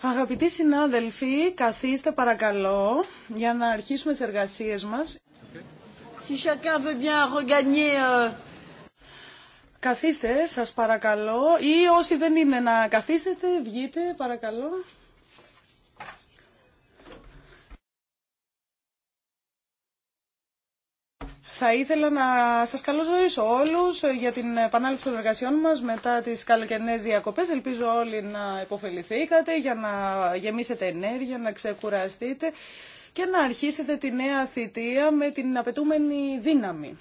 Αγαπητοί συνάδελφοι, καθίστε παρακαλώ για να αρχίσουμε τις εργασίες μας. Si veut bien regagner... Euh, καθίστε, σας παρακαλώ, ή όσοι δεν είναι να καθίσετε, βγείτε, παρακαλώ. Θα ήθελα να σας καλωσορίσω όλους για την επανάληψη των εργασιών μας μετά τις καλοκαιρινές διακοπές. Ελπίζω όλοι να υποφεληθήκατε για να γεμίσετε ενέργεια, να ξεκουραστείτε και να αρχίσετε τη νέα θητεία με την απαιτούμενη δύναμη.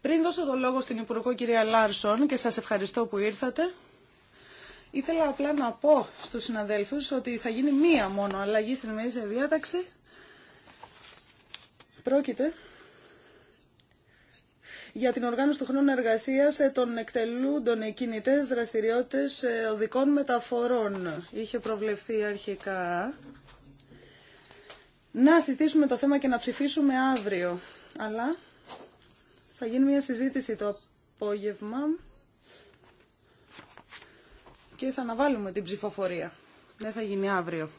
Πριν δώσω το λόγο στην Υπουργό κυρία Λάρσον και σας ευχαριστώ που ήρθατε, ήθελα απλά να πω στους συναδέλφους ότι θα γίνει μία μόνο αλλαγή στην ημερήσια διάταξη Πρόκειται για την οργάνωση του χρόνου εργασίας ε, των εκτελούντων εκκίνητές δραστηριότητες ε, οδικών μεταφορών. Είχε προβλεφθεί αρχικά να συζητήσουμε το θέμα και να ψηφίσουμε αύριο. Αλλά θα γίνει μια συζήτηση το απόγευμα και θα αναβάλουμε την ψηφοφορία. Δεν θα γίνει αύριο.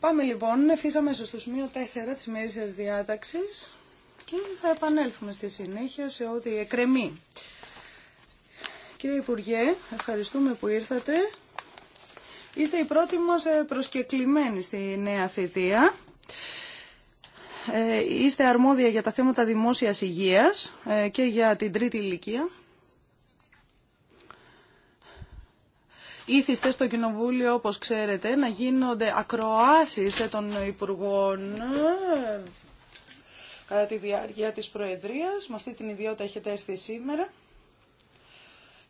Πάμε λοιπόν ευθύς αμέσως στο σημείο 4 της μερίσιας διάταξης και θα επανέλθουμε στη συνέχεια σε ό,τι εκκρεμεί. Κύριε Υπουργέ, ευχαριστούμε που ήρθατε. Είστε η πρώτη μας ε, προσκεκλημένη στη νέα θητεία. Ε, είστε αρμόδια για τα θέματα δημόσιας υγείας ε, και για την τρίτη ηλικία. ήθιστε στο Κοινοβούλιο, όπως ξέρετε, να γίνονται ακροάσεις των Υπουργών ε, κατά τη διάρκεια της Προεδρίας. Με αυτή την ιδιότητα έχετε έρθει σήμερα.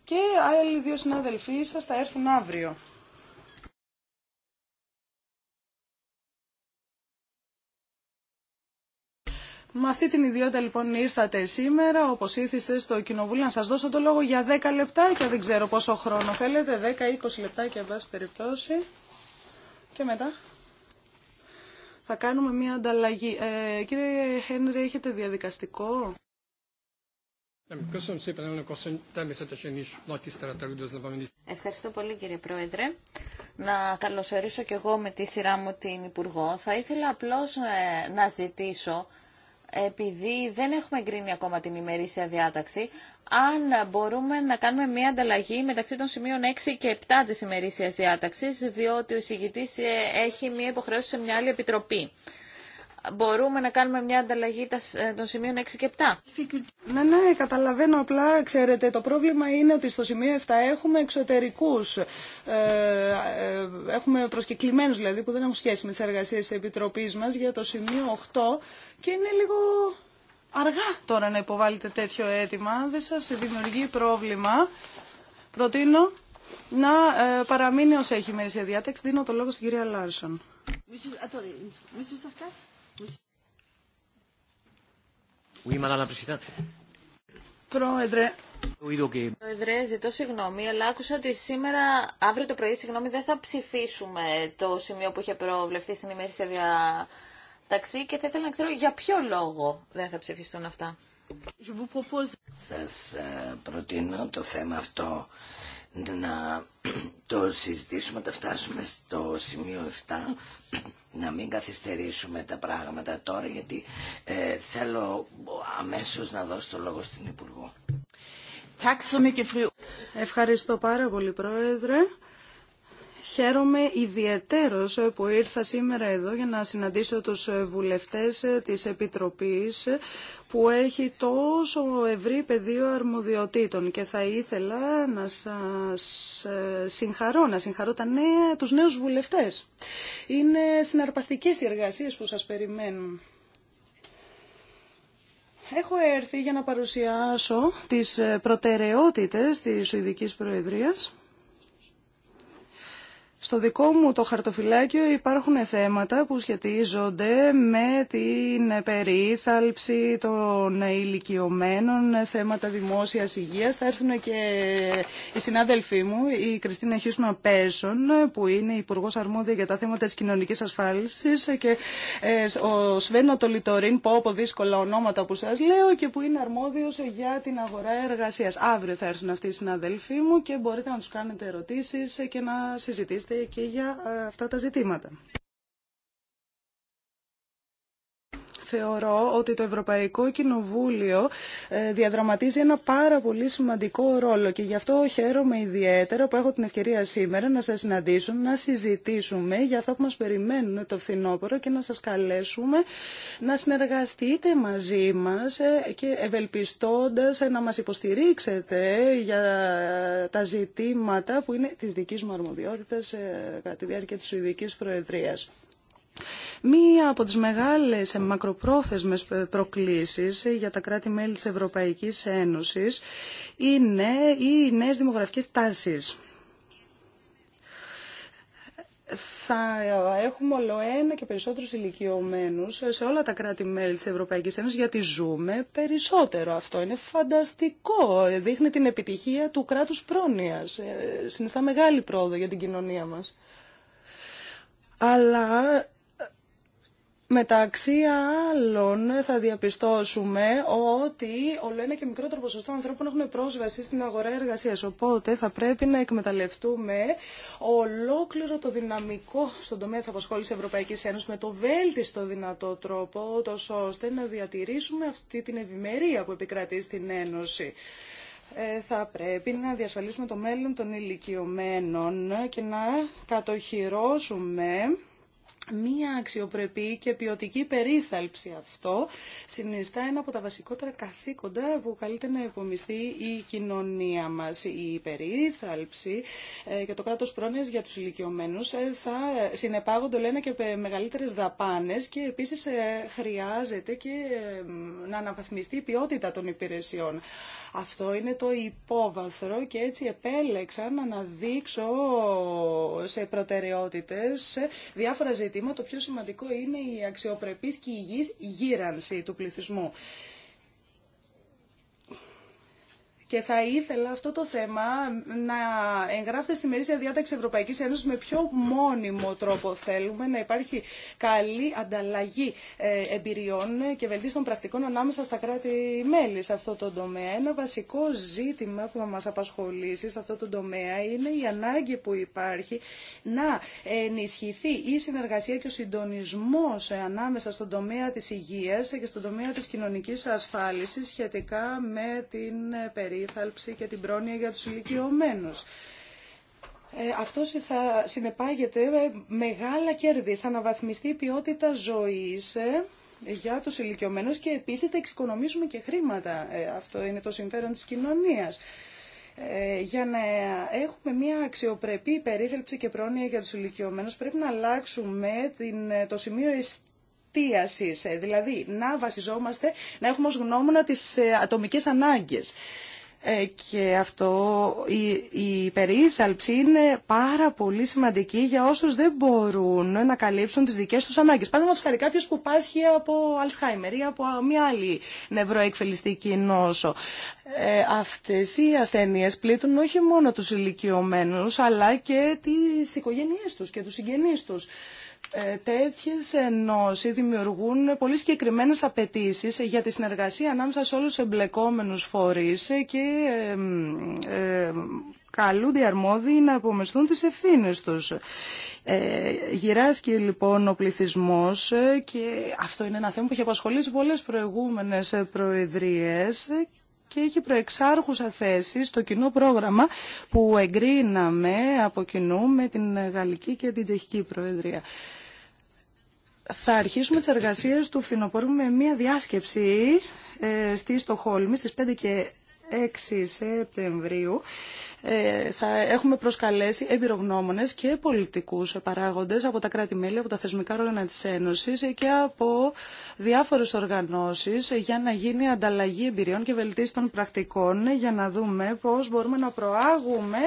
Και άλλοι δύο συνάδελφοί σας θα έρθουν αύριο. Με αυτή την ιδιότητα λοιπόν ήρθατε σήμερα, όπως ήθιστε στο Κοινοβούλιο, να σας δώσω το λόγο για 10 λεπτά και δεν ξέρω πόσο χρόνο θέλετε, 10-20 λεπτάκια εν πάση περιπτώσει. Και μετά θα κάνουμε μια ανταλλαγή. Ε, κύριε Χένρι, έχετε διαδικαστικό. Ευχαριστώ πολύ κύριε Πρόεδρε. Να καλωσορίσω και εγώ με τη σειρά μου την Υπουργό. Θα ήθελα απλώς ε, να ζητήσω επειδή δεν έχουμε εγκρίνει ακόμα την ημερήσια διάταξη, αν μπορούμε να κάνουμε μια ανταλλαγή μεταξύ των σημείων 6 και 7 της ημερήσιας διάταξης, διότι ο εισηγητής ε, έχει μια υποχρέωση σε μια άλλη επιτροπή μπορούμε να κάνουμε μια ανταλλαγή ε, των σημείων 6 και 7. Ναι, ναι, καταλαβαίνω απλά, ξέρετε, το πρόβλημα είναι ότι στο σημείο 7 έχουμε εξωτερικούς, ε, ε, έχουμε προσκεκλημένους δηλαδή που δεν έχουν σχέση με τις εργασίες της Επιτροπής μας για το σημείο 8 και είναι λίγο αργά τώρα να υποβάλλετε τέτοιο αίτημα, δεν σας δημιουργεί πρόβλημα. Προτείνω να παραμείνει ως έχει η σε διάταξη. Δίνω το λόγο στην κυρία Λάρσον. Πρόεδρε, ζητώ συγγνώμη, αλλά άκουσα ότι σήμερα, αύριο το πρωί, συγγνώμη, δεν θα ψηφίσουμε το σημείο που είχε προβλεφθεί στην ημέρησια διαταξή και θα ήθελα να ξέρω για ποιο λόγο δεν θα ψηφιστούν αυτά. Σας ε, προτείνω το θέμα αυτό να το συζητήσουμε να φτάσουμε στο σημείο 7 να μην καθυστερήσουμε τα πράγματα τώρα γιατί ε, θέλω αμέσως να δώσω το λόγο στην Υπουργό. Ευχαριστώ πάρα πολύ Πρόεδρε. Χαίρομαι ιδιαιτέρως που ήρθα σήμερα εδώ για να συναντήσω τους βουλευτές της Επιτροπής που έχει τόσο ευρύ πεδίο αρμοδιοτήτων και θα ήθελα να σας συγχαρώ, να συγχαρώ τα νέα, τους νέους βουλευτές. Είναι συναρπαστικές οι εργασίες που σας περιμένουν. Έχω έρθει για να παρουσιάσω τις προτεραιότητες της Σουηδικής Προεδρίας στο δικό μου το χαρτοφυλάκιο υπάρχουν θέματα που σχετίζονται με την περίθαλψη των ηλικιωμένων, θέματα δημόσιας υγείας. Θα έρθουν και οι συνάδελφοί μου, η Κριστίνα Χιούσμα Πέσον, που είναι υπουργό αρμόδια για τα θέματα της κοινωνικής ασφάλισης και ε, ο Σβένο Τολιτορίν, πω από δύσκολα ονόματα που σας λέω και που είναι αρμόδιος για την αγορά εργασίας. Αύριο θα έρθουν αυτοί οι συνάδελφοί μου και μπορείτε να τους κάνετε ερωτήσεις και να συζητήσετε και για ε, αυτά τα ζητήματα. θεωρώ ότι το Ευρωπαϊκό Κοινοβούλιο ε, διαδραματίζει ένα πάρα πολύ σημαντικό ρόλο και γι' αυτό χαίρομαι ιδιαίτερα που έχω την ευκαιρία σήμερα να σας συναντήσω, να συζητήσουμε για αυτό που μας περιμένουν το φθινόπωρο και να σας καλέσουμε να συνεργαστείτε μαζί μας ε, και ευελπιστώντας ε, να μας υποστηρίξετε για τα ζητήματα που είναι της δικής μου αρμοδιότητας κατά τη διάρκεια της Σουηδικής Προεδρίας. Μία από τις μεγάλες μακροπρόθεσμες προκλήσεις για τα κράτη-μέλη της Ευρωπαϊκής Ένωσης είναι οι νέες δημογραφικές τάσεις. Θα έχουμε όλο ένα και περισσότερους ηλικιωμένους σε όλα τα κράτη-μέλη της Ευρωπαϊκής Ένωσης γιατί ζούμε περισσότερο. Αυτό είναι φανταστικό. Δείχνει την επιτυχία του κράτους πρόνοιας. Ε, συνιστά μεγάλη πρόοδο για την κοινωνία μας. Αλλά Μεταξύ άλλων θα διαπιστώσουμε ότι όλο και μικρότερο ποσοστό ανθρώπων έχουν πρόσβαση στην αγορά εργασίας. Οπότε θα πρέπει να εκμεταλλευτούμε ολόκληρο το δυναμικό στον τομέα της τη Ευρωπαϊκής Ένωσης με το βέλτιστο δυνατό τρόπο, τόσο ώστε να διατηρήσουμε αυτή την ευημερία που επικρατεί στην Ένωση ε, θα πρέπει να διασφαλίσουμε το μέλλον των ηλικιωμένων και να κατοχυρώσουμε μία αξιοπρεπή και ποιοτική περίθαλψη αυτό συνιστά ένα από τα βασικότερα καθήκοντα που καλείται να υπομειστεί η κοινωνία μας. Η περίθαλψη ε, και το κράτος πρόνοιας για τους ηλικιωμένους ε, θα συνεπάγονται λένε και μεγαλύτερες δαπάνες και επίσης ε, χρειάζεται και να αναβαθμιστεί η ποιότητα των υπηρεσιών. Αυτό είναι το υπόβαθρο και έτσι επέλεξα να αναδείξω σε προτεραιότητες διάφορα ζητήματα το πιο σημαντικό είναι η αξιοπρεπής και υγιής γύρανση του πληθυσμού. Και θα ήθελα αυτό το θέμα να εγγράφεται στη μερίσια διάταξη Ευρωπαϊκής Ένωσης με πιο μόνιμο τρόπο. Θέλουμε να υπάρχει καλή ανταλλαγή ε, εμπειριών και βελτίστων πρακτικών ανάμεσα στα κράτη-μέλη σε αυτό το τομέα. Ένα βασικό ζήτημα που θα μας απασχολήσει σε αυτό το τομέα είναι η ανάγκη που υπάρχει να ενισχυθεί η συνεργασία και ο συντονισμός ανάμεσα στον τομέα της υγείας και στον τομέα της κοινωνικής ασφάλισης σχετικά με την περίπτωση περίθαλψη και την πρόνοια για τους ηλικιωμένους. Ε, αυτό θα συνεπάγεται ε, μεγάλα κέρδη, θα αναβαθμιστεί η ποιότητα ζωής ε, για τους ηλικιωμένους και επίσης θα εξοικονομήσουμε και χρήματα. Ε, αυτό είναι το συμφέρον της κοινωνίας. για να έχουμε μια αξιοπρεπή περίθαλψη και πρόνοια για τους ηλικιωμένους πρέπει να αλλάξουμε την, το σημείο εστίασης, δηλαδή να βασιζόμαστε, να έχουμε ως γνώμονα τις ατομικές ανάγκες. Ε, και αυτό η, η περίθαλψη είναι πάρα πολύ σημαντική για όσους δεν μπορούν να καλύψουν τις δικές τους ανάγκες. Πάμε μας φέρει κάποιος που πάσχει από Αλσχάιμερ ή από μια άλλη νευροεκφυλιστική νόσο. Ε, αυτές οι ασθένειες πλήττουν όχι μόνο τους ηλικιωμένους αλλά και τις οικογένειές τους και τους συγγενείς τους. Ε, τέτοιες ενώσεις δημιουργούν πολύ συγκεκριμένε απαιτήσει για τη συνεργασία ανάμεσα σε όλους τους εμπλεκόμενους φορείς και καλούν οι αρμόδιοι να απομεστούν τις ευθύνες τους. Ε, γυράσκει λοιπόν ο πληθυσμό, και αυτό είναι ένα θέμα που έχει απασχολήσει πολλές προηγούμενες προεδρίες και έχει προεξάρχουσα θέση στο κοινό πρόγραμμα που εγκρίναμε από κοινού με την Γαλλική και την Τσεχική Προεδρία. Θα αρχίσουμε τις εργασίες του φθινοπόρου με μια διάσκεψη ε, στη Στοχόλμη στις 5 και 6 Σεπτεμβρίου ε, θα έχουμε προσκαλέσει εμπειρογνώμονε και πολιτικού παράγοντε από τα κράτη-μέλη, από τα θεσμικά όργανα τη Ένωση και από διάφορε οργανώσει για να γίνει ανταλλαγή εμπειριών και βελτίωση των πρακτικών για να δούμε πώ μπορούμε να προάγουμε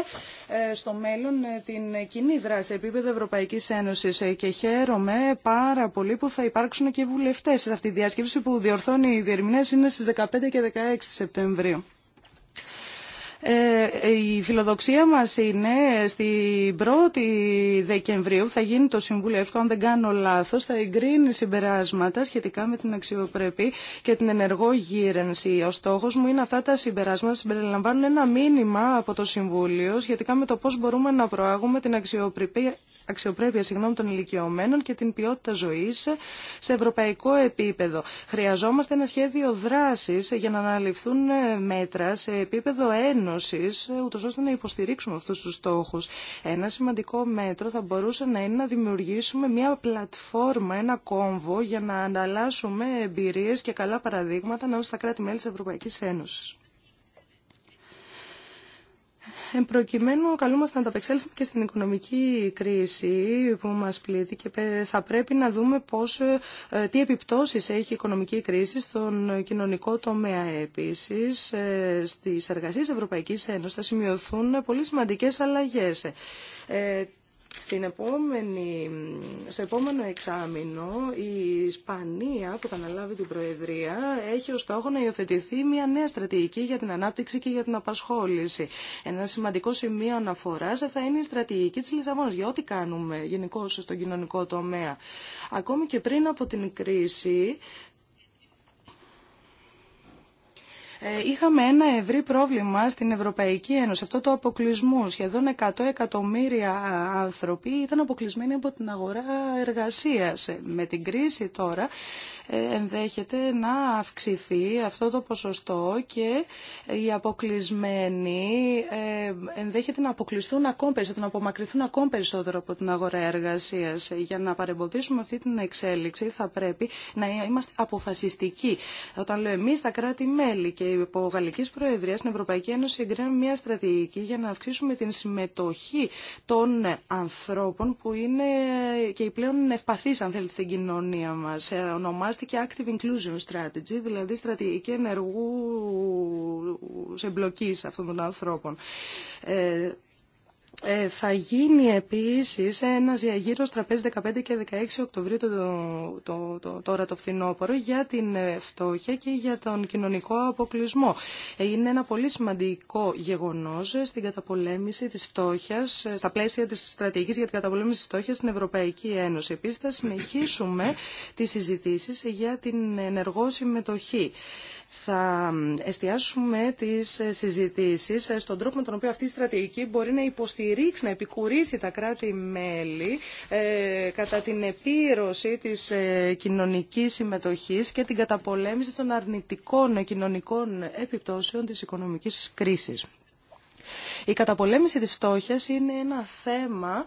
ε, στο μέλλον ε, την κοινή δράση σε επίπεδο Ευρωπαϊκής Ένωσης και χαίρομαι πάρα πολύ που θα υπάρξουν και βουλευτέ. σε αυτή τη διάσκεψη που διορθώνει οι διερμηνέ είναι στι 15 και 16 Σεπτεμβρίου. Ε, η φιλοδοξία μας είναι στην 1η Δεκεμβρίου θα γίνει το Συμβούλιο ΕΦΚΟ, αν δεν κάνω λάθος, θα εγκρίνει συμπεράσματα σχετικά με την αξιοπρεπή και την ενεργό γύρενση. Ο στόχος μου είναι αυτά τα συμπεράσματα συμπεριλαμβάνουν ένα μήνυμα από το Συμβούλιο σχετικά με το πώς μπορούμε να προάγουμε την αξιοπρέπει αξιοπρέπεια συγγνώμη, των ηλικιωμένων και την ποιότητα ζωής σε ευρωπαϊκό επίπεδο. Χρειαζόμαστε ένα σχέδιο δράσης για να αναλυφθούν μέτρα σε επίπεδο ένωσης, ούτως ώστε να υποστηρίξουμε αυτού τους στόχους. Ένα σημαντικό μέτρο θα μπορούσε να είναι να δημιουργήσουμε μια πλατφόρμα, ένα κόμβο για να ανταλλάσσουμε εμπειρίε και καλά παραδείγματα ανάμεσα στα κράτη-μέλη τη Ευρωπαϊκή Ένωση. Προκειμένου καλούμαστε να ταπεξέλθουμε και στην οικονομική κρίση που μας πλήττει και θα πρέπει να δούμε πώς, ε, τι επιπτώσεις έχει η οικονομική κρίση στον κοινωνικό τομέα. Επίσης, ε, στις εργασίες Ευρωπαϊκής Ένωσης θα σημειωθούν πολύ σημαντικές αλλαγές ε, στην επόμενη, στο επόμενο εξάμεινο η Ισπανία που θα αναλάβει την Προεδρία έχει ως στόχο να υιοθετηθεί μια νέα στρατηγική για την ανάπτυξη και για την απασχόληση. Ένα σημαντικό σημείο αναφοράς θα είναι η στρατηγική της Λισαβόνας για ό,τι κάνουμε γενικώ στον κοινωνικό τομέα. Ακόμη και πριν από την κρίση Ε, είχαμε ένα ευρύ πρόβλημα στην Ευρωπαϊκή Ένωση, αυτό το αποκλεισμό, Σχεδόν 100 εκατομμύρια άνθρωποι ήταν αποκλεισμένοι από την αγορά εργασίας. Ε, με την κρίση τώρα ε, ενδέχεται να αυξηθεί αυτό το ποσοστό και οι αποκλεισμένοι ε, ενδέχεται να αποκλειστούν ακόμη περισσότερο, να απομακρυνθούν ακόμη περισσότερο από την αγορά εργασία. Για να παρεμποδίσουμε αυτή την εξέλιξη θα πρέπει να είμαστε αποφασιστικοί. Όταν λέω εμείς τα κράτη-μέλη και υπό υπογαλλική Προεδρία, στην Ευρωπαϊκή Ένωση εγκρίνουμε μια στρατηγική για να αυξήσουμε την συμμετοχή των ανθρώπων που είναι και οι πλέον ευπαθεί, αν θέλετε στην κοινωνία μα. Ε, ονομάστηκε Active Inclusion Strategy, δηλαδή στρατηγική ενεργού εμπλοκή αυτών των ανθρώπων. Ε, ε, θα γίνει επίσης ένας γύρος τραπέζι 15 και 16 Οκτωβρίου το, το, το, τώρα το φθινόπωρο για την ε, φτώχεια και για τον κοινωνικό αποκλεισμό. Ε, είναι ένα πολύ σημαντικό γεγονός στην καταπολέμηση της φτώχειας, στα πλαίσια της στρατηγικής για την καταπολέμηση της φτώχειας στην Ευρωπαϊκή Ένωση. Επίσης θα συνεχίσουμε τις συζητήσεις για την ενεργό συμμετοχή θα εστιάσουμε τις συζητήσεις στον τρόπο με τον οποίο αυτή η στρατηγική μπορεί να υποστηρίξει, να επικουρήσει τα κράτη-μέλη ε, κατά την επίρρωση της ε, κοινωνικής συμμετοχής και την καταπολέμηση των αρνητικών κοινωνικών επιπτώσεων της οικονομικής κρίσης. Η καταπολέμηση της φτώχειας είναι ένα θέμα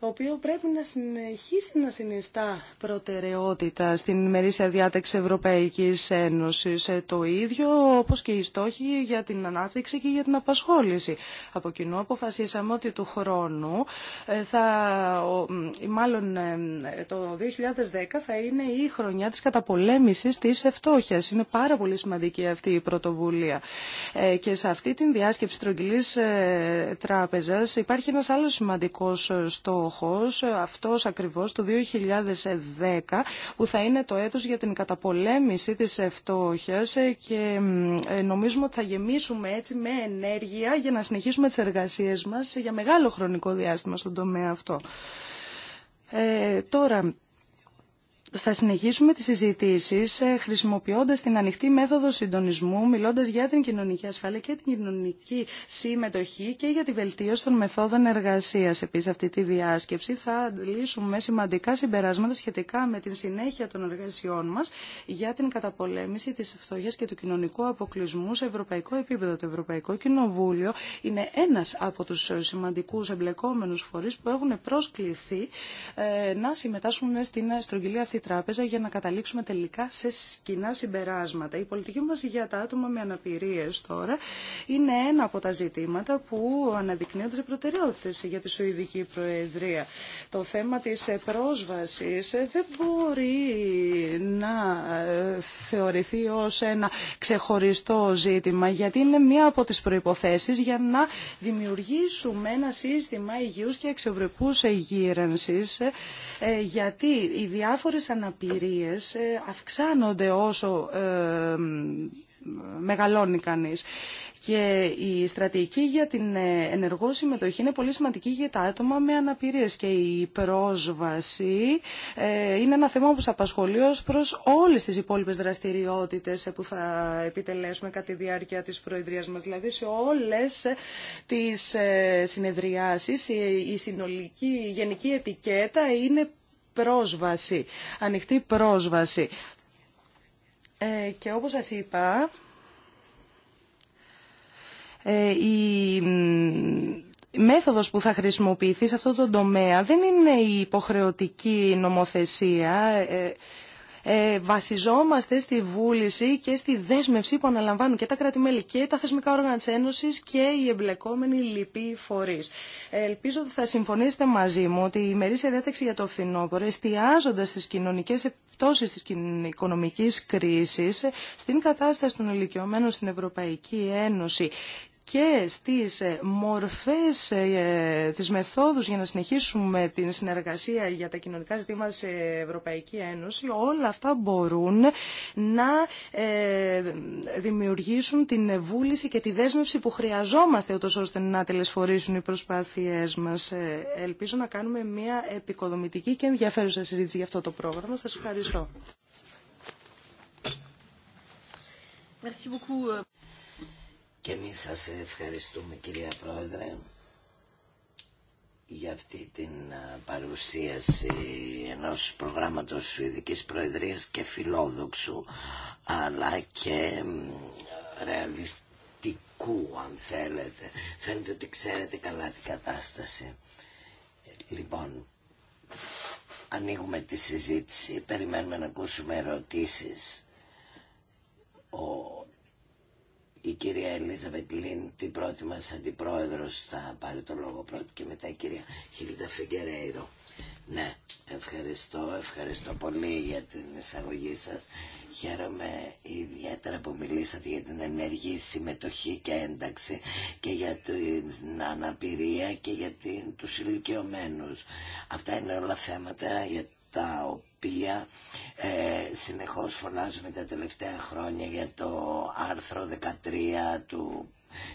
το οποίο πρέπει να συνεχίσει να συνιστά προτεραιότητα στην μερίσια διάταξη Ευρωπαϊκής Ένωσης ε, το ίδιο, όπως και οι στόχοι για την ανάπτυξη και για την απασχόληση. Από κοινού αποφασίσαμε ότι του χρόνου, ε, θα, μάλλον ε, το 2010 θα είναι η χρονιά της καταπολέμησης της ευτόχειας. Είναι πάρα πολύ σημαντική αυτή η πρωτοβουλία. Και σε αυτή την διάσκεψη τρογγυλής τράπεζας υπάρχει ένας άλλος σημαντικός στόχος στόχος, ε, αυτός ακριβώς του 2010, που θα είναι το έτος για την καταπολέμηση της φτώχειας ε, και ε, νομίζουμε ότι θα γεμίσουμε έτσι με ενέργεια για να συνεχίσουμε τις εργασίες μας για μεγάλο χρονικό διάστημα στον τομέα αυτό. Ε, τώρα, θα συνεχίσουμε τις συζητήσεις ε, χρησιμοποιώντας την ανοιχτή μέθοδο συντονισμού, μιλώντας για την κοινωνική ασφάλεια και την κοινωνική συμμετοχή και για τη βελτίωση των μεθόδων εργασίας. Επίσης, αυτή τη διάσκεψη θα λύσουμε σημαντικά συμπεράσματα σχετικά με την συνέχεια των εργασιών μας για την καταπολέμηση της φτώχειας και του κοινωνικού αποκλεισμού σε ευρωπαϊκό επίπεδο. Το Ευρωπαϊκό Κοινοβούλιο είναι ένας από τους σημαντικούς εμπλεκόμενους φορείς που έχουν προσκληθεί ε, να συμμετάσχουν στην στρογγυλή αυτή τράπεζα για να καταλήξουμε τελικά σε κοινά συμπεράσματα. Η πολιτική μας για τα άτομα με αναπηρίες τώρα είναι ένα από τα ζητήματα που αναδεικνύονται σε προτεραιότητες για τη Σουηδική Προεδρία. Το θέμα της πρόσβασης δεν μπορεί να ε, θεωρηθεί ως ένα ξεχωριστό ζήτημα γιατί είναι μία από τις προϋποθέσεις για να δημιουργήσουμε ένα σύστημα υγιούς και εξευρεπού γύρανσης ε, γιατί οι διάφορες αναπηρίες ε, αυξάνονται όσο ε, μεγαλώνει κανείς. Και η στρατηγική για την ε, ενεργό συμμετοχή είναι πολύ σημαντική για τα άτομα με αναπηρίες και η πρόσβαση είναι ένα θέμα που απασχολεί ως προς όλες τις υπόλοιπες δραστηριότητες που θα επιτελέσουμε κατά τη διάρκεια της Προεδρίας μας. Δηλαδή σε όλες τις συνεδριάσεις η συνολική η γενική ετικέτα είναι πρόσβαση, ανοιχτή πρόσβαση. Ε, και όπως σας είπα, ε, η η μέθοδος που θα χρησιμοποιηθεί σε αυτό το τομέα δεν είναι η υποχρεωτική νομοθεσία. Ε, ε, βασιζόμαστε στη βούληση και στη δέσμευση που αναλαμβάνουν και τα κρατη και τα θεσμικά όργανα της Ένωσης και οι εμπλεκόμενοι λοιποί φορείς. ελπίζω ότι θα συμφωνήσετε μαζί μου ότι η μερίσια διάταξη για το φθινόπωρο εστιάζοντας στις κοινωνικές επιπτώσεις της οικονομικής κρίσης, στην κατάσταση των ηλικιωμένων στην Ευρωπαϊκή Ένωση και στις ε, μορφές, ε, της μεθόδους για να συνεχίσουμε την συνεργασία για τα κοινωνικά ζητήματα σε Ευρωπαϊκή Ένωση, όλα αυτά μπορούν να ε, δημιουργήσουν την βούληση και τη δέσμευση που χρειαζόμαστε ούτως ώστε να τελεσφορήσουν οι προσπάθειές μας. Ελπίζω να κάνουμε μια επικοδομητική και ενδιαφέρουσα συζήτηση για αυτό το πρόγραμμα. Σας ευχαριστώ. Merci beaucoup. Euh. Και εμείς σας ευχαριστούμε κυρία Πρόεδρε για αυτή την παρουσίαση ενός προγράμματος Σουηδικής Προεδρίας και φιλόδοξου αλλά και ρεαλιστικού αν θέλετε. Φαίνεται ότι ξέρετε καλά την κατάσταση. Λοιπόν, ανοίγουμε τη συζήτηση, περιμένουμε να ακούσουμε ερωτήσεις. Ο η κυρία Ελίζα Βετλίν, την πρώτη μας αντιπρόεδρος, θα πάρει το λόγο πρώτη και μετά η κυρία Χίλιτα Φιγκερέιρο. Ναι, ευχαριστώ, ευχαριστώ πολύ για την εισαγωγή σας. Χαίρομαι ιδιαίτερα που μιλήσατε για την ενεργή συμμετοχή και ένταξη και για την αναπηρία και για την, τους ηλικιωμένους. Αυτά είναι όλα θέματα για τα οποία ε, συνεχώς φωνάζουμε τα τελευταία χρόνια για το άρθρο 13 του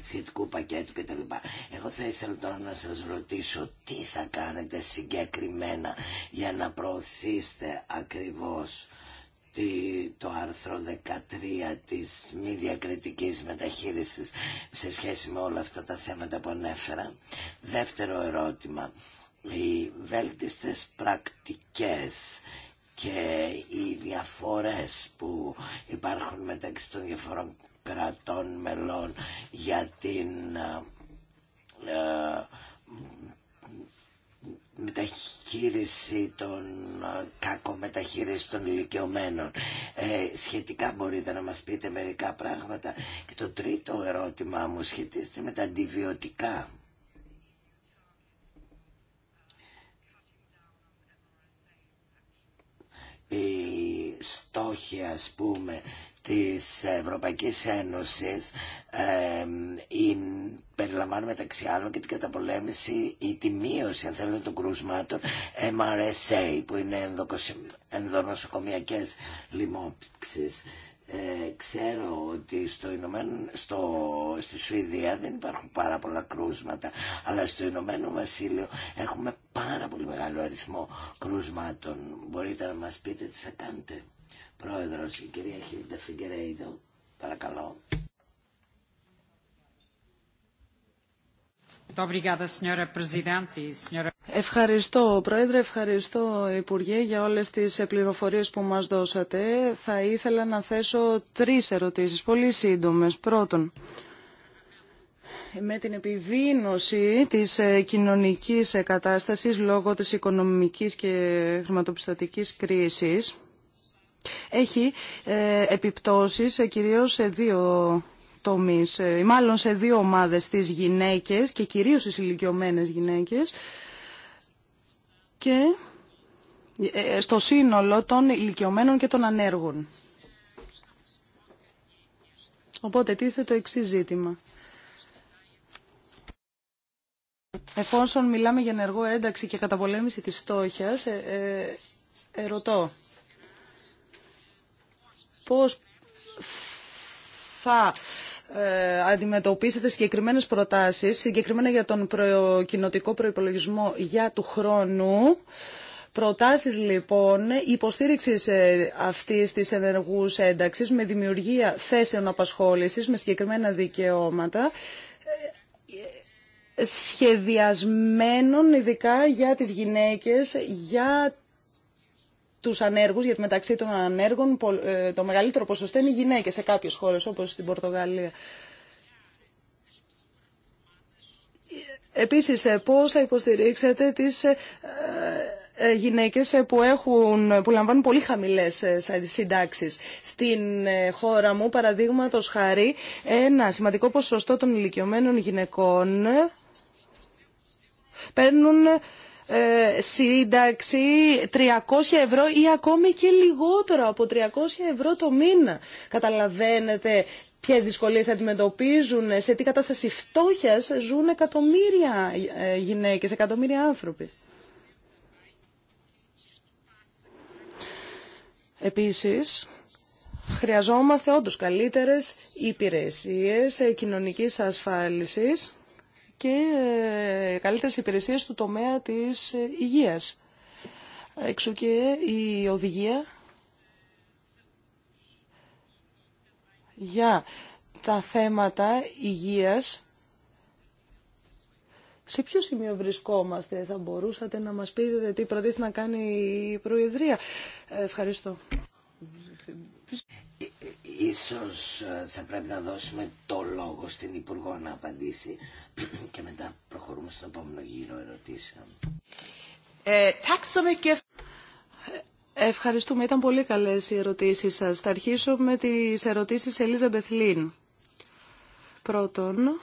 σχετικού πακέτου κτλ. Εγώ θα ήθελα τώρα να σας ρωτήσω τι θα κάνετε συγκεκριμένα για να προωθήσετε ακριβώς το άρθρο 13 της μη διακριτικής μεταχείρισης σε σχέση με όλα αυτά τα θέματα που ανέφερα. Δεύτερο ερώτημα, οι βέλτιστες πρακτικές και οι διαφορές που υπάρχουν μεταξύ των διαφορών κρατών μελών για την ε, ε μεταχείριση των ε, κακομεταχείριση των ηλικιωμένων ε, σχετικά μπορείτε να μας πείτε μερικά πράγματα και το τρίτο ερώτημα μου σχετίζεται με τα αντιβιωτικά οι στόχοι ας πούμε της Ευρωπαϊκής Ένωσης ε, περιλαμβάνει μεταξύ άλλων και την καταπολέμηση ή τη μείωση αν θέλετε των κρούσματων MRSA που είναι ενδοκοσυ... ενδονοσοκομιακές λοιμόψεις ε, ξέρω ότι στο Ηνωμένο, στο, στη Σουηδία δεν υπάρχουν πάρα πολλά κρούσματα, αλλά στο Ηνωμένο Βασίλειο έχουμε πάρα πολύ μεγάλο αριθμό κρούσματων. Μπορείτε να μας πείτε τι θα κάνετε. Πρόεδρος, η κυρία Χίλτα Φιγκερέιδο, παρακαλώ. Ευχαριστώ, Πρόεδρε, ευχαριστώ, Υπουργέ, για όλες τις πληροφορίες που μας δώσατε. Θα ήθελα να θέσω τρεις ερωτήσεις, πολύ σύντομες. Πρώτον, με την επιδείνωση της ε, κοινωνικής κατάστασης λόγω της οικονομικής και χρηματοπιστωτικής κρίσης, έχει ε, επιπτώσεις ε, κυρίως σε δύο ε, μάλλον σε δύο ομάδες, τις γυναίκες και κυρίως τι ηλικιωμένε γυναίκες και ε, ε, στο σύνολο των ηλικιωμένων και των ανέργων. Οπότε τίθεται το εξή ζήτημα. Εφόσον μιλάμε για ενεργό ένταξη και καταπολέμηση της στόχιας, ε, ε, ερωτώ πώς θα ε, αντιμετωπίσετε συγκεκριμένες προτάσεις, συγκεκριμένα για τον κοινοτικό προϋπολογισμό για του χρόνου. Προτάσεις λοιπόν υποστήριξης ε, αυτής της ενεργού ένταξη με δημιουργία θέσεων απασχόληση, με συγκεκριμένα δικαιώματα ε, σχεδιασμένων ειδικά για τις γυναίκες, για τους ανέργους, γιατί μεταξύ των ανέργων ε, το μεγαλύτερο ποσοστό είναι οι γυναίκες σε κάποιες χώρες, όπως στην Πορτογαλία. Επίσης, ε, πώς θα υποστηρίξετε τις ε, γυναίκες που, έχουν, που λαμβάνουν πολύ χαμηλές συντάξεις. Στην χώρα μου, παραδείγματο χάρη, ένα σημαντικό ποσοστό των ηλικιωμένων γυναικών παίρνουν ε, σύνταξη 300 ευρώ ή ακόμη και λιγότερο από 300 ευρώ το μήνα. Καταλαβαίνετε ποιες δυσκολίες αντιμετωπίζουν, σε τι κατάσταση φτώχειας ζουν εκατομμύρια ε, γυναίκες, εκατομμύρια άνθρωποι. Επίσης, χρειαζόμαστε όντως καλύτερες υπηρεσίες ε, κοινωνικής ασφάλισης και ε, καλύτερες υπηρεσίες του τομέα της ε, υγείας. Εξού και η οδηγία για τα θέματα υγείας. Σε ποιο σημείο βρισκόμαστε, θα μπορούσατε να μας πείτε τι προτίθεται να κάνει η Προεδρία. Ε, ευχαριστώ. Ε, ε, ίσως ε, θα πρέπει να δώσουμε το λόγο στην Υπουργό να απαντήσει και μετά προχωρούμε στον επόμενο γύρο ερωτήσεων. Ευχαριστούμε. Ήταν πολύ καλές οι ερωτήσεις σας. Θα αρχίσω με τις ερωτήσεις Ελίζα Μπεθλίν. Πρώτον,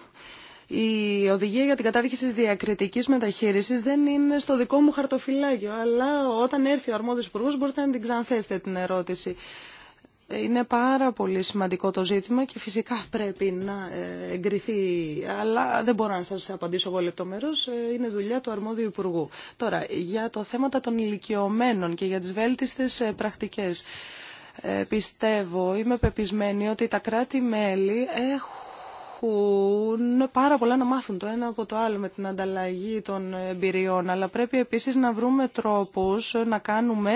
η οδηγία για την κατάρχηση της διακριτικής μεταχείρισης δεν είναι στο δικό μου χαρτοφυλάκιο, αλλά όταν έρθει ο αρμόδιος υπουργός μπορείτε να την ξαναθέσετε την ερώτηση. Είναι πάρα πολύ σημαντικό το ζήτημα και φυσικά πρέπει να ε, εγκριθεί, αλλά δεν μπορώ να σας απαντήσω εγώ ε, είναι δουλειά του αρμόδιου Υπουργού. Τώρα, για το θέμα των ηλικιωμένων και για τις βέλτιστες ε, πρακτικές. Πιστεύω, είμαι πεπισμένη ότι τα κράτη-μέλη έχουν έχουν πάρα πολλά να μάθουν το ένα από το άλλο με την ανταλλαγή των εμπειριών, αλλά πρέπει επίσης να βρούμε τρόπους να κάνουμε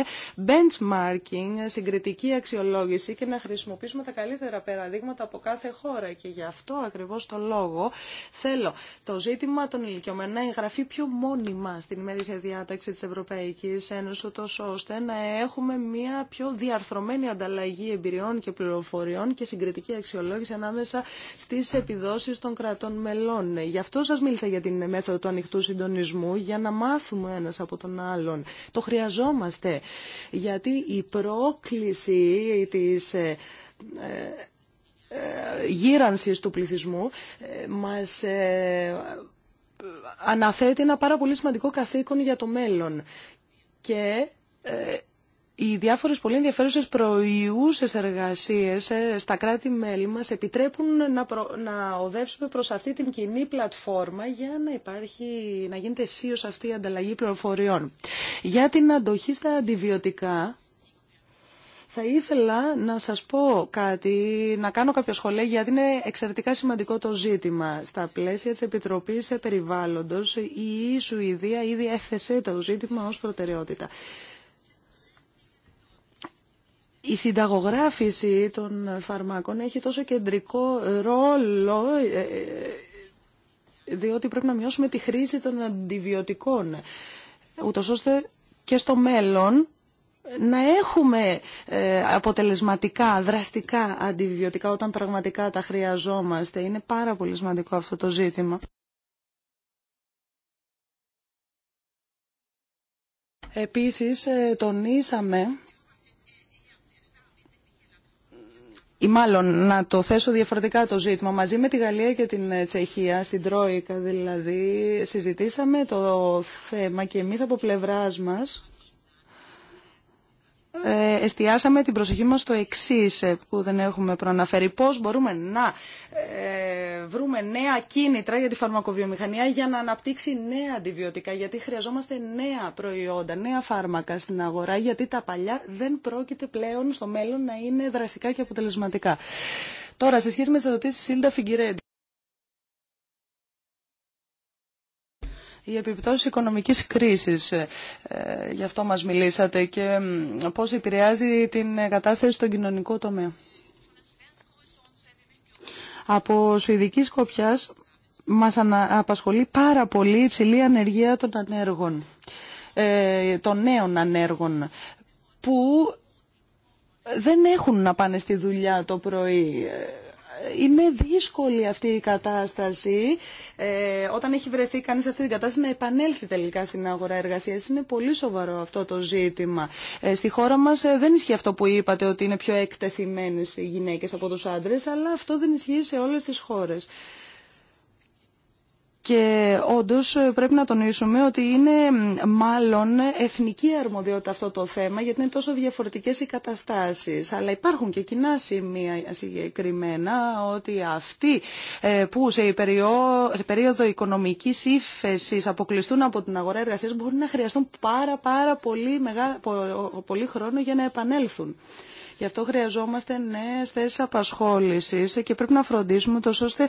benchmarking, συγκριτική αξιολόγηση και να χρησιμοποιήσουμε τα καλύτερα παραδείγματα από κάθε χώρα. Και γι' αυτό ακριβώς το λόγο θέλω το ζήτημα των ηλικιωμένων να εγγραφεί πιο μόνιμα στην ημερήσια διάταξη της Ευρωπαϊκής Ένωσης, ώστε να έχουμε μια πιο διαρθρωμένη ανταλλαγή εμπειριών και πληροφοριών και συγκριτική αξιολόγηση ανάμεσα στις επιδόσεις των κρατών μελών. Γι' αυτό σας μίλησα για την μέθοδο του ανοιχτού συντονισμού, για να μάθουμε ένας από τον άλλον. Το χρειαζόμαστε, γιατί η πρόκληση της ε, ε, γύρανσης του πληθυσμού ε, μας αναθέτει ένα πάρα πολύ σημαντικό καθήκον για το μέλλον. Και οι διάφορε πολύ ενδιαφέρουσε προϊούσε εργασίε ε, στα κράτη-μέλη μας επιτρέπουν να, προ... να οδεύσουμε προς αυτή την κοινή πλατφόρμα για να, υπάρχει... να γίνεται σίως αυτή η ανταλλαγή πληροφοριών. Για την αντοχή στα αντιβιωτικά, θα ήθελα να σας πω κάτι, να κάνω κάποια σχολεία, γιατί είναι εξαιρετικά σημαντικό το ζήτημα. Στα πλαίσια της Επιτροπής Περιβάλλοντος, η Σουηδία ήδη έθεσε το ζήτημα ως προτεραιότητα η συνταγογράφηση των φαρμάκων έχει τόσο κεντρικό ρόλο ε, ε, διότι πρέπει να μειώσουμε τη χρήση των αντιβιωτικών ούτως ώστε και στο μέλλον να έχουμε ε, αποτελεσματικά, δραστικά αντιβιωτικά όταν πραγματικά τα χρειαζόμαστε. Είναι πάρα πολύ σημαντικό αυτό το ζήτημα. Επίσης, τονίσαμε ή μάλλον να το θέσω διαφορετικά το ζήτημα. Μαζί με τη Γαλλία και την ε, Τσεχία, στην Τρόικα δηλαδή, συζητήσαμε το θέμα και εμείς από πλευράς μας ε, εστιάσαμε την προσοχή μας στο εξής ε, που δεν έχουμε προαναφέρει. Πώς μπορούμε να ε, βρούμε νέα κίνητρα για τη φαρμακοβιομηχανία για να αναπτύξει νέα αντιβιωτικά, γιατί χρειαζόμαστε νέα προϊόντα, νέα φάρμακα στην αγορά, γιατί τα παλιά δεν πρόκειται πλέον στο μέλλον να είναι δραστικά και αποτελεσματικά. Τώρα, σε σχέση με τις ερωτήσεις Σίλτα Φιγκυρέντη. Η επιπτώσεις οικονομικής κρίσης. Ε, γι' αυτό μας μιλήσατε και πώς επηρεάζει την κατάσταση στον κοινωνικό τομέα. Από Σουηδική Σκοπιάς μας απασχολεί πάρα πολύ η υψηλή ανεργία των ανέργων, ε, των νέων ανέργων, που δεν έχουν να πάνε στη δουλειά το πρωί. Ε, είναι δύσκολη αυτή η κατάσταση. Ε, όταν έχει βρεθεί κάνει σε αυτή την κατάσταση να επανέλθει τελικά στην αγορά εργασία. Είναι πολύ σοβαρό αυτό το ζήτημα. Ε, στη χώρα μας ε, δεν ισχύει αυτό που είπατε ότι είναι πιο εκτεθειμένες οι γυναίκες από τους άντρες, αλλά αυτό δεν ισχύει σε όλες τις χώρες. Και όντω ε, πρέπει να τονίσουμε ότι είναι μάλλον εθνική αρμοδιότητα αυτό το θέμα, γιατί είναι τόσο διαφορετικέ οι καταστάσει. Αλλά υπάρχουν και κοινά σημεία συγκεκριμένα ότι αυτοί ε, που σε περίοδο οικονομική ύφεση αποκλειστούν από την αγορά εργασία μπορεί να χρειαστούν πάρα, πάρα πολύ, πολύ χρόνο για να επανέλθουν. Γι' αυτό χρειαζόμαστε νέε θέσει απασχόληση και πρέπει να φροντίσουμε τόσο ώστε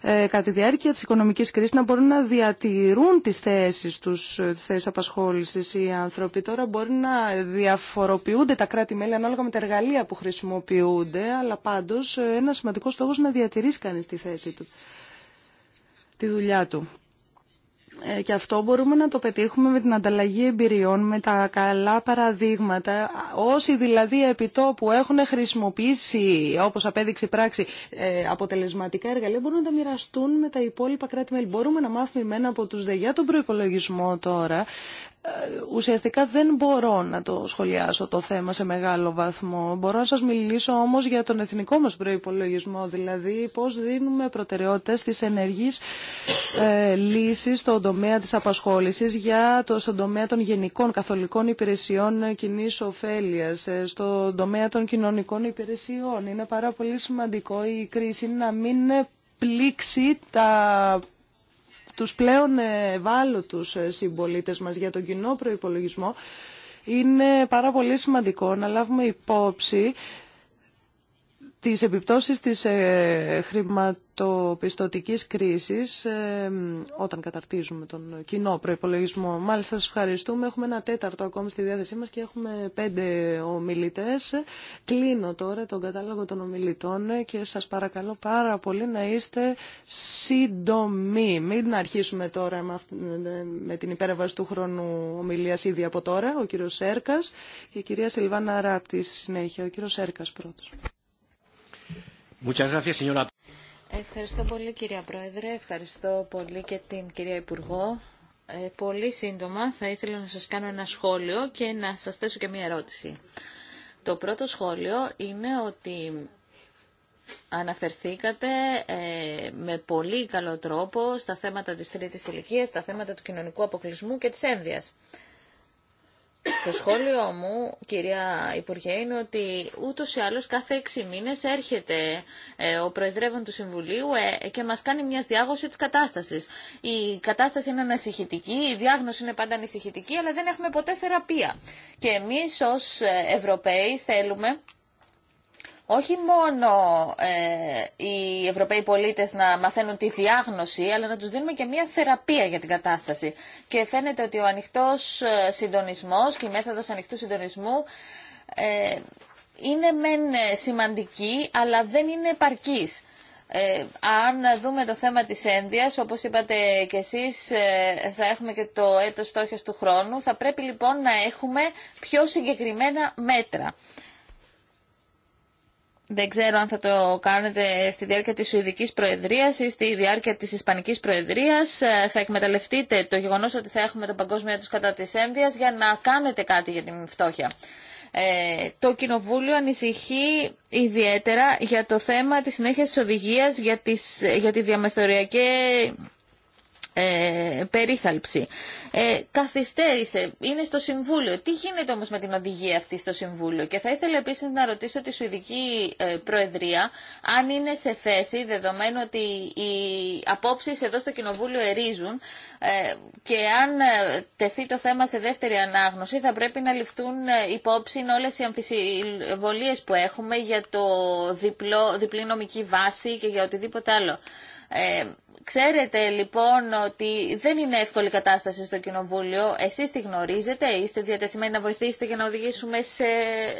ε, κατά τη διάρκεια τη οικονομική κρίση να μπορούν να διατηρούν τι θέσει του, ε, τι θέσει απασχόληση οι άνθρωποι. Τώρα μπορεί να διαφοροποιούνται τα κράτη-μέλη ανάλογα με τα εργαλεία που χρησιμοποιούνται, αλλά πάντω ε, ένα σημαντικό στόχο να διατηρήσει κανεί τη θέση του τη δουλειά του. Ε, και αυτό μπορούμε να το πετύχουμε με την ανταλλαγή εμπειριών, με τα καλά παραδείγματα. Όσοι δηλαδή επιτόπου έχουν χρησιμοποιήσει, όπως απέδειξε η πράξη, ε, αποτελεσματικά εργαλεία, μπορούν να τα μοιραστούν με τα υπόλοιπα κράτη-μέλη. Μπορούμε να μάθουμε μένα από τους ΔΕ για τον προπολογισμό τώρα. Ε, ουσιαστικά δεν μπορώ να το σχολιάσω το θέμα σε μεγάλο βαθμό. Μπορώ να σας μιλήσω όμως για τον εθνικό μας προϋπολογισμό, δηλαδή πώς δίνουμε προτεραιότητα στις ενεργείς ε, λύσεις στον τομέα της απασχόλησης για το, στον τομέα των γενικών καθολικών υπηρεσιών κοινή ωφέλεια, ε, στον τομέα των κοινωνικών υπηρεσιών. Είναι πάρα πολύ σημαντικό η κρίση να μην πλήξει τα τους πλέον ευάλωτους ε, συμπολίτες μας για τον κοινό προϋπολογισμό, είναι πάρα πολύ σημαντικό να λάβουμε υπόψη τις επιπτώσεις της ε, χρηματοπιστωτικής κρίσης ε, όταν καταρτίζουμε τον κοινό προϋπολογισμό. Μάλιστα, σας ευχαριστούμε. Έχουμε ένα τέταρτο ακόμη στη διάθεσή μας και έχουμε πέντε ομιλητές. Κλείνω τώρα τον κατάλογο των ομιλητών και σας παρακαλώ πάρα πολύ να είστε σύντομοι. Μην αρχίσουμε τώρα με την υπέρβαση του χρόνου ομιλίας ήδη από τώρα. Ο κύριος Σέρκας και η κυρία Σιλβάνα Ράπτη συνέχεια. Ο κύριος Σέρκας πρώτος. Ευχαριστώ πολύ κυρία Πρόεδρε, ευχαριστώ πολύ και την κυρία Υπουργό. Ε, πολύ σύντομα θα ήθελα να σας κάνω ένα σχόλιο και να σας θέσω και μία ερώτηση. Το πρώτο σχόλιο είναι ότι αναφερθήκατε ε, με πολύ καλό τρόπο στα θέματα της τρίτης ηλικίας, στα θέματα του κοινωνικού αποκλεισμού και της ένδυας. Το σχόλιο μου, κυρία Υπουργέ, είναι ότι ούτως ή άλλως κάθε έξι μήνες έρχεται ε, ο Προεδρεύων του Συμβουλίου ε, και μας κάνει μια διάγωση της κατάστασης. Η κατάσταση είναι ανησυχητική, η διάγνωση είναι πάντα ανησυχητική, αλλά δεν έχουμε ποτέ θεραπεία. Και εμείς ως ε, Ευρωπαίοι θέλουμε όχι μόνο ε, οι Ευρωπαίοι πολίτες να μαθαίνουν τη διάγνωση, αλλά να τους δίνουμε και μια θεραπεία για την κατάσταση. Και φαίνεται ότι ο ανοιχτός ε, συντονισμός και η μέθοδος ανοιχτού συντονισμού ε, είναι μεν ε, σημαντική, αλλά δεν είναι επαρκής. Ε, αν δούμε το θέμα της ένδυας, όπως είπατε και εσείς, θα έχουμε και το έτος στόχος του χρόνου. Θα πρέπει λοιπόν να έχουμε πιο συγκεκριμένα μέτρα. Δεν ξέρω αν θα το κάνετε στη διάρκεια της Σουηδικής Προεδρίας ή στη διάρκεια της Ισπανικής Προεδρίας. Ε, θα εκμεταλλευτείτε το γεγονός ότι θα έχουμε τον παγκόσμιο έτος κατά της έμβειας για να κάνετε κάτι για την φτώχεια. Ε, το Κοινοβούλιο ανησυχεί ιδιαίτερα για το θέμα της συνέχεια της οδηγίας για, τις, για τη διαμεθοριακή ε, περίθαλψη. Ε, καθυστέρησε, είναι στο Συμβούλιο. Τι γίνεται όμως με την οδηγία αυτή στο Συμβούλιο. Και θα ήθελα επίσης να ρωτήσω τη Σουηδική ε, Προεδρία αν είναι σε θέση, δεδομένου ότι οι απόψεις εδώ στο Κοινοβούλιο ερίζουν ε, και αν τεθεί το θέμα σε δεύτερη ανάγνωση θα πρέπει να ληφθούν υπόψη όλες οι αμφισβολίες που έχουμε για το διπλό, διπλή νομική βάση και για οτιδήποτε άλλο. Ε, ξέρετε λοιπόν ότι δεν είναι εύκολη κατάσταση στο Κοινοβούλιο. Εσείς τη γνωρίζετε, είστε διατεθειμένοι να βοηθήσετε και να οδηγήσουμε σε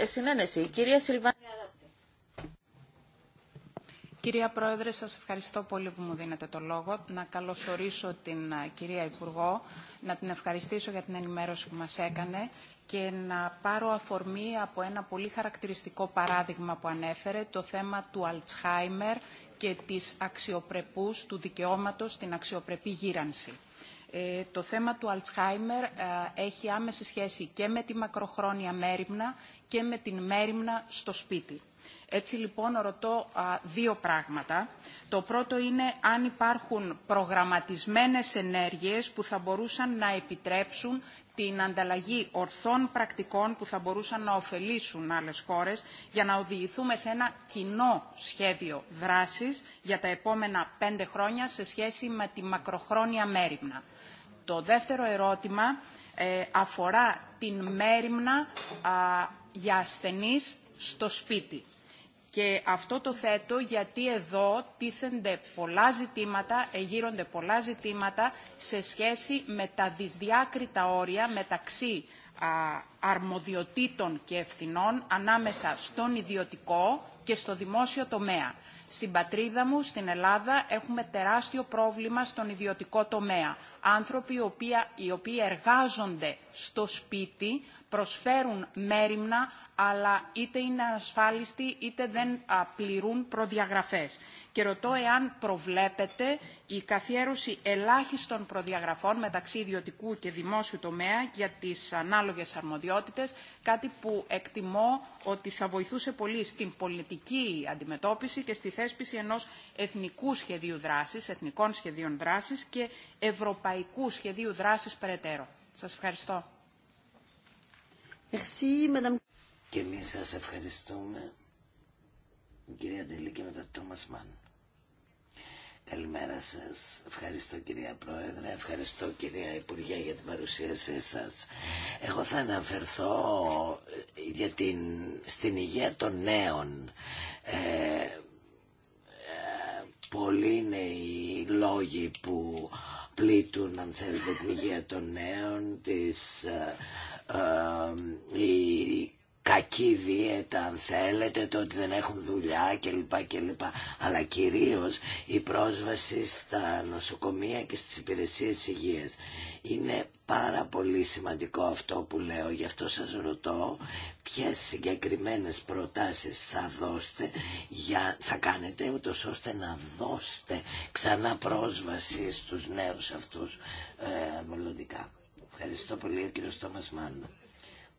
συνένεση. Κυρία Σιλβάνη Κυρία Πρόεδρε, σας ευχαριστώ πολύ που μου δίνετε το λόγο. Να καλωσορίσω την κυρία Υπουργό, να την ευχαριστήσω για την ενημέρωση που μας έκανε και να πάρω αφορμή από ένα πολύ χαρακτηριστικό παράδειγμα που ανέφερε, το θέμα του Αλτσχάιμερ και της αξιοπρεπούς του δικαιώματος στην αξιοπρεπή γύρανση. Ε, το θέμα του Αλτσχάιμερ ε, έχει άμεση σχέση και με τη μακροχρόνια μέρημνα και με την μέρημνα στο σπίτι. Έτσι λοιπόν ρωτώ α, δύο πράγματα. Το πρώτο είναι αν υπάρχουν προγραμματισμένες ενέργειες που θα μπορούσαν να επιτρέψουν την ανταλλαγή ορθών πρακτικών που θα μπορούσαν να ωφελήσουν άλλες χώρες για να οδηγηθούμε σε ένα κοινό σχέδιο δράσης για τα επόμενα πέντε χρόνια σε σχέση με τη μακροχρόνια μέρημνα. Το δεύτερο ερώτημα ε, αφορά την μέρημνα για ασθενείς στο σπίτι. Και αυτό το θέτω γιατί εδώ τίθενται πολλά ζητήματα, εγείρονται πολλά ζητήματα σε σχέση με τα δυσδιάκριτα όρια μεταξύ αρμοδιοτήτων και ευθυνών ανάμεσα στον ιδιωτικό και στο δημόσιο τομέα. Στην πατρίδα μου, στην Ελλάδα, έχουμε τεράστιο πρόβλημα στον ιδιωτικό τομέα. Άνθρωποι οι οποίοι εργάζονται στο σπίτι, προσφέρουν μέρημνα, αλλά είτε είναι ασφάλιστοι είτε δεν πληρούν προδιαγραφές και ρωτώ εάν προβλέπετε η καθιέρωση ελάχιστων προδιαγραφών μεταξύ ιδιωτικού και δημόσιου τομέα για τις ανάλογες αρμοδιότητες, κάτι που εκτιμώ ότι θα βοηθούσε πολύ στην πολιτική αντιμετώπιση και στη θέσπιση ενός εθνικού σχεδίου δράσης, εθνικών σχεδίων δράσης και ευρωπαϊκού σχεδίου δράσης περαιτέρω. Σας ευχαριστώ. Merci, madame. Και εμείς σας ευχαριστούμε κυρία Αντελή και τον Τόμας Μαν. Καλημέρα σας. Ευχαριστώ κυρία Πρόεδρε, ευχαριστώ κυρία Υπουργέ για την παρουσίασή σας. Εγώ θα αναφερθώ ε, για την, στην υγεία των νέων. Ε, ε, πολλοί είναι οι λόγοι που πλήττουν αν θέλετε την υγεία των νέων, η κακή δίαιτα αν θέλετε, το ότι δεν έχουν δουλειά κλπ. κλπ. Αλλά κυρίως η πρόσβαση στα νοσοκομεία και στις υπηρεσίες υγείας. Είναι πάρα πολύ σημαντικό αυτό που λέω, γι' αυτό σας ρωτώ ποιες συγκεκριμένες προτάσεις θα δώσετε, για, θα κάνετε ούτως ώστε να δώσετε ξανά πρόσβαση στους νέους αυτούς ε, μελλοντικά. Ευχαριστώ πολύ ο κύριος Τόμας Μάνου.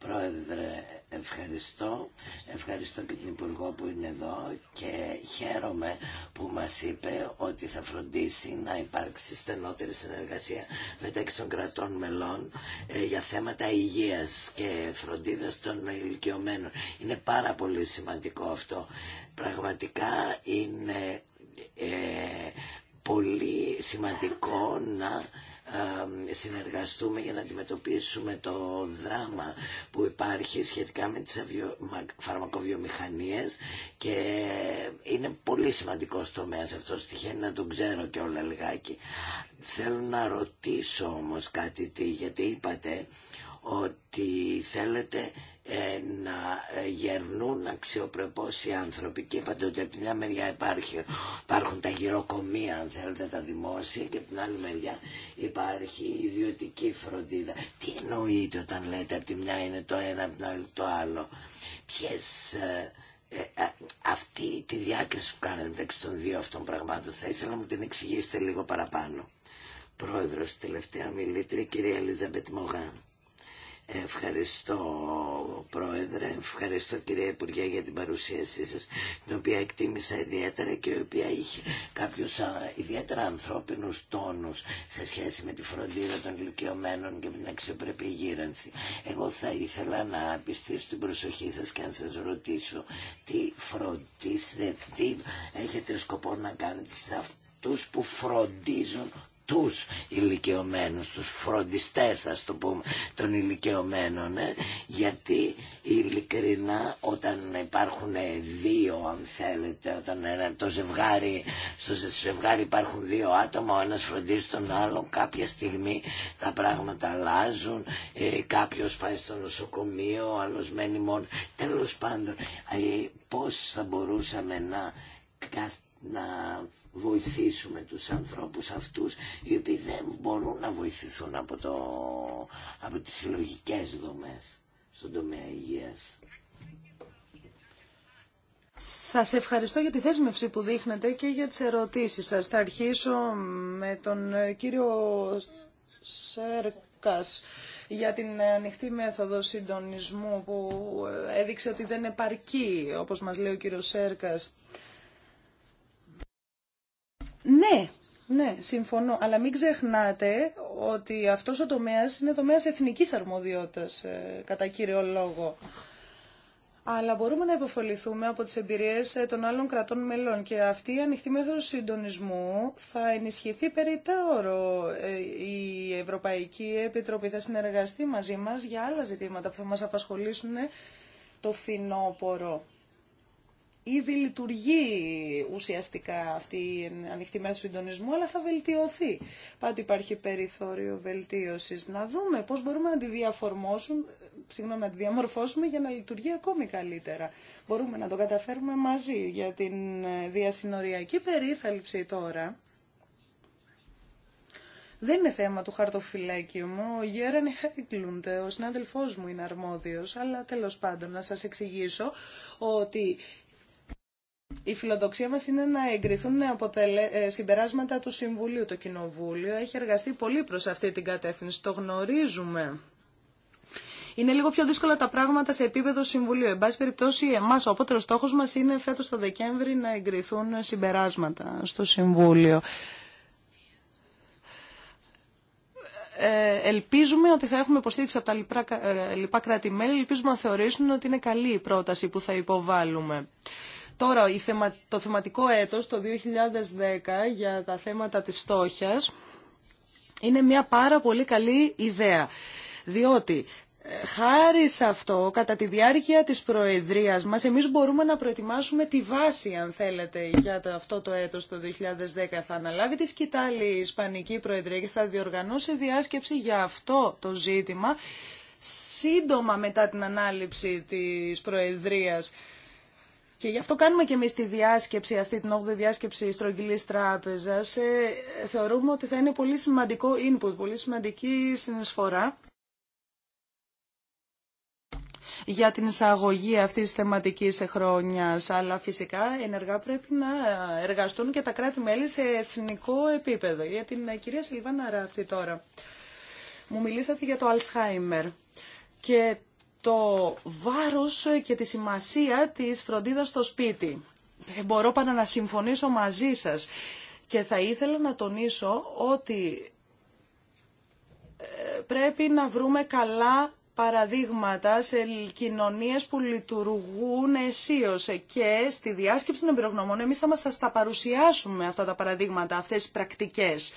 Πρόεδρε, ευχαριστώ. Ευχαριστώ και την Υπουργό που είναι εδώ και χαίρομαι που μας είπε ότι θα φροντίσει να υπάρξει στενότερη συνεργασία μεταξύ των κρατών μελών ε, για θέματα υγείας και φροντίδας των ηλικιωμένων. Είναι πάρα πολύ σημαντικό αυτό. Πραγματικά είναι ε, πολύ σημαντικό να συνεργαστούμε για να αντιμετωπίσουμε το δράμα που υπάρχει σχετικά με τις φαρμακοβιομηχανίες και είναι πολύ σημαντικό τομέα αυτό. Τυχαίνει να τον ξέρω και όλα λιγάκι. Θέλω να ρωτήσω όμως κάτι, γιατί είπατε ότι θέλετε ε, να ε, γερνούν αξιοπρεπώς οι άνθρωποι και είπατε ότι από τη μια μεριά υπάρχει, υπάρχουν τα γυροκομεία αν θέλετε τα δημόσια και από την άλλη μεριά υπάρχει η ιδιωτική φροντίδα τι εννοείτε όταν λέτε από τη μια είναι το ένα από την άλλη το άλλο ποιες ε, ε, ε αυτή τη διάκριση που κάνετε μεταξύ των δύο αυτών πραγμάτων θα ήθελα να μου την εξηγήσετε λίγο παραπάνω Πρόεδρος, τελευταία μιλήτρια, κυρία Ελίζα Μπετμογάν. Ευχαριστώ Πρόεδρε, ευχαριστώ κυρίε Υπουργέ για την παρουσίασή σας την οποία εκτίμησα ιδιαίτερα και η οποία είχε κάποιους ιδιαίτερα ανθρώπινους τόνους σε σχέση με τη φροντίδα των ηλικιωμένων και με την αξιοπρεπή γύρανση. Εγώ θα ήθελα να πιστήσω την προσοχή σας και να σας ρωτήσω τι φροντίσετε, τι έχετε σκοπό να κάνετε σε αυτούς που φροντίζουν τους ηλικιωμένους, τους φροντιστές ας το πούμε των ηλικιωμένων ε? γιατί ειλικρινά όταν υπάρχουν δύο αν θέλετε όταν ένα, το ζευγάρι στο ζευγάρι υπάρχουν δύο άτομα ο ένας φροντίζει τον άλλον κάποια στιγμή τα πράγματα αλλάζουν ε, κάποιος πάει στο νοσοκομείο ο άλλος μένει μόνο τέλος πάντων ε, πώς θα μπορούσαμε να βοηθήσουμε τους ανθρώπους αυτούς οι οποίοι δεν μπορούν να βοηθηθούν από, το, από τις συλλογικέ δομές στον τομέα υγείας. Σας ευχαριστώ για τη θέσμευση που δείχνετε και για τις ερωτήσεις σας. Θα αρχίσω με τον κύριο Σέρκας για την ανοιχτή μέθοδο συντονισμού που έδειξε ότι δεν επαρκεί, όπως μας λέει ο κύριος Σέρκας. Ναι, ναι, συμφωνώ. Αλλά μην ξεχνάτε ότι αυτός ο τομέας είναι τομέας εθνικής αρμοδιότητας, ε, κατά κύριο λόγο. Αλλά μπορούμε να υποφεληθούμε από τις εμπειρίες ε, των άλλων κρατών μελών και αυτή η ανοιχτή μέθοδος συντονισμού θα ενισχυθεί περί ε, Η Ευρωπαϊκή Επιτροπή θα συνεργαστεί μαζί μας για άλλα ζητήματα που θα μας απασχολήσουν το φθινόπωρο. Ήδη λειτουργεί ουσιαστικά αυτή η ανοιχτή μέθοδο συντονισμού, αλλά θα βελτιωθεί. Πάντω υπάρχει περιθώριο βελτίωση. Να δούμε πώ μπορούμε να τη, συγγνώμη, να τη διαμορφώσουμε για να λειτουργεί ακόμη καλύτερα. Μπορούμε να το καταφέρουμε μαζί για την διασυνοριακή περίθαλψη τώρα. Δεν είναι θέμα του χαρτοφυλάκιου μου. Ο Γέραν Χέγκλουντ, ο συνάδελφό μου, είναι αρμόδιος. Αλλά τέλος πάντων, να σας εξηγήσω ότι η φιλοδοξία μας είναι να εγκριθούν αποτελε... Ε, συμπεράσματα του Συμβουλίου. Το Κοινοβούλιο έχει εργαστεί πολύ προς αυτή την κατεύθυνση. Το γνωρίζουμε. Είναι λίγο πιο δύσκολα τα πράγματα σε επίπεδο Συμβουλίου. Εν πάση περιπτώσει, εμά ο απότερο στόχο μα είναι φέτο το Δεκέμβρη να εγκριθούν συμπεράσματα στο Συμβούλιο. Ε, ελπίζουμε ότι θα έχουμε υποστήριξη από τα λοιπά, ε, λοιπά κράτη-μέλη. Ελπίζουμε να θεωρήσουν ότι είναι καλή η πρόταση που θα υποβάλουμε. Τώρα, το θεματικό έτος, το 2010, για τα θέματα της στόχιας, είναι μια πάρα πολύ καλή ιδέα, διότι ε, χάρη σε αυτό, κατά τη διάρκεια της προεδρίας μας, εμείς μπορούμε να προετοιμάσουμε τη βάση, αν θέλετε, για το, αυτό το έτος το 2010. Θα αναλάβει τη σκητάλη η Ισπανική Προεδρία και θα διοργανώσει διάσκεψη για αυτό το ζήτημα σύντομα μετά την ανάληψη της Προεδρίας. Και γι' αυτό κάνουμε και εμεί τη διάσκεψη, αυτή την 8η διάσκεψη Τράπεζα. τράπεζας. Ε, θεωρούμε ότι θα είναι πολύ σημαντικό input, πολύ σημαντική συνεισφορά για την εισαγωγή αυτής τη θεματική χρόνια. Αλλά φυσικά ενεργά πρέπει να εργαστούν και τα κράτη-μέλη σε εθνικό επίπεδο. Για την κυρία Σιλβάνα Ράπτη τώρα. Μου μιλήσατε για το Αλτσχάιμερ. Και το βάρος και τη σημασία της φροντίδας στο σπίτι. Μπορώ πάντα να συμφωνήσω μαζί σας και θα ήθελα να τονίσω ότι ε, πρέπει να βρούμε καλά παραδείγματα σε κοινωνίες που λειτουργούν αισίως και στη διάσκεψη των εμπειρογνωμών εμείς θα μας τα παρουσιάσουμε αυτά τα παραδείγματα, αυτές τις πρακτικές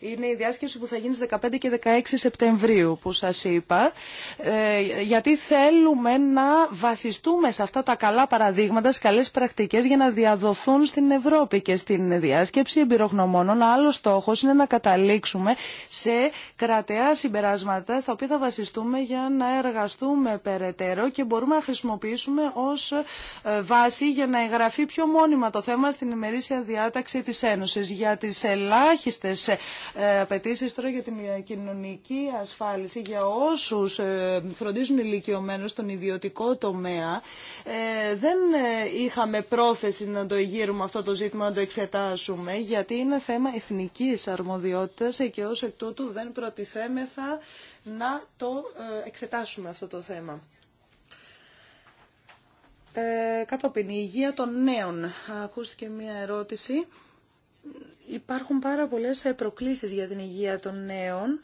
είναι η διάσκεψη που θα γίνει στις 15 και 16 Σεπτεμβρίου που σας είπα ε, γιατί θέλουμε να βασιστούμε σε αυτά τα καλά παραδείγματα, στις καλές πρακτικές για να διαδοθούν στην Ευρώπη και στην διάσκεψη εμπειρογνωμόνων. Άλλο στόχος είναι να καταλήξουμε σε κρατεά συμπεράσματα στα οποία θα βασιστούμε για να εργαστούμε περαιτέρω και μπορούμε να χρησιμοποιήσουμε ως ε, βάση για να εγγραφεί πιο μόνιμα το θέμα στην ημερήσια διάταξη της Ένωσης για τις ελάχιστες ε, ε, απαιτήσει τώρα για την κοινωνική ασφάλιση για όσους ε, φροντίζουν ηλικιωμένους στον ιδιωτικό τομέα. Ε, δεν είχαμε πρόθεση να το γύρουμε αυτό το ζήτημα, να το εξετάσουμε, γιατί είναι θέμα εθνικής αρμοδιότητας και ω εκ τούτου δεν προτιθέμεθα να το εξετάσουμε αυτό το θέμα. Ε, κατόπιν, η υγεία των νέων. Ακούστηκε μία ερώτηση υπάρχουν πάρα πολλές ε, προκλήσεις για την υγεία των νέων.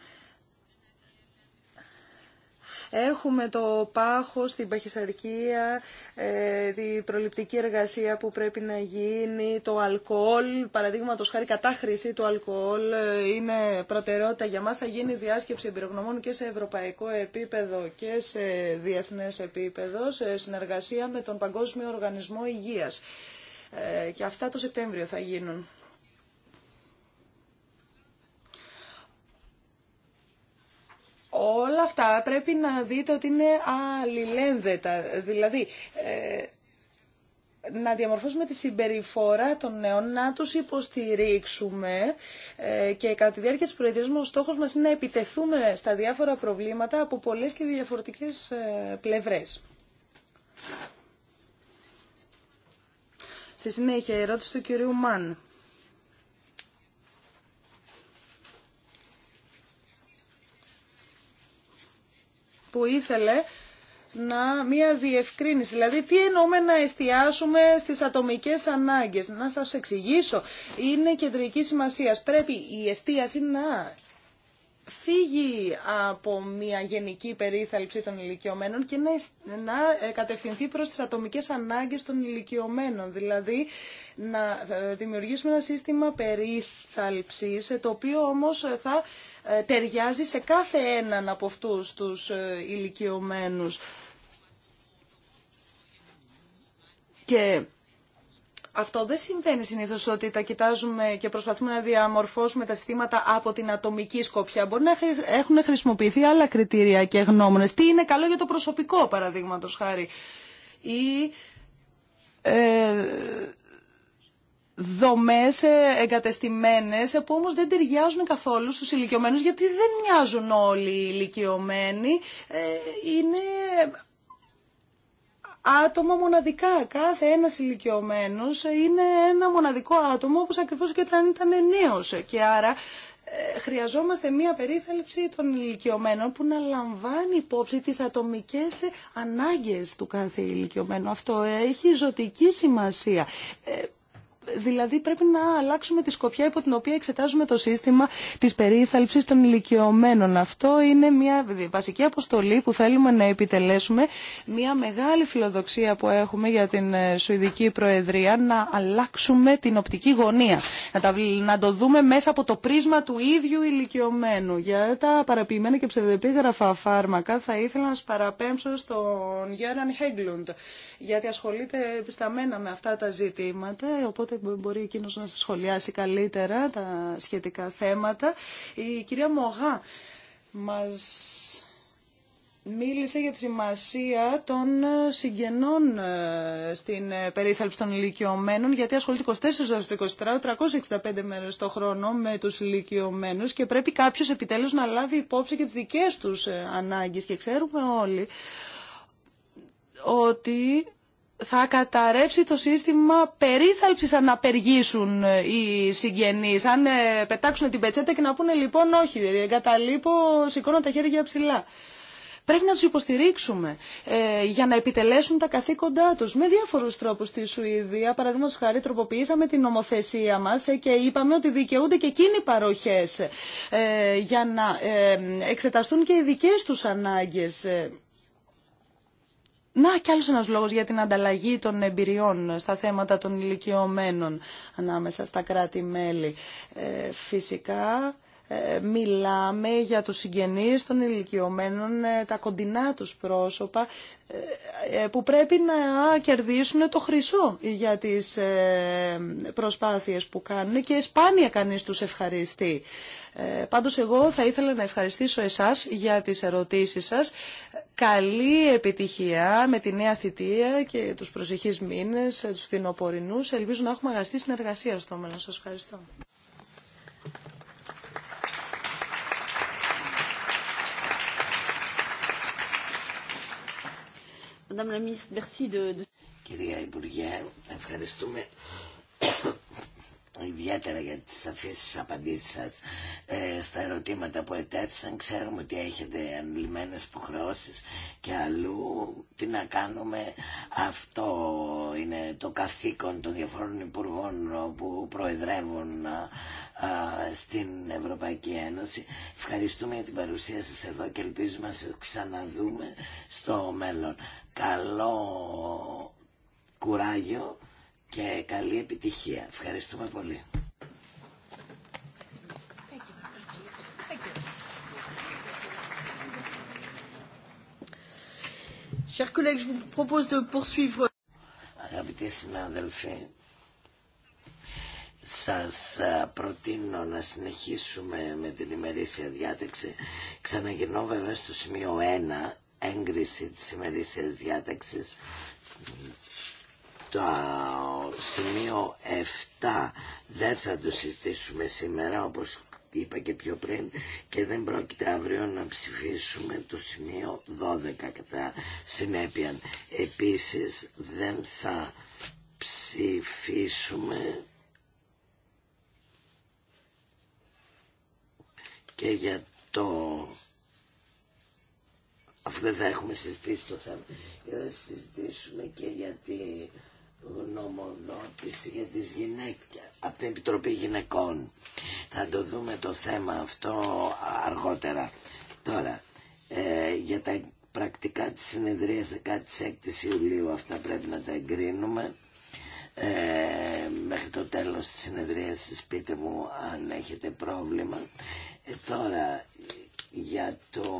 Έχουμε το πάχος, την παχυσαρκία, ε, την προληπτική εργασία που πρέπει να γίνει, το αλκοόλ, παραδείγματος χάρη κατάχρηση του αλκοόλ ε, είναι προτεραιότητα για μας. Θα γίνει διάσκεψη εμπειρογνωμών και σε ευρωπαϊκό επίπεδο και σε διεθνές επίπεδο, σε συνεργασία με τον Παγκόσμιο Οργανισμό Υγείας. Και αυτά το Σεπτέμβριο θα γίνουν. όλα αυτά πρέπει να δείτε ότι είναι αλληλένδετα. Δηλαδή, ε, να διαμορφώσουμε τη συμπεριφορά των νέων, να τους υποστηρίξουμε ε, και κατά τη διάρκεια της Προεδρία μας ο στόχος μας είναι να επιτεθούμε στα διάφορα προβλήματα από πολλές και διαφορετικές ε, πλευρές. Στη συνέχεια, ερώτηση του κυρίου Μαν. που ήθελε να μία διευκρίνηση. Δηλαδή τι εννοούμε να εστιάσουμε στις ατομικές ανάγκες. Να σας εξηγήσω. Είναι κεντρική σημασία. Πρέπει η εστίαση να φύγει από μια γενική περίθαλψη των ηλικιωμένων και να ε, κατευθυνθεί προς τις ατομικές ανάγκες των ηλικιωμένων. Δηλαδή να ε, δημιουργήσουμε ένα σύστημα περίθαλψης ε, το οποίο όμως θα ταιριάζει σε κάθε έναν από αυτούς τους ηλικιωμένους. Και αυτό δεν συμβαίνει συνήθω ότι τα κοιτάζουμε και προσπαθούμε να διαμορφώσουμε τα συστήματα από την ατομική σκοπιά. Μπορεί να έχουν χρησιμοποιηθεί άλλα κριτήρια και γνώμονε. Τι είναι καλό για το προσωπικό, παραδείγματο χάρη. Ή ε, δομές ε, εγκατεστημένες που όμω δεν ταιριάζουν καθόλου στους ηλικιωμένου γιατί δεν μοιάζουν όλοι οι ηλικιωμένοι. Ε, είναι άτομα μοναδικά. Κάθε ένα ηλικιωμένο είναι ένα μοναδικό άτομο όπω ακριβώ και όταν ήταν νέο. Και άρα ε, χρειαζόμαστε μία περίθαλψη των ηλικιωμένων που να λαμβάνει υπόψη τις ατομικές ανάγκες του κάθε ηλικιωμένου. Αυτό έχει ζωτική σημασία. Ε, Δηλαδή πρέπει να αλλάξουμε τη σκοπιά υπό την οποία εξετάζουμε το σύστημα της περίθαλψης των ηλικιωμένων. Αυτό είναι μια βασική αποστολή που θέλουμε να επιτελέσουμε. Μια μεγάλη φιλοδοξία που έχουμε για την ε, Σουηδική Προεδρία να αλλάξουμε την οπτική γωνία. Να, τα, να το δούμε μέσα από το πρίσμα του ίδιου ηλικιωμένου. Για τα παραποιημένα και ψευδεπίγραφα φάρμακα θα ήθελα να σα παραπέμψω στον Γιώραν Χέγκλουντ γιατί ασχολείται επισταμένα με αυτά τα ζητήματα. Οπότε οπότε μπορεί εκείνος να σχολιάσει καλύτερα τα σχετικά θέματα. Η κυρία Μογά μας μίλησε για τη σημασία των ε, συγγενών ε, στην ε, περίθαλψη των ηλικιωμένων, γιατί ασχολείται 24 ώρες το 24, 365 μέρες το χρόνο με τους ηλικιωμένου. και πρέπει κάποιος επιτέλους να λάβει υπόψη και τις δικές τους ανάγκες. Και ξέρουμε όλοι ότι θα καταρρεύσει το σύστημα περίθαλψης αν απεργήσουν ε, οι συγγενείς, αν ε, πετάξουν την πετσέτα και να πούνε λοιπόν όχι, εγκαταλείπω, σηκώνω τα χέρια ψηλά. Πρέπει να του υποστηρίξουμε ε, για να επιτελέσουν τα καθήκοντά του. Με διάφορου τρόπου στη Σουηδία, παραδείγματο χάρη, τροποποιήσαμε την νομοθεσία μα και είπαμε ότι δικαιούνται και εκείνοι παροχέ για να εξεταστούν και οι δικέ του ανάγκε. Να κι άλλος ένας λόγος για την ανταλλαγή των εμπειριών στα θέματα των ηλικιωμένων ανάμεσα στα κράτη-μέλη. Ε, φυσικά ε, μιλάμε για τους συγγενείς των ηλικιωμένων, ε, τα κοντινά τους πρόσωπα, ε, που πρέπει να κερδίσουν το χρυσό για τις προσπάθειες που κάνουν και σπάνια κανείς τους ευχαριστεί. Πάντως εγώ θα ήθελα να ευχαριστήσω εσάς για τις ερωτήσεις σας. Καλή επιτυχία με τη νέα θητεία και τους προσεχείς μήνες, τους φθινοπορεινούς. Ελπίζω να έχουμε αγαστή συνεργασία στο μέλλον. Σας ευχαριστώ. Κυρία Υπουργέ, ευχαριστούμε ιδιαίτερα για τις σαφείς απαντήσεις σας ε, στα ερωτήματα που ετέθησαν. Ξέρουμε ότι έχετε που υποχρεώσεις και αλλού τι να κάνουμε. Αυτό είναι το καθήκον των διαφόρων υπουργών που προεδρεύουν στην Ευρωπαϊκή Ένωση. Ευχαριστούμε για την παρουσία σας εδώ και ελπίζουμε να σας ξαναδούμε στο μέλλον. Καλό κουράγιο και καλή επιτυχία. Ευχαριστούμε πολύ. Αγαπητοί συνάδελφοι, σας προτείνω να συνεχίσουμε με την ημερήσια διάταξη. Ξαναγυρνώ βέβαια στο σημείο 1, έγκριση της ημερήσιας διάταξης. Το σημείο 7 δεν θα το συζητήσουμε σήμερα όπως είπα και πιο πριν και δεν πρόκειται αύριο να ψηφίσουμε το σημείο 12 κατά συνέπεια. Επίσης δεν θα ψηφίσουμε και για το αφού δεν θα έχουμε συζητήσει το θέμα και θα συζητήσουμε και για τη γνωμοδότηση για τις γυναίκες από την Επιτροπή Γυναικών θα το δούμε το θέμα αυτό αργότερα τώρα ε, για τα πρακτικά της συνεδρίας 16 Ιουλίου αυτά πρέπει να τα εγκρίνουμε ε, μέχρι το τέλος της συνεδρίας πείτε μου αν έχετε πρόβλημα ε, τώρα για το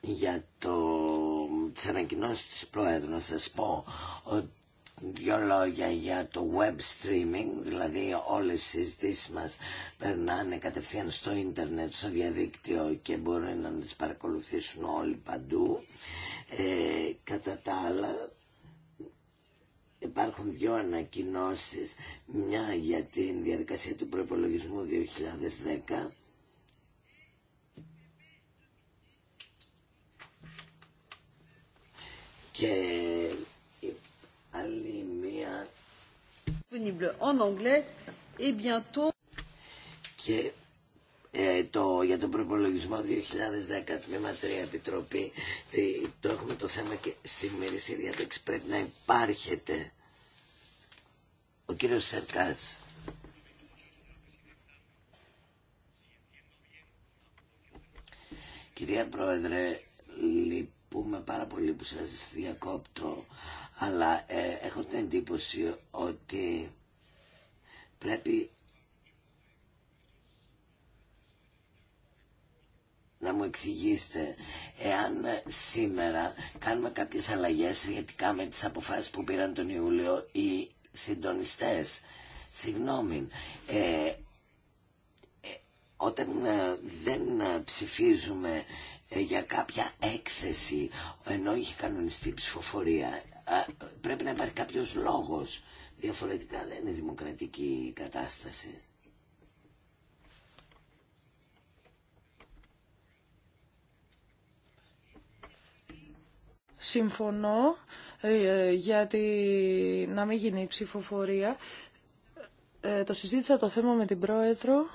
για το τις ανακοινώσεις της Πρόεδρου να σας πω δυο λόγια για το web streaming δηλαδή όλες οι συζητήσεις μας περνάνε κατευθείαν στο ίντερνετ στο διαδίκτυο και μπορούν να τις παρακολουθήσουν όλοι παντού ε, κατά τα άλλα Υπάρχουν δύο ανακοινώσεις, μια για την διαδικασία του προπολογισμού 2010 και άλλη μία και ε, το, για τον προπολογισμό 2010 τμήμα 3 επιτροπή το έχουμε το θέμα και στη μερισή διάταξη πρέπει να υπάρχεται ο κύριος Σερκάς Κυρία Πρόεδρε λυπούμε πάρα πολύ που σας διακόπτω αλλά ε, έχω την εντύπωση ότι πρέπει να μου εξηγήσετε εάν ε, σήμερα κάνουμε κάποιες αλλαγές σχετικά με τις αποφάσεις που πήραν τον Ιούλιο οι συντονιστές. Συγγνώμη, ε, ε όταν ε, δεν ψηφίζουμε για κάποια έκθεση ενώ έχει κανονιστεί ψηφοφορία πρέπει να υπάρχει κάποιος λόγος διαφορετικά δεν είναι δημοκρατική κατάσταση συμφωνώ ε, γιατί να μην γίνει η ψηφοφορία. Ε, το συζήτησα το θέμα με την Πρόεδρο.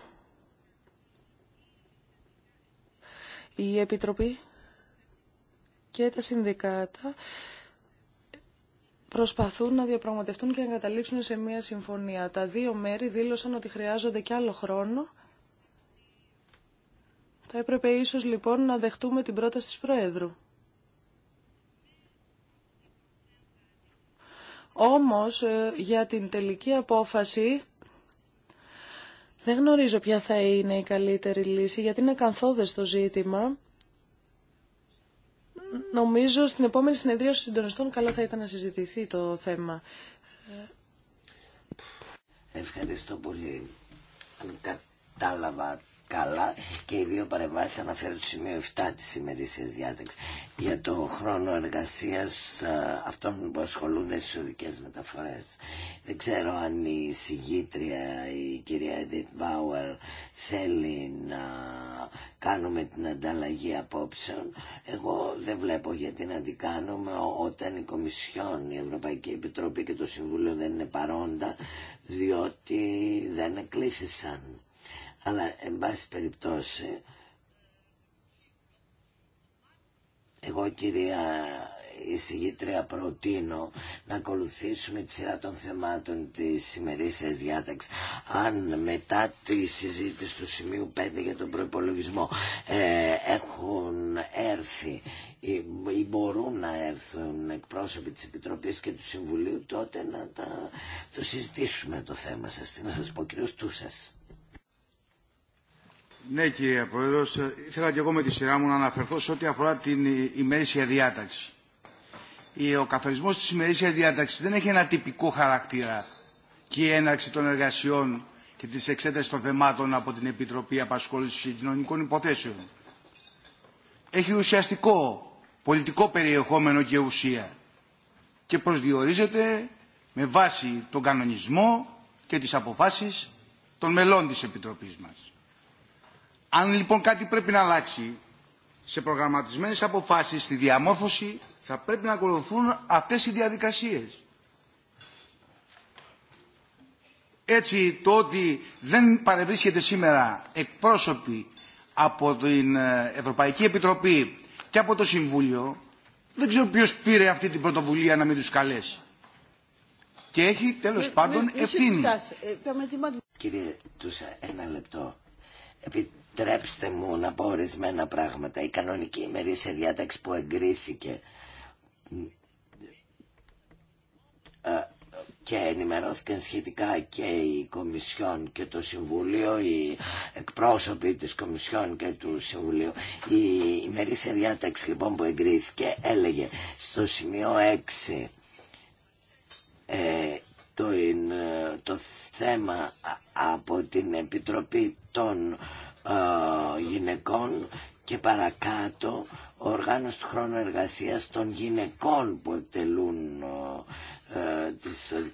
Η Επιτροπή και τα συνδικάτα προσπαθούν να διαπραγματευτούν και να καταλήξουν σε μια συμφωνία. Τα δύο μέρη δήλωσαν ότι χρειάζονται και άλλο χρόνο. Θα έπρεπε ίσως λοιπόν να δεχτούμε την πρόταση της Προέδρου. Όμως ε, για την τελική απόφαση δεν γνωρίζω ποια θα είναι η καλύτερη λύση γιατί είναι κανθώδες το ζήτημα. Νομίζω στην επόμενη συνεδρία των συντονιστών καλό θα ήταν να συζητηθεί το θέμα. Ευχαριστώ πολύ. Αν κατάλαβα καλά και οι δύο παρεμβάσεις αναφέρουν το σημείο 7 της ημερήσιας διάταξης για το χρόνο εργασίας ε, αυτών που ασχολούνται στις οδικές μεταφορές. Δεν ξέρω αν η συγγήτρια, η κυρία Edith Bauer θέλει να κάνουμε την ανταλλαγή απόψεων. Εγώ δεν βλέπω γιατί να την κάνουμε όταν η Κομισιόν, η Ευρωπαϊκή Επιτροπή και το Συμβούλιο δεν είναι παρόντα διότι δεν εκκλήσισαν. Αλλά, εν πάση περιπτώσει, εγώ κυρία εισηγήτρια προτείνω να ακολουθήσουμε τη σειρά των θεμάτων της ημερήσιας διάταξης αν μετά τη συζήτηση του σημείου 5 για τον προϋπολογισμό ε, έχουν έρθει ή μπορούν να έρθουν εκπρόσωποι της Επιτροπής και του Συμβουλίου τότε να τα, το συζητήσουμε το θέμα σας. Τι να σας πω κύριος Τούσας. Ναι κύριε Πρόεδρο, ε, ήθελα και εγώ με τη σειρά μου να αναφερθώ σε ό,τι αφορά την ε, ημερήσια διάταξη. Ο καθορισμό τη ημερήσια διάταξη δεν έχει ένα τυπικό χαρακτήρα και η έναρξη των εργασιών και τη εξέταση των θεμάτων από την Επιτροπή απασχόληση και Κοινωνικών Υποθέσεων. Έχει ουσιαστικό πολιτικό περιεχόμενο και ουσία και προσδιορίζεται με βάση τον κανονισμό και τις αποφάσεις των μελών της Επιτροπής μας. Αν λοιπόν κάτι πρέπει να αλλάξει, σε προγραμματισμένες αποφάσεις, στη διαμόρφωση, θα πρέπει να ακολουθούν αυτές οι διαδικασίες. Έτσι το ότι δεν παρευρίσκεται σήμερα εκπρόσωποι από την ε, Ευρωπαϊκή Επιτροπή και από το Συμβούλιο, δεν ξέρω ποιος πήρε αυτή την πρωτοβουλία να μην τους καλέσει. Και έχει τέλος ε, πάντων ε, ευθύνη. Κύριε Τούσα, ένα λεπτό επιτρέψτε μου να πω ορισμένα πράγματα. Η κανονική ημερήσια διάταξη που εγκρίθηκε ε, και ενημερώθηκαν σχετικά και η Κομισιόν και το Συμβουλίο, οι εκπρόσωποι της Κομισιόν και του Συμβουλίου. Η ημερήσια διάταξη λοιπόν που εγκρίθηκε έλεγε στο σημείο 6 ε, το, ε, το θέμα από την Επιτροπή των γυναικών και παρακάτω οργάνωση του χρόνου εργασίας των γυναικών που εκτελούν ε, τις ε,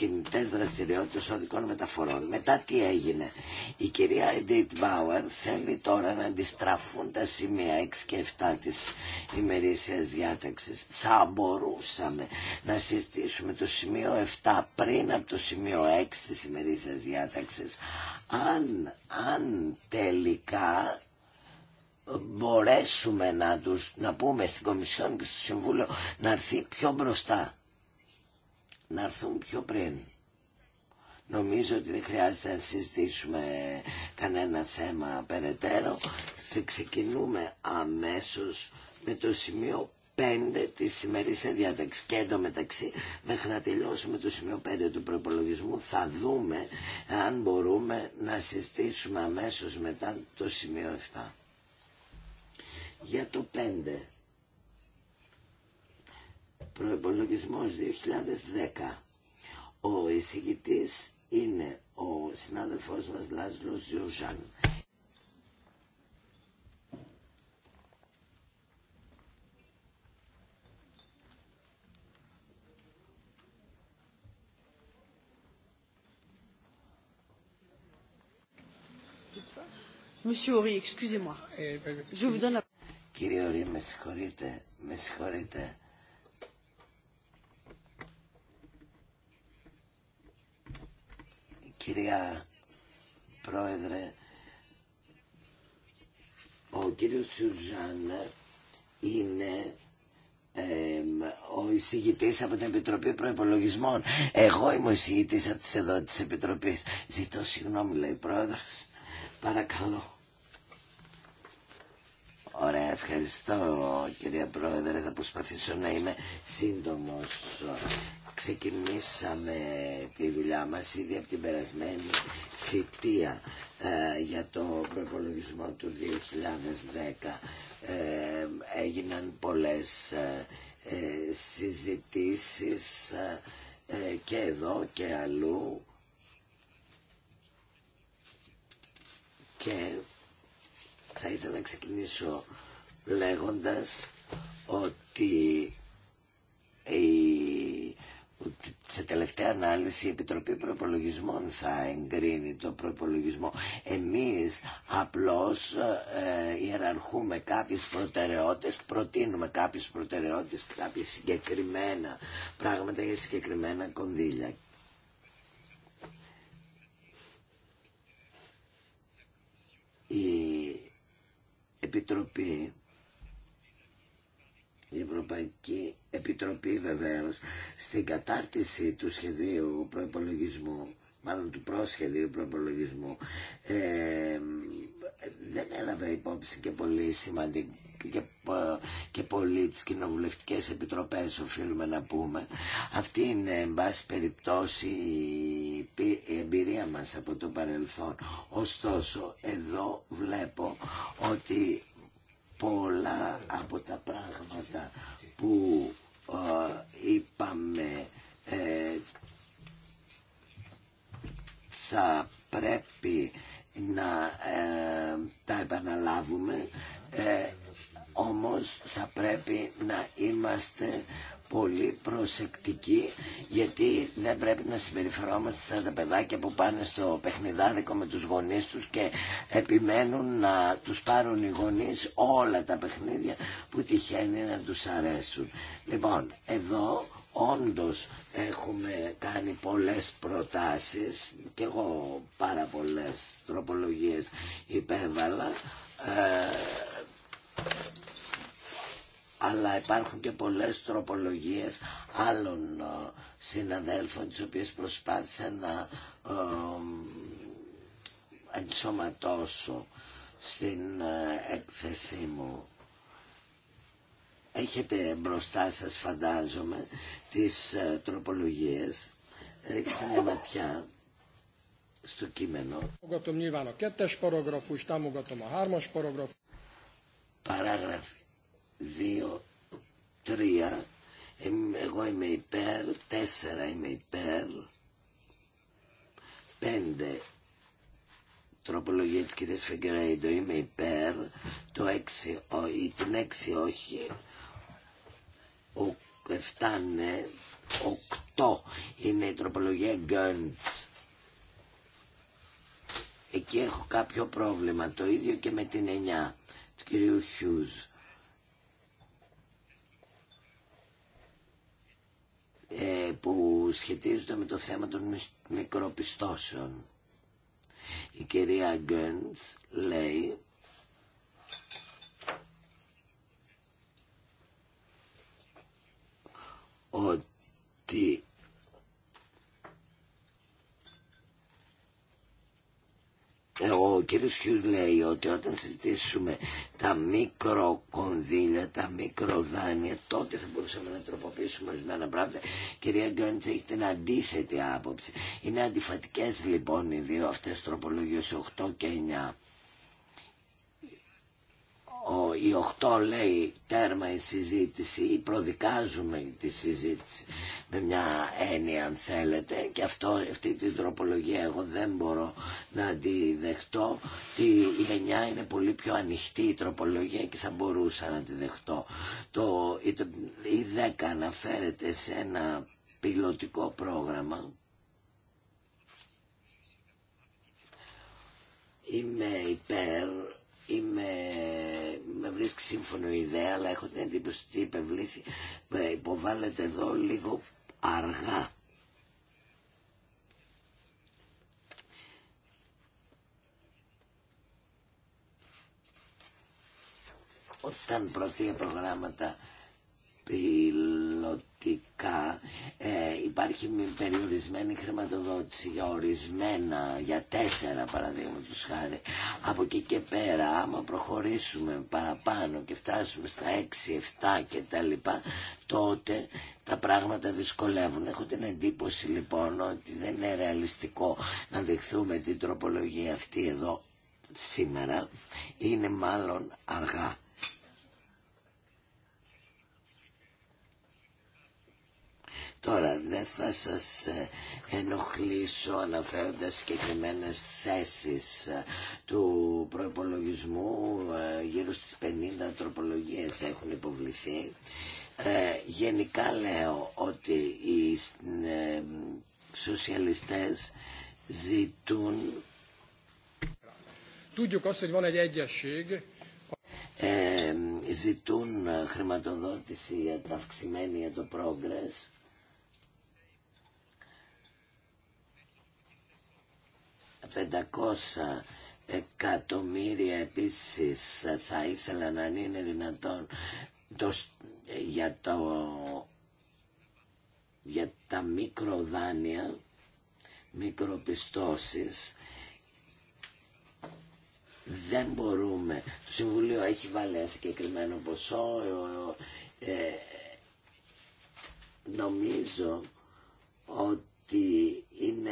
κινητές δραστηριότητες οδικών μεταφορών. Μετά τι έγινε. Η κυρία Edith Μπάουερ θέλει τώρα να αντιστραφούν τα σημεία 6 και 7 της ημερήσιας διάταξης. Θα μπορούσαμε να συζητήσουμε το σημείο 7 πριν από το σημείο 6 της ημερήσιας διάταξης. Αν, αν τελικά μπορέσουμε να, τους, να πούμε στην Κομισιόν και στο Συμβούλιο να έρθει πιο μπροστά να έρθουν πιο πριν. Νομίζω ότι δεν χρειάζεται να συζητήσουμε κανένα θέμα περαιτέρω. Ξεκινούμε αμέσως με το σημείο 5 της σημερινής διάταξης και εντωμεταξύ μέχρι να τελειώσουμε το σημείο 5 του προπολογισμού θα δούμε αν μπορούμε να συζητήσουμε αμέσως μετά το σημείο 7. Για το 5 Προϋπολογισμός 2010. Ο εισηγητής είναι ο συνάδελφός μας Λάζλος Ζιουζάν. Ε, ε, ε, Κύριε Ωρί, με συγχωρείτε, με συγχωρείτε. Κυρία Πρόεδρε, ο κύριος Σουρζάν είναι ε, ο εισηγητής από την Επιτροπή Προϋπολογισμών. Εγώ είμαι ο εισηγητής αυτής εδώ της Επιτροπής. Ζητώ συγγνώμη, λέει πρόεδρος. Παρακαλώ. Ωραία, ευχαριστώ κυρία Πρόεδρε. Θα προσπαθήσω να είμαι σύντομος ξεκινήσαμε τη δουλειά μας ήδη από την περασμένη θητεία ε, για το προπολογισμό του 2010 ε, έγιναν πολλές ε, ε συζητήσεις ε, και εδώ και αλλού και θα ήθελα να ξεκινήσω λέγοντας ότι η σε τελευταία ανάλυση η Επιτροπή Προπολογισμών θα εγκρίνει το προπολογισμό. Εμείς απλώς ε, ιεραρχούμε κάποιες προτεραιότητες, προτείνουμε κάποιες προτεραιότητες, κάποια συγκεκριμένα πράγματα για συγκεκριμένα κονδύλια. Η Επιτροπή η Ευρωπαϊκή Επιτροπή βεβαίως στην κατάρτιση του σχεδίου προϋπολογισμού μάλλον του πρόσχεδιου προπολογισμού ε, δεν έλαβε υπόψη και πολύ σημαντική και, και πολύ τις κοινοβουλευτικές επιτροπές οφείλουμε να πούμε αυτή είναι εν πάση περιπτώσει η εμπειρία μας από το παρελθόν ωστόσο εδώ βλέπω ότι πολλά από τα πράγματα που ε, είπαμε ε, θα πρέπει να ε, τα επαναλάβουμε όμως θα πρέπει να είμαστε πολύ προσεκτική γιατί δεν πρέπει να συμπεριφερόμαστε σαν τα παιδάκια που πάνε στο παιχνιδάδικο με τους γονείς τους και επιμένουν να τους πάρουν οι γονείς όλα τα παιχνίδια που τυχαίνει να τους αρέσουν. Λοιπόν, εδώ όντως έχουμε κάνει πολλές προτάσεις και εγώ πάρα πολλές τροπολογίες υπέβαλα ε, αλλά υπάρχουν και πολλές τροπολογίες άλλων ε, συναδέλφων τις οποίες προσπάθησα να ε, ε, ενσωματώσω στην έκθεσή μου. Έχετε μπροστά σας φαντάζομαι τις τροπολογίες. Ρίξτε μια ματιά στο κείμενο. Παράγραφη Δύο, 3, εγώ είμαι υπέρ, τέσσερα είμαι υπέρ, πέντε, τροπολογία της κυρίας Φεγκρέιντο είμαι υπέρ, το έξι, την έξι όχι, Γκέντς. ναι, 8 είναι η τροπολογία Γκέντς. Εκεί έχω κάποιο πρόβλημα, το ίδιο και με την εννιά του κυρίου Χιούζ. Ε, που σχετίζονται με το θέμα των μικροπιστώσεων. Η κυρία Γκέντς λέει ότι ο κύριος Χιούς λέει ότι όταν συζητήσουμε τα μικροκονδύλια, τα μικροδάνεια, τότε θα μπορούσαμε να τροποποιήσουμε ορισμένα πράγματα. Κυρία Γκόνιτς, έχετε την αντίθετη άποψη. Είναι αντιφατικές λοιπόν οι δύο αυτές τροπολογίες 8 και 9 ο, η 8 λέει τέρμα η συζήτηση ή προδικάζουμε τη συζήτηση με μια έννοια αν θέλετε και αυτό, αυτή την τροπολογία εγώ δεν μπορώ να αντιδεχτώ τη, η 9 είναι πολύ πιο ανοιχτή η τροπολογία και θα μπορούσα να τη δεχτώ το, η, το, η 10 αναφέρεται σε ένα πιλωτικό πρόγραμμα είμαι υπέρ είμαι βρίσκει σύμφωνο η ιδέα, αλλά έχω την εντύπωση ότι υπευλήθη, ε, υποβάλλεται εδώ λίγο αργά. Όταν πρωτεία προγράμματα πυλ ε, υπάρχει μια περιορισμένη χρηματοδότηση για ορισμένα, για τέσσερα παραδείγματο χάρη. Από εκεί και πέρα, άμα προχωρήσουμε παραπάνω και φτάσουμε στα 6, 7 και τα λοιπά, τότε τα πράγματα δυσκολεύουν. Έχω την εντύπωση λοιπόν ότι δεν είναι ρεαλιστικό να δεχθούμε την τροπολογία αυτή εδώ σήμερα. Είναι μάλλον αργά. Τώρα δεν θα σας ε, ενοχλήσω αναφέροντας συγκεκριμένε θέσεις ε, του προϋπολογισμού, ε, γύρω στις 50 τροπολογίες έχουν υποβληθεί. Ε, γενικά λέω ότι οι σοσιαλιστές ζητούν ζητούν χρηματοδότηση για τα αυξημένη για το progress 500 εκατομμύρια επίσης θα ήθελα να είναι δυνατόν το, για, το, για τα μικροδάνεια, μικροπιστώσεις δεν μπορούμε. Το Συμβουλίο έχει βάλει ένα συγκεκριμένο ποσό. Ε, ε, νομίζω ότι είναι,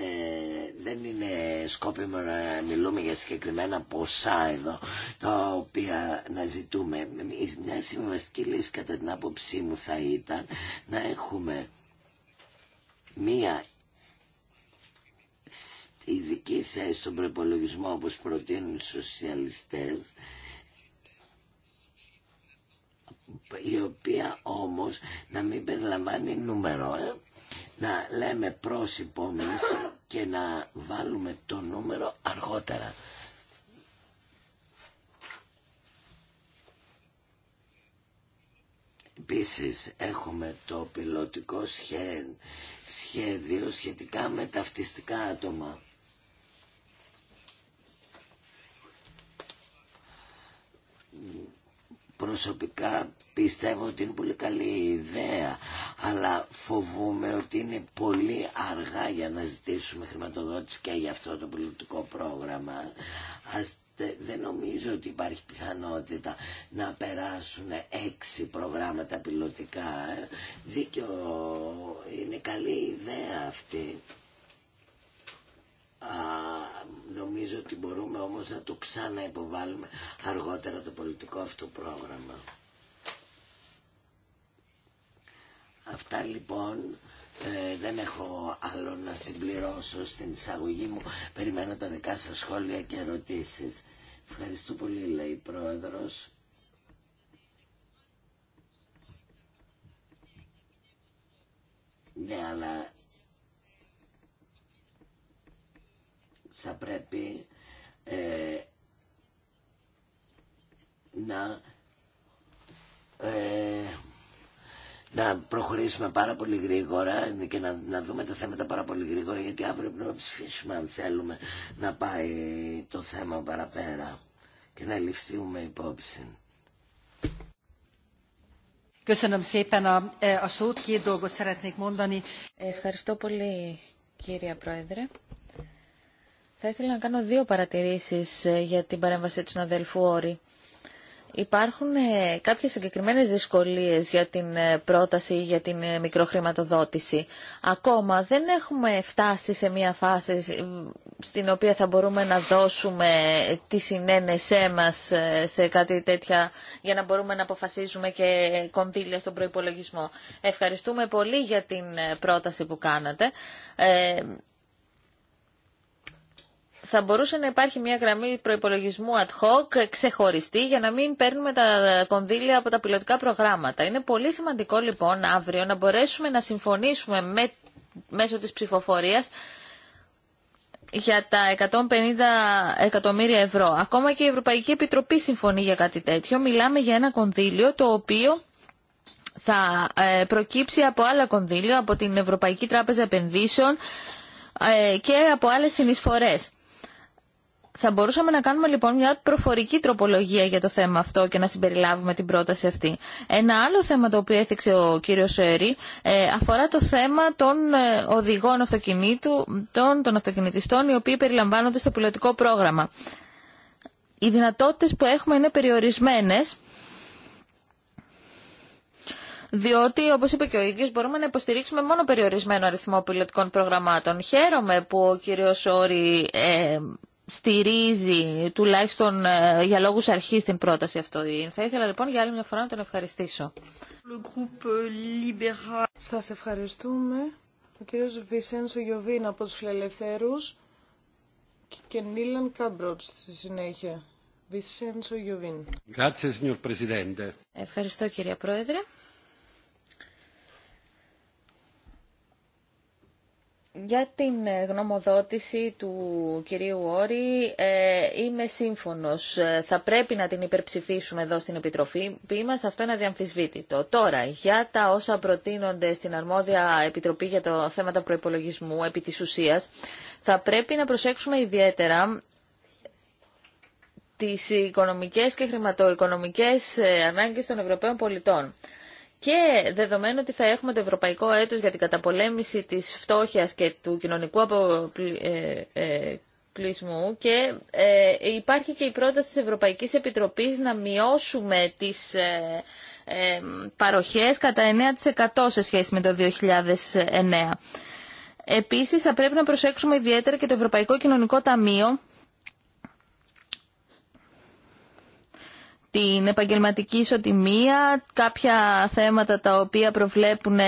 δεν είναι σκόπιμο να μιλούμε για συγκεκριμένα ποσά εδώ τα οποία να ζητούμε. Μια συμβαστική λύση κατά την άποψή μου θα ήταν να έχουμε μία ειδική θέση στον προπολογισμό όπως προτείνουν οι σοσιαλιστές η οποία όμως να μην περιλαμβάνει νούμερο ε να λέμε πρόσημο και να βάλουμε το νούμερο αργότερα. Επίσης έχουμε το πιλωτικό σχέδιο σχετικά με ταυτιστικά άτομα. Προσωπικά πιστεύω ότι είναι πολύ καλή ιδέα, αλλά φοβούμαι ότι είναι πολύ αργά για να ζητήσουμε χρηματοδότηση και για αυτό το πολιτικό πρόγραμμα. Ας δεν νομίζω ότι υπάρχει πιθανότητα να περάσουν έξι προγράμματα πιλωτικά. Ε. Δίκιο είναι καλή ιδέα αυτή νομίζω ότι μπορούμε όμως να το ξανά αργότερα το πολιτικό αυτό πρόγραμμα. Αυτά λοιπόν ε, δεν έχω άλλο να συμπληρώσω στην εισαγωγή μου. Περιμένω τα δικά σας σχόλια και ερωτήσεις. Ευχαριστώ πολύ λέει η Πρόεδρος. Ναι, αλλά θα πρέπει ε, να ε, να προχωρήσουμε πάρα πολύ γρήγορα και να, να δούμε τα θέματα πάρα πολύ γρήγορα γιατί αύριο πρέπει να ψηφίσουμε αν θέλουμε να πάει το θέμα παραπέρα και να ληφθούμε υπόψη. E, Ευχαριστώ πολύ κύριε Πρόεδρε. Θα ήθελα να κάνω δύο παρατηρήσεις ε, για την παρέμβαση του συναδέλφου Όρη. Υπάρχουν ε, κάποιες συγκεκριμένες δυσκολίες για την ε, πρόταση για την μικροχρηματοδότηση. Ακόμα δεν έχουμε φτάσει σε μια φάση στην οποία θα μπορούμε να δώσουμε τη συνένεσέ μας σε κάτι τέτοια για να μπορούμε να αποφασίζουμε και κονδύλια στον προϋπολογισμό. Ευχαριστούμε πολύ για την πρόταση που κάνατε θα μπορούσε να υπάρχει μια γραμμή προπολογισμού ad hoc ξεχωριστή για να μην παίρνουμε τα κονδύλια από τα πιλωτικά προγράμματα. Είναι πολύ σημαντικό λοιπόν αύριο να μπορέσουμε να συμφωνήσουμε μέσω της ψηφοφορίας για τα 150 εκατομμύρια ευρώ. Ακόμα και η Ευρωπαϊκή Επιτροπή συμφωνεί για κάτι τέτοιο. Μιλάμε για ένα κονδύλιο το οποίο θα ε, προκύψει από άλλα κονδύλια, από την Ευρωπαϊκή Τράπεζα Επενδύσεων ε, και από άλλες συνεισφορές. Θα μπορούσαμε να κάνουμε λοιπόν μια προφορική τροπολογία για το θέμα αυτό και να συμπεριλάβουμε την πρόταση αυτή. Ένα άλλο θέμα το οποίο έθιξε ο κύριος Σέρι ε, αφορά το θέμα των ε, οδηγών αυτοκινήτου, των, των αυτοκινητιστών οι οποίοι περιλαμβάνονται στο πιλωτικό πρόγραμμα. Οι δυνατότητες που έχουμε είναι περιορισμένες διότι, όπω είπε και ο ίδιο, μπορούμε να υποστηρίξουμε μόνο περιορισμένο αριθμό πιλωτικών προγραμμάτων. Χαίρομαι που ο κύριο Σόρι στηρίζει τουλάχιστον ε, για λόγους αρχής την πρόταση αυτή. Θα ήθελα λοιπόν για άλλη μια φορά να τον ευχαριστήσω. Euh, Σας ευχαριστούμε. Ο κύριος Βισένσο Γιωβίν από τους Φιλελευθέρους και Νίλαν Κάμπροτ στη συνέχεια. Βισένσο Γιωβίν. Ευχαριστώ κύριε Πρόεδρε. για την ε, γνωμοδότηση του κυρίου Όρη ε, είμαι σύμφωνος. Ε, θα πρέπει να την υπερψηφίσουμε εδώ στην Επιτροπή μας. Αυτό είναι αδιαμφισβήτητο. Τώρα, για τα όσα προτείνονται στην αρμόδια Επιτροπή για το θέματα προϋπολογισμού επί της ουσίας, θα πρέπει να προσέξουμε ιδιαίτερα τις οικονομικές και χρηματοοικονομικές ανάγκες των Ευρωπαίων πολιτών και δεδομένου ότι θα έχουμε το Ευρωπαϊκό Έτος για την καταπολέμηση της φτώχειας και του κοινωνικού αποκλεισμού ε, ε, και ε, υπάρχει και η πρόταση της Ευρωπαϊκής Επιτροπής να μειώσουμε τις παροχές κατά 9% σε σχέση με το 2009. Επίσης θα πρέπει να προσέξουμε ιδιαίτερα και το Ευρωπαϊκό Κοινωνικό Ταμείο την επαγγελματική ισοτιμία, κάποια θέματα τα οποία προβλέπουν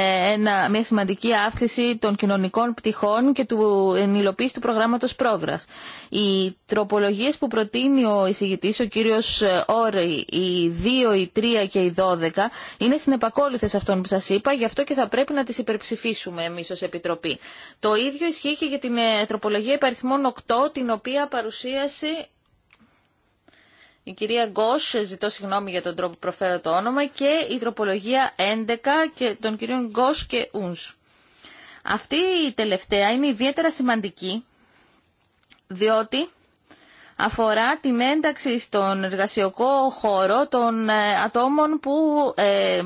μια σημαντική αύξηση των κοινωνικών πτυχών και του ενηλοποίηση του προγράμματος πρόγρας. Οι τροπολογίες που προτείνει ο εισηγητής, ο κύριος Όρη, οι 2, οι 3 και οι 12, είναι συνεπακόλουθε αυτών που σας είπα, γι' αυτό και θα πρέπει να τις υπερψηφίσουμε εμείς ως Επιτροπή. Το ίδιο ισχύει και για την ε, τροπολογία υπαριθμών 8, την οποία παρουσίασε η κυρία Γκόσ, ζητώ συγγνώμη για τον τρόπο που προφέρω το όνομα, και η τροπολογία 11 και των κυρίων Γκόσ και Ούνς. Αυτή η τελευταία είναι ιδιαίτερα σημαντική, διότι αφορά την ένταξη στον εργασιοκό χώρο των ε, ατόμων που ε,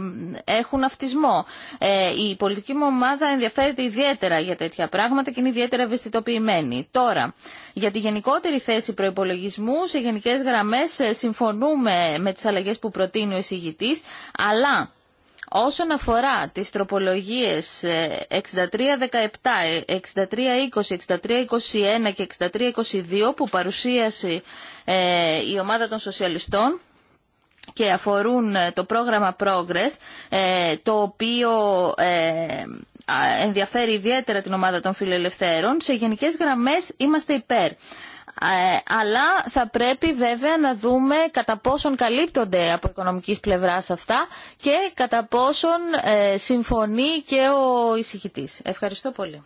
έχουν αυτισμό. Ε, η πολιτική μου ομάδα ενδιαφέρεται ιδιαίτερα για τέτοια πράγματα και είναι ιδιαίτερα ευαισθητοποιημένη. Τώρα, για τη γενικότερη θέση προπολογισμού, σε γενικέ γραμμέ συμφωνούμε με τι αλλαγέ που προτείνει ο εισηγητή, αλλά Όσον αφορά τις τροπολογίες 6317, 6320, 6321 και 6322 που παρουσίασε ε, η ομάδα των σοσιαλιστών, και αφορούν ε, το πρόγραμμα Progress, ε, το οποίο ενδιαφέρει ιδιαίτερα την ομάδα των φιλελευθέρων. Σε γενικές γραμμές είμαστε υπέρ. Ε, αλλά θα πρέπει βέβαια να δούμε κατά πόσον καλύπτονται από οικονομικής πλευράς αυτά και κατά πόσον ε, συμφωνεί και ο εισηγητής. Ευχαριστώ πολύ.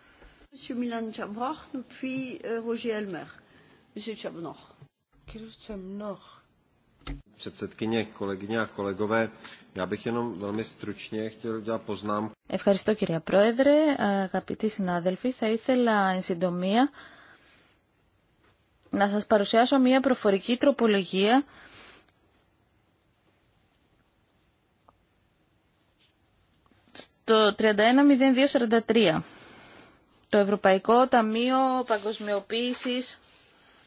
Ευχαριστώ κυρία Πρόεδρε, αγαπητοί συνάδελφοι. Θα ήθελα εν συντομία να σας παρουσιάσω μία προφορική τροπολογία στο 310243. Το Ευρωπαϊκό Ταμείο Παγκοσμιοποίησης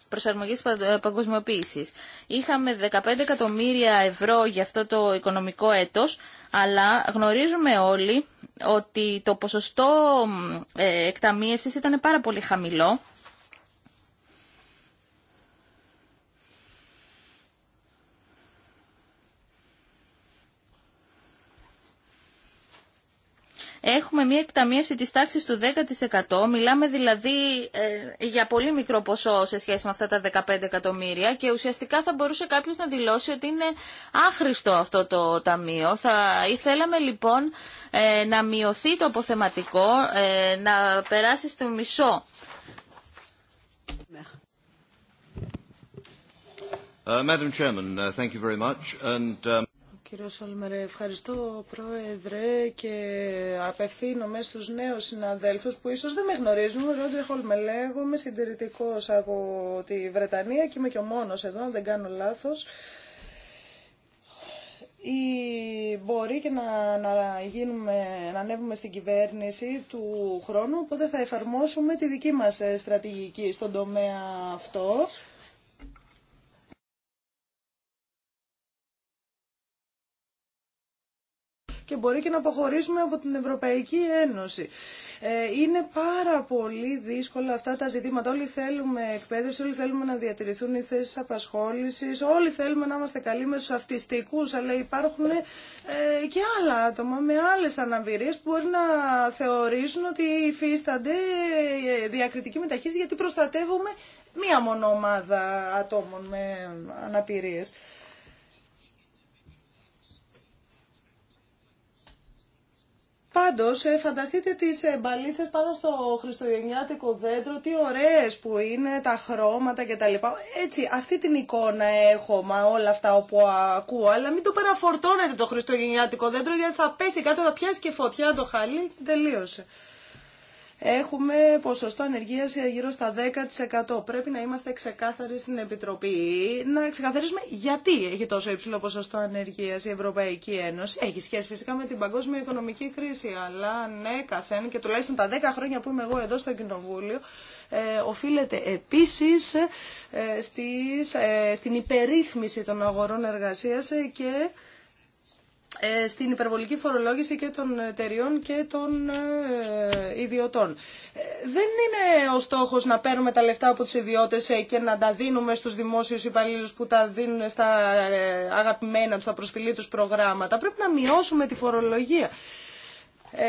προσαρμογής ε, παγκοσμιοποίησης. Είχαμε 15 εκατομμύρια ευρώ για αυτό το οικονομικό έτος, αλλά γνωρίζουμε όλοι ότι το ποσοστό ε, εκταμίευσης ήταν πάρα πολύ χαμηλό έχουμε μια εκταμίευση της τάξης του 10%. Μιλάμε δηλαδή ε, για πολύ μικρό ποσό σε σχέση με αυτά τα 15 εκατομμύρια και ουσιαστικά θα μπορούσε κάποιος να δηλώσει ότι είναι άχρηστο αυτό το ταμείο. Θα ήθελαμε λοιπόν ε, να μειωθεί το αποθεματικό, ε, να περάσει στο μισό. Madam Chairman, uh, thank you very much. And, um, Κύριο Σολμερέ, ευχαριστώ Πρόεδρε και απευθύνομαι στους νέους συναδέλφους που ίσως δεν με γνωρίζουν. Ρότζε Χολμε λέγομαι, συντηρητικός από τη Βρετανία και είμαι και ο μόνος εδώ, δεν κάνω λάθος ή μπορεί και να, να, γίνουμε, να ανέβουμε στην κυβέρνηση του χρόνου, οπότε θα εφαρμόσουμε τη δική μας ε, στρατηγική στον τομέα αυτό. και μπορεί και να αποχωρήσουμε από την Ευρωπαϊκή Ένωση. Ε, είναι πάρα πολύ δύσκολα αυτά τα ζητήματα. Όλοι θέλουμε εκπαίδευση, όλοι θέλουμε να διατηρηθούν οι θέσει απασχόληση, όλοι θέλουμε να είμαστε καλοί με του αυτιστικού, αλλά υπάρχουν ε, και άλλα άτομα με άλλε αναπηρίε που μπορεί να θεωρήσουν ότι υφίστανται ε, διακριτική μεταχείριση γιατί προστατεύουμε μία μόνο ομάδα ατόμων με αναπηρίες. Πάντως, ε, φανταστείτε τις ε, μπαλίτσε πάνω στο χριστουγεννιάτικο δέντρο, τι ωραίε που είναι, τα χρώματα κτλ. Έτσι, αυτή την εικόνα έχω με όλα αυτά όπου ακούω, αλλά μην το παραφορτώνετε το χριστουγεννιάτικο δέντρο γιατί θα πέσει κάτω, θα πιάσει και φωτιά το χαλί, τελείωσε έχουμε ποσοστό ανεργία γύρω στα 10%. Πρέπει να είμαστε ξεκάθαροι στην Επιτροπή. Να ξεκαθαρίσουμε γιατί έχει τόσο υψηλό ποσοστό ανεργίας η Ευρωπαϊκή Ένωση. Έχει σχέση φυσικά με την παγκόσμια οικονομική κρίση, αλλά ναι, καθένα και τουλάχιστον τα 10 χρόνια που είμαι εγώ εδώ στο Κοινοβούλιο, ε, οφείλεται επίση ε, ε, στην υπερρύθμιση των αγορών εργασία και ε, στην υπερβολική φορολόγηση και των εταιριών και των ε, ιδιωτών. Ε, δεν είναι ο στόχος να παίρνουμε τα λεφτά από τις ιδιώτες και να τα δίνουμε στους δημόσιους υπαλλήλους που τα δίνουν στα αγαπημένα τους, στα προσφυλή τους προγράμματα. Πρέπει να μειώσουμε τη φορολογία.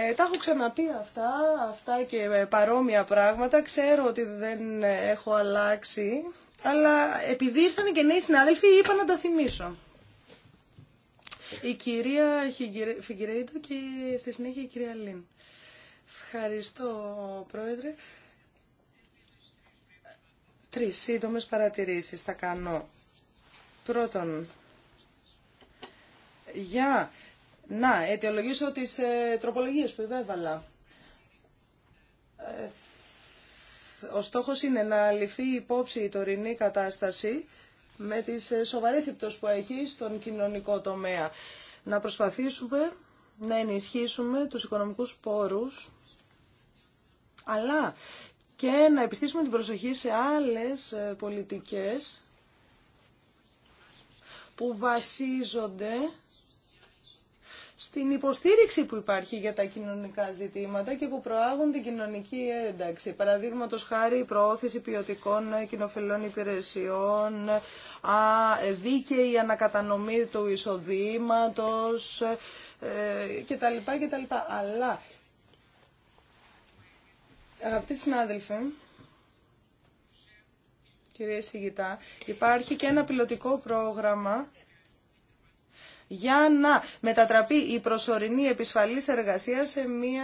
Ε, τα έχω ξαναπεί αυτά, αυτά και παρόμοια πράγματα. Ξέρω ότι δεν έχω αλλάξει, αλλά επειδή ήρθαν και νέοι συνάδελφοι είπα να τα θυμίσω η κυρία Φιγκυρέιντο και στη συνέχεια η κυρία Λίν. Ευχαριστώ, Πρόεδρε. Τρεις σύντομες παρατηρήσεις θα κάνω. Πρώτον, για να αιτιολογήσω τις ε, τροπολογίες που υπέβαλα. Ε, ο στόχος είναι να ληφθεί υπόψη η τωρινή κατάσταση με τις ε, σοβαρές επιπτώσεις που έχει στον κοινωνικό τομέα. Να προσπαθήσουμε να ενισχύσουμε τους οικονομικούς πόρους, αλλά και να επιστήσουμε την προσοχή σε άλλες ε, πολιτικές που βασίζονται στην υποστήριξη που υπάρχει για τα κοινωνικά ζητήματα και που προάγουν την κοινωνική ένταξη. Παραδείγματο χάρη η προώθηση ποιοτικών κοινοφελών υπηρεσιών, δίκαιη ανακατανομή του εισοδήματος κτλ. Ε, κτλ. Αλλά, αγαπητοί συνάδελφοι, κυρία Σιγητά, υπάρχει και ένα πιλωτικό πρόγραμμα για να μετατραπεί η προσωρινή επισφαλής εργασία σε μια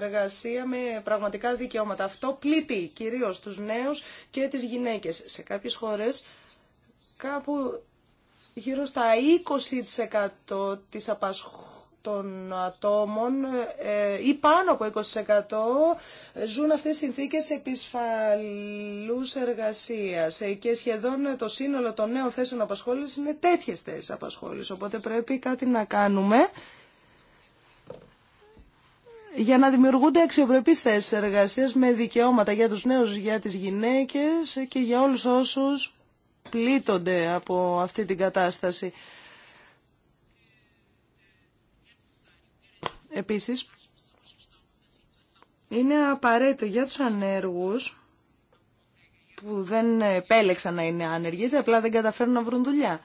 εργασία με πραγματικά δικαιώματα. Αυτό πλήττει κυρίως τους νέους και τις γυναίκες. Σε κάποιες χώρες κάπου γύρω στα 20% της απασχόλησης των ατόμων ε, ή πάνω από 20% ζουν αυτές τις συνθήκες επισφαλούς εργασίας ε, και σχεδόν το σύνολο των νέων θέσεων απασχόλησης είναι τέτοιες θέσεις απασχόλησης. Οπότε πρέπει κάτι να κάνουμε για να δημιουργούνται αξιοπρεπείς θέσεις εργασίας με δικαιώματα για τους νέους, για τις γυναίκες και για όλους όσους πλήττονται από αυτή την κατάσταση. Επίσης, είναι απαραίτητο για τους ανέργους που δεν επέλεξαν να είναι άνεργοι, έτσι απλά δεν καταφέρουν να βρουν δουλειά.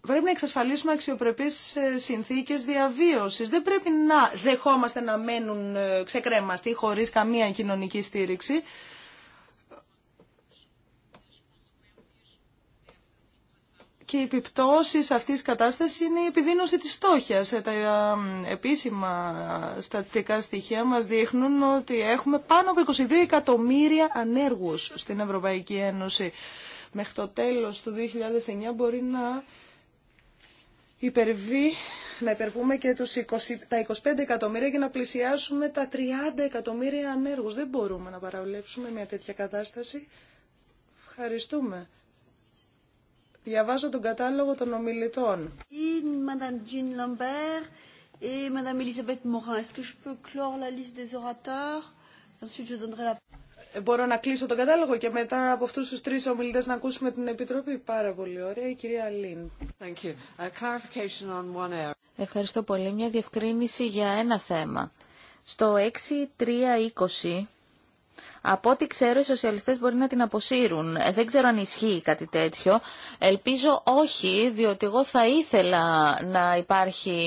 Πρέπει να εξασφαλίσουμε αξιοπρεπείς ε, συνθήκες διαβίωσης. Δεν πρέπει να δεχόμαστε να μένουν ε, ξεκρέμαστοι χωρίς καμία κοινωνική στήριξη. και οι επιπτώσεις αυτής της κατάστασης είναι η επιδείνωση της φτώχειας. Ε, τα επίσημα στατιστικά στοιχεία μας δείχνουν ότι έχουμε πάνω από 22 εκατομμύρια ανέργους στην Ευρωπαϊκή Ένωση. Μέχρι το τέλος του 2009 μπορεί να υπερβεί να υπερβούμε και τους τα 25 εκατομμύρια και να πλησιάσουμε τα 30 εκατομμύρια ανέργους. Δεν μπορούμε να παραβλέψουμε μια τέτοια κατάσταση. Ευχαριστούμε. Διαβάζω τον κατάλογο των ομιλητών. Μπορώ να κλείσω τον κατάλογο και μετά από αυτούς τους τρεις ομιλητές να ακούσουμε την Επιτροπή. Πάρα πολύ ωραία. Η κυρία Λίν. Ευχαριστώ πολύ. Μια διευκρίνηση για ένα θέμα. Στο 6320 από ό,τι ξέρω, οι σοσιαλιστές μπορεί να την αποσύρουν. Ε, δεν ξέρω αν ισχύει κάτι τέτοιο. Ελπίζω όχι, διότι εγώ θα ήθελα να υπάρχει...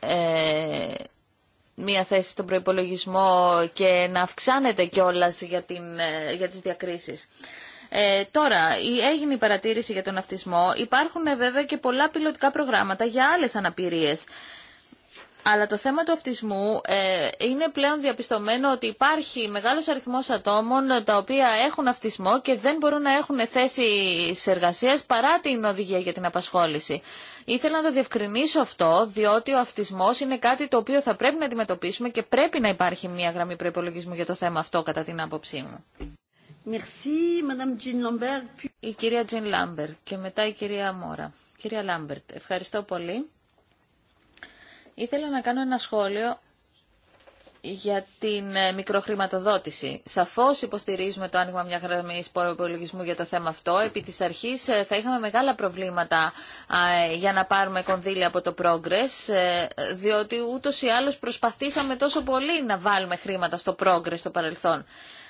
Ε, μία θέση στον προϋπολογισμό και να αυξάνεται κιόλα για, ε, για τις διακρίσεις. Ε, τώρα, έγινε η παρατήρηση για τον αυτισμό. Υπάρχουν ε, βέβαια και πολλά πιλωτικά προγράμματα για άλλες αναπηρίες. Αλλά το θέμα του αυτισμού ε, είναι πλέον διαπιστωμένο ότι υπάρχει μεγάλος αριθμός ατόμων τα οποία έχουν αυτισμό και δεν μπορούν να έχουν θέση εργασία παρά την οδηγία για την απασχόληση. Ήθελα να το διευκρινίσω αυτό, διότι ο αυτισμός είναι κάτι το οποίο θα πρέπει να αντιμετωπίσουμε και πρέπει να υπάρχει μια γραμμή προπολογισμού για το θέμα αυτό κατά την άποψή μου. Η κυρία Τζιν Λάμπερ και μετά η κυρία Μόρα. Κυρία Λάμπερτ, ευχαριστώ πολύ. Ήθελα να κάνω ένα σχόλιο για την ε, μικροχρηματοδότηση. Σαφώς υποστηρίζουμε το άνοιγμα μια γραμμή προπολογισμού για το θέμα αυτό. Επί της αρχής ε, θα είχαμε μεγάλα προβλήματα ε, για να πάρουμε κονδύλια από το Progress, διότι ούτως ή άλλως προσπαθήσαμε τόσο πολύ να βάλουμε χρήματα στο Progress στο παρελθόν.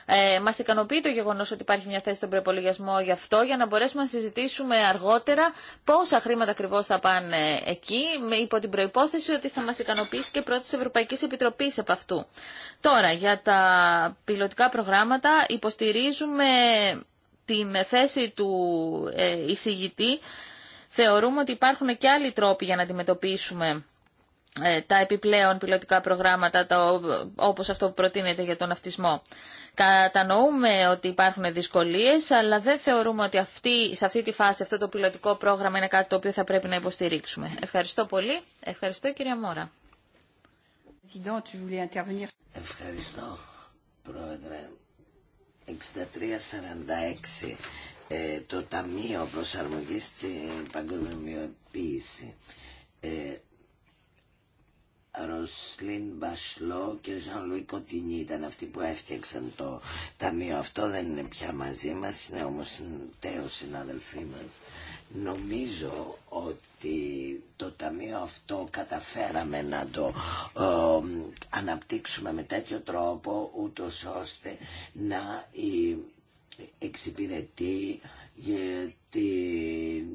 Ε, Μα ικανοποιεί το γεγονό ότι υπάρχει μια θέση στον προπολογισμό γι' αυτό, για να μπορέσουμε να συζητήσουμε αργότερα πόσα χρήματα ακριβώ θα πάνε εκεί, υπό την προπόθεση ότι θα μα ικανοποιήσει και πρώτη Ευρωπαϊκή Επιτροπή από αυτού. Τώρα, για τα πιλωτικά προγράμματα, υποστηρίζουμε την θέση του ε, εισηγητή. Θεωρούμε ότι υπάρχουν και άλλοι τρόποι για να αντιμετωπίσουμε ε, τα επιπλέον πιλωτικά προγράμματα όπως αυτό που προτείνεται για τον αυτισμό. Κατανοούμε ότι υπάρχουν δυσκολίε, αλλά δεν θεωρούμε ότι αυτή, σε αυτή τη φάση αυτό το πιλωτικό πρόγραμμα είναι κάτι το οποίο θα πρέπει να υποστηρίξουμε. Ευχαριστώ πολύ. Ευχαριστώ κυρία Μόρα. Ευχαριστώ, Πρόεδρε. 6346 ε, το Ταμείο Προσαρμογής στην Παγκοσμιοποίηση. Ε, Ροσλίν Μπασλό και Ζαν Λουί Κοτινή ήταν αυτοί που έφτιαξαν το ταμείο αυτό δεν είναι πια μαζί μας είναι όμως τέος συναδελφοί μας νομίζω ότι το ταμείο αυτό καταφέραμε να το ε, αναπτύξουμε με τέτοιο τρόπο ούτως ώστε να εξυπηρετεί ε, την,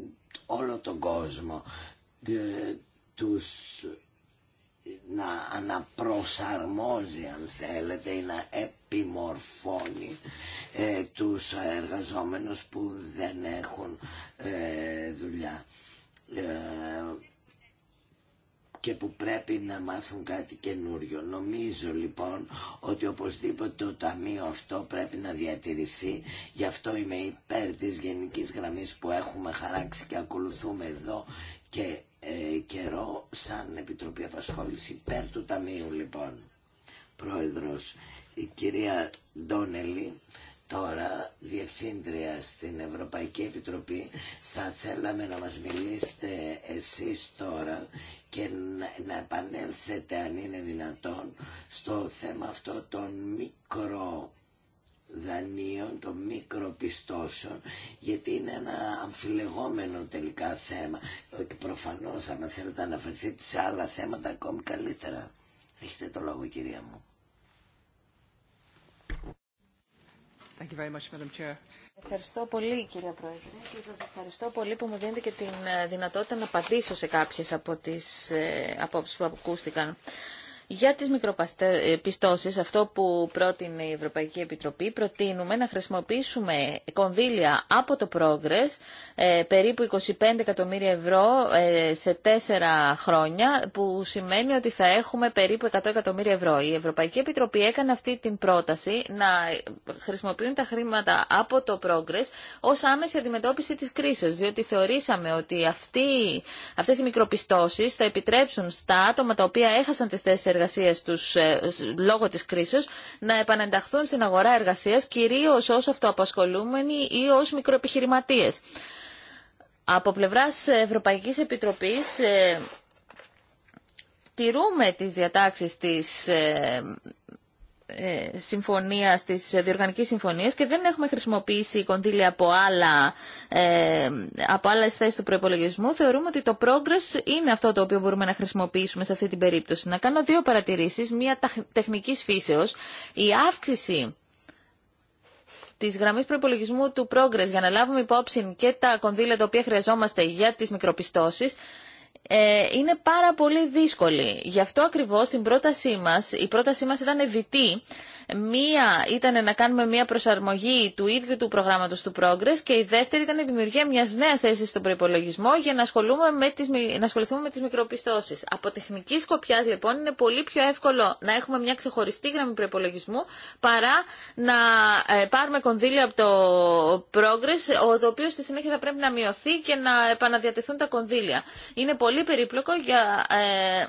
όλο τον κόσμο ε, τους να αναπροσαρμόζει αν θέλετε ή να επιμορφώνει ε, τους εργαζόμενους που δεν έχουν ε, δουλειά ε, και που πρέπει να μάθουν κάτι καινούριο. Νομίζω λοιπόν ότι οπωσδήποτε το ταμείο αυτό πρέπει να διατηρηθεί. Γι' αυτό είμαι υπέρ της γενικής γραμμής που έχουμε χαράξει και ακολουθούμε εδώ και ε, καιρό σαν Επιτροπή Απασχόληση υπέρ του Ταμείου λοιπόν. Πρόεδρος, η κυρία Ντόνελη, τώρα διευθύντρια στην Ευρωπαϊκή Επιτροπή, θα θέλαμε να μας μιλήσετε εσείς τώρα και να επανέλθετε αν είναι δυνατόν στο θέμα αυτό των μικρο δανείων, των μικροπιστώσεων, γιατί είναι ένα αμφιλεγόμενο τελικά θέμα. Και προφανώς, αν θέλετε να αναφερθείτε σε άλλα θέματα, ακόμη καλύτερα. Έχετε το λόγο, κυρία μου. Thank you very much, Madam Chair. Ευχαριστώ πολύ, κυρία Πρόεδρε, και σας ευχαριστώ πολύ που μου δίνετε και την ε, δυνατότητα να απαντήσω σε κάποιες από τις ε, απόψεις που ακούστηκαν. Για τις μικροπιστώσεις, αυτό που πρότεινε η Ευρωπαϊκή Επιτροπή, προτείνουμε να χρησιμοποιήσουμε κονδύλια από το Progress, ε, περίπου 25 εκατομμύρια ευρώ ε, σε τέσσερα χρόνια, που σημαίνει ότι θα έχουμε περίπου 100 εκατομμύρια ευρώ. Η Ευρωπαϊκή Επιτροπή έκανε αυτή την πρόταση να χρησιμοποιούν τα χρήματα από το Progress ως άμεση αντιμετώπιση της κρίσης, διότι θεωρήσαμε ότι αυτοί, αυτές οι μικροπιστώσεις θα επιτρέψουν στα άτομα τα οποία έχασαν τις τέσσερι εργασίας τους ε, λόγω της κρίσης να επανενταχθούν στην αγορά εργασίας κυρίως ως αυτοαπασχολούμενοι ή ως μικροεπιχειρηματίες. Από πλευράς Ευρωπαϊκής Επιτροπής ε, τηρούμε τις διατάξεις της ε, ε, συμφωνίας, της διοργανικής συμφωνίας και δεν έχουμε χρησιμοποιήσει κονδύλια από, άλλα, ε, από άλλες θέσεις του προϋπολογισμού, θεωρούμε ότι το progress είναι αυτό το οποίο μπορούμε να χρησιμοποιήσουμε σε αυτή την περίπτωση. Να κάνω δύο παρατηρήσεις, μία τεχνικής φύσεως. Η αύξηση τη γραμμή προπολογισμού του Progress για να λάβουμε υπόψη και τα κονδύλια τα οποία χρειαζόμαστε για τι μικροπιστώσει, ε, είναι πάρα πολύ δύσκολη. Γι' αυτό ακριβώς την πρότασή μας, η πρότασή μας ήταν ευητή Μία ήταν να κάνουμε μία προσαρμογή του ίδιου του προγράμματο του Progress και η δεύτερη ήταν η δημιουργία μια νέα θέση στον προπολογισμό για να, με τις, να ασχοληθούμε με τι μικροπιστώσει. Από τεχνική σκοπιά, λοιπόν, είναι πολύ πιο εύκολο να έχουμε μια ξεχωριστή γραμμή προπολογισμού παρά να ε, πάρουμε κονδύλια από το Progress, το οποίο στη συνέχεια θα πρέπει να μειωθεί και να επαναδιατεθούν τα κονδύλια. Είναι πολύ περίπλοκο για. Ε,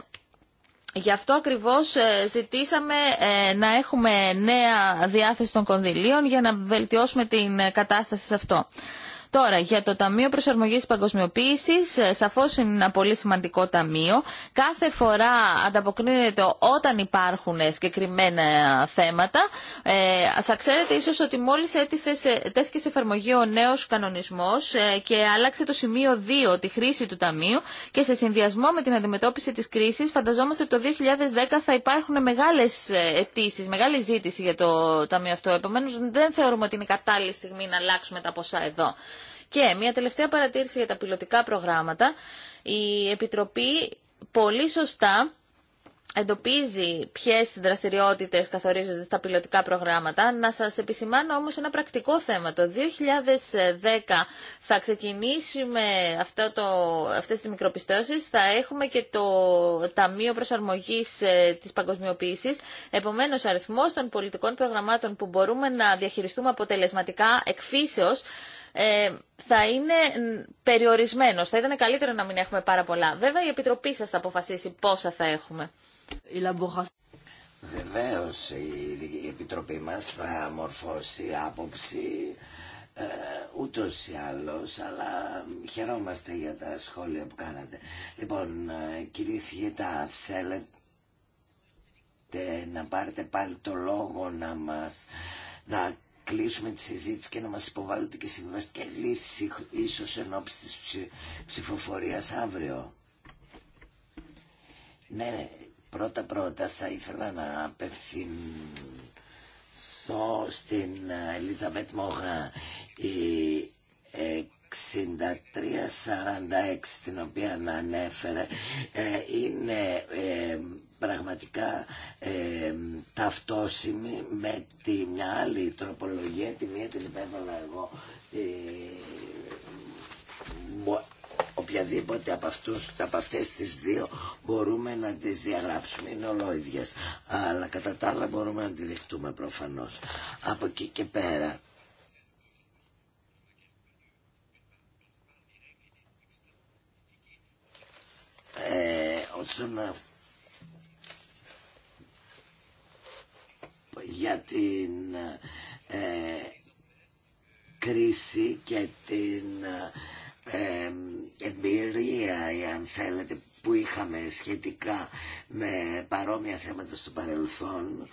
Γι' αυτό ακριβώς ε, ζητήσαμε ε, να έχουμε νέα διάθεση των κονδυλίων για να βελτιώσουμε την κατάσταση σε αυτό. Τώρα, για το Ταμείο Προσαρμογής παγκοσμιοποίηση, ε, σαφώ είναι ένα πολύ σημαντικό ταμείο. Κάθε φορά ανταποκρίνεται όταν υπάρχουν συγκεκριμένα θέματα. Ε, θα ξέρετε ίσω ότι μόλις τέθηκε σε εφαρμογή ο νέος κανονισμός ε, και άλλαξε το σημείο 2, τη χρήση του Ταμείου και σε συνδυασμό με την αντιμετώπιση τη κρίση, φανταζόμαστε ότι το 2010 θα υπάρχουν μεγάλε αιτήσει, μεγάλη ζήτηση για το Ταμείο αυτό. επομένω. δεν θεωρούμε ότι είναι κατάλληλη στιγμή να αλλάξουμε τα ποσά εδώ. Και μια τελευταία παρατήρηση για τα πιλωτικά προγράμματα. Η Επιτροπή πολύ σωστά εντοπίζει ποιε δραστηριότητε καθορίζονται στα πιλωτικά προγράμματα. Να σα επισημάνω όμω ένα πρακτικό θέμα. Το 2010 θα ξεκινήσουμε αυτό το, αυτές τις μικροπιστώσεις, θα έχουμε και το Ταμείο Προσαρμογής ε, της Παγκοσμιοποίησης. Επομένως, ο αριθμός των πολιτικών προγραμμάτων που μπορούμε να διαχειριστούμε αποτελεσματικά εκφύσεως ε, θα είναι περιορισμένος. Θα ήταν καλύτερο να μην έχουμε πάρα πολλά. Βέβαια η Επιτροπή σας θα αποφασίσει πόσα θα έχουμε. Βεβαίω η Επιτροπή μας θα μορφώσει άποψη ε, ούτως ή άλλως, αλλά χαιρόμαστε για τα σχόλια που κάνατε. Λοιπόν, ε, κύριε Σιγητά, θέλετε να πάρετε πάλι το λόγο να μας να κλείσουμε τη συζήτηση και να μας υποβάλλετε και συμβαστικές λύσεις ίσως εν ώψη της ψηφοφορίας αύριο. Ναι, πρώτα πρώτα θα ήθελα να απευθυνθώ στην Ελίζαβετ Μόγα η 6346 την οποία ανέφερε ε, είναι ε, πραγματικά ε, ταυτόσιμη με τη μια άλλη τροπολογία, τη μία την υπέβαλα εγώ, ε, οποιαδήποτε από, αυτούς, από αυτές τις δύο μπορούμε να τις διαγράψουμε, είναι ίδιες αλλά κατά τα άλλα μπορούμε να τη δεχτούμε προφανώς. Από εκεί και πέρα. Ε, όσον για την ε, κρίση και την ε, εμπειρία, ε, αν θέλετε, που είχαμε σχετικά με παρόμοια θέματα στο παρελθόν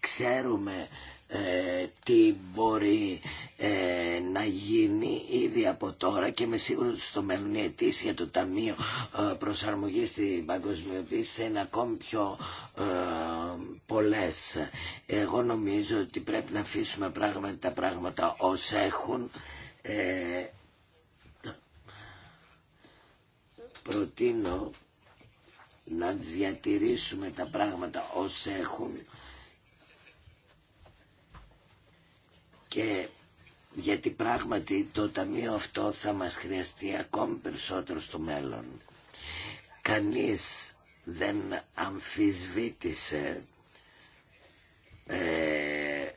ξέρουμε ε, τι μπορεί ε, να γίνει ήδη από τώρα και με σίγουρο στο μέλλον η για το Ταμείο ε, Προσαρμογή στην Παγκοσμιοποίηση είναι ακόμη πιο ε, πολλέ. Εγώ νομίζω ότι πρέπει να αφήσουμε πράγματα, τα πράγματα όσα έχουν. Ε, προτείνω να διατηρήσουμε τα πράγματα όσα έχουν και γιατί πράγματι το ταμείο αυτό θα μας χρειαστεί ακόμη περισσότερο στο μέλλον. Κανείς δεν αμφισβήτησε ε,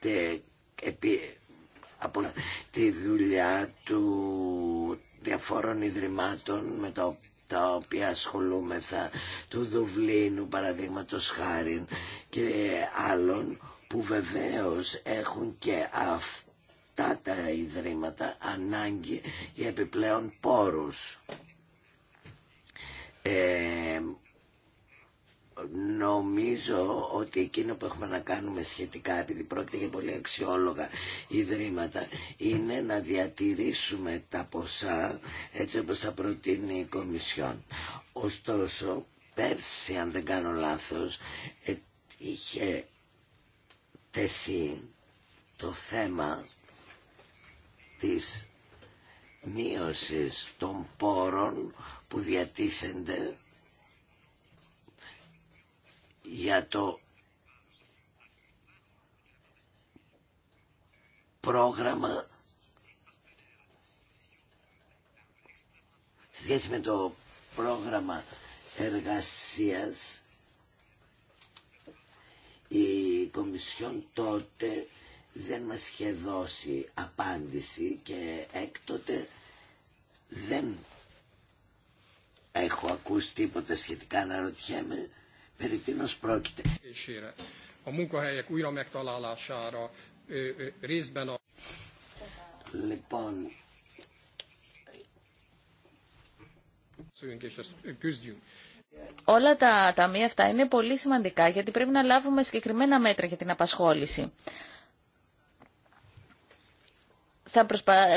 τε, επί, από τη δουλειά του διαφόρων ιδρυμάτων με τα, τα οποία ασχολούμεθα του Δουβλίνου παραδείγματος χάριν και άλλων που βεβαίως έχουν και αυτά τα ιδρύματα ανάγκη για επιπλέον πόρους. Ε, νομίζω ότι εκείνο που έχουμε να κάνουμε σχετικά, επειδή πρόκειται για πολύ αξιόλογα ιδρύματα, είναι να διατηρήσουμε τα ποσά έτσι όπως τα προτείνει η Κομισιόν. Ωστόσο, πέρσι, αν δεν κάνω λάθος, ε, είχε τεθεί το θέμα της μείωσης των πόρων που διατίθενται για το πρόγραμμα σχέση με το πρόγραμμα εργασίας η Κομισιόν τότε δεν μας είχε δώσει απάντηση και έκτοτε δεν έχω ακούσει τίποτα σχετικά να ρωτιέμαι περί τίνος πρόκειται. Λοιπόν, Όλα τα ταμεία αυτά είναι πολύ σημαντικά γιατί πρέπει να λάβουμε συγκεκριμένα μέτρα για την απασχόληση. Θα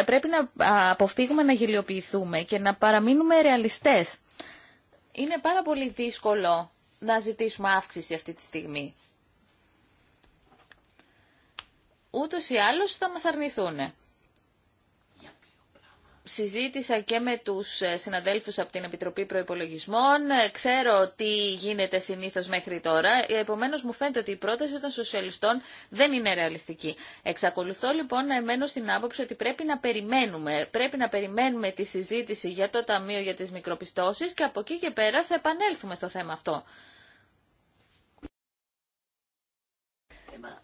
Πρέπει να αποφύγουμε να γελιοποιηθούμε και να παραμείνουμε ρεαλιστές. Είναι πάρα πολύ δύσκολο να ζητήσουμε αύξηση αυτή τη στιγμή. Ούτως ή άλλως θα μας αρνηθούν συζήτησα και με τους ε, συναδέλφους από την Επιτροπή Προϋπολογισμών. Ε, ξέρω τι γίνεται συνήθως μέχρι τώρα. Ε, επομένως μου φαίνεται ότι η πρόταση των σοσιαλιστών δεν είναι ρεαλιστική. Εξακολουθώ λοιπόν να εμένω στην άποψη ότι πρέπει να περιμένουμε. Πρέπει να περιμένουμε τη συζήτηση για το Ταμείο για τις Μικροπιστώσεις και από εκεί και πέρα θα επανέλθουμε στο θέμα αυτό.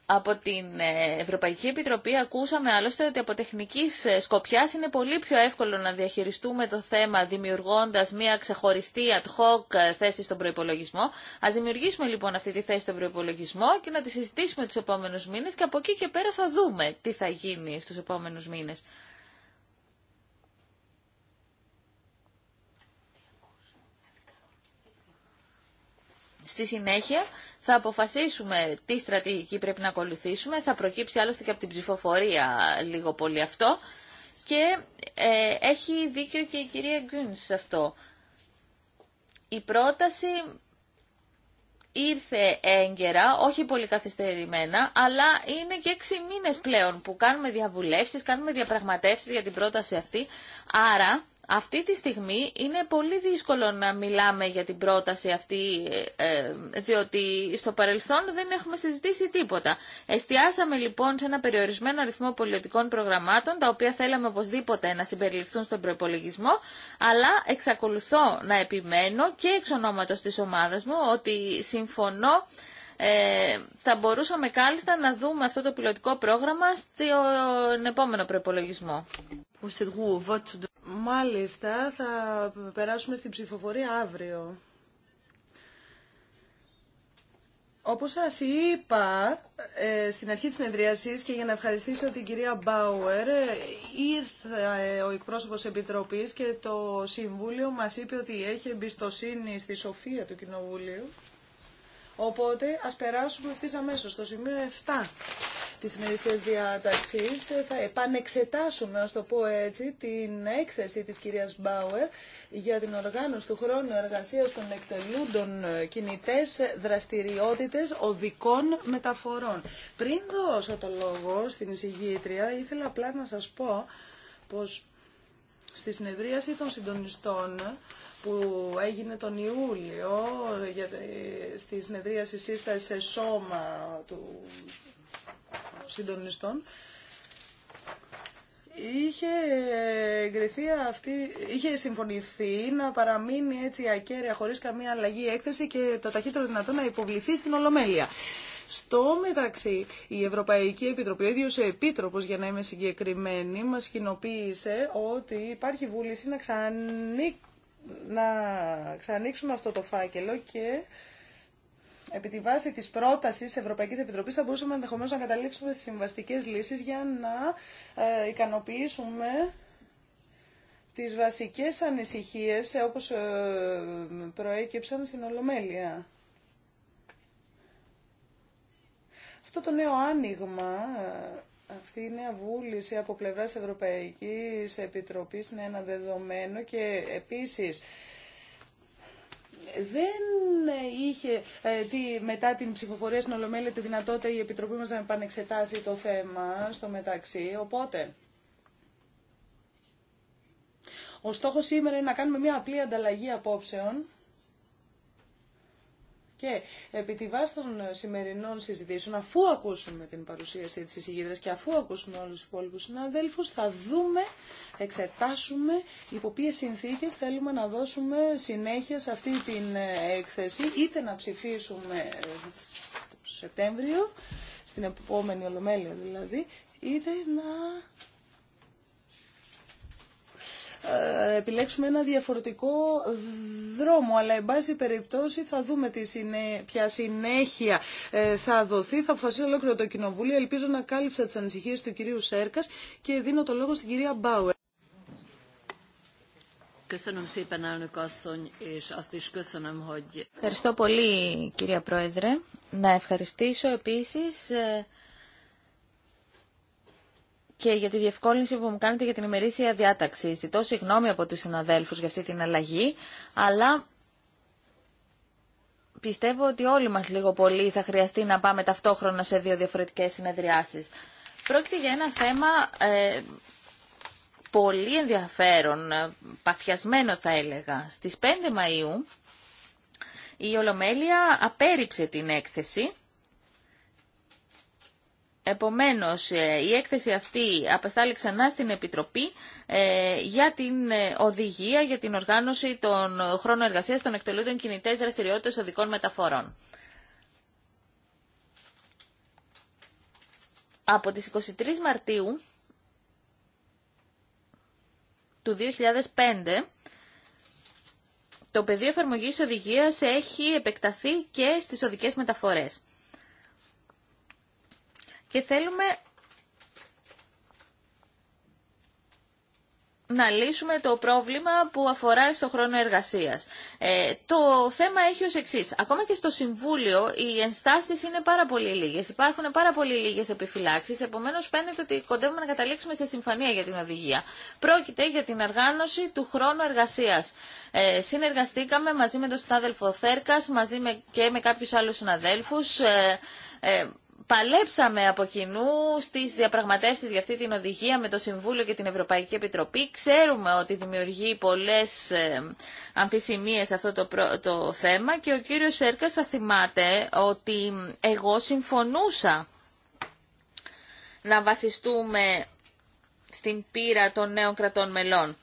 από την ε, Ευρωπαϊκή Επιτροπή ακούσαμε άλλωστε ότι από τεχνική ε, σκοπιά είναι πολύ πιο εύκολο να διαχειριστούμε το θέμα δημιουργώντα μια ξεχωριστή ad hoc ε, θέση στον προπολογισμό. Α δημιουργήσουμε λοιπόν αυτή τη θέση στον προπολογισμό και να τη συζητήσουμε του επόμενου μήνε και από εκεί και πέρα θα δούμε τι θα γίνει στου επόμενου μήνε. Στη συνέχεια θα αποφασίσουμε τι στρατηγική πρέπει να ακολουθήσουμε. Θα προκύψει άλλωστε και από την ψηφοφορία λίγο πολύ αυτό. Και ε, έχει δίκιο και η κυρία Γκούνς σε αυτό. Η πρόταση ήρθε έγκαιρα, όχι πολύ καθυστερημένα, αλλά είναι και έξι μήνες πλέον που κάνουμε διαβουλεύσεις, κάνουμε διαπραγματεύσεις για την πρόταση αυτή. Άρα αυτή τη στιγμή είναι πολύ δύσκολο να μιλάμε για την πρόταση αυτή, ε, διότι στο παρελθόν δεν έχουμε συζητήσει τίποτα. Εστιάσαμε λοιπόν σε ένα περιορισμένο αριθμό πολιτικών προγραμμάτων, τα οποία θέλαμε οπωσδήποτε να συμπεριληφθούν στον προπολογισμό, αλλά εξακολουθώ να επιμένω και εξ ονόματος της ομάδας μου ότι συμφωνώ ε, θα μπορούσαμε κάλλιστα να δούμε αυτό το πιλωτικό πρόγραμμα στον επόμενο προπολογισμό. Μάλιστα, θα περάσουμε στην ψηφοφορία αύριο. Όπως σας είπα ε, στην αρχή της συνεδρίασης και για να ευχαριστήσω την κυρία Μπάουερ, ήρθε ε, ο εκπρόσωπος Επιτροπής και το Συμβούλιο μας είπε ότι έχει εμπιστοσύνη στη σοφία του Κοινοβουλίου. Οπότε ας περάσουμε ευθύ αμέσως στο σημείο 7. Τις μερικές διάταξης θα επανεξετάσουμε, ας το πω έτσι, την έκθεση της κυρίας Μπάουερ για την οργάνωση του χρόνου εργασίας των εκτελούντων κινητές δραστηριότητες οδικών μεταφορών. Πριν δώσω το λόγο στην εισηγήτρια, ήθελα απλά να σας πω πως στη συνεδρίαση των συντονιστών που έγινε τον Ιούλιο για, στη συνεδρίαση σύσταση σε σώμα του συντονιστών είχε εγκριθεί αυτή, είχε συμφωνηθεί να παραμείνει έτσι ακέραια χωρίς καμία αλλαγή έκθεση και τα ταχύτερο δυνατό να υποβληθεί στην Ολομέλεια. Στο μεταξύ, η Ευρωπαϊκή Επιτροπή, ο ίδιο ο Επίτροπο, για να είμαι συγκεκριμένη, μα κοινοποίησε ότι υπάρχει βούληση να, ξανοί... αυτό το φάκελο και επί τη βάση της πρότασης Ευρωπαϊκής Επιτροπής θα μπορούσαμε ενδεχομένω να καταλήξουμε σε συμβαστικές λύσεις για να ε, ικανοποιήσουμε τις βασικές ανησυχίες ε, όπως ε, προέκυψαν στην Ολομέλεια. Αυτό το νέο άνοιγμα αυτή η νέα βούληση από πλευράς Ευρωπαϊκής Επιτροπής είναι ένα δεδομένο και επίσης δεν είχε ε, τι, μετά την ψηφοφορία στην Ολομέλεια τη δυνατότητα η Επιτροπή μας να επανεξετάσει το θέμα στο μεταξύ. Οπότε, ο στόχος σήμερα είναι να κάνουμε μια απλή ανταλλαγή απόψεων και επί τη βάση των σημερινών συζητήσεων, αφού ακούσουμε την παρουσίαση της εισηγήτρας και αφού ακούσουμε όλους τους υπόλοιπους συναδέλφους, θα δούμε εξετάσουμε υπό ποιε συνθήκε θέλουμε να δώσουμε συνέχεια σε αυτή την ε, έκθεση, είτε να ψηφίσουμε ε, το Σεπτέμβριο, στην επόμενη Ολομέλεια δηλαδή, είτε να ε, επιλέξουμε ένα διαφορετικό δρόμο. Αλλά, εν πάση περιπτώσει, θα δούμε ποια συνέχεια θα δοθεί. Θα αποφασίσει ολόκληρο το Κοινοβούλιο. Ελπίζω να κάλυψα τι ανησυχίε του κυρίου Σέρκας και δίνω το λόγο στην κυρία Μπάουερ. Ευχαριστώ πολύ κυρία Πρόεδρε. Να ευχαριστήσω επίσης ε, και για τη διευκόλυνση που μου κάνετε για την ημερήσια διάταξη. Ζητώ συγγνώμη από τους συναδέλφους για αυτή την αλλαγή, αλλά πιστεύω ότι όλοι μας λίγο πολύ θα χρειαστεί να πάμε ταυτόχρονα σε δύο διαφορετικές συνεδριάσεις. Πρόκειται για ένα θέμα ε, πολύ ενδιαφέρον, ε, παθιασμένο θα έλεγα. Στις 5 Μαΐου η Ολομέλεια απέρριψε την έκθεση. Επομένως, ε, η έκθεση αυτή απεστάλλει ξανά στην Επιτροπή ε, για την οδηγία για την οργάνωση των χρόνων εργασίας των εκτελούντων κινητές δραστηριότητες οδικών μεταφορών. Από τις 23 Μαρτίου του 2005 το πεδίο εφαρμογή οδηγία έχει επεκταθεί και στις οδικές μεταφορές. Και θέλουμε να λύσουμε το πρόβλημα που αφορά στο χρόνο εργασίας. Ε, το θέμα έχει ως εξής. Ακόμα και στο Συμβούλιο οι ενστάσεις είναι πάρα πολύ λίγες. Υπάρχουν πάρα πολύ λίγες επιφυλάξεις. Επομένως φαίνεται ότι κοντεύουμε να καταλήξουμε σε συμφωνία για την οδηγία. Πρόκειται για την οργάνωση του χρόνου εργασίας. Ε, συνεργαστήκαμε μαζί με τον συνάδελφο Θέρκας, μαζί με, και με κάποιους άλλους συναδέλφους. Ε, παλέψαμε από κοινού στις διαπραγματεύσεις για αυτή την οδηγία με το Συμβούλιο και την Ευρωπαϊκή Επιτροπή. Ξέρουμε ότι δημιουργεί πολλές ε, αμφισημίες αυτό το, θέμα και ο κύριος Σέρκα θα θυμάται ότι εγώ συμφωνούσα να βασιστούμε στην πείρα των νέων κρατών μελών.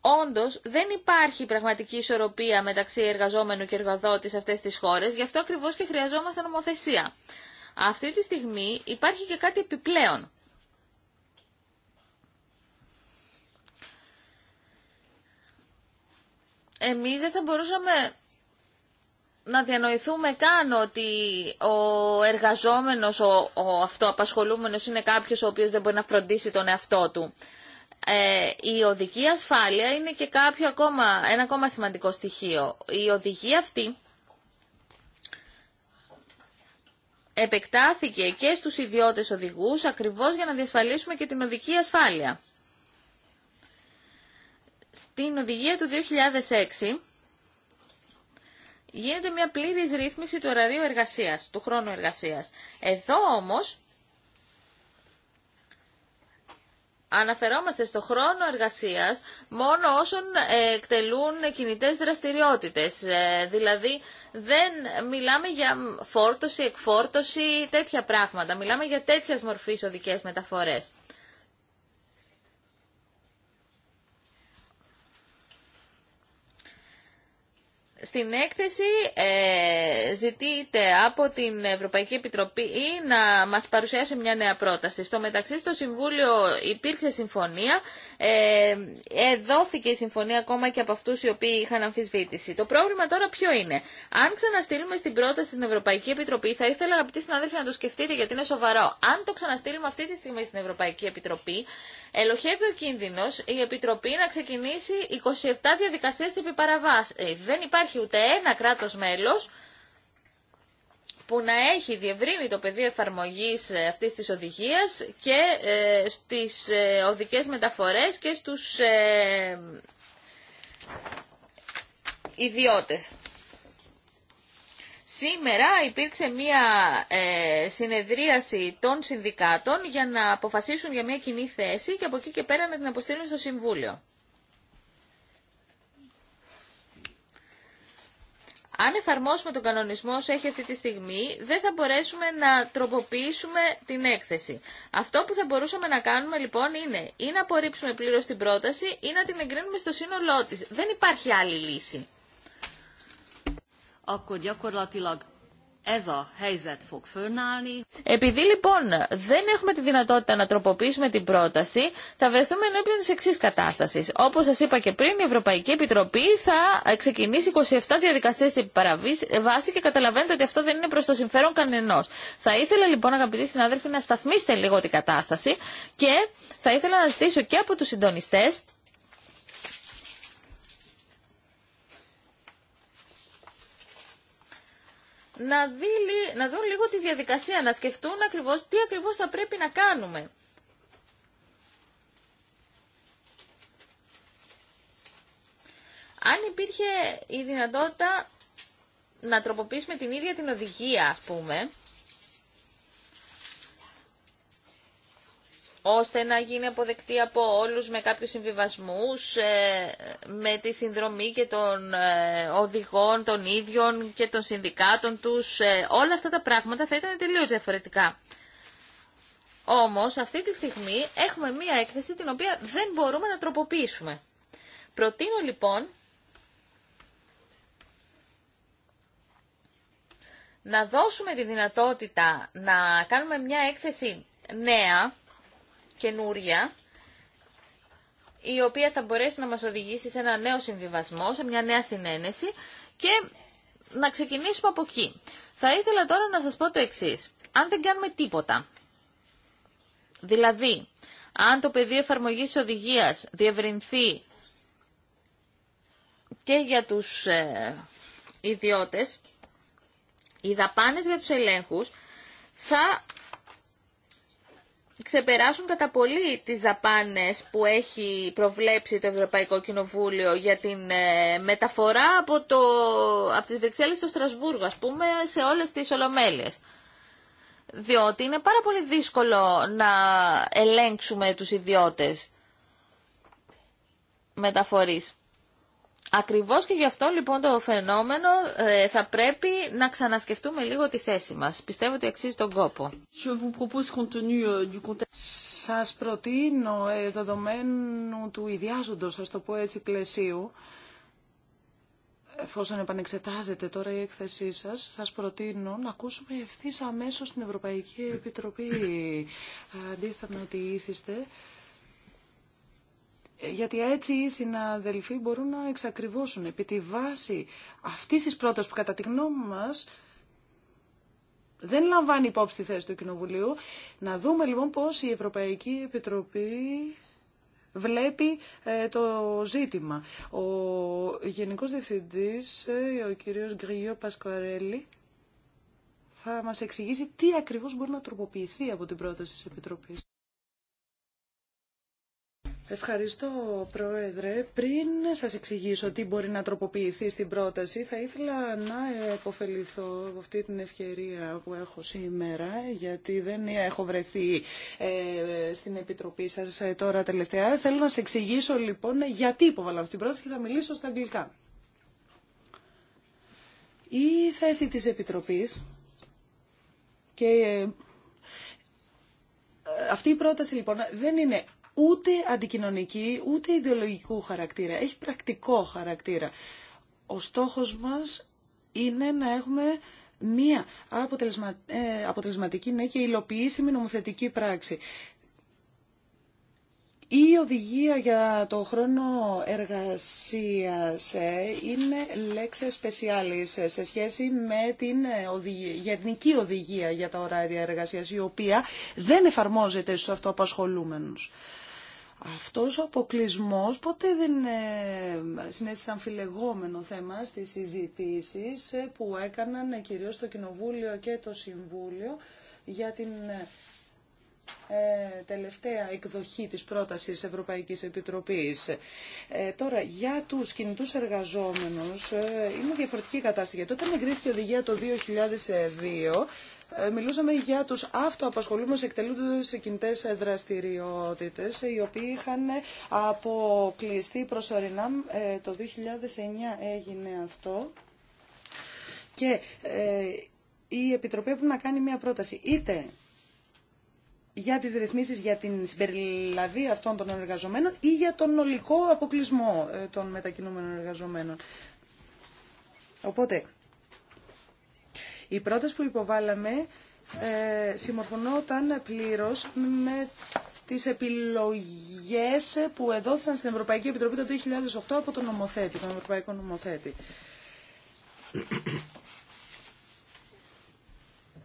Όντω, δεν υπάρχει πραγματική ισορροπία μεταξύ εργαζόμενου και εργοδότη σε αυτές τις χώρες, γι' αυτό ακριβώ και χρειαζόμαστε νομοθεσία. Αυτή τη στιγμή υπάρχει και κάτι επιπλέον. Εμείς δεν θα μπορούσαμε να διανοηθούμε καν ότι ο εργαζόμενος, ο, ο είναι κάποιος ο οποίος δεν μπορεί να φροντίσει τον εαυτό του. Ε, η οδική ασφάλεια είναι και κάποιο ακόμα, ένα ακόμα σημαντικό στοιχείο. Η οδηγία αυτή επεκτάθηκε και στους ιδιώτες οδηγούς ακριβώς για να διασφαλίσουμε και την οδική ασφάλεια. Στην οδηγία του 2006 γίνεται μια πλήρης ρύθμιση του ωραρίου εργασίας, του χρόνου εργασίας. Εδώ όμως αναφερόμαστε στο χρόνο εργασίας μόνο όσων ε, εκτελούν κινητές δραστηριότητες. Ε, δηλαδή δεν μιλάμε για φόρτωση, εκφόρτωση, τέτοια πράγματα. Μιλάμε για τέτοιας μορφής οδικές μεταφορές. Στην έκθεση ε, ζητείται από την Ευρωπαϊκή Επιτροπή ή να μας παρουσιάσει μια νέα πρόταση. Στο μεταξύ στο Συμβούλιο υπήρξε συμφωνία, ε, δόθηκε η συμφωνία ακόμα και από αυτούς οι οποίοι είχαν αμφισβήτηση. Το πρόβλημα τώρα ποιο είναι. Αν ξαναστείλουμε στην πρόταση στην Ευρωπαϊκή Επιτροπή, θα ήθελα αγαπητοί συνάδελφοι να το σκεφτείτε γιατί είναι σοβαρό. Αν το ξαναστείλουμε αυτή τη στιγμή στην Ευρωπαϊκή Επιτροπή, ελοχεύει ο κίνδυνος η Επιτροπή να ξεκινήσει 27 διαδικασίες επί ε, Δεν υπάρχει ούτε ένα κράτος μέλος που να έχει διευρύνει το πεδίο εφαρμογής ε, αυτής της οδηγίας και ε, στις ε, οδικές μεταφορές και στους ιδιώτες. Σήμερα υπήρξε μία συνεδρίαση των συνδικάτων για να αποφασίσουν για μία κοινή θέση και από εκεί και πέρα να την αποστείλουν στο Συμβούλιο. Αν εφαρμόσουμε τον κανονισμό όσο έχει αυτή τη στιγμή, δεν θα μπορέσουμε να τροποποιήσουμε την έκθεση. Αυτό που θα μπορούσαμε να κάνουμε λοιπόν είναι ή να απορρίψουμε πλήρως την πρόταση ή να την εγκρίνουμε στο σύνολό της. Δεν υπάρχει άλλη λύση. Ακόμα, επειδή λοιπόν δεν έχουμε τη δυνατότητα να τροποποιήσουμε την πρόταση, θα βρεθούμε ενώπιον τη εξή κατάσταση. Όπω σα είπα και πριν, η Ευρωπαϊκή Επιτροπή θα ξεκινήσει 27 διαδικασίε παραβάση και καταλαβαίνετε ότι αυτό δεν είναι προ το συμφέρον κανενό. Θα ήθελα λοιπόν, αγαπητοί συνάδελφοι, να σταθμίσετε λίγο την κατάσταση και θα ήθελα να ζητήσω και από του συντονιστέ να, δει, να δουν λίγο τη διαδικασία, να σκεφτούν ακριβώς τι ακριβώς θα πρέπει να κάνουμε. Αν υπήρχε η δυνατότητα να τροποποιήσουμε την ίδια την οδηγία, ας πούμε, ώστε να γίνει αποδεκτή από όλους με κάποιους συμβιβασμούς, ε, με τη συνδρομή και των ε, οδηγών, των ίδιων και των συνδικάτων τους. Ε, όλα αυτά τα πράγματα θα ήταν τελείως διαφορετικά. Όμως αυτή τη στιγμή έχουμε μία έκθεση την οποία δεν μπορούμε να τροποποιήσουμε. Προτείνω λοιπόν να δώσουμε τη δυνατότητα να κάνουμε μια έκθεση νέα καινούρια, η οποία θα μπορέσει να μας οδηγήσει σε ένα νέο συμβιβασμό, σε μια νέα συνένεση και να ξεκινήσουμε από εκεί. Θα ήθελα τώρα να σας πω το εξής. Αν δεν κάνουμε τίποτα, δηλαδή αν το πεδίο εφαρμογή οδηγίας διευρυνθεί και για τους ε, ιδιώτες, οι δαπάνες για τους ελέγχους θα ξεπεράσουν κατά πολύ τις δαπάνες που έχει προβλέψει το Ευρωπαϊκό Κοινοβούλιο για την ε, μεταφορά από, το, από τις Βρυξέλλες στο Στρασβούργο, ας πούμε, σε όλες τις Ολομέλειες. Διότι είναι πάρα πολύ δύσκολο να ελέγξουμε τους ιδιώτες μεταφορής. Ακριβώς και γι' αυτό λοιπόν το φαινόμενο ε, θα πρέπει να ξανασκεφτούμε λίγο τη θέση μας. Πιστεύω ότι αξίζει τον κόπο. Euh, σας προτείνω ε, δεδομένου του ιδιάζοντος, ας το πω έτσι, πλαισίου, εφόσον επανεξετάζετε τώρα η έκθεσή σας, σας προτείνω να ακούσουμε ευθύ αμέσως την Ευρωπαϊκή Επιτροπή. Αντίθετα με ότι ήθιστε, γιατί έτσι οι συναδελφοί μπορούν να εξακριβώσουν επί τη βάση αυτή της πρόταση που κατά τη γνώμη μας δεν λαμβάνει υπόψη τη θέση του Κοινοβουλίου. Να δούμε λοιπόν πώς η Ευρωπαϊκή Επιτροπή βλέπει ε, το ζήτημα. Ο Γενικός Διευθυντής, ε, ο κύριος Γκριό Πασκοαρέλη θα μας εξηγήσει τι ακριβώς μπορεί να τροποποιηθεί από την πρόταση της Επιτροπής. Ευχαριστώ, Πρόεδρε. Πριν σας εξηγήσω τι μπορεί να τροποποιηθεί στην πρόταση, θα ήθελα να υποφεληθώ από αυτή την ευκαιρία που έχω σήμερα, γιατί δεν έχω βρεθεί ε, στην Επιτροπή σας ε, τώρα τελευταία. Θέλω να σας εξηγήσω, λοιπόν, γιατί υποβαλα αυτή την πρόταση και θα μιλήσω στα αγγλικά. Η θέση της Επιτροπής και ε, αυτή η πρόταση, λοιπόν, δεν είναι ούτε αντικοινωνική ούτε ιδεολογικού χαρακτήρα. Έχει πρακτικό χαρακτήρα. Ο στόχος μας είναι να έχουμε μία ε, αποτελεσματική ναι, και υλοποιήσιμη νομοθετική πράξη. Η οδηγία για το χρόνο εργασίας ε, είναι λέξη specialis ε, σε σχέση με την οδηγία, γενική οδηγία για τα ωράρια εργασίας, η οποία δεν εφαρμόζεται στους αυτοαπασχολούμενους. Αυτός ο αποκλεισμός ποτέ δεν ε, σαν φιλεγόμενο θέμα στις συζητήσεις ε, που έκαναν ε, κυρίως το Κοινοβούλιο και το Συμβούλιο για την τελευταία εκδοχή της πρότασης Ευρωπαϊκής Επιτροπής. τώρα, για τους κινητούς εργαζόμενους ε, είναι διαφορετική κατάσταση. Γιατί όταν εγκρίθηκε η οδηγία το 2002, ε, μιλούσαμε για τους αυτοαπασχολούμενους εκτελούντους σε κινητές δραστηριότητες, οι οποίοι είχαν αποκλειστεί προσωρινά. Ε, το 2009 έγινε αυτό. Και ε, η Επιτροπή έπρεπε να κάνει μια πρόταση. Είτε για τις ρυθμίσεις για την συμπεριλαβή αυτών των εργαζομένων ή για τον ολικό αποκλεισμό των μετακινούμενων εργαζομένων. Οπότε, η πρόταση που υποβάλαμε ε, συμμορφωνόταν πλήρως με τις επιλογές που εδόθησαν στην Ευρωπαϊκή Επιτροπή το 2008 από τον νομοθέτη, τον Ευρωπαϊκό Νομοθέτη.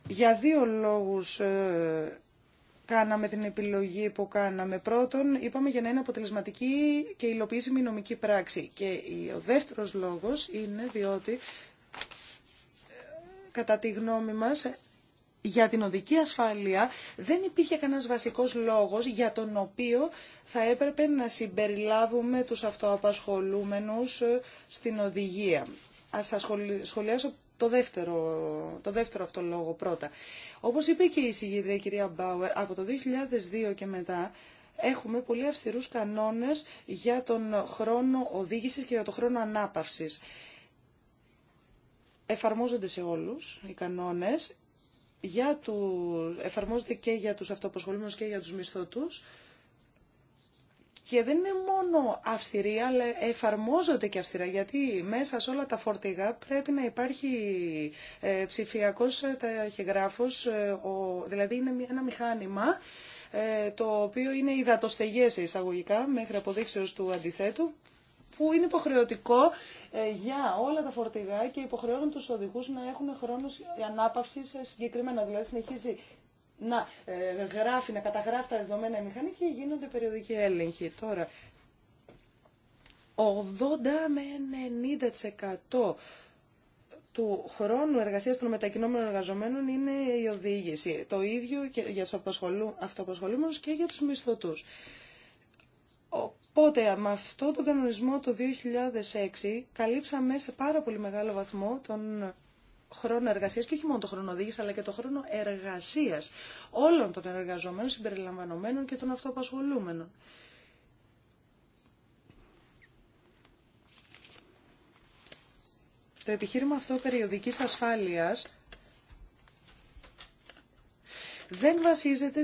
Για δύο λόγους ε, κάναμε την επιλογή που κάναμε. Πρώτον, είπαμε για να είναι αποτελεσματική και υλοποιήσιμη νομική πράξη. Και ο δεύτερος λόγος είναι διότι κατά τη γνώμη μας, για την οδική ασφάλεια δεν υπήρχε κανένας βασικός λόγος για τον οποίο θα έπρεπε να συμπεριλάβουμε τους αυτοαπασχολούμενους ε, στην οδηγία. Ας θα σχολιάσω το δεύτερο, το δεύτερο αυτό λόγο πρώτα. Όπως είπε και η συγγύτρια κυρία Μπάουερ, από το 2002 και μετά έχουμε πολύ αυστηρούς κανόνες για τον χρόνο οδήγησης και για τον χρόνο ανάπαυσης εφαρμόζονται σε όλους οι κανόνες, για του, εφαρμόζονται και για τους αυτοαπασχολούμενους και για τους μισθωτούς και δεν είναι μόνο αυστηρή, αλλά εφαρμόζονται και αυστηρά, γιατί μέσα σε όλα τα φορτηγά πρέπει να υπάρχει ε, ψηφιακός ταχυγράφος, ε, δηλαδή είναι ένα μηχάνημα ε, το οποίο είναι υδατοστεγές εισαγωγικά μέχρι αποδείξεως του αντιθέτου που είναι υποχρεωτικό ε, για όλα τα φορτηγά και υποχρεώνουν τους οδηγούς να έχουν χρόνο ανάπαυσης ε, συγκεκριμένα. Δηλαδή συνεχίζει να ε, γράφει, να καταγράφει τα δεδομένα η μηχανή και γίνονται περιοδικοί έλεγχοι. Τώρα, 80 με 90% του χρόνου εργασίας των μετακινόμενων εργαζομένων είναι η οδήγηση. Το ίδιο και για τους αυτοπασχολούμενους και για τους μισθωτούς. Οπότε με αυτό τον κανονισμό το 2006 καλύψαμε σε πάρα πολύ μεγάλο βαθμό τον χρόνο εργασία και όχι μόνο τον χρόνο οδήγηση, αλλά και το χρόνο εργασία όλων των εργαζομένων, συμπεριλαμβανομένων και των αυτοαπασχολούμενων. Το επιχείρημα αυτό περιοδικής ασφάλειας δεν βασίζεται,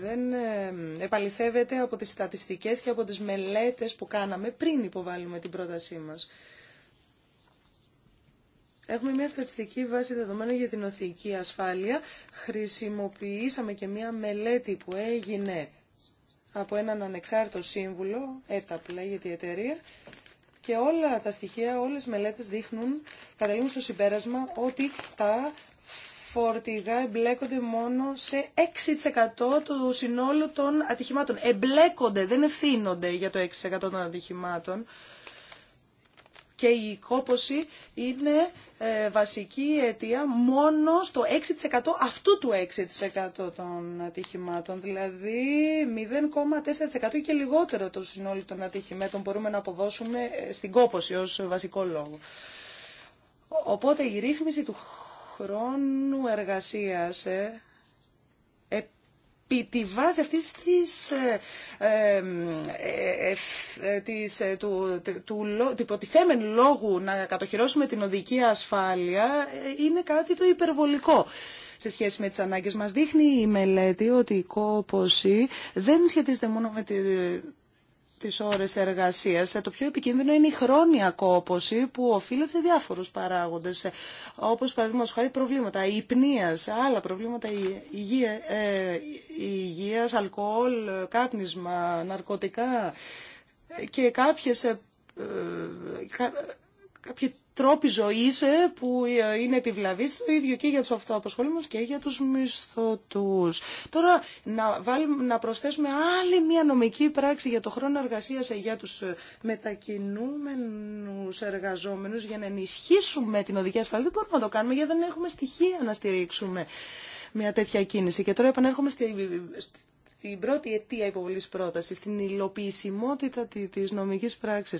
δεν ε, επαληθεύεται από τις στατιστικές και από τις μελέτες που κάναμε πριν υποβάλουμε την πρότασή μας. Έχουμε μια στατιστική βάση δεδομένων για την οθική ασφάλεια. Χρησιμοποιήσαμε και μια μελέτη που έγινε από έναν ανεξάρτητο σύμβουλο, που λέγεται η εταιρεία, και όλα τα στοιχεία, όλες οι μελέτες δείχνουν, καταλήγουν στο συμπέρασμα ότι τα φόρτιγα εμπλέκονται μόνο σε 6% του συνόλου των ατυχημάτων. Εμπλέκονται, δεν ευθύνονται για το 6% των ατυχημάτων. Και η κόποση είναι ε, βασική αιτία μόνο στο 6% αυτού του 6% των ατυχημάτων. Δηλαδή 0,4% και λιγότερο του συνόλου των ατυχημάτων μπορούμε να αποδώσουμε ε, στην κόποση ως βασικό λόγο. Οπότε η ρύθμιση του χρόνου εργασίας ε, επί τη βάση αυτής ε, λόγου να κατοχυρώσουμε την οδική ασφάλεια ε, είναι κάτι το υπερβολικό σε σχέση με τις ανάγκες μας. Δείχνει η μελέτη ότι η κόποση δεν σχετίζεται μόνο με τις ώρες εργασίας. Ε, το πιο επικίνδυνο είναι η χρόνια κόπωση που οφείλεται σε διάφορους παράγοντες, ε, όπως παραδείγματο χάρη προβλήματα υπνίας, άλλα προβλήματα υγεία, ε, υγείας, αλκοόλ, κάπνισμα, ναρκωτικά ε, και κάποιες κάποιοι τρόποι ζωής ε, που ε, είναι επιβλαβή το ίδιο και για του αυτοαπασχολούμενου και για τους μισθωτούς. Τώρα να, να προσθέσουμε άλλη μια νομική πράξη για το χρόνο εργασίας ε, για τους μετακινούμενους εργαζόμενου για να ενισχύσουμε την οδική ασφάλεια. Δεν μπορούμε να το κάνουμε γιατί δεν έχουμε στοιχεία να στηρίξουμε μια τέτοια κίνηση. Και τώρα επανέρχομαι στη, στην πρώτη αιτία υποβολή πρόταση, στην υλοποιησιμότητα τη νομική πράξη.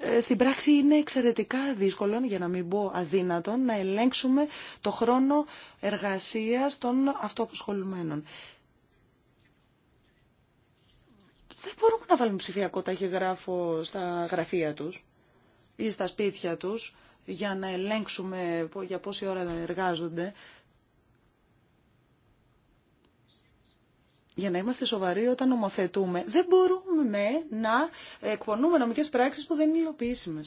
Ε, στην πράξη είναι εξαιρετικά δύσκολο, για να μην πω αδύνατο, να ελέγξουμε το χρόνο εργασίας των αυτοαποσχολουμένων. Δεν μπορούμε να βάλουμε ψηφιακό ταχυγράφο στα γραφεία τους ή στα σπίτια τους για να ελέγξουμε για πόση ώρα εργάζονται. για να είμαστε σοβαροί όταν νομοθετούμε, δεν μπορούμε να εκπονούμε νομικέ πράξει που δεν είναι υλοποιήσιμε.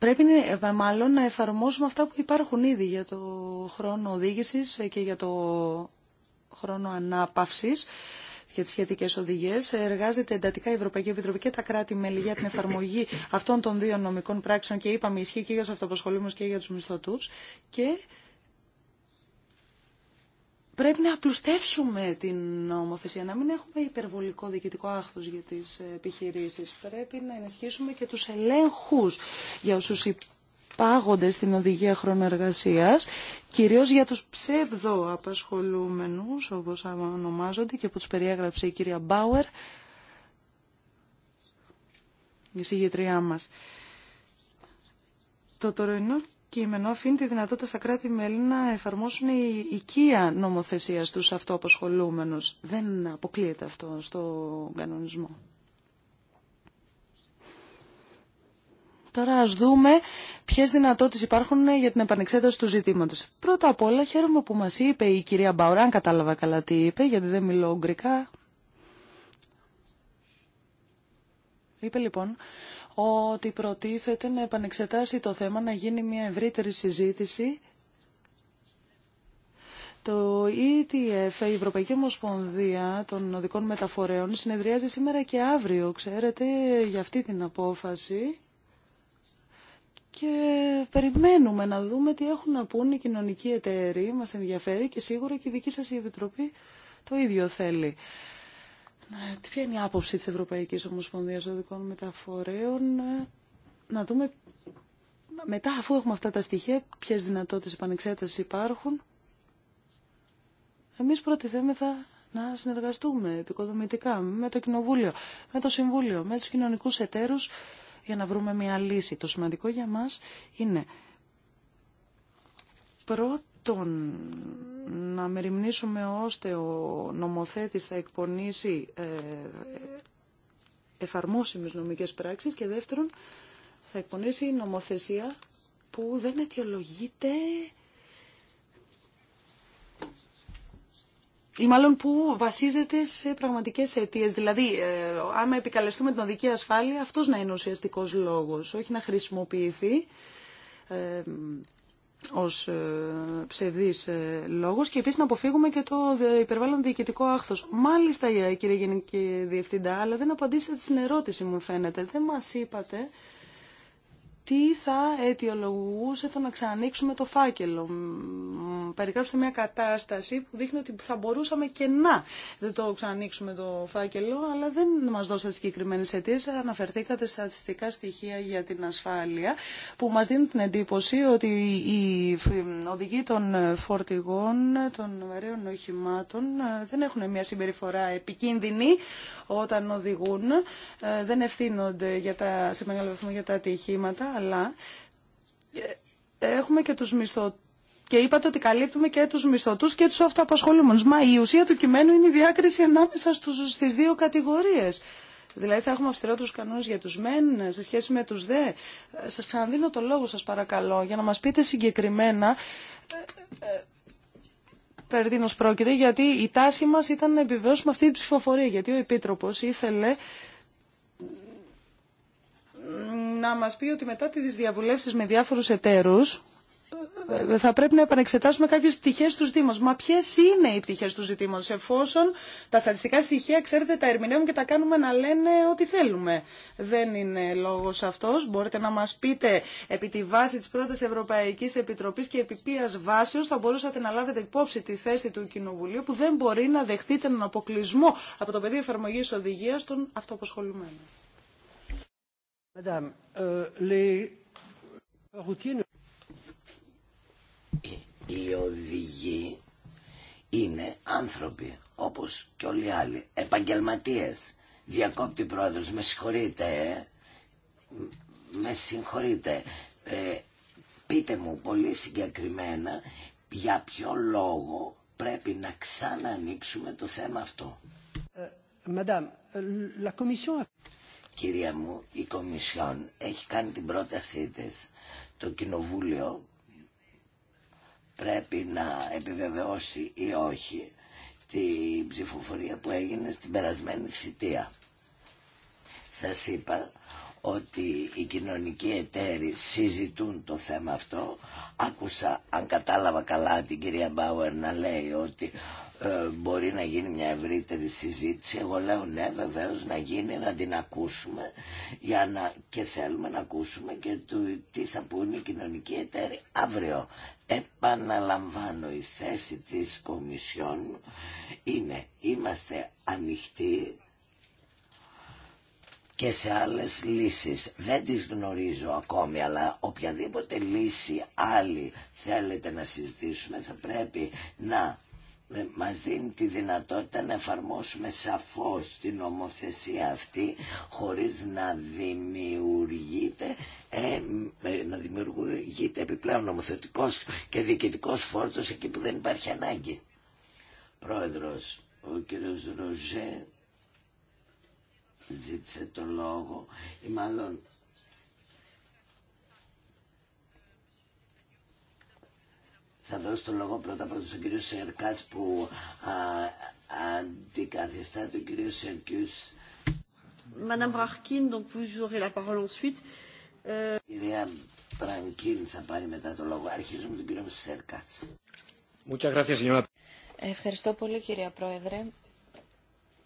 Πρέπει ε, μάλλον να εφαρμόσουμε αυτά που υπάρχουν ήδη για το χρόνο οδήγησης και για το χρόνο ανάπαυσης για τις σχετικές οδηγίες. Εργάζεται εντατικά η Ευρωπαϊκή Επιτροπή και τα κράτη-μέλη για την εφαρμογή αυτών των δύο νομικών πράξεων και είπαμε ισχύει και για τους αυτοπασχολούμενου και για τους μισθωτούς και πρέπει να απλουστεύσουμε την νομοθεσία, να μην έχουμε υπερβολικό διοικητικό άχθος για τις επιχειρήσεις. Πρέπει να ενισχύσουμε και τους ελέγχους για όσους υπάγονται στην οδηγία χρονοεργασίας, κυρίως για τους ψευδοαπασχολούμενους, όπως ονομάζονται και που τους περιέγραψε η κυρία Μπάουερ, η συγγετριά μας. Το τωρινό κείμενο αφήνει τη δυνατότητα στα κράτη-μέλη να εφαρμόσουν η οικία νομοθεσία στους αυτοαπασχολούμενους. Δεν αποκλείεται αυτό στο κανονισμό. Τώρα ας δούμε ποιες δυνατότητες υπάρχουν για την επανεξέταση του ζητήματος. Πρώτα απ' όλα χαίρομαι που μας είπε η κυρία Μπαουρά, αν κατάλαβα καλά τι είπε, γιατί δεν μιλώ ογκρικά. Είπε λοιπόν ότι προτίθεται να επανεξετάσει το θέμα, να γίνει μια ευρύτερη συζήτηση. Το ETF, η Ευρωπαϊκή Ομοσπονδία των Οδικών Μεταφορέων, συνεδριάζει σήμερα και αύριο, ξέρετε, για αυτή την απόφαση. Και περιμένουμε να δούμε τι έχουν να πούν οι κοινωνικοί εταίροι. Μας ενδιαφέρει και σίγουρα και η δική σας η Επιτροπή το ίδιο θέλει. Ε, ποια είναι η άποψη της Ευρωπαϊκής Ομοσπονδίας Οδικών Μεταφορέων ε, να δούμε μετά αφού έχουμε αυτά τα στοιχεία ποιες δυνατότητες επανεξέτασης υπάρχουν εμείς προτιθέμεθα να συνεργαστούμε επικοδομητικά με το Κοινοβούλιο, με το Συμβούλιο, με τους κοινωνικούς εταίρους για να βρούμε μια λύση. Το σημαντικό για μας είναι πρώτον να μεριμνήσουμε ώστε ο νομοθέτης θα εκπονήσει ε, εφαρμόσιμες νομικές πράξεις και δεύτερον θα εκπονήσει νομοθεσία που δεν αιτιολογείται ή μάλλον που βασίζεται σε πραγματικές αιτίες. Δηλαδή, ε, άμα επικαλεστούμε την οδική ασφάλεια, αυτός να είναι ο ουσιαστικός λόγος, όχι να χρησιμοποιηθεί ε, ως ε, ψευδής ε, λόγος και επίσης να αποφύγουμε και το υπερβάλλον διοικητικό άχθος. Μάλιστα ε, κύριε Γενική Διευθυντά, αλλά δεν απαντήσατε στην ερώτηση μου φαίνεται. Δεν μας είπατε τι θα αιτιολογούσε το να ξανανοίξουμε το φάκελο. Περιγράψτε μια κατάσταση που δείχνει ότι θα μπορούσαμε και να δεν το ξανανοίξουμε το φάκελο, αλλά δεν μας δώσατε συγκεκριμένε αιτίε. Αναφερθήκατε στατιστικά στοιχεία για την ασφάλεια, που μας δίνουν την εντύπωση ότι οι οδηγοί των φορτηγών, των βαρέων οχημάτων, ε, δεν έχουν μια συμπεριφορά επικίνδυνη όταν οδηγούν, ε, δεν ευθύνονται για τα, σε μεγάλο βαθμό για τα ατυχήματα, αλλά ε, έχουμε και τους μισθωτούς. Και είπατε ότι καλύπτουμε και τους μισθωτούς και τους αυτοαπασχολούμενους. Μα η ουσία του κειμένου είναι η διάκριση ανάμεσα στους, στις δύο κατηγορίες. Δηλαδή θα έχουμε αυστηρότερους κανόνες για τους μεν σε σχέση με τους δε. Σας ξαναδίνω το λόγο σας παρακαλώ για να μας πείτε συγκεκριμένα ε, ε, περί πρόκειται, γιατί η τάση μας ήταν να επιβεβαιώσουμε αυτή τη ψηφοφορία, γιατί ο Επίτροπος ήθελε να μας πει ότι μετά τις διαβουλεύσεις με διάφορους εταίρους ε, θα πρέπει να επανεξετάσουμε κάποιες πτυχές του ζητήματος. Μα ποιες είναι οι πτυχές του ζητήματος, εφόσον τα στατιστικά στοιχεία, ξέρετε, τα ερμηνεύουν και τα κάνουμε να λένε ό,τι θέλουμε. Δεν είναι λόγος αυτός. Μπορείτε να μας πείτε, επί τη βάση της πρώτης Ευρωπαϊκής Επιτροπής και επί ποιας βάσεως θα μπορούσατε να λάβετε υπόψη τη θέση του Κοινοβουλίου που δεν μπορεί να δεχτείτε τον αποκλεισμό από το πεδίο εφαρμογής οδηγίας των αυτοαποσχολουμένων. Madame, euh, les... Οι οδηγοί είναι άνθρωποι όπως και όλοι οι άλλοι, επαγγελματίες. Διακόπτη πρόεδρος, με συγχωρείτε, ε. με συγχωρείτε. Ε, πείτε μου πολύ συγκεκριμένα για ποιο λόγο πρέπει να ξανανοίξουμε το θέμα αυτό. Ε, madame, ε, la commission... Κυρία μου, η Κομισιόν έχει κάνει την πρότασή της. Το Κοινοβούλιο πρέπει να επιβεβαιώσει ή όχι τη ψηφοφορία που έγινε στην περασμένη θητεία. Σας είπα ότι οι κοινωνικοί εταίροι συζητούν το θέμα αυτό. Άκουσα, αν κατάλαβα καλά, την κυρία Μπάουερ να λέει ότι ε, μπορεί να γίνει μια ευρύτερη συζήτηση. Εγώ λέω ναι βεβαίω να γίνει, να την ακούσουμε για να... και θέλουμε να ακούσουμε και του, τι θα πούνε οι κοινωνικοί εταίροι αύριο. Επαναλαμβάνω, η θέση της Κομισιόν είναι είμαστε ανοιχτοί και σε άλλες λύσεις. Δεν τις γνωρίζω ακόμη, αλλά οποιαδήποτε λύση άλλη θέλετε να συζητήσουμε θα πρέπει να ε, μας δίνει τη δυνατότητα να εφαρμόσουμε σαφώς την νομοθεσία αυτή χωρίς να δημιουργείται ε, ε, να δημιουργείται επιπλέον νομοθετικός και διοικητικός φόρτος εκεί που δεν υπάρχει ανάγκη. Πρόεδρος, ο κύριος Ροζέ ζήτησε το λόγο ή μάλλον θα δώσω το λόγο πρώτα πρώτα στον κύριο Σερκάς που α, αντικαθιστά τον κύριο Σερκιούς. Madame Brarkin, donc vous aurez la parole ensuite. Euh, κυρία Μπρανκίν θα πάρει μετά το λόγο. Αρχίζουμε τον κύριο Σερκάς. Ευχαριστώ πολύ κυρία Πρόεδρε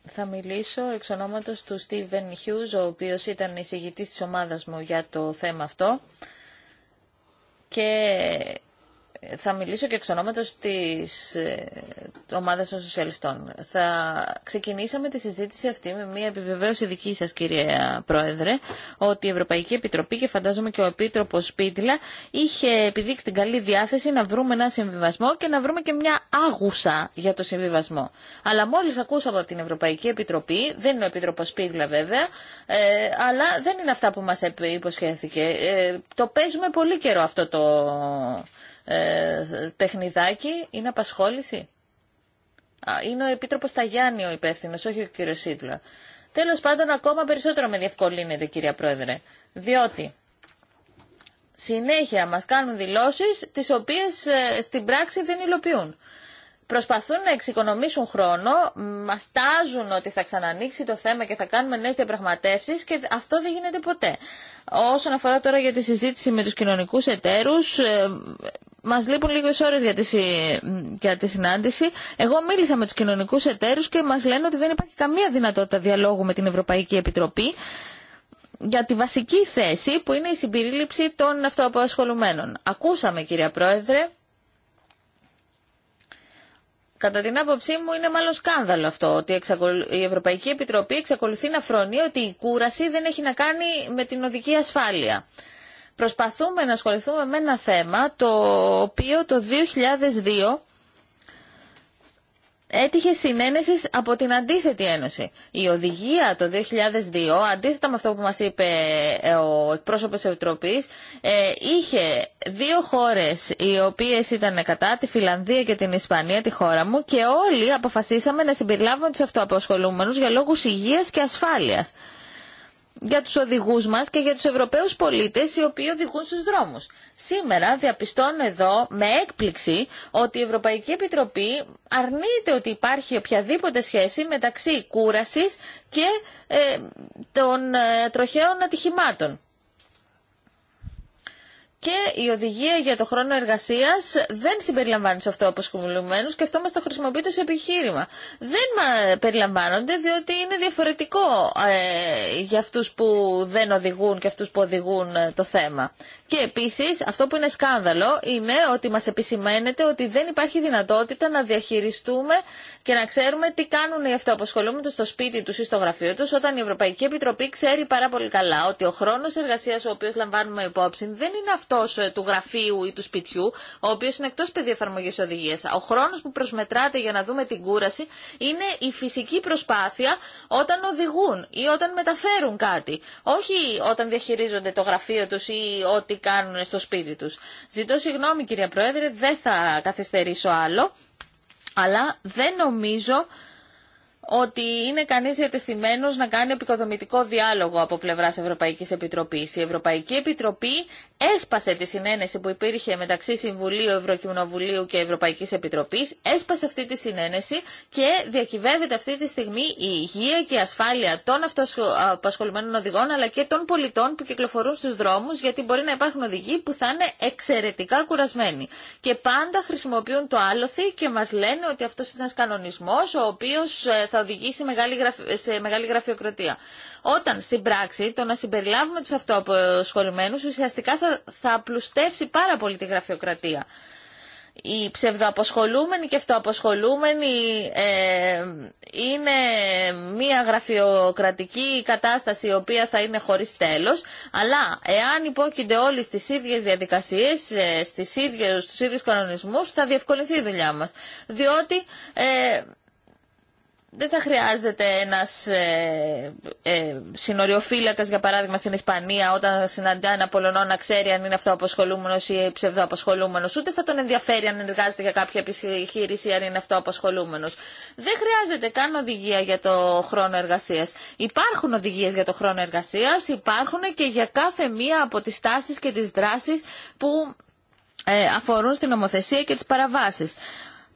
θα μιλήσω εξ ονόματος του Στίβεν Χιούζ, ο οποίος ήταν εισηγητής της ομάδας μου για το θέμα αυτό και θα μιλήσω και εξ ονόματος της ε, ομάδας των σοσιαλιστών. Θα ξεκινήσαμε τη συζήτηση αυτή με μια επιβεβαίωση δική σας κυρία Πρόεδρε ότι η Ευρωπαϊκή Επιτροπή και φαντάζομαι και ο Επίτροπος Σπίτλα είχε επιδείξει την καλή διάθεση να βρούμε ένα συμβιβασμό και να βρούμε και μια άγουσα για το συμβιβασμό. Αλλά μόλις ακούσαμε από την Ευρωπαϊκή Επιτροπή, δεν είναι ο Επίτροπος Σπίτλα βέβαια, ε, αλλά δεν είναι αυτά που μας υποσχέθηκε. Ε, το παίζουμε πολύ καιρό αυτό το ε, παιχνιδάκι είναι απασχόληση. Είναι ο Επίτροπος Ταγιάννη ο υπεύθυνο, όχι ο κύριος Σίτλα. Τέλος πάντων, ακόμα περισσότερο με διευκολύνεται, κυρία Πρόεδρε, διότι συνέχεια μας κάνουν δηλώσεις τις οποίες ε, στην πράξη δεν υλοποιούν. Προσπαθούν να εξοικονομήσουν χρόνο, μα τάζουν ότι θα ξανανοίξει το θέμα και θα κάνουμε νέε διαπραγματεύσει και αυτό δεν γίνεται ποτέ. Όσον αφορά τώρα για τη συζήτηση με του κοινωνικού εταίρου, ε, μας λείπουν λίγε ώρες για τη, για συνάντηση. Εγώ μίλησα με του κοινωνικούς εταίρους και μας λένε ότι δεν υπάρχει καμία δυνατότητα διαλόγου με την Ευρωπαϊκή Επιτροπή για τη βασική θέση που είναι η συμπερίληψη των αυτοαπασχολουμένων. Ακούσαμε κυρία Πρόεδρε, κατά την άποψή μου είναι μάλλον σκάνδαλο αυτό ότι η Ευρωπαϊκή Επιτροπή εξακολουθεί να φρονεί ότι η κούραση δεν έχει να κάνει με την οδική ασφάλεια προσπαθούμε να ασχοληθούμε με ένα θέμα το οποίο το 2002 έτυχε συνένεση από την αντίθετη ένωση. Η οδηγία το 2002, αντίθετα με αυτό που μας είπε ε, ο εκπρόσωπος της Επιτροπής, ε, είχε δύο χώρες οι οποίες ήταν κατά, τη Φιλανδία και την Ισπανία, τη χώρα μου, και όλοι αποφασίσαμε να συμπεριλάβουμε τους αυτοαπασχολούμενους για λόγους υγείας και ασφάλειας για τους οδηγούς μας και για τους Ευρωπαίους πολίτες οι οποίοι οδηγούν στους δρόμους. Σήμερα διαπιστώνω εδώ με έκπληξη ότι η Ευρωπαϊκή Επιτροπή αρνείται ότι υπάρχει οποιαδήποτε σχέση μεταξύ κούρασης και ε, των ε, τροχαίων ατυχημάτων και η οδηγία για το χρόνο εργασία δεν συμπεριλαμβάνει σε αυτό αποσχολουμένου και αυτό μα το χρησιμοποιείται σε επιχείρημα. Δεν μα περιλαμβάνονται διότι είναι διαφορετικό ε, για αυτού που δεν οδηγούν και αυτού που οδηγούν ε, το θέμα. Και επίση αυτό που είναι σκάνδαλο είναι ότι μα επισημαίνεται ότι δεν υπάρχει δυνατότητα να διαχειριστούμε και να ξέρουμε τι κάνουν οι αυτοαποσχολούμενοι στο σπίτι του ή στο γραφείο του, όταν η Ευρωπαϊκή Επιτροπή ξέρει πάρα πολύ καλά ότι ο χρόνο εργασία ο οποίο λαμβάνουμε υπόψη δεν είναι αυτό ε, του γραφείου ή του σπιτιού, ο οποίο είναι εκτό πεδίου εφαρμογή οδηγία. Ο οποιο λαμβανουμε υποψη δεν ειναι αυτο του γραφειου η του σπιτιου ο οποιο ειναι εκτο παιδι εφαρμογη οδηγια ο χρονο που προσμετράται για να δούμε την κούραση είναι η φυσική προσπάθεια όταν οδηγούν ή όταν μεταφέρουν κάτι. Όχι όταν διαχειρίζονται το γραφείο του ή ό,τι κάνουν στο σπίτι του. Ζητώ συγγνώμη κυρία Πρόεδρε, δεν θα καθυστερήσω άλλο αλλά δεν νομίζω ότι είναι κανείς διατεθειμένος να κάνει επικοδομητικό διάλογο από πλευράς Ευρωπαϊκής Επιτροπής. Η Ευρωπαϊκή Επιτροπή έσπασε τη συνένεση που υπήρχε μεταξύ Συμβουλίου, Ευρωκοινοβουλίου και Ευρωπαϊκής Επιτροπής, έσπασε αυτή τη συνένεση και διακυβεύεται αυτή τη στιγμή η υγεία και η ασφάλεια των αυτοαπασχολημένων οδηγών αλλά και των πολιτών που κυκλοφορούν στους δρόμους γιατί μπορεί να υπάρχουν οδηγοί που θα είναι εξαιρετικά κουρασμένοι. Και πάντα χρησιμοποιούν το άλοθη και μας λένε ότι αυτό είναι ένας κανονισμός ο οποίος ε, θα οδηγήσει σε μεγάλη γραφειοκρατία. Όταν στην πράξη το να συμπεριλάβουμε τους αυτοαποσχολημένους ουσιαστικά θα, θα πάρα πολύ τη γραφειοκρατία. Οι ψευδοαποσχολούμενοι και αυτοαποσχολούμενοι ε, είναι μια γραφειοκρατική κατάσταση η οποία θα είναι χωρίς τέλος, αλλά εάν υπόκεινται όλοι στις ίδιες διαδικασίες, ε, στις ίδιες, στους ίδιους κανονισμούς, θα διευκολυνθεί η δουλειά μας. Διότι... Ε, δεν θα χρειάζεται ένας ε, ε, συνοριοφύλακας, για παράδειγμα, στην Ισπανία, όταν συναντά ένα Πολωνό να ξέρει αν είναι αυτοαπασχολούμενος ή ψευδοαπασχολούμενος. Ούτε θα τον ενδιαφέρει αν εργάζεται για κάποια επιχείρηση ή αν είναι αυτοαπασχολούμενος. Δεν χρειάζεται καν οδηγία για το χρόνο εργασίας. Υπάρχουν οδηγίες για το χρόνο εργασίας, υπάρχουν και για κάθε μία από τις τάσεις και τις δράσεις που ε, αφορούν στην νομοθεσία και τις παραβάσεις.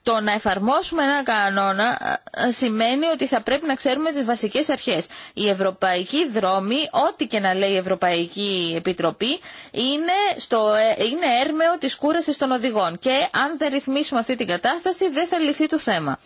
Το να εφαρμόσουμε ένα κανόνα ε, ε, σημαίνει ότι θα πρέπει να ξέρουμε τις βασικές αρχές. Η Ευρωπαϊκή Δρόμη, ό,τι και να λέει η Ευρωπαϊκή Επιτροπή, είναι, στο, ε, είναι έρμεο της κούρασης των οδηγών. Και αν δεν ρυθμίσουμε αυτή την κατάσταση, δεν θα λυθεί το θέμα.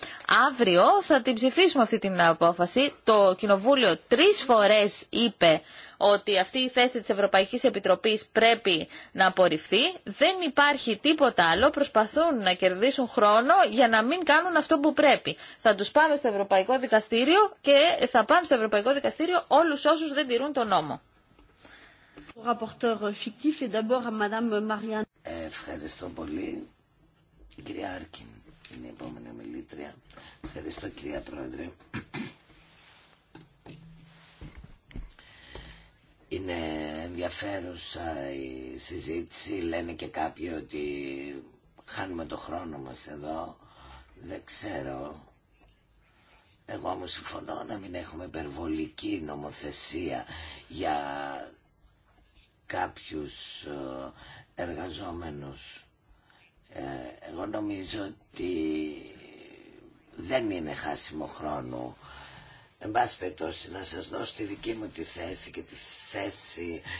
Αύριο θα την ψηφίσουμε αυτή την απόφαση. Το Κοινοβούλιο τρεις φορές είπε ότι αυτή η θέση της Ευρωπαϊκής Επιτροπής πρέπει να απορριφθεί. Δεν υπάρχει τίποτα άλλο. Προσπαθούν να κερδίσουν χρόνο για να μην κάνουν αυτό που πρέπει. Θα τους πάμε στο Ευρωπαϊκό Δικαστήριο και θα πάμε στο Ευρωπαϊκό Δικαστήριο όλους όσους δεν τηρούν τον νόμο. Ευχαριστώ πολύ. Κυρία Άρκιν, την επόμενη μιλήτρια. Ευχαριστώ κυρία Πρόεδρε. Είναι ενδιαφέρουσα η συζήτηση, λένε και κάποιοι ότι χάνουμε το χρόνο μας εδώ, δεν ξέρω. Εγώ όμως συμφωνώ να μην έχουμε υπερβολική νομοθεσία για κάποιους ε, εργαζόμενους. Ε, εγώ νομίζω ότι δεν είναι χάσιμο χρόνο. Εν πάση περιπτώσει να σας δώσω τη δική μου τη θέση και τη θέση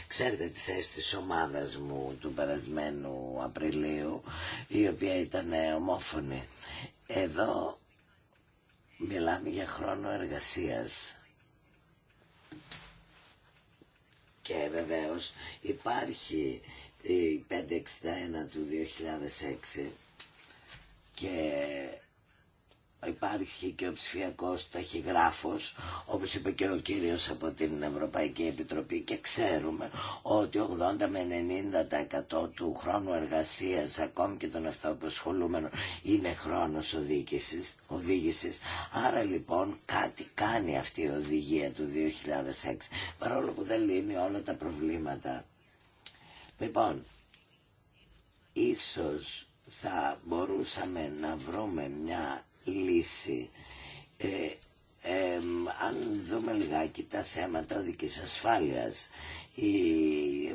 ξέρετε τη θέση της ομάδας μου του περασμένου Απριλίου, η οποία ήταν ομόφωνη. Εδώ μιλάμε για χρόνο εργασίας. Και βεβαίως υπάρχει η 561 του 2006 και υπάρχει και ο ψηφιακό ταχυγράφο, όπω είπε και ο κύριο από την Ευρωπαϊκή Επιτροπή, και ξέρουμε ότι 80 με 90% του χρόνου εργασία, ακόμη και των αυτοαπασχολούμενων, είναι χρόνο οδήγηση. Άρα λοιπόν κάτι κάνει αυτή η οδηγία του 2006, παρόλο που δεν λύνει όλα τα προβλήματα. Λοιπόν, ίσως θα μπορούσαμε να βρούμε μια λύση. Ε, αν δούμε λιγάκι τα θέματα οδικής ασφάλειας, η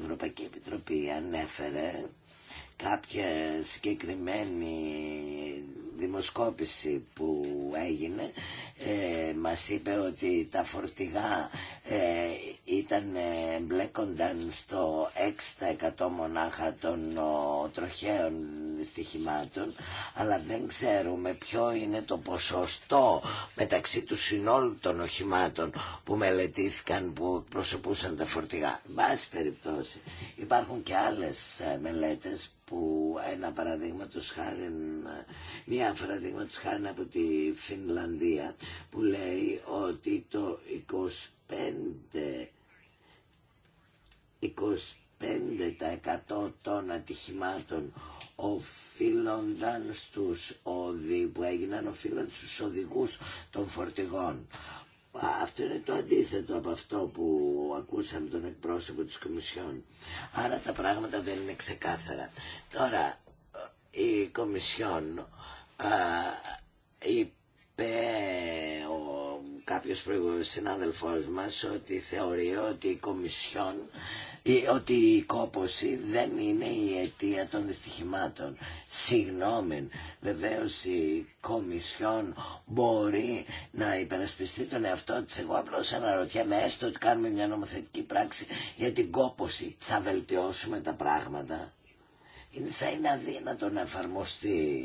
Ευρωπαϊκή Επιτροπή ανέφερε κάποια συγκεκριμένη δημοσκόπηση που έγινε ε, μας είπε ότι τα φορτηγά ε, ήταν ε, μπλέκονταν στο 6% μονάχα των ο, τροχαίων στοιχημάτων αλλά δεν ξέρουμε ποιο είναι το ποσοστό μεταξύ του συνόλου των οχημάτων που μελετήθηκαν που προσωπούσαν τα φορτηγά. Μπάση περιπτώσει υπάρχουν και άλλες ε, μελέτες που ένα παραδείγματο χάρη, μια παραδείγματο χάρη από τη Φινλανδία που λέει ότι το 25 25% των ατυχημάτων οφείλονταν στους οδη, που έγιναν οφείλονταν στους οδηγούς των φορτηγών. Αυτό είναι το αντίθετο από αυτό που ακούσαμε τον εκπρόσωπο της Κομισιόν. Άρα τα πράγματα δεν είναι ξεκάθαρα. Τώρα ε, η Κομισιόν α, ε, είπε ο κάποιος προηγούμενος συνάδελφός μας ότι θεωρεί ότι η Κομισιόν ε, ότι η κόπωση δεν είναι η αιτία των δυστυχημάτων. Συγγνώμη, βεβαίως η Κομισιόν μπορεί να υπερασπιστεί τον εαυτό τη. Εγώ απλώ αναρωτιέμαι έστω ότι κάνουμε μια νομοθετική πράξη για την κόπωση. Θα βελτιώσουμε τα πράγματα. Είναι, θα είναι αδύνατο να εφαρμοστεί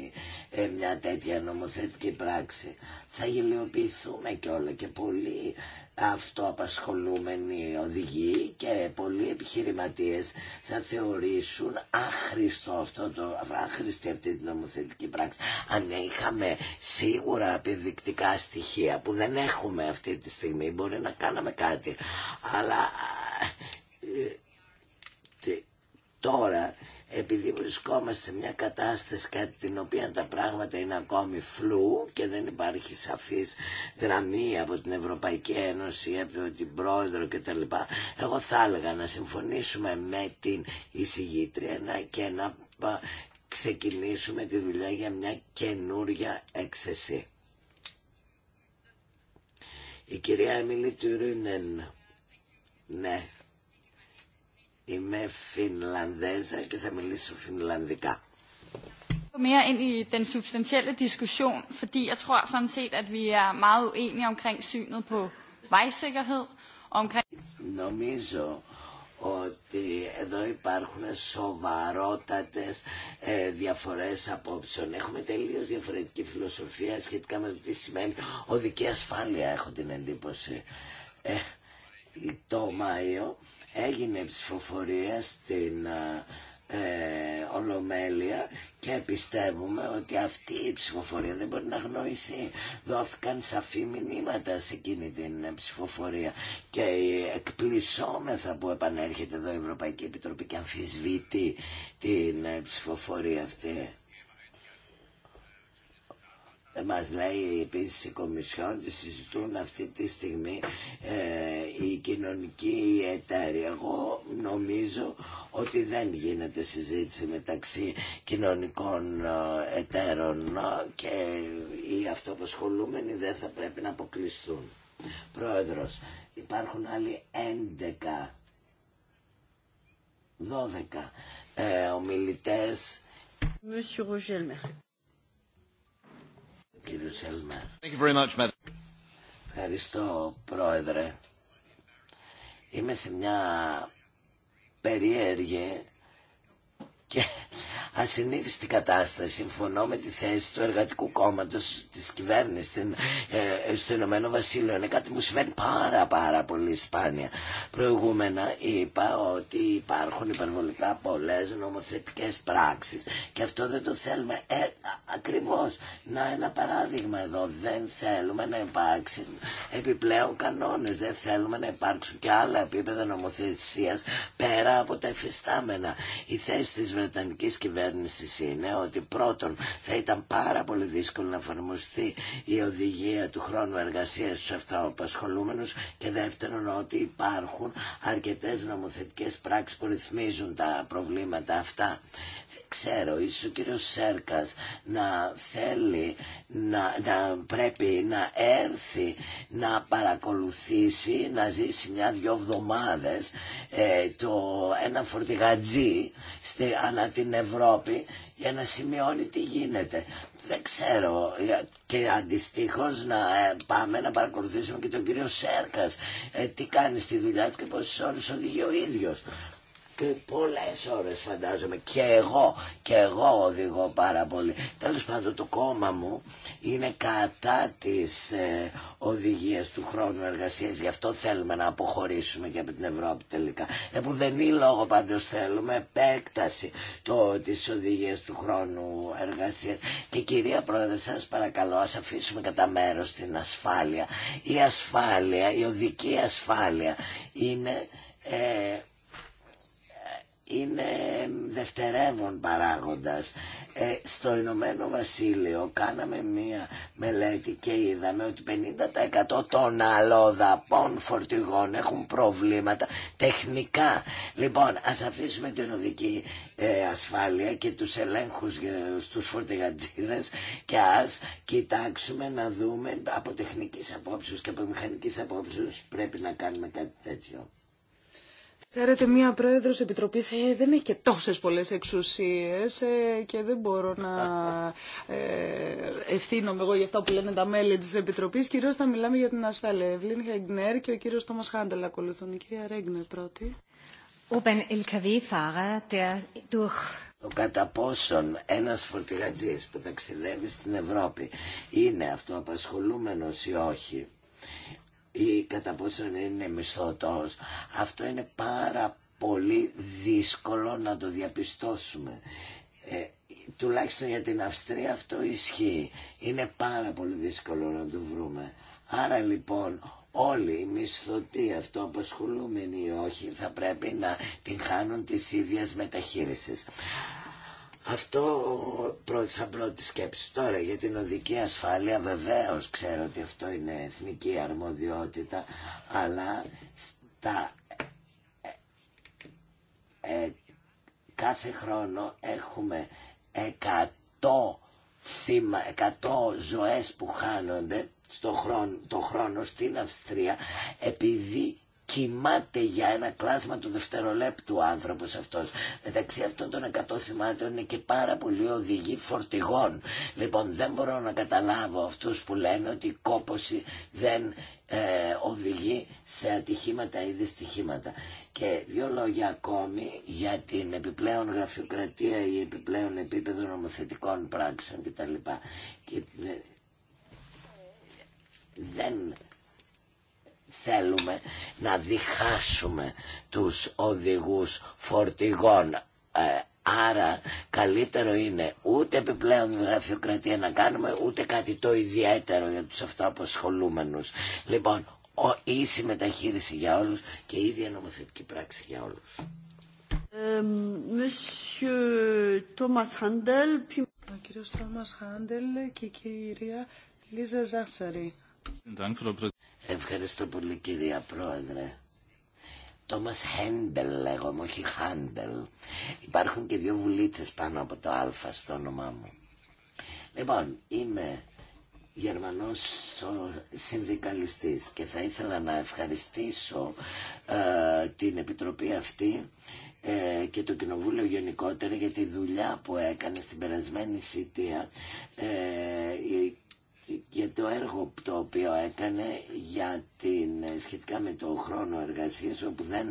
ε, μια τέτοια νομοθετική πράξη. Θα γελιοποιηθούμε και όλα και πολύ αυτοαπασχολούμενοι οδηγοί και πολλοί επιχειρηματίες θα θεωρήσουν άχρηστο αυτό το, άχρηστη αυτή την νομοθετική πράξη. Αν είχαμε σίγουρα επιδεικτικά στοιχεία που δεν έχουμε αυτή τη στιγμή μπορεί να κάναμε κάτι. Αλλά ε, τώρα επειδή βρισκόμαστε σε μια κατάσταση κάτι την οποία τα πράγματα είναι ακόμη φλού και δεν υπάρχει σαφής γραμμή από την Ευρωπαϊκή Ένωση, από την Πρόεδρο κτλ. Εγώ θα έλεγα να συμφωνήσουμε με την εισηγήτρια και να ξεκινήσουμε τη δουλειά για μια καινούρια έκθεση. Η κυρία Εμιλή Τουρίνεν. Ναι, Είμαι Φινλανδέζα και θα μιλήσω Φινλανδικά. Νομίζω ότι εδώ υπάρχουν σοβαρότατες ε, διαφορές απόψεων. Έχουμε τελείως διαφορετική φιλοσοφία σχετικά με το τι σημαίνει οδική ασφάλεια, έχω την εντύπωση. Ε, το Μάιο Έγινε ψηφοφορία στην ε, ε, Ολομέλεια και πιστεύουμε ότι αυτή η ψηφοφορία δεν μπορεί να γνωριθεί. Δόθηκαν σαφή μηνύματα σε εκείνη την ε, ψηφοφορία και εκπλησόμεθα που επανέρχεται εδώ η Ευρωπαϊκή Επιτροπή και αμφισβητεί την ε, ψηφοφορία αυτή. Μας λέει επίσης η Κομισιόν ότι συζητούν αυτή τη στιγμή ε, οι κοινωνικοί εταίροι. Εγώ νομίζω ότι δεν γίνεται συζήτηση μεταξύ κοινωνικών ε, εταίρων ε, και οι αυτοαπασχολούμενοι δεν θα πρέπει να αποκλειστούν. Πρόεδρος, υπάρχουν άλλοι 11, 12 ε, ομιλητές. Monsieur Roger Ευχαριστώ, Πρόεδρε. Είμαι σε μια περίεργη και ασυνήθιστη κατάσταση. Συμφωνώ με τη θέση του εργατικού κόμματο τη κυβέρνηση ε, στο Ηνωμένο Βασίλειο. Είναι κάτι που μου συμβαίνει πάρα πάρα πολύ σπάνια. Προηγούμενα είπα ότι υπάρχουν υπερβολικά πολλέ νομοθετικέ πράξει και αυτό δεν το θέλουμε. Ε, Ακριβώ. Να ένα παράδειγμα εδώ. Δεν θέλουμε να υπάρξουν επιπλέον κανόνε. Δεν θέλουμε να υπάρξουν και άλλα επίπεδα νομοθεσία πέρα από τα εφιστάμενα. Η θέση τη Βρετανική κυβέρνηση κυβέρνηση είναι ότι πρώτον θα ήταν πάρα πολύ δύσκολο να εφαρμοστεί η οδηγία του χρόνου εργασίας στους αυτοαπασχολούμενους και δεύτερον ότι υπάρχουν αρκετές νομοθετικές πράξεις που ρυθμίζουν τα προβλήματα αυτά ξέρω, ίσως ο κύριος Σέρκας να θέλει, να, πρέπει να έρθει, να παρακολουθήσει, να ζήσει μια-δυο εβδομάδες ε, το, ένα φορτηγατζί στη, ανά την Ευρώπη για να σημειώνει τι γίνεται. Δεν ξέρω και αντιστοίχω να ε, πάμε να παρακολουθήσουμε και τον κύριο Σέρκας ε, τι κάνει στη δουλειά του και πόσες ώρες οδηγεί ο ίδιος. Πολλέ ώρες φαντάζομαι και εγώ και εγώ οδηγώ πάρα πολύ τέλος πάντων το κόμμα μου είναι κατά της ε, του χρόνου εργασία, γι' αυτό θέλουμε να αποχωρήσουμε και από την Ευρώπη τελικά επουδενή λόγο πάντως θέλουμε επέκταση τη της του χρόνου εργασίας και κυρία Πρόεδρε σα παρακαλώ ας αφήσουμε κατά μέρο την ασφάλεια η ασφάλεια, η οδική ασφάλεια είναι ε, είναι δευτερεύον παράγοντας. Ε, στο Ηνωμένο Βασίλειο κάναμε μία μελέτη και είδαμε ότι 50% των αλλοδαπών φορτηγών έχουν προβλήματα τεχνικά. Λοιπόν, ας αφήσουμε την οδική ε, ασφάλεια και τους ελέγχους ε, στους φορτηγατζίδες και ας κοιτάξουμε να δούμε από τεχνικής απόψεως και από μηχανικής απόψεως πρέπει να κάνουμε κάτι τέτοιο. Ξέρετε, μία πρόεδρος επιτροπής ε, δεν έχει και τόσες πολλές εξουσίες ε, και δεν μπορώ να ε, ευθύνομαι εγώ για αυτά που λένε τα μέλη της επιτροπής. Κυρίως θα μιλάμε για την ασφάλεια. Ευλήν Χαγκνέρ και ο κύριος Τόμας Χάντελ ακολουθούν. Η κυρία Ρέγνερ πρώτη. Το κατά πόσον ένας φορτηγατζής που ταξιδεύει στην Ευρώπη είναι αυτοαπασχολούμενος ή όχι ή κατά πόσον είναι μισθωτός. Αυτό είναι πάρα πολύ δύσκολο να το διαπιστώσουμε. Ε, τουλάχιστον για την Αυστρία αυτό ισχύει. Είναι πάρα πολύ δύσκολο να το βρούμε. Άρα λοιπόν όλοι οι μισθωτοί αυτοαπασχολούμενοι ή όχι θα πρέπει να την χάνουν της ίδιας μεταχείρισης. Αυτό σαν πρώτη σκέψη. Τώρα για την οδική ασφάλεια βεβαίως ξέρω ότι αυτό είναι εθνική αρμοδιότητα αλλά ε, ε, κάθε χρόνο έχουμε 100 θύμα, 100 ζωές που χάνονται στο το χρόνο στην Αυστρία επειδή κοιμάται για ένα κλάσμα του δευτερολέπτου άνθρωπος αυτός. Μεταξύ αυτών των 100 θυμάτων είναι και πάρα πολλοί οδηγοί φορτηγών. Λοιπόν δεν μπορώ να καταλάβω αυτούς που λένε ότι η κόποση δεν ε, οδηγεί σε ατυχήματα ή δυστυχήματα. Και δύο λόγια ακόμη για την επιπλέον γραφειοκρατία ή επιπλέον επίπεδο νομοθετικών πράξεων κτλ. Και ε, δεν θέλουμε να διχάσουμε τους οδηγούς φορτηγών. Ε, άρα καλύτερο είναι ούτε επιπλέον γραφειοκρατία να κάνουμε ούτε κάτι το ιδιαίτερο για τους αυτοαποσχολούμενους. Λοιπόν, ο, ίση μεταχείριση για όλους και η ίδια νομοθετική πράξη για όλους. κύριος Τόμας Χάντελ και κυρία Λίζα Ευχαριστώ πολύ κυρία Πρόεδρε. Τόμας Χέντελ λέγομαι, όχι Χάντελ. Υπάρχουν και δύο βουλίτσες πάνω από το Α στο όνομά μου. Λοιπόν, είμαι Γερμανός συνδικαλιστής και θα ήθελα να ευχαριστήσω ε, την Επιτροπή αυτή ε, και το Κοινοβούλιο γενικότερα για τη δουλειά που έκανε στην περασμένη θητεία ε, για το έργο το οποίο έκανε για την, σχετικά με το χρόνο εργασίας όπου δεν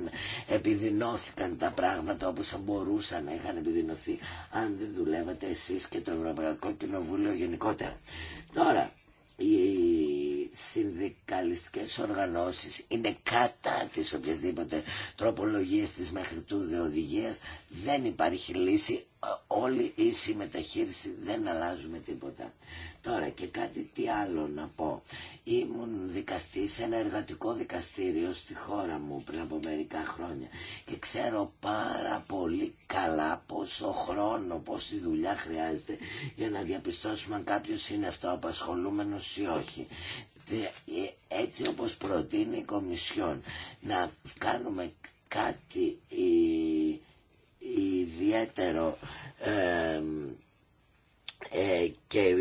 επιδεινώθηκαν τα πράγματα όπως θα μπορούσαν να είχαν επιδεινωθεί αν δεν δουλεύατε εσείς και το Ευρωπαϊκό Κοινοβούλιο γενικότερα. Τώρα, οι συνδικαλιστικές οργανώσεις είναι κατά της οποιασδήποτε τροπολογίες της μέχρι του οδηγίας. Δεν υπάρχει λύση, όλη η συμμεταχείριση δεν αλλάζουμε τίποτα. Τώρα και κάτι τι άλλο να πω. Ήμουν δικαστής σε ένα εργατικό δικαστήριο στη χώρα μου πριν από μερικά χρόνια και ξέρω πάρα πολύ καλά πόσο χρόνο, πόση δουλειά χρειάζεται για να διαπιστώσουμε αν κάποιος είναι αυτοαπασχολούμενος ή όχι ή όχι. όπω προτείνει η Κομισιόν να κάνουμε κάτι ε, ιδιαίτερο ε, ε, και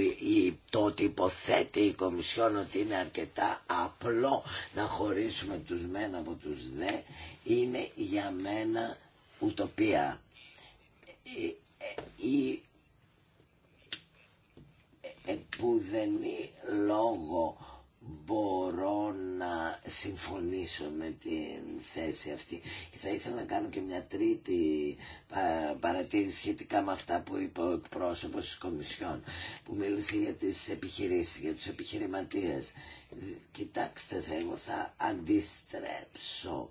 το ότι υποθέτει η Κομισιόν ότι είναι αρκετά απλό να χωρίσουμε τους μεν από τους δε είναι για μένα ουτοπία. Ε, ε, η, δεν είναι λόγο μπορώ να συμφωνήσω με την θέση αυτή. Και θα ήθελα να κάνω και μια τρίτη παρατήρηση σχετικά με αυτά που είπε ο εκπρόσωπος της Κομισιόν που μίλησε για τις επιχειρήσεις, για τους επιχειρηματίες. Κοιτάξτε, θα, εγώ θα αντιστρέψω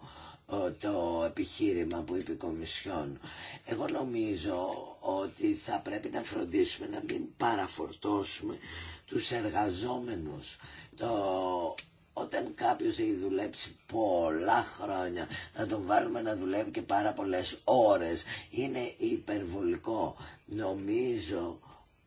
το επιχείρημα που είπε η Κομισιόν. Εγώ νομίζω ότι θα πρέπει να φροντίσουμε να μην παραφορτώσουμε τους εργαζόμενους. Το, όταν κάποιος έχει δουλέψει πολλά χρόνια, να τον βάλουμε να δουλεύει και πάρα πολλές ώρες, είναι υπερβολικό. Νομίζω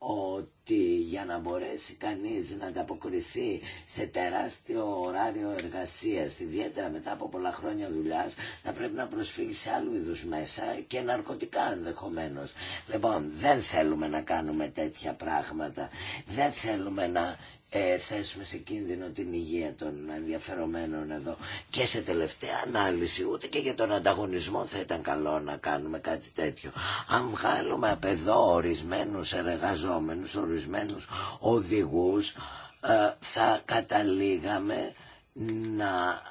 ότι για να μπορέσει κανείς να ανταποκριθεί σε τεράστιο ωράριο εργασίας, ιδιαίτερα μετά από πολλά χρόνια δουλειάς, θα πρέπει να προσφύγει σε άλλου είδους μέσα και ναρκωτικά ενδεχομένως. Λοιπόν, δεν θέλουμε να κάνουμε τέτοια πράγματα. Δεν θέλουμε να ε, θέσουμε σε κίνδυνο την υγεία των ενδιαφερομένων εδώ και σε τελευταία ανάλυση ούτε και για τον ανταγωνισμό θα ήταν καλό να κάνουμε κάτι τέτοιο αν βγάλουμε από εδώ ορισμένους εργαζόμενους ορισμένους οδηγούς ε, θα καταλήγαμε να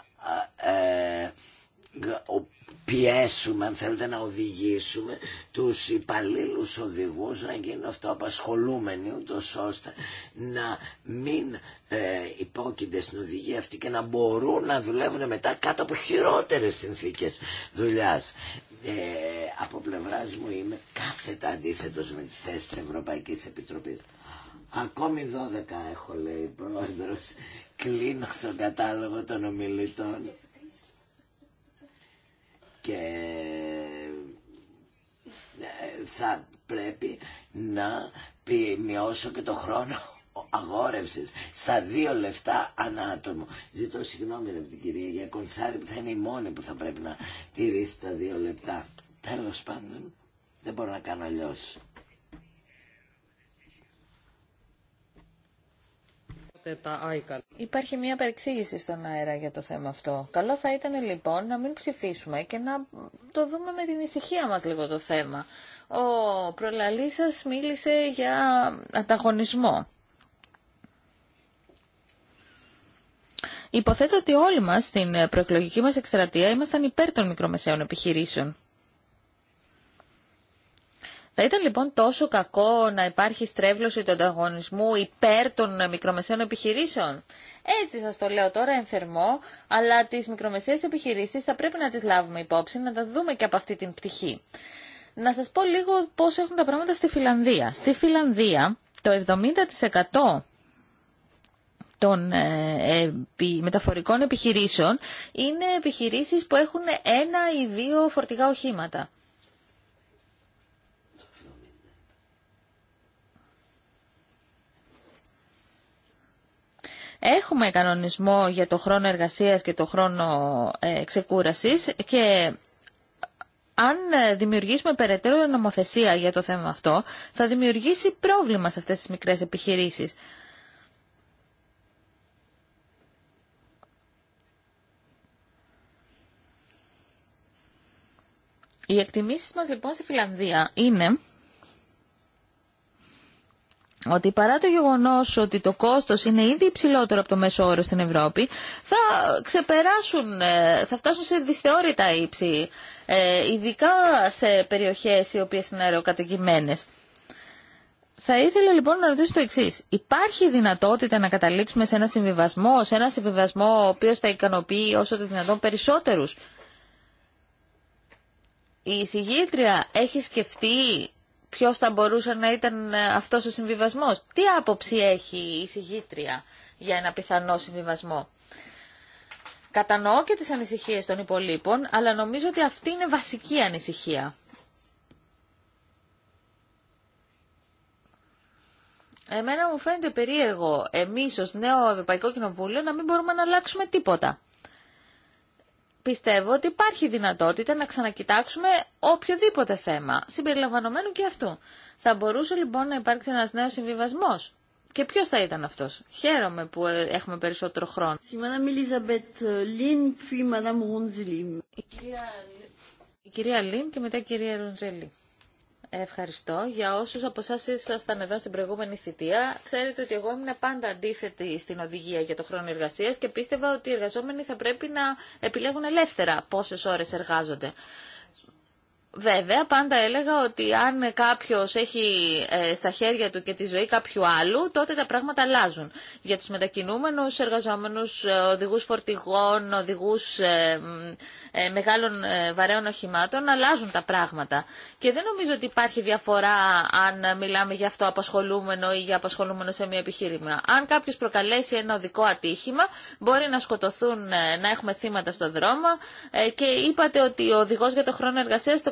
ε, πιέσουμε αν θέλετε να οδηγήσουμε τους υπαλλήλους οδηγούς να γίνουν αυτοαπασχολούμενοι ούτως ώστε να μην ε, υπόκεινται στην οδηγία αυτή και να μπορούν να δουλεύουν μετά κάτω από χειρότερες συνθήκες δουλειάς. Ε, από πλευρά μου είμαι κάθετα αντίθετος με τις θέσεις της Ευρωπαϊκής Επιτροπής. Ακόμη 12 έχω λέει πρόεδρος. Κλείνω τον κατάλογο των ομιλητών και ε, θα πρέπει να μειώσω και το χρόνο αγόρευσης στα δύο λεφτά ανά άτομο. Ζητώ συγγνώμη από την κυρία για κονσάρι που θα είναι η μόνη που θα πρέπει να τηρήσει τα δύο λεπτά. Τέλος πάντων δεν μπορώ να κάνω αλλιώς. Υπάρχει μια παρεξήγηση στον αέρα για το θέμα αυτό. Καλό θα ήταν λοιπόν να μην ψηφίσουμε και να το δούμε με την ησυχία μας λίγο το θέμα. Ο προλαλή σα μίλησε για ανταγωνισμό. Υποθέτω ότι όλοι μας στην προεκλογική μας εκστρατεία ήμασταν υπέρ των μικρομεσαίων επιχειρήσεων. Θα ήταν λοιπόν τόσο κακό να υπάρχει στρέβλωση του ανταγωνισμού υπέρ των μικρομεσαίων επιχειρήσεων. Έτσι σας το λέω τώρα ενθερμό, αλλά τις μικρομεσαίες επιχειρήσεις θα πρέπει να τις λάβουμε υπόψη, να τα δούμε και από αυτή την πτυχή. Να σας πω λίγο πώς έχουν τα πράγματα στη Φιλανδία. Στη Φιλανδία το 70% των ε, μεταφορικών επιχειρήσεων είναι επιχειρήσεις που έχουν ένα ή δύο φορτηγά οχήματα. Έχουμε κανονισμό για το χρόνο εργασίας και το χρόνο ε, ξεκούρασης και αν δημιουργήσουμε περαιτέρω νομοθεσία για το θέμα αυτό, θα δημιουργήσει πρόβλημα σε αυτές τις μικρές επιχειρήσεις. Οι εκτιμήσεις μας λοιπόν στη Φιλανδία είναι ότι παρά το γεγονός ότι το κόστος είναι ήδη υψηλότερο από το μέσο όρο στην Ευρώπη, θα ξεπεράσουν, ε, θα φτάσουν σε δυσθεώρητα ύψη, ε, ειδικά σε περιοχές οι οποίες είναι αεροκατοικημένε. Θα ήθελα λοιπόν να ρωτήσω το εξή. Υπάρχει δυνατότητα να καταλήξουμε σε ένα συμβιβασμό, σε ένα συμβιβασμό ο οποίο θα ικανοποιεί όσο το δυνατόν περισσότερου. Η συγγήτρια έχει σκεφτεί Ποιο θα μπορούσε να ήταν ε, αυτός ο συμβιβασμό, Τι άποψη έχει η συγγήτρια για ένα πιθανό συμβιβασμό. Κατανοώ και τις ανησυχίες των υπολείπων, αλλά νομίζω ότι αυτή είναι βασική ανησυχία. Εμένα μου φαίνεται περίεργο εμείς ως νέο Ευρωπαϊκό Κοινοβούλιο να μην μπορούμε να αλλάξουμε τίποτα πιστεύω ότι υπάρχει δυνατότητα να ξανακοιτάξουμε οποιοδήποτε θέμα, συμπεριλαμβανομένου και αυτού. Θα μπορούσε λοιπόν να υπάρξει ένας νέος συμβιβασμός. Και ποιος θα ήταν αυτός. Χαίρομαι που ε, έχουμε περισσότερο χρόνο. Ε, η κυρία, η κυρία Λίν και μετά η κυρία Ρουντζελή. Ευχαριστώ. Για όσου από εσά ήσασταν εδώ στην προηγούμενη θητεία, ξέρετε ότι εγώ ήμουν πάντα αντίθετη στην οδηγία για το χρόνο εργασία και πίστευα ότι οι εργαζόμενοι θα πρέπει να επιλέγουν ελεύθερα πόσε ώρε εργάζονται. Βέβαια, πάντα έλεγα ότι αν κάποιος έχει ε, στα χέρια του και τη ζωή κάποιου άλλου, τότε τα πράγματα αλλάζουν. Για τους μετακινούμενους εργαζόμενους, ε, οδηγούς φορτηγών, οδηγούς ε, μεγάλων βαρέων οχημάτων, αλλάζουν τα πράγματα. Και δεν νομίζω ότι υπάρχει διαφορά αν μιλάμε για αυτό απασχολούμενο ή για απασχολούμενο σε μια επιχείρημα. Αν κάποιος προκαλέσει ένα οδικό ατύχημα, μπορεί να σκοτωθούν, να έχουμε θύματα στο δρόμο και είπατε ότι ο οδηγός για το χρόνο εργασίας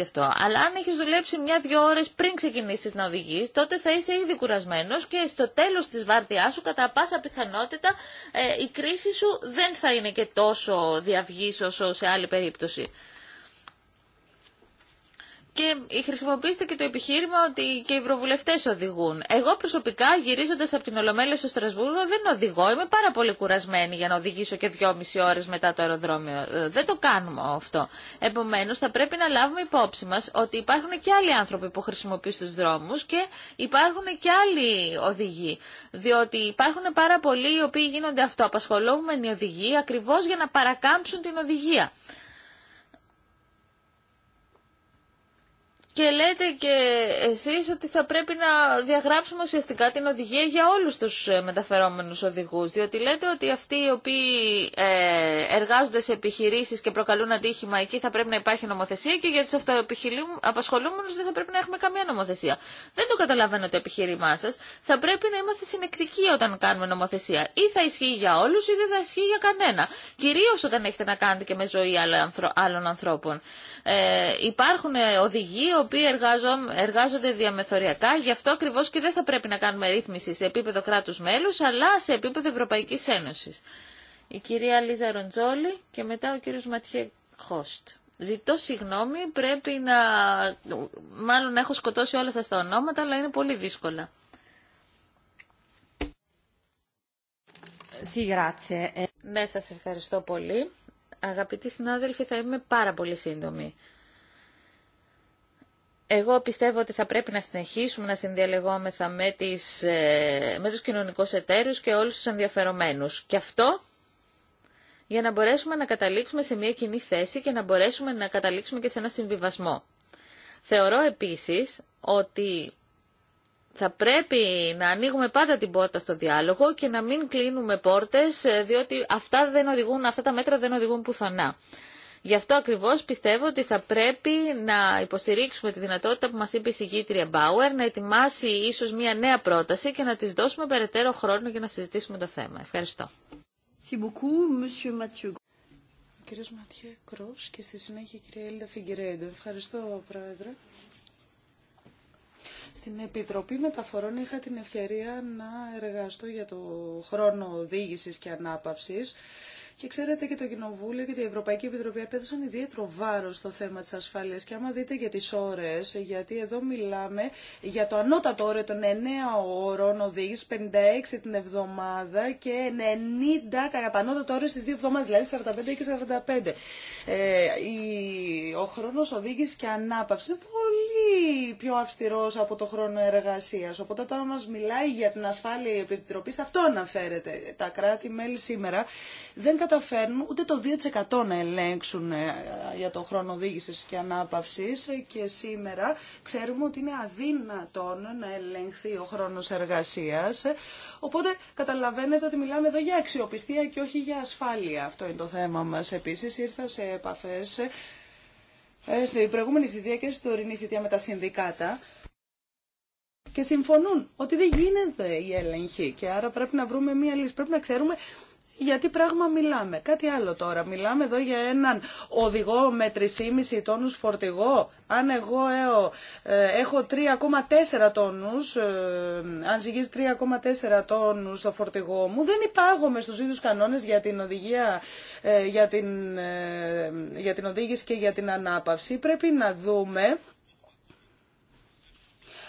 αυτό. Αλλά αν έχει δουλέψει μια-δυο ώρε πριν ξεκινήσει να οδηγεί, τότε θα είσαι ήδη κουρασμένο και στο τέλο τη βάρδιά σου, κατά πάσα πιθανότητα, ε, η κρίση σου δεν θα είναι και τόσο διαυγή όσο σε άλλη περίπτωση. Και χρησιμοποιήστε και το επιχείρημα ότι και οι προβουλευτέ οδηγούν. Εγώ προσωπικά γυρίζοντα από την Ολομέλεια στο Στρασβούργο δεν οδηγώ. Είμαι πάρα πολύ κουρασμένη για να οδηγήσω και δυόμιση ώρε μετά το αεροδρόμιο. Ε, δεν το κάνουμε αυτό. Επομένω θα πρέπει να λάβουμε υπόψη μα ότι υπάρχουν και άλλοι άνθρωποι που χρησιμοποιούν του δρόμου και υπάρχουν και άλλοι οδηγοί. Διότι υπάρχουν πάρα πολλοί οι οποίοι γίνονται αυτοαπασχολούμενοι οδηγοί ακριβώ για να παρακάμψουν την οδηγία. Και λέτε και εσείς ότι θα πρέπει να διαγράψουμε ουσιαστικά την οδηγία για όλους τους ε, μεταφερόμενους οδηγούς, διότι λέτε ότι αυτοί οι οποίοι ε, εργάζονται σε επιχειρήσεις και προκαλούν αντίχημα εκεί θα πρέπει να υπάρχει νομοθεσία και για τους αυτοαπασχολούμενους δεν θα πρέπει να έχουμε καμία νομοθεσία. Δεν το καταλαβαίνω το επιχείρημά σας. Θα πρέπει να είμαστε συνεκτικοί όταν κάνουμε νομοθεσία. Ή θα ισχύει για όλους ή δεν θα ισχύει για κανένα. Κυρίως όταν έχετε να κάνετε και με ζωή άλλων ανθρώπων. Ε, υπάρχουν ε, οδηγοί οποίοι εργάζονται διαμεθοριακά, γι' αυτό ακριβώ και δεν θα πρέπει να κάνουμε ρύθμιση σε επίπεδο κράτου μέλου, αλλά σε επίπεδο Ευρωπαϊκή Ένωση. Η κυρία Λίζα Ροντζόλη και μετά ο κύριο Ματιέ Χώστ. Ζητώ συγγνώμη, πρέπει να. Μάλλον έχω σκοτώσει όλα σα τα ονόματα, αλλά είναι πολύ δύσκολα. Ναι, σα ευχαριστώ πολύ. Αγαπητοί συνάδελφοι, θα είμαι πάρα πολύ σύντομη. Εγώ πιστεύω ότι θα πρέπει να συνεχίσουμε να συνδιαλεγόμεθα με, τις, ε, με τους κοινωνικούς εταίρους και όλους τους ενδιαφερομένους. Και αυτό για να μπορέσουμε να καταλήξουμε σε μια κοινή θέση και να μπορέσουμε να καταλήξουμε και σε ένα συμβιβασμό. Θεωρώ επίσης ότι θα πρέπει να ανοίγουμε πάντα την πόρτα στο διάλογο και να μην κλείνουμε πόρτες, ε, διότι αυτά, δεν οδηγούν, αυτά τα μέτρα δεν οδηγούν πουθενά. Γι' αυτό ακριβώς πιστεύω ότι θα πρέπει να υποστηρίξουμε τη δυνατότητα που μα είπε η συγκήτρια Μπάουερ να ετοιμάσει ίσως μια νέα πρόταση και να της δώσουμε περαιτέρω χρόνο για να συζητήσουμε το θέμα. Ευχαριστώ. Ματιέ και στη συνέχεια κυρία Έλληνα Ευχαριστώ, Πρόεδρε. Στην Επιτροπή Μεταφορών είχα την ευκαιρία να εργαστώ για το χρόνο οδήγηση και ανάπαυση. Και ξέρετε και το Κοινοβούλιο και η Ευρωπαϊκή Επιτροπή απέδωσαν ιδιαίτερο βάρο στο θέμα τη ασφάλεια. Και άμα δείτε για τι ώρε, γιατί εδώ μιλάμε για το ανώτατο όριο των 9 ώρων οδήγηση, 56 την εβδομάδα και 90 κατά ανώτατο όριο στι 2 εβδομάδε, δηλαδή 45 και 45. Ε, η, ο χρόνο οδήγηση και ανάπαυση είναι πολύ πιο αυστηρό από το χρόνο εργασία. Οπότε τώρα μα μιλάει για την ασφάλεια η Επιτροπή, αυτό αναφέρεται. Τα κράτη-μέλη σήμερα δεν καταφέρνουν ούτε το 2% να ελέγξουν ε, για τον χρόνο οδήγηση και ανάπαυση και σήμερα ξέρουμε ότι είναι αδύνατον να ελεγχθεί ο χρόνο εργασία. Οπότε καταλαβαίνετε ότι μιλάμε εδώ για αξιοπιστία και όχι για ασφάλεια. Αυτό είναι το θέμα μα. Επίση ήρθα σε επαφέ ε, στην προηγούμενη θητεία και στην τωρινή θητεία με τα συνδικάτα και συμφωνούν ότι δεν γίνεται η έλεγχη και άρα πρέπει να βρούμε μία λύση. Πρέπει να ξέρουμε γιατί πράγμα μιλάμε. Κάτι άλλο τώρα. Μιλάμε εδώ για έναν οδηγό με 3,5 τόνους φορτηγό. Αν εγώ ε, ε, έχω 3,4 τόνους, ε, αν ζυγείς 3,4 τόνους στο φορτηγό μου, δεν υπάγομαι στους ίδιους κανόνες για την οδηγία, για την, για την οδήγηση και για την ανάπαυση. Πρέπει να δούμε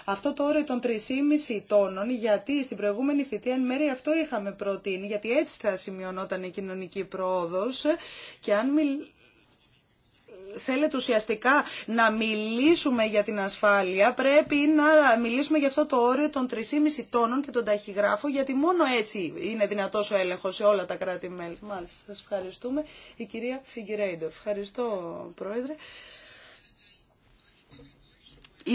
αυτό το όριο των 3,5 τόνων, γιατί στην προηγούμενη θητεία εν μέρει αυτό είχαμε προτείνει, γιατί έτσι θα σημειωνόταν η κοινωνική πρόοδος και αν μιλ θέλετε ουσιαστικά να μιλήσουμε για την ασφάλεια, πρέπει να μιλήσουμε για αυτό το όριο των 3,5 τόνων και τον ταχυγράφο, γιατί μόνο έτσι είναι δυνατός ο έλεγχο σε όλα τα κράτη-μέλη. Μάλιστα, σα ευχαριστούμε. Η κυρία Φιγκυρέιντο. Ευχαριστώ, Πρόεδρε.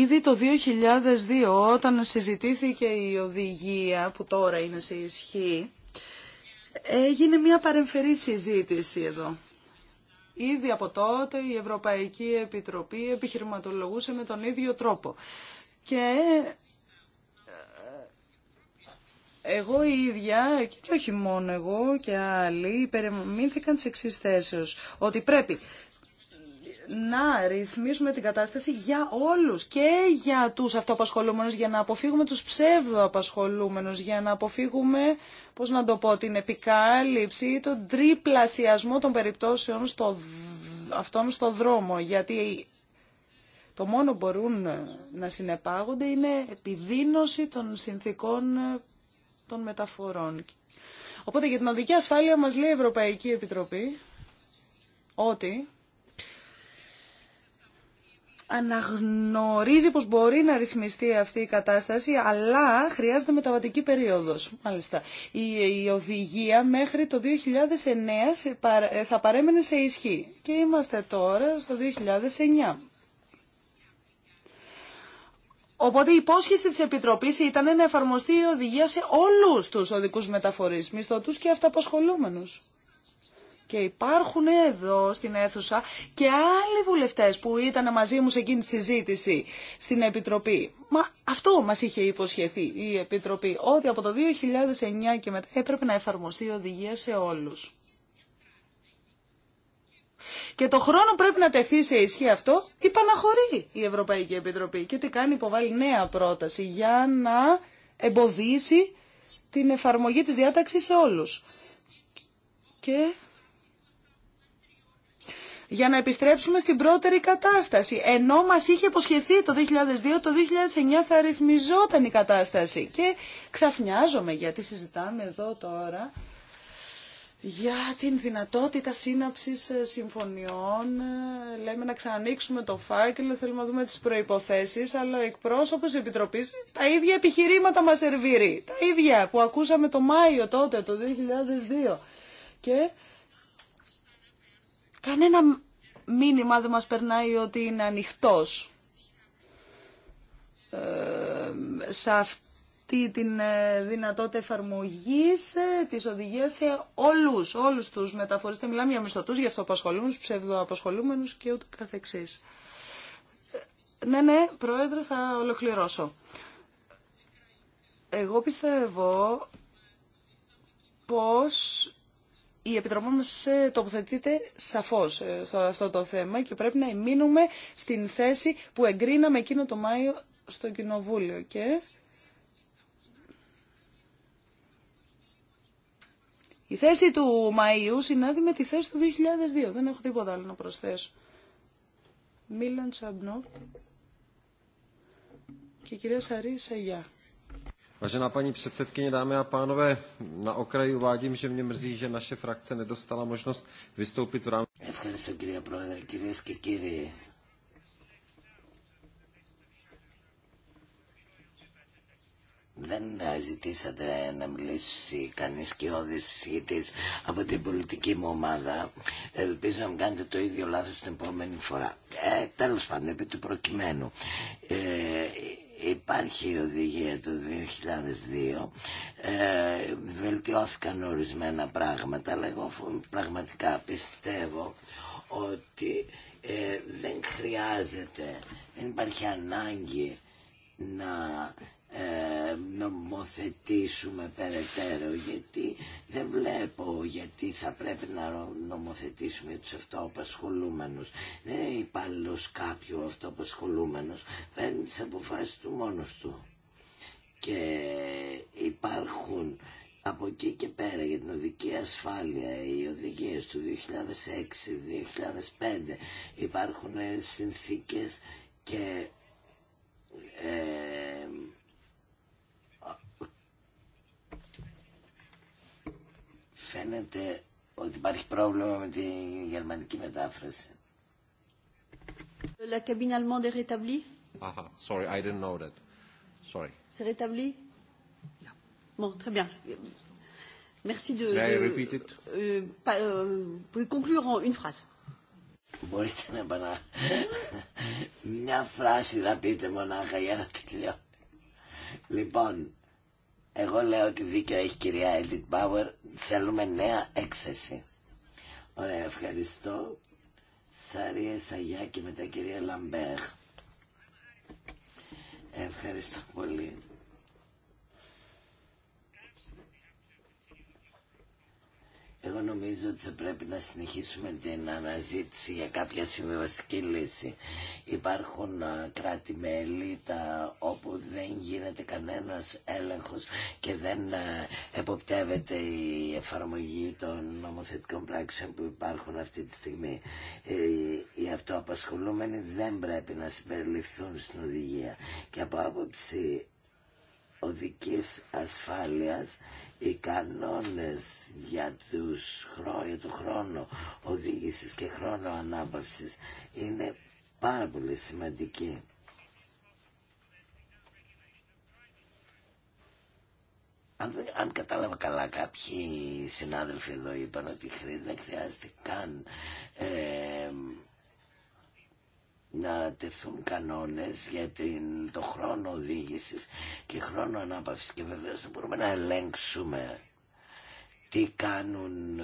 Ήδη το 2002 όταν συζητήθηκε η οδηγία που τώρα είναι σε ισχύ έγινε μια παρεμφερή συζήτηση εδώ. Ήδη από τότε η Ευρωπαϊκή Επιτροπή επιχειρηματολογούσε με τον ίδιο τρόπο. Και ε, εγώ η ίδια, και όχι μόνο εγώ και άλλοι, υπερεμήνθηκαν σε εξή θέσεως Ότι πρέπει να ρυθμίσουμε την κατάσταση για όλους και για τους αυτοαπασχολούμενους, για να αποφύγουμε τους απασχολούμενους, για να αποφύγουμε, πώς να το πω, την επικάλυψη ή τον τριπλασιασμό των περιπτώσεων στο, αυτών στο δρόμο, γιατί το μόνο που μπορούν να συνεπάγονται είναι επιδείνωση των συνθήκων ε, των μεταφορών. Οπότε για την οδική ασφάλεια μας λέει η Ευρωπαϊκή Επιτροπή ότι αναγνωρίζει πως μπορεί να ρυθμιστεί αυτή η κατάσταση, αλλά χρειάζεται μεταβατική περίοδος. Μάλιστα. Η, η οδηγία μέχρι το 2009 ε, θα παρέμενε σε ισχύ και είμαστε τώρα στο 2009. Οπότε η υπόσχεση της Επιτροπής ήταν να εφαρμοστεί η οδηγία σε όλους τους οδικούς μεταφορείς, μισθωτούς και αυταπασχολούμενους. Και υπάρχουν εδώ στην αίθουσα και άλλοι βουλευτές που ήταν μαζί μου σε εκείνη τη συζήτηση στην Επιτροπή. Μα αυτό μας είχε υποσχεθεί η Επιτροπή, ότι από το 2009 και μετά έπρεπε να εφαρμοστεί η οδηγία σε όλους. Και το χρόνο πρέπει να τεθεί σε ισχύ αυτό, υπαναχωρεί η Ευρωπαϊκή Επιτροπή. Και τι κάνει, υποβάλλει νέα πρόταση για να εμποδίσει την εφαρμογή της διάταξης σε όλους. Και για να επιστρέψουμε στην πρώτερη κατάσταση. Ενώ μας είχε υποσχεθεί το 2002, το 2009 θα ρυθμιζόταν η κατάσταση. Και ξαφνιάζομαι γιατί συζητάμε εδώ τώρα για την δυνατότητα σύναψης ε, συμφωνιών. Ε, λέμε να ξανανοίξουμε το φάκελο, θέλουμε να δούμε τις προϋποθέσεις, αλλά ο εκπρόσωπος της Επιτροπής τα ίδια επιχειρήματα μας σερβίρει. Τα ίδια που ακούσαμε το Μάιο τότε, το 2002. Και Κανένα μήνυμα δεν μας περνάει ότι είναι ανοιχτός ε, σε αυτή την ε, δυνατότητα εφαρμογής ε, της οδηγίας σε όλους, όλους τους Δεν Μιλάμε για μισθωτούς, για αυτοαπασχολούμενους, ψευδοαπασχολούμενους και ούτω καθεξής. Ναι, ναι, Πρόεδρε, θα ολοκληρώσω. Εγώ πιστεύω πως η Επιτροπή μας ε, τοποθετείται σαφώς ε, σε αυτό το θέμα και πρέπει να εμείνουμε στην θέση που εγκρίναμε εκείνο το Μάιο στο Κοινοβούλιο. Και... Η θέση του Μαΐου συνάδει με τη θέση του 2002. Δεν έχω τίποτα άλλο να προσθέσω. Μίλαν Τσαμπνό και κυρία Σαρή Σαγιά. Vážená paní předsedkyně, dámy a pánové, na okraji uvádím, že mě mrzí, že naše frakce nedostala možnost vystoupit v rámci... Ευχαριστώ κυρία Δεν ζητήσατε να μιλήσει κανεί και ο όδησης από την πολιτική μου ομάδα. Ελπίζω να μην κάνετε το ίδιο λάθο την επόμενη φορά. Ε, Τέλο πάντων, επί του προκειμένου. Ε, Υπάρχει η οδηγία του 2002, ε, βελτιώθηκαν ορισμένα πράγματα, αλλά εγώ πραγματικά πιστεύω ότι ε, δεν χρειάζεται, δεν υπάρχει ανάγκη να ε, νομοθετήσουμε περαιτέρω γιατί δεν βλέπω γιατί θα πρέπει να νομοθετήσουμε τους αυτοαπασχολούμενους δεν είναι υπάλληλο κάποιου αυτοαπασχολούμενος παίρνει τις αποφάσεις του μόνος του και υπάρχουν από εκεί και πέρα για την οδική ασφάλεια οι οδηγίες του 2006-2005 υπάρχουν συνθήκες και ε, φαίνεται ότι υπάρχει πρόβλημα με τη γερμανική μετάφραση. La cabine allemande est rétablie? Aha, sorry, I didn't know that. Sorry. C'est rétabli? Yeah. Bon, très bien. Merci de. May I repeat it? Euh, euh, pouvez conclure en une phrase. Μπορείτε να επανα... μια φράση να πείτε μονάχα για να τελειώ. Λοιπόν, εγώ λέω ότι δίκιο έχει κυρία Edith Bauer. Θέλουμε νέα έκθεση. Ωραία, ευχαριστώ. Σαρία Σαγιά και μετά κυρία Λαμπέχ. Ευχαριστώ πολύ. Εγώ νομίζω ότι θα πρέπει να συνεχίσουμε την αναζήτηση για κάποια συμβιβαστική λύση. Υπάρχουν κράτη-μέλη όπου δεν γίνεται κανένας έλεγχος και δεν εποπτεύεται η εφαρμογή των νομοθετικών πράξεων που υπάρχουν αυτή τη στιγμή. Ε, οι αυτοαπασχολούμενοι δεν πρέπει να συμπεριληφθούν στην οδηγία. Και από άποψη οδικής ασφάλειας οι κανόνες για, τους, χρόνου το χρόνο οδήγησης και χρόνο ανάπαυσης είναι πάρα πολύ σημαντικοί. Αν, αν κατάλαβα καλά, κάποιοι συνάδελφοι εδώ είπαν ότι δεν χρειάζεται καν ε, να τεθούν κανόνες για την, το χρόνο οδήγησης και χρόνο ανάπαυσης και βεβαίως το μπορούμε να ελέγξουμε τι κάνουν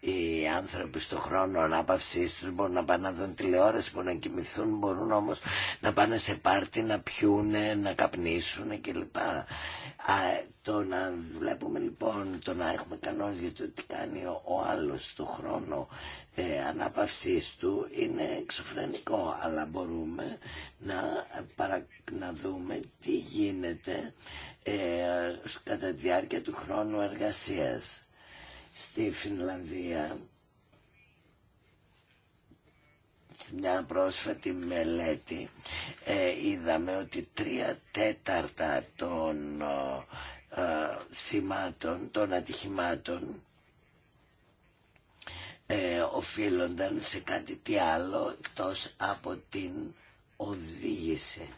ε, οι άνθρωποι στο χρόνο ανάπαυσή του. Μπορούν να πάνε να δουν τηλεόραση, μπορούν να κοιμηθούν, μπορούν όμω να πάνε σε πάρτι, να πιούνε, να καπνίσουν κλπ. το να βλέπουμε λοιπόν, το να έχουμε κανόνε για το τι κάνει ο άλλο στο χρόνο ε, ανάπαυσή του είναι εξωφρενικό. Αλλά μπορούμε να, παρα, να δούμε τι γίνεται ε, κατά τη διάρκεια του χρόνου εργασίας στη Φινλανδία μια πρόσφατη μελέτη ε, είδαμε ότι τρία τέταρτα των ε, ε, θυμάτων, των ατυχημάτων ε, οφείλονταν σε κάτι τι άλλο εκτός από την οδήγηση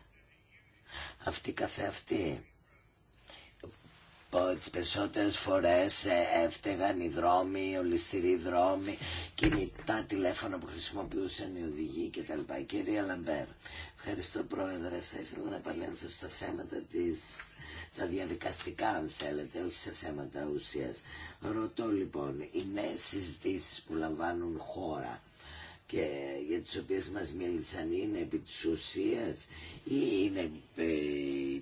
αυτή καθεαυτή τι περισσότερες φορές ε, έφταιγαν οι δρόμοι, οι ολιστηροί δρόμοι, κινητά τηλέφωνα που χρησιμοποιούσαν οι οδηγοί κτλ. Κυρία Λαμπέρ, ευχαριστώ πρόεδρε, θα ήθελα να επανέλθω στα θέματα τη τα διαδικαστικά αν θέλετε, όχι σε θέματα ουσία. Ρωτώ λοιπόν, οι νέε συζητήσει που λαμβάνουν χώρα, και για τις οποίες μας μίλησαν είναι επί της ουσίας ή είναι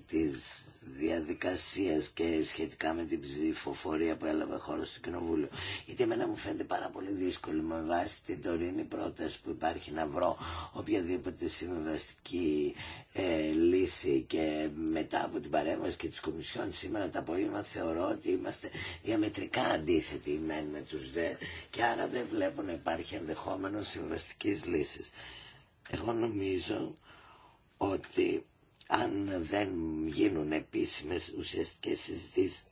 της διαδικασίας και σχετικά με την ψηφοφορία που έλαβε χώρο στο Κοινοβούλιο. Γιατί εμένα μου φαίνεται πάρα πολύ δύσκολο με βάση την τωρινή πρόταση που υπάρχει να βρω οποιαδήποτε συμβαστική ε, λύση και μετά από την παρέμβαση και της Κομισιόν σήμερα το απόγευμα θεωρώ ότι είμαστε διαμετρικά αντίθετοι οι με τους δε και άρα δεν βλέπω να υπάρχει ενδεχόμενο συμβαστικής λύσης. Εγώ νομίζω ότι αν δεν γίνουν επίσημες ουσιαστικές συζητήσεις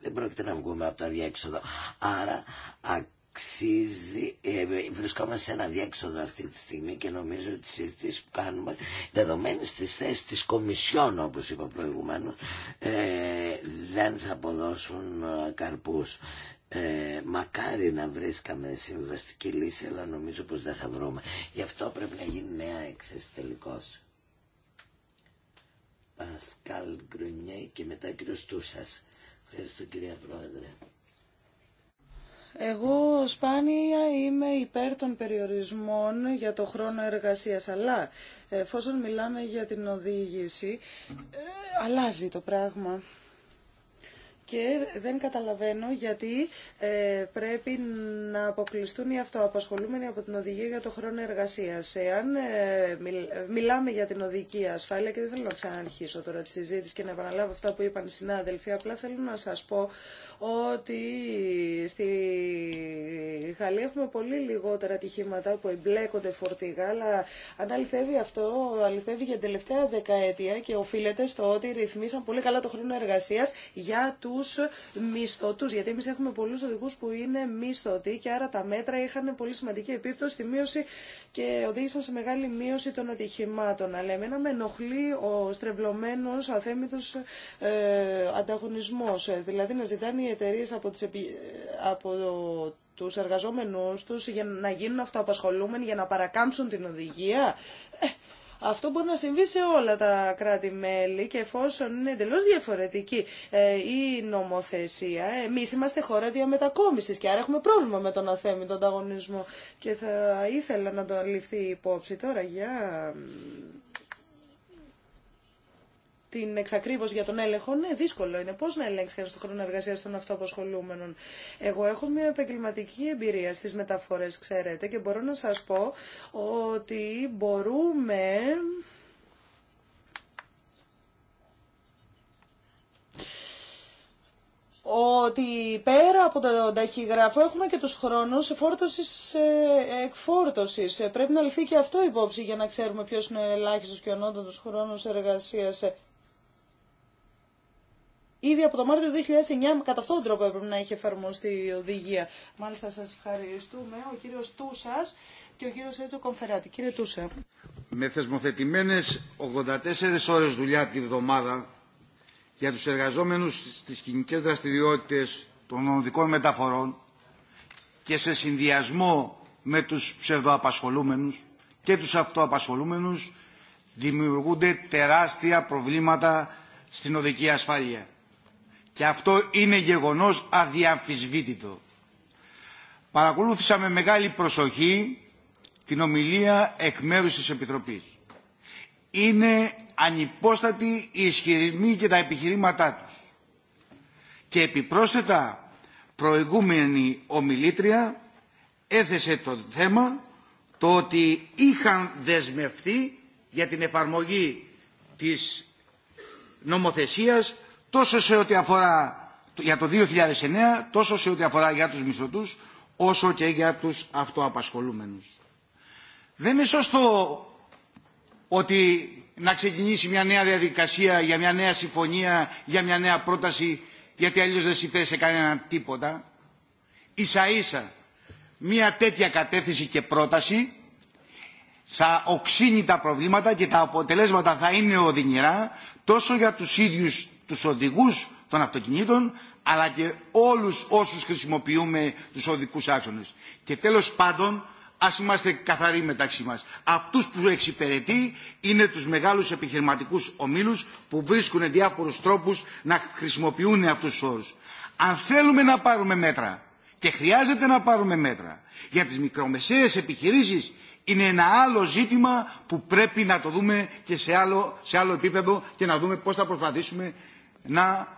δεν πρόκειται να βγούμε από το αδιέξοδο. Άρα αξίζει, ε, βρισκόμαστε σε ένα αδιέξοδο αυτή τη στιγμή και νομίζω ότι οι συζητήσει που κάνουμε δεδομένε τη θέση τη Κομισιόν όπω είπα προηγουμένω, ε, δεν θα αποδώσουν ε, καρπού. Ε, μακάρι να βρίσκαμε συμβαστική λύση αλλά νομίζω πως δεν θα βρούμε. Γι' αυτό πρέπει να γίνει νέα έξεση τελικώς. Πασκάλ Γκρουνιέ και μετά κύριο Στούσας. Ευχαριστώ κυρία Πρόεδρε. Εγώ σπάνια είμαι υπέρ των περιορισμών για το χρόνο εργασίας, αλλά εφόσον μιλάμε για την οδήγηση, ε, αλλάζει το πράγμα και δεν καταλαβαίνω γιατί ε, πρέπει να αποκλειστούν οι αυτοαπασχολούμενοι από την οδηγία για το χρόνο εργασίας. Εάν ε, ε, μιλάμε για την οδική ασφάλεια και δεν θέλω να ξαναρχίσω τώρα τη συζήτηση και να επαναλάβω αυτά που είπαν οι συνάδελφοι, απλά θέλω να σας πω ότι στη Γαλλία έχουμε πολύ λιγότερα ατυχήματα που εμπλέκονται φορτηγά, αλλά αν αληθεύει αυτό, αληθεύει για την τελευταία δεκαετία και οφείλεται στο ότι ρυθμίσαν πολύ καλά το χρόνο εργασίας για του μισθωτού. Γιατί εμεί έχουμε πολλού οδηγού που είναι μισθωτοί και άρα τα μέτρα είχαν πολύ σημαντική επίπτωση στη μείωση και οδήγησαν σε μεγάλη μείωση των ατυχημάτων. Αλλά εμένα με ενοχλεί ο στρεβλωμένο αθέμητο ε, ανταγωνισμό. Δηλαδή να ζητάνε οι εταιρείε από, τις, από το τους εργαζόμενους τους για να γίνουν αυτοαπασχολούμενοι, για να παρακάμψουν την οδηγία. Ε, αυτό μπορεί να συμβεί σε όλα τα κράτη-μέλη και εφόσον είναι εντελώ διαφορετική ε, η νομοθεσία, εμεί είμαστε χώρα διαμετακόμιση και άρα έχουμε πρόβλημα με τον αθέμητο ανταγωνισμό. Και θα ήθελα να το ληφθεί υπόψη τώρα για την εξακρίβωση για τον έλεγχο, ναι, δύσκολο είναι. Πώ να ελέγξει κανεί τον χρόνο εργασία των αυτοαπασχολούμενων. Εγώ έχω μια επαγγελματική εμπειρία στι μεταφορέ, ξέρετε, και μπορώ να σα πω ότι μπορούμε. ότι πέρα από τον ταχυγράφο έχουμε και τους χρόνους φόρτωσης ε, εκφόρτωσης. Ε, πρέπει να ληφθεί και αυτό υπόψη για να ξέρουμε ποιος είναι ελάχιστος και ο τους χρονος εργασίας ε, Ήδη από το Μάρτιο 2009 κατά αυτόν τον τρόπο έπρεπε να έχει εφαρμοστεί η οδηγία. Μάλιστα σας ευχαριστούμε. Ο κύριος Τούσας και ο κύριος Έτσο Κομφεράτη. Κύριε Τούσα. Με θεσμοθετημένες 84 ώρες δουλειά τη βδομάδα για τους εργαζόμενους στις κοινικέ δραστηριότητες των οδικών μεταφορών και σε συνδυασμό με τους ψευδοαπασχολούμενους και τους αυτοαπασχολούμενους δημιουργούνται τεράστια προβλήματα στην οδική ασφάλεια και αυτό είναι γεγονός αδιαμφισβήτητο. Παρακολούθησα με μεγάλη προσοχή την ομιλία εκ μέρους της Επιτροπής. Είναι ανυπόστατη η ισχυρισμή και τα επιχειρήματά τους. Και επιπρόσθετα προηγούμενη ομιλήτρια έθεσε το θέμα το ότι είχαν δεσμευτεί για την εφαρμογή της νομοθεσίας τόσο σε ό,τι αφορά για το 2009, τόσο σε ό,τι αφορά για τους μισθωτούς, όσο και για τους αυτοαπασχολούμενους. Δεν είναι σωστό ότι να ξεκινήσει μια νέα διαδικασία για μια νέα συμφωνία, για μια νέα πρόταση, γιατί αλλιώς δεν συμφέρει σε τίποτα. Ίσα ίσα μια τέτοια κατέθεση και πρόταση θα οξύνει τα προβλήματα και τα αποτελέσματα θα είναι οδυνηρά τόσο για τους ίδιους τους οδηγούς των αυτοκινήτων αλλά και όλους όσους χρησιμοποιούμε τους οδικούς άξονες. Και τέλος πάντων, ας είμαστε καθαροί μεταξύ μας. Αυτούς που εξυπηρετεί είναι τους μεγάλους επιχειρηματικούς ομίλους που βρίσκουν διάφορους τρόπους να χρησιμοποιούν αυτούς τους όρους. Αν θέλουμε να πάρουμε μέτρα και χρειάζεται να πάρουμε μέτρα για τις μικρομεσαίες επιχειρήσεις είναι ένα άλλο ζήτημα που πρέπει να το δούμε και σε άλλο, σε άλλο επίπεδο και να δούμε πώς θα προσπαθήσουμε να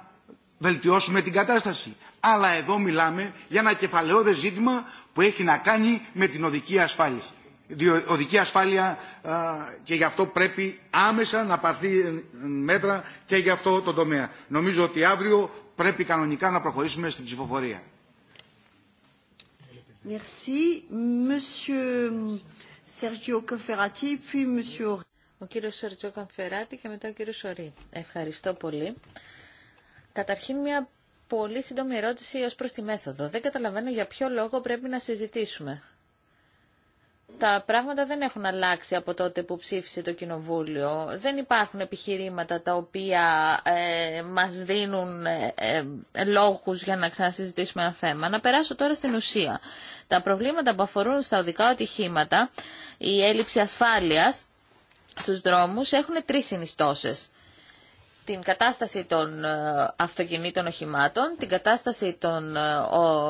βελτιώσουμε την κατάσταση. Αλλά εδώ μιλάμε για ένα κεφαλαιόδε ζήτημα που έχει να κάνει με την οδική ασφάλεια. Οδική ασφάλεια και γι' αυτό πρέπει άμεσα να πάρθει ε, μέτρα και γι' αυτό το τομέα. Νομίζω ότι αύριο πρέπει κανονικά να προχωρήσουμε στην ψηφοφορία. Ο κύριος Σερτζό Καμφεράτη και μετά ο κύριος Σωρή. Ευχαριστώ πολύ. Καταρχήν μια πολύ σύντομη ερώτηση ως προς τη μέθοδο. Δεν καταλαβαίνω για ποιο λόγο πρέπει να συζητήσουμε. Τα πράγματα δεν έχουν αλλάξει από τότε που ψήφισε το Κοινοβούλιο. Δεν υπάρχουν επιχειρήματα τα οποία ε, μας δίνουν ε, λόγους για να ξανασυζητήσουμε ένα θέμα. Να περάσω τώρα στην ουσία. Τα προβλήματα που αφορούν στα οδικά ατυχήματα, η έλλειψη ασφάλειας στους δρόμους έχουν τρεις συνιστώσεις την κατάσταση των ε, αυτοκινήτων οχημάτων, την κατάσταση των ε,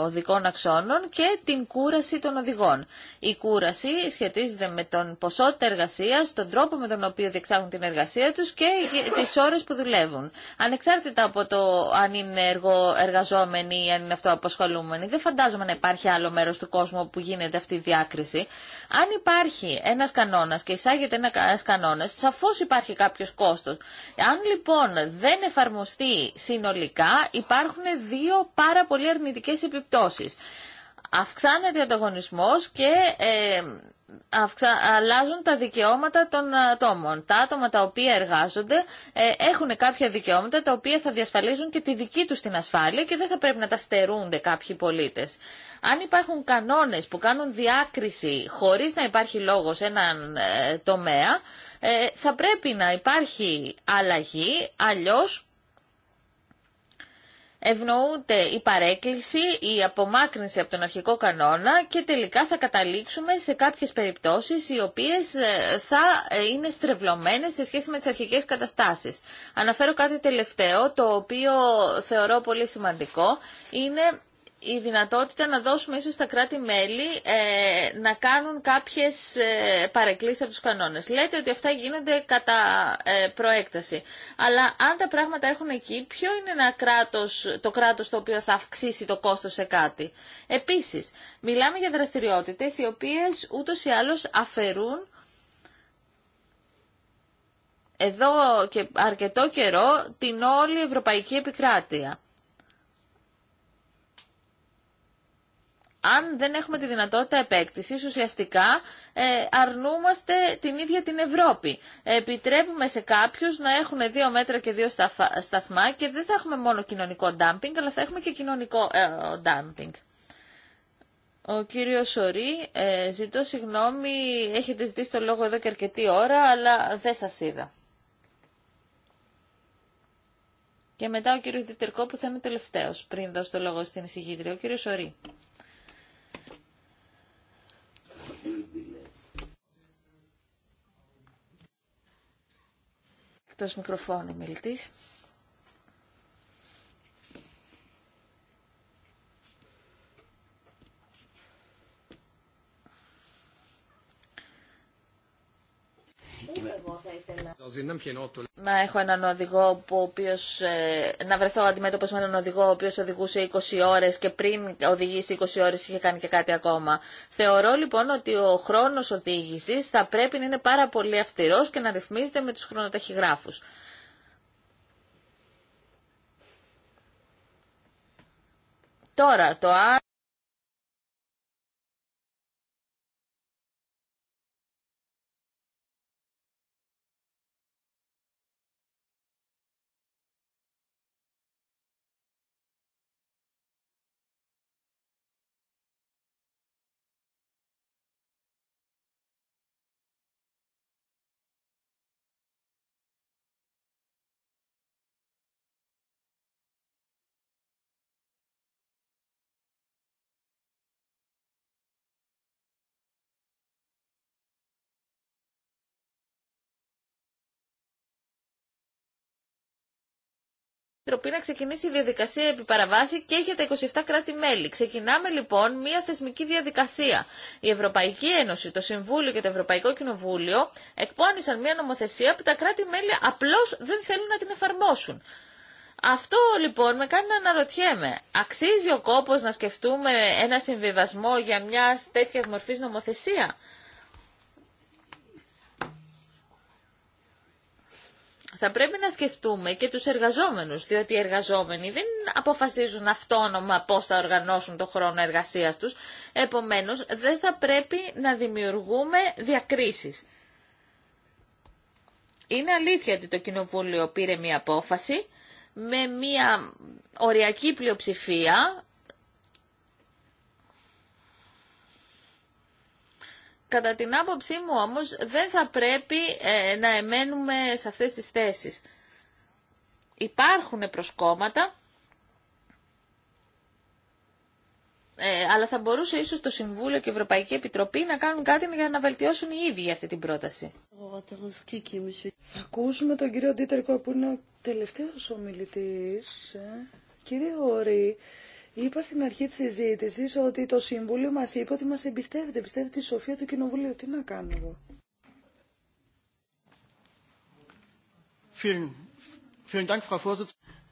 οδικών αξώνων και την κούραση των οδηγών. Η κούραση σχετίζεται με τον ποσότητα εργασία, τον τρόπο με τον οποίο διεξάγουν την εργασία του και τι ώρε που δουλεύουν. Ανεξάρτητα από το αν είναι εργο, εργαζόμενοι ή αν είναι αυτοαποσχολούμενοι, δεν φαντάζομαι να υπάρχει άλλο μέρος του κόσμου που γίνεται αυτή η διάκριση. Αν υπάρχει ένας κανόνας και εισάγεται ένα του κανόνας, σαφώς υπάρχει κάποιος κόστος. Αν υπαρχει ενα κανονα και εισαγεται ενα κανονα σαφω υπαρχει καποιο κοστο αν λοιπον λοιπόν δεν εφαρμοστεί συνολικά υπάρχουν δύο πάρα πολύ αρνητικές επιπτώσεις. Αυξάνεται ο ανταγωνισμός και ε, αλλάζουν τα δικαιώματα των ατόμων. Τα άτομα τα οποία εργάζονται ε, έχουν κάποια δικαιώματα τα οποία θα διασφαλίζουν και τη δική τους την ασφάλεια και δεν θα πρέπει να τα στερούνται κάποιοι πολίτες. Αν υπάρχουν κανόνες που κάνουν διάκριση χωρίς να υπάρχει λόγος έναν ε, τομέα, ε, θα πρέπει να υπάρχει αλλαγή, αλλιώς ευνοούνται η παρέκκληση, η απομάκρυνση από τον αρχικό κανόνα και τελικά θα καταλήξουμε σε κάποιες περιπτώσεις οι οποίες ε, θα ε, είναι στρεβλωμένες σε σχέση με τις αρχικές καταστάσεις. Αναφέρω κάτι τελευταίο, το οποίο θεωρώ πολύ σημαντικό, είναι η δυνατότητα να δώσουμε ίσως στα κράτη-μέλη ε, να κάνουν κάποιες ε, παρεκκλήσεις από τους κανόνες. Λέτε ότι αυτά γίνονται κατά ε, προέκταση. Αλλά αν τα πράγματα έχουν εκεί, ποιο είναι ένα κράτος, το κράτος το οποίο θα αυξήσει το κόστος σε κάτι. Επίσης, μιλάμε για δραστηριότητες οι οποίες ούτως ή άλλως αφαιρούν εδώ και αρκετό καιρό την όλη ευρωπαϊκή επικράτεια. αν δεν έχουμε τη δυνατότητα επέκτησης, ουσιαστικά ε, αρνούμαστε την ίδια την Ευρώπη. Επιτρέπουμε σε κάποιους να έχουν δύο μέτρα και δύο σταθμά και δεν θα έχουμε μόνο κοινωνικό ντάμπινγκ, αλλά θα έχουμε και κοινωνικό ε, ντάμπινγκ. Ο κύριος Σωρή, ε, ζητώ συγγνώμη, έχετε ζητήσει το λόγο εδώ και αρκετή ώρα, αλλά δεν σας είδα. Και μετά ο κύριος Διτερκό που θα είναι τελευταίος πριν δώσω το λόγο στην εισηγήτρια. Ο κύριος Σωρή. Εκτός μικροφώνου μιλητής. εγώ ναι. Να έχω έναν οδηγό που ε, να βρεθώ αντιμέτωπος με έναν οδηγό ο οποίος οδηγούσε 20 ώρες και πριν οδηγήσει 20 ώρες είχε κάνει και κάτι ακόμα. Θεωρώ λοιπόν ότι ο χρόνος οδήγησης θα πρέπει να είναι πάρα πολύ αυστηρός και να ρυθμίζεται με τους χρονοταχυγράφους. Τώρα, το Επιτροπή να ξεκινήσει η διαδικασία επί παραβάση και για τα 27 κράτη-μέλη. Ξεκινάμε λοιπόν μια θεσμική διαδικασία. Η Ευρωπαϊκή Ένωση, το Συμβούλιο και το Ευρωπαϊκό Κοινοβούλιο εκπώνησαν μια νομοθεσία που τα κράτη-μέλη απλώς δεν θέλουν να την εφαρμόσουν. Αυτό λοιπόν με κάνει να αναρωτιέμαι. Αξίζει ο κόπος να σκεφτούμε ένα συμβιβασμό για μια τέτοια μορφή νομοθεσία. θα πρέπει να σκεφτούμε και τους εργαζόμενους, διότι οι εργαζόμενοι δεν αποφασίζουν αυτόνομα πώς θα οργανώσουν το χρόνο εργασίας τους, επομένως δεν θα πρέπει να δημιουργούμε διακρίσεις. Είναι αλήθεια ότι το Κοινοβούλιο πήρε μία απόφαση με μία οριακή πλειοψηφία Κατά την άποψή μου όμως δεν θα πρέπει ε, να εμένουμε σε αυτές τις θέσεις. Υπάρχουν προσκόμματα, ε, αλλά θα μπορούσε ίσως το Συμβούλιο και η Ευρωπαϊκή Επιτροπή να κάνουν κάτι για να βελτιώσουν οι ίδιοι αυτή την πρόταση. Θα ακούσουμε τον κύριο Ντίτερκο που είναι ο τελευταίος ομιλητής. Ε, Κύριε Ωρή, Είπα στην αρχή τη συζήτηση ότι το Συμβούλιο μα είπε ότι μα εμπιστεύεται, εμπιστεύεται τη σοφία του Κοινοβουλίου. Τι να κάνω εγώ.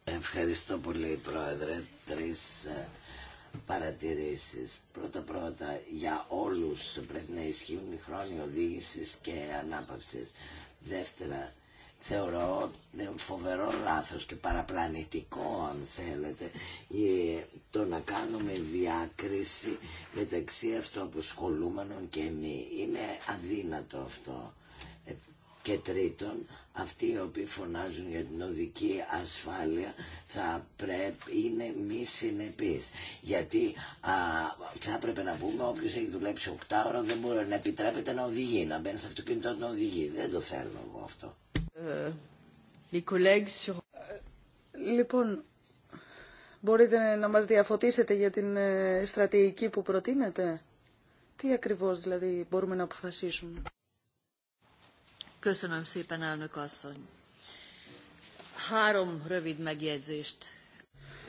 Ευχαριστώ πολύ, Πρόεδρε. τρει ε, παρατηρήσει πρωτα Πρώτα-πρώτα, για όλου πρέπει να ισχύουν οι χρόνοι οδήγηση και ανάπαυση Δεύτερα, θεωρώ ε, φοβερό λάθος και παραπλανητικό αν θέλετε ε, το να κάνουμε διάκριση μεταξύ αυτοαποσχολούμενων και μη. Είναι αδύνατο αυτό. Ε, και τρίτον, αυτοί οι οποίοι φωνάζουν για την οδική ασφάλεια θα πρέπει, είναι μη συνεπείς. Γιατί θα έπρεπε να πούμε όποιος έχει δουλέψει 8 ώρα δεν μπορεί να επιτρέπεται να οδηγεί, να μπαίνει στο αυτοκίνητο να οδηγεί. Δεν το θέλω εγώ αυτό. Ε, ε, λοιπόν, μπορείτε να μας διαφωτίσετε για την ε, στρατηγική που προτείνετε. Τι ακριβώς δηλαδή μπορούμε να αποφασίσουμε. Köszönöm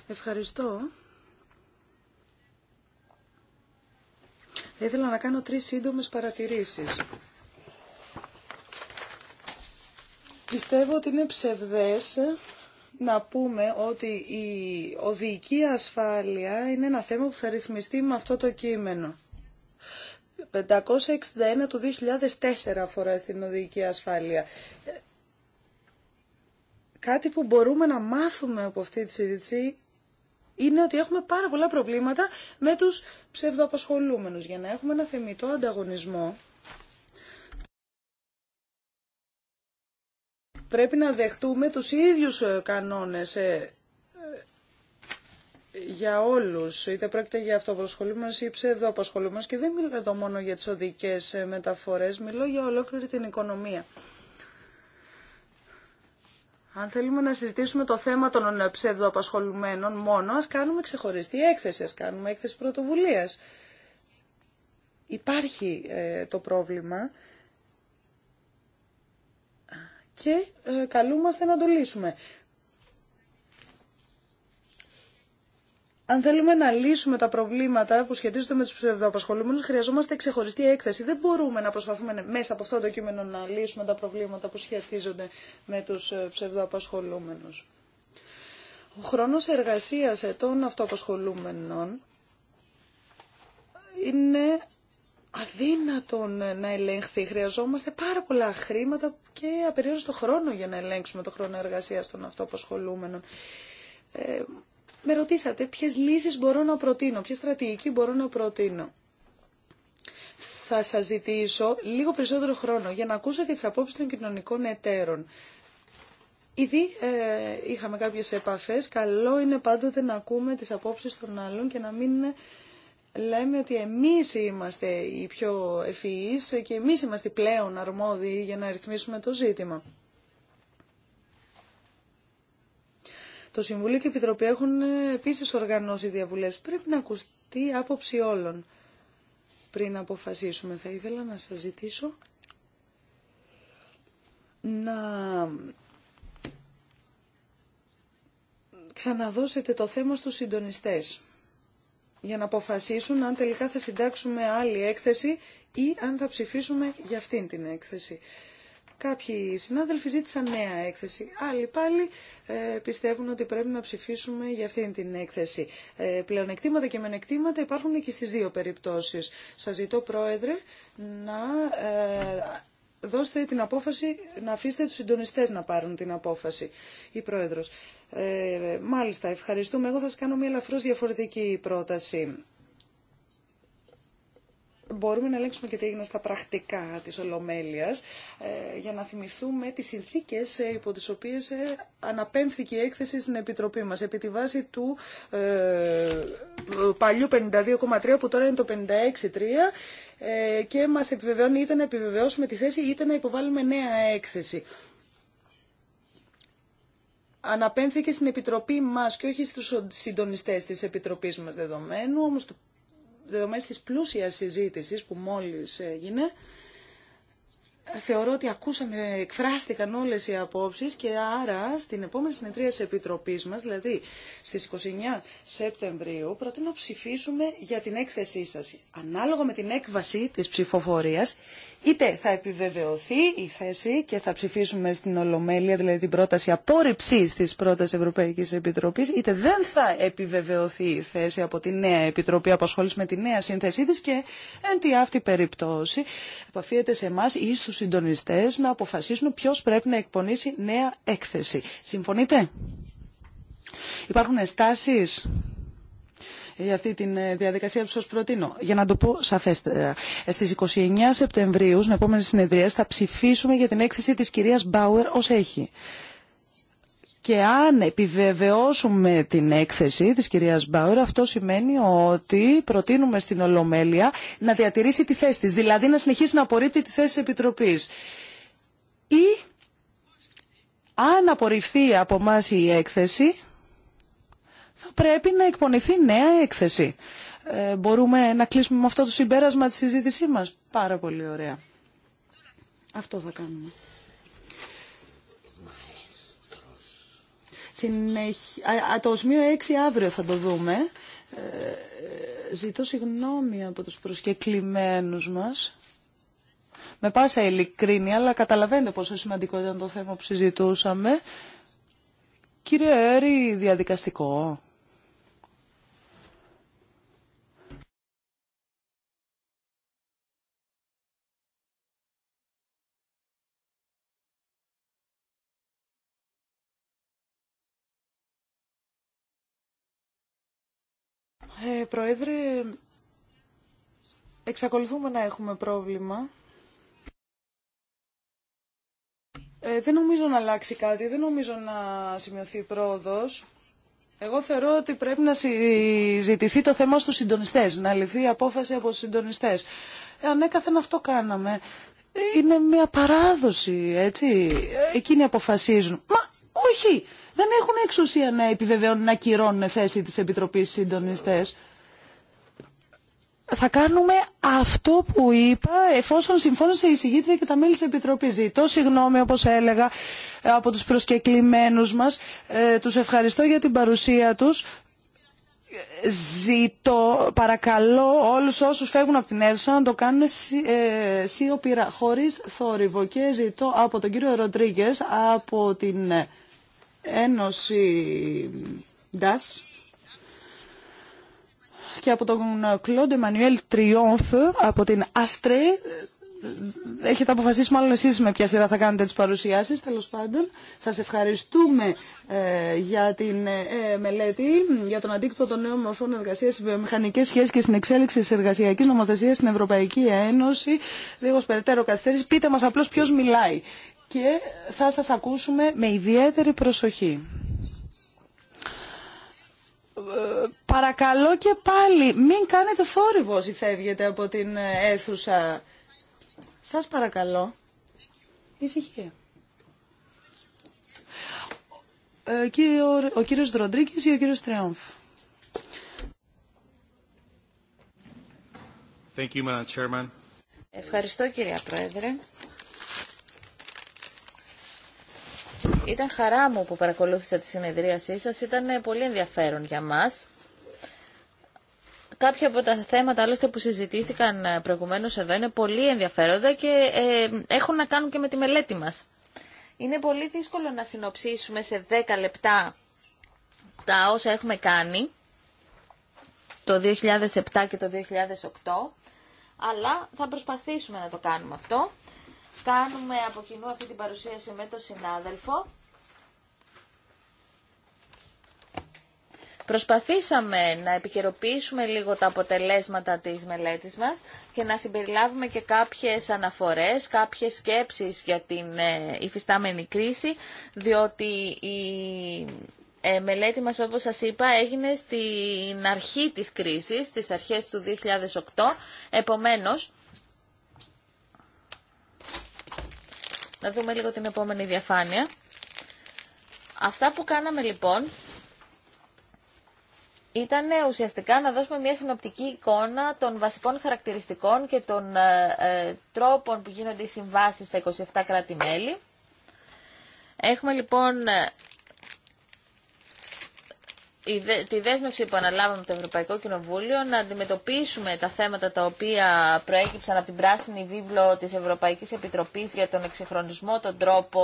Ευχαριστώ. Θα ήθελα να κάνω τρεις σύντομες παρατηρήσεις. Πιστεύω ότι είναι ψευδές να πούμε ότι η οδική ασφάλεια είναι ένα θέμα που θα ρυθμιστεί με αυτό το κείμενο. 561 του 2004 αφορά στην οδική ασφάλεια. Κάτι που μπορούμε να μάθουμε από αυτή τη συζήτηση είναι ότι έχουμε πάρα πολλά προβλήματα με τους ψευδοαπασχολούμενους. Για να έχουμε ένα θεμητό ανταγωνισμό, πρέπει να δεχτούμε τους ίδιους κανόνες ε, για όλους, είτε πρόκειται για αυτοαπασχολούμενου ή ψευδοαπασχολούμενου, και δεν μιλώ εδώ μόνο για τις οδικέ ε, μεταφορές, μιλώ για ολόκληρη την οικονομία. Αν θέλουμε να συζητήσουμε το θέμα των ε, ψευδοαπασχολουμένων μόνο, ας κάνουμε ξεχωριστή έκθεση, ας κάνουμε έκθεση πρωτοβουλίας. Υπάρχει ε, το πρόβλημα και καλούμαστε να το λύσουμε. αν θέλουμε να λύσουμε τα προβλήματα που σχετίζονται με του ψευδοαπασχολούμενου, χρειαζόμαστε ξεχωριστή έκθεση. Δεν μπορούμε να προσπαθούμε μέσα από αυτό το κείμενο να λύσουμε τα προβλήματα που σχετίζονται με του ε, ψευδοαπασχολούμενου. Ο χρόνο εργασία των αυτοαπασχολούμενων είναι αδύνατον ε, να ελέγχθει. Χρειαζόμαστε πάρα πολλά χρήματα και απεριόριστο χρόνο για να ελέγξουμε το χρόνο εργασία των αυτοαπασχολούμενων. Ε, με ρωτήσατε ποιες λύσεις μπορώ να προτείνω, ποιες στρατηγική μπορώ να προτείνω. Θα σας ζητήσω λίγο περισσότερο χρόνο για να ακούσω και τις απόψει των κοινωνικών εταίρων. Ήδη ε, είχαμε κάποιες επαφές. Καλό είναι πάντοτε να ακούμε τις απόψεις των άλλων και να μην λέμε ότι εμείς είμαστε οι πιο ευφυείς και εμείς είμαστε πλέον αρμόδιοι για να ρυθμίσουμε το ζήτημα. Το Συμβουλίο και η Επιτροπή έχουν ε, επίσης οργανώσει διαβουλεύσει. Πρέπει να ακουστεί άποψη όλων πριν αποφασίσουμε. Θα ήθελα να σας ζητήσω να ξαναδώσετε το θέμα στους συντονιστές για να αποφασίσουν αν τελικά θα συντάξουμε άλλη έκθεση ή αν θα ψηφίσουμε για αυτήν την έκθεση. Κάποιοι συνάδελφοι ζήτησαν νέα έκθεση. Άλλοι πάλι ε, πιστεύουν ότι πρέπει να ψηφίσουμε για αυτήν την έκθεση. Ε, πλεονεκτήματα και μενεκτήματα υπάρχουν και στις δύο περιπτώσεις. Σας ζητώ, Πρόεδρε, να ε, δώσετε την απόφαση, να αφήσετε τους συντονιστές να πάρουν την απόφαση, η Πρόεδρος. Ε, μάλιστα, ευχαριστούμε. Εγώ θα σας κάνω μια ελαφρώς διαφορετική πρόταση μπορούμε να ελέγξουμε και τι έγινε στα πρακτικά της Ολομέλειας ε, για να θυμηθούμε τις συνθήκες ε, υπό τις οποίες ε, αναπέμφθηκε η έκθεση στην Επιτροπή μας επί τη βάση του παλιού 52,3 που τώρα είναι το 56,3 και μας επιβεβαιώνει είτε να επιβεβαιώσουμε τη θέση είτε να υποβάλουμε νέα έκθεση αναπέμφθηκε στην Επιτροπή μας και όχι στους συντονιστές της Επιτροπής μας δεδομένου, όμως το δεδομένες της πλούσιας συζήτησης που μόλις έγινε, θεωρώ ότι ακούσαμε, εκφράστηκαν όλες οι απόψεις και άρα στην επόμενη συνεδρία της Επιτροπής μας, δηλαδή στις 29 Σεπτεμβρίου, προτείνω να ψηφίσουμε για την έκθεσή σας. Ανάλογα με την έκβαση της ψηφοφορίας, είτε θα επιβεβαιωθεί η θέση και θα ψηφίσουμε στην Ολομέλεια, δηλαδή την πρόταση απόρριψη τη πρώτα Ευρωπαϊκή Επιτροπή, είτε δεν θα επιβεβαιωθεί η θέση από τη νέα Επιτροπή Απασχόληση με τη νέα σύνθεσή τη και εν τη αυτή περιπτώση επαφίεται σε εμά ή στου συντονιστέ να αποφασίσουν ποιο πρέπει να εκπονήσει νέα έκθεση. Συμφωνείτε? Υπάρχουν στάσει για ε, αυτή τη ε, διαδικασία που σα προτείνω. Για να το πω σαφέστερα, ε, στις 29 Σεπτεμβρίου, στην επόμενη συνεδρία, θα ψηφίσουμε για την έκθεση της κυρίας Μπάουερ ως έχει. Και αν επιβεβαιώσουμε την έκθεση της κυρίας Μπάουερ, αυτό σημαίνει ότι προτείνουμε στην Ολομέλεια να διατηρήσει τη θέση της, δηλαδή να συνεχίσει να απορρίπτει τη θέση της Επιτροπής. Ή αν απορριφθεί από εμά η έκθεση, θα πρέπει να εκπονηθεί νέα έκθεση. Ε, μπορούμε να κλείσουμε με αυτό το συμπέρασμα τη συζήτησή μας. Πάρα πολύ ωραία. Αυτό θα κάνουμε. Το σημείο 6 αύριο θα το δούμε. Ε, ζητώ συγγνώμη από τους προσκεκλημένους μας. Με πάσα ειλικρίνεια, αλλά καταλαβαίνετε πόσο σημαντικό ήταν το θέμα που συζητούσαμε. Κύριε Έρη, διαδικαστικό. Πρόεδρε, εξακολουθούμε να έχουμε πρόβλημα. Ε, δεν νομίζω να αλλάξει κάτι, δεν νομίζω να σημειωθεί πρόοδος. Εγώ θεωρώ ότι πρέπει να συζητηθεί το θέμα στους συντονιστές, να ληφθεί η απόφαση από τους συντονιστές. Αν ε, ανέκαθεν αυτό κάναμε. Είναι μια παράδοση, έτσι. Ε, εκείνοι αποφασίζουν. Μα όχι, δεν έχουν εξουσία να επιβεβαιώνουν, να κυρώνουν θέση της Επιτροπής Συντονιστές θα κάνουμε αυτό που είπα εφόσον συμφώνησε η εισηγήτρια και τα μέλη της Επιτροπής. Ζητώ συγγνώμη όπως έλεγα από τους προσκεκλημένους μας. Ε, τους ευχαριστώ για την παρουσία τους. Ζητώ, παρακαλώ όλους όσους φεύγουν από την αίθουσα να το κάνουν ε, σιωπηρά, χωρίς θόρυβο. Και ζητώ από τον κύριο Ροντρίγκες, από την Ένωση ΝΤΑΣ, και από τον Κλοντ Μανιουέλ Τριόμφ από την Άστρε. Έχετε αποφασίσει μάλλον εσείς με ποια σειρά θα κάνετε τις παρουσιάσεις. Τέλος πάντων, σας ευχαριστούμε ε, για την ε, μελέτη, για τον αντίκτυπο των νέων μορφών εργασία βιομηχανικές βιομηχανικέ σχέσει και στην εξέλιξη τη εργασιακή νομοθεσία στην Ευρωπαϊκή Ένωση. Λίγο περαιτέρω καθυστέρηση. Πείτε μα απλώ ποιο μιλάει. Και θα σας ακούσουμε με ιδιαίτερη προσοχή παρακαλώ και πάλι μην κάνετε θόρυβο όσοι φεύγετε από την αίθουσα. Σας παρακαλώ. Ησυχία. Ε, ο κύριος Δροντρίκης ή ο κύριος Τρεόμφ. Ευχαριστώ κύριε Πρόεδρε. Ήταν χαρά μου που παρακολούθησα τη συνεδρίασή σας. Ήταν ε, πολύ ενδιαφέρον για μας. Κάποια από τα θέματα άλλωστε που συζητήθηκαν ε, προηγουμένως εδώ είναι πολύ ενδιαφέροντα και ε, έχουν να κάνουν και με τη μελέτη μας. Είναι πολύ δύσκολο να συνοψίσουμε σε 10 λεπτά τα όσα έχουμε κάνει το 2007 και το 2008, αλλά θα προσπαθήσουμε να το κάνουμε αυτό κάνουμε από κοινού αυτή την παρουσίαση με τον συνάδελφο. Προσπαθήσαμε να επικαιροποιήσουμε λίγο τα αποτελέσματα της μελέτης μας και να συμπεριλάβουμε και κάποιες αναφορές, κάποιες σκέψεις για την ε, υφιστάμενη κρίση, διότι η ε, μελέτη μας όπως σας είπα έγινε στην αρχή της κρίσης, στις αρχές του 2008, επομένως Να δούμε λίγο την επόμενη διαφάνεια. Αυτά που κάναμε λοιπόν ήταν ουσιαστικά να δώσουμε μια συνοπτική εικόνα των βασικών χαρακτηριστικών και των ε, ε, τρόπων που γίνονται οι συμβάσεις στα 27 κράτη-μέλη. Έχουμε λοιπόν τη δέσμευση που αναλάβαμε το Ευρωπαϊκό Κοινοβούλιο να αντιμετωπίσουμε τα θέματα τα οποία προέκυψαν από την πράσινη βίβλο της Ευρωπαϊκής Επιτροπής για τον εξυγχρονισμό, τον τρόπο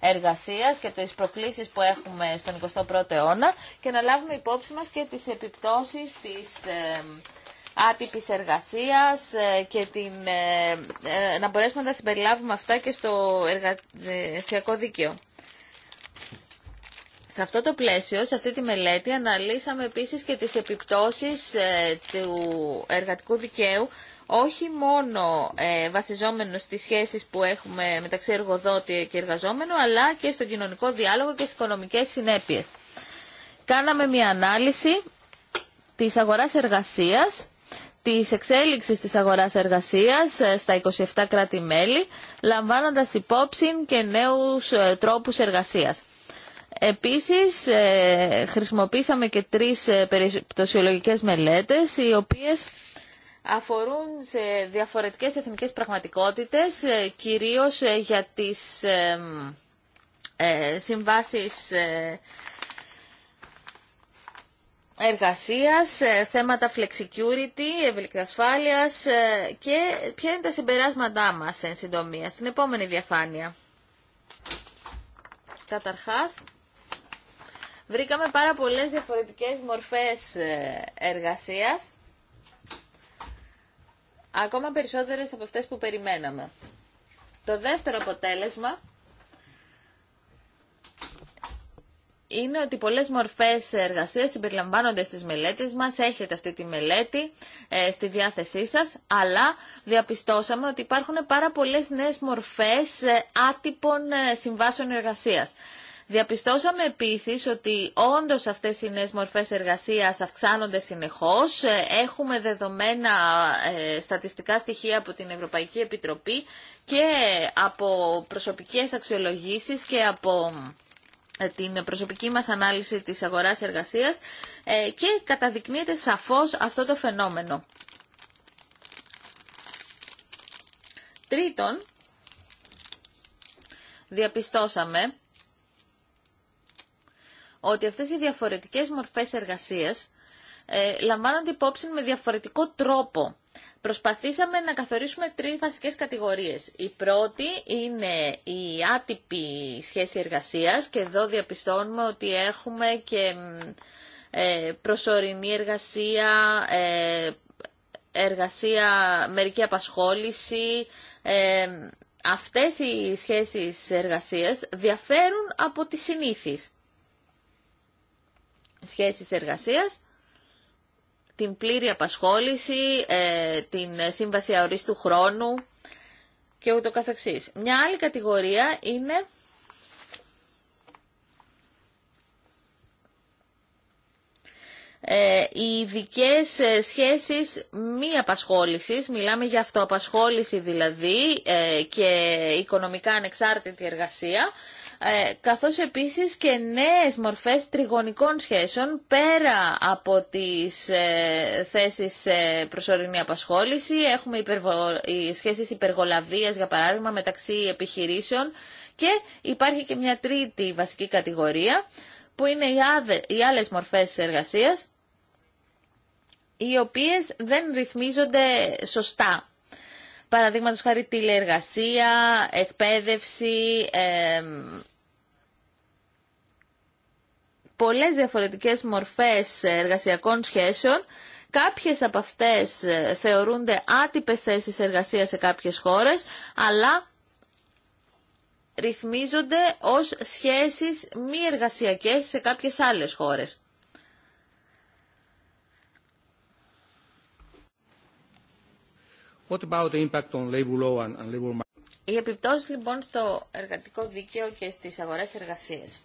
εργασίας και τις προκλήσεις που έχουμε στον 21ο αιώνα και να λάβουμε υπόψη μας και τις επιπτώσεις της ε, άτυπης εργασίας ε, και την, ε, να μπορέσουμε να τα συμπεριλάβουμε αυτά και στο εργασιακό δίκαιο. Σε αυτό το πλαίσιο, σε αυτή τη μελέτη, αναλύσαμε επίσης και τις επιπτώσεις ε, του εργατικού δικαίου όχι μόνο ε, βασιζόμενο στις σχέσεις που έχουμε μεταξύ εργοδότη και εργαζόμενο αλλά και στον κοινωνικό διάλογο και στις οικονομικές συνέπειες. Κάναμε μια ανάλυση της αγοράς εργασίας, της εξέλιξης της αγοράς εργασίας ε, στα 27 κράτη-μέλη, λαμβάνοντας υπόψη και νέους ε, τρόπους εργασίας. Επίσης, ε, χρησιμοποίησαμε και τρεις ε, περιπτωσιολογικές μελέτες, οι οποίες αφορούν σε διαφορετικές εθνικές πραγματικότητες, ε, κυρίως για τις συμβάσεις εργασίας, θέματα flexicurity, ευελικτή και ποια είναι τα συμπεράσματά μας εν συντομία στην επόμενη διαφάνεια. Καταρχάς, βρήκαμε πάρα πολλές διαφορετικές μορφές ε, εργασίας, ακόμα περισσότερες από αυτές που περιμέναμε. Το δεύτερο αποτέλεσμα είναι ότι πολλές μορφές εργασίας συμπεριλαμβάνονται στις μελέτες μας, έχετε αυτή τη μελέτη ε, στη διάθεσή σας, αλλά διαπιστώσαμε ότι υπάρχουν πάρα πολλές νέες μορφές ε, άτυπων συμβάσεων εργασίας. Διαπιστώσαμε επίσης ότι όντως αυτές οι νέες μορφές εργασίας αυξάνονται συνεχώς. Ε, έχουμε δεδομένα ε, στατιστικά στοιχεία από την Ευρωπαϊκή Επιτροπή και από προσωπικές αξιολογήσεις και από ε, την προσωπική μας ανάλυση της αγοράς εργασίας και καταδεικνύεται σαφώς αυτό το φαινόμενο. Τρίτον, διαπιστώσαμε ότι αυτές οι διαφορετικές μορφές εργασίας ε, λαμβάνονται υπόψη με διαφορετικό τρόπο. Προσπαθήσαμε να καθορίσουμε τρεις βασικές κατηγορίες. Η πρώτη είναι η άτυπη σχέση εργασίας και εδώ διαπιστώνουμε ότι έχουμε και ε, προσωρινή εργασία, ε, εργασία μερική απασχόληση, ε, αυτές οι σχέσεις εργασίας διαφέρουν από τις συνήθεις σχέσεις εργασίας, την πλήρη απασχόληση, ε, την σύμβαση αορίστου χρόνου και ούτω καθεξής. Μια άλλη κατηγορία είναι ε, οι ειδικέ ε, σχέσεις μη απασχόλησης, μιλάμε για αυτοαπασχόληση δηλαδή και οικονομικά ανεξάρτητη εργασία, ε, καθώς επίσης και νέες μορφές τριγωνικών σχέσεων πέρα από τις ε, θέσεις προσωρινή απασχόληση. Έχουμε υπερβο... οι σχέσεις υπεργολαβίας, για παράδειγμα, μεταξύ επιχειρήσεων και υπάρχει και μια τρίτη βασική κατηγορία που είναι οι, άδε... οι άλλες μορφές εργασίας οι οποίες δεν ρυθμίζονται σωστά. Παραδείγματος χάρη τηλεεργασία, εκπαίδευση, ε, πολλές διαφορετικές μορφές εργασιακών σχέσεων. Κάποιες από αυτές ε, θεωρούνται άτυπες θέσεις εργασίας σε κάποιες χώρες, αλλά ρυθμίζονται ως σχέσεις μη εργασιακές σε κάποιες άλλες χώρες. What about the impact on labor law and Οι επιπτώσεις λοιπόν στο εργατικό δίκαιο και στις αγορές εργασίας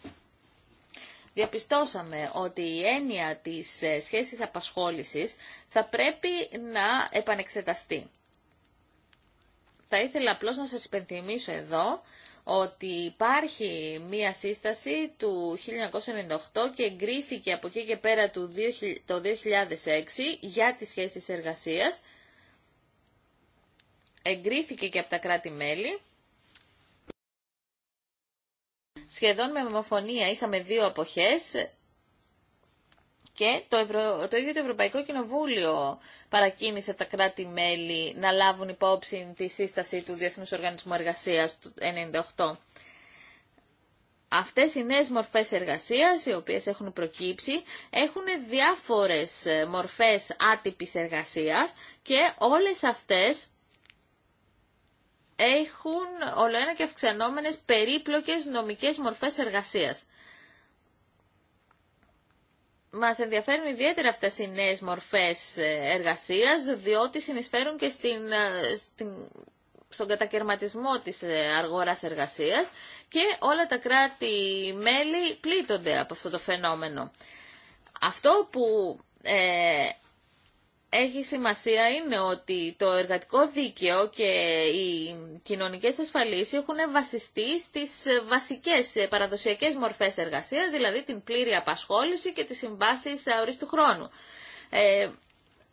διαπιστώσαμε ότι η έννοια της ε, σχέσης απασχόλησης θα πρέπει να επανεξεταστεί. Θα ήθελα απλώς να σας υπενθυμίσω εδώ ότι υπάρχει μία σύσταση του 1998 και εγκρίθηκε από εκεί και πέρα το 2006 για τις σχέσεις εργασίας. Εγκρίθηκε και από τα κράτη-μέλη Σχεδόν με μεμοφωνία είχαμε δύο αποχές και το, το ίδιο το Ευρωπαϊκό Κοινοβούλιο παρακίνησε τα κράτη-μέλη να λάβουν υπόψη τη σύσταση του Διεθνούς Οργανισμού Εργασίας του 1998. Αυτές οι νέες μορφές εργασίας, οι οποίες έχουν προκύψει, έχουν διάφορες μορφές άτυπης εργασίας και όλες αυτές έχουν όλο ένα και αυξανόμενες περίπλοκες νομικές μορφές εργασίας. Μας ενδιαφέρουν ιδιαίτερα αυτές οι νέες μορφές ε, εργασίας, διότι συνεισφέρουν και στην, ε, στην στον κατακαιρματισμό της ε, αργόρας εργασίας και όλα τα κράτη-μέλη πλήττονται από αυτό το φαινόμενο. Αυτό που έχει σημασία είναι ότι το εργατικό δίκαιο και οι κοινωνικές ασφαλίσεις έχουν βασιστεί στις βασικές παραδοσιακές μορφές εργασίας, δηλαδή την πλήρη απασχόληση και τις συμβάσεις αορίστου χρόνου. Ε,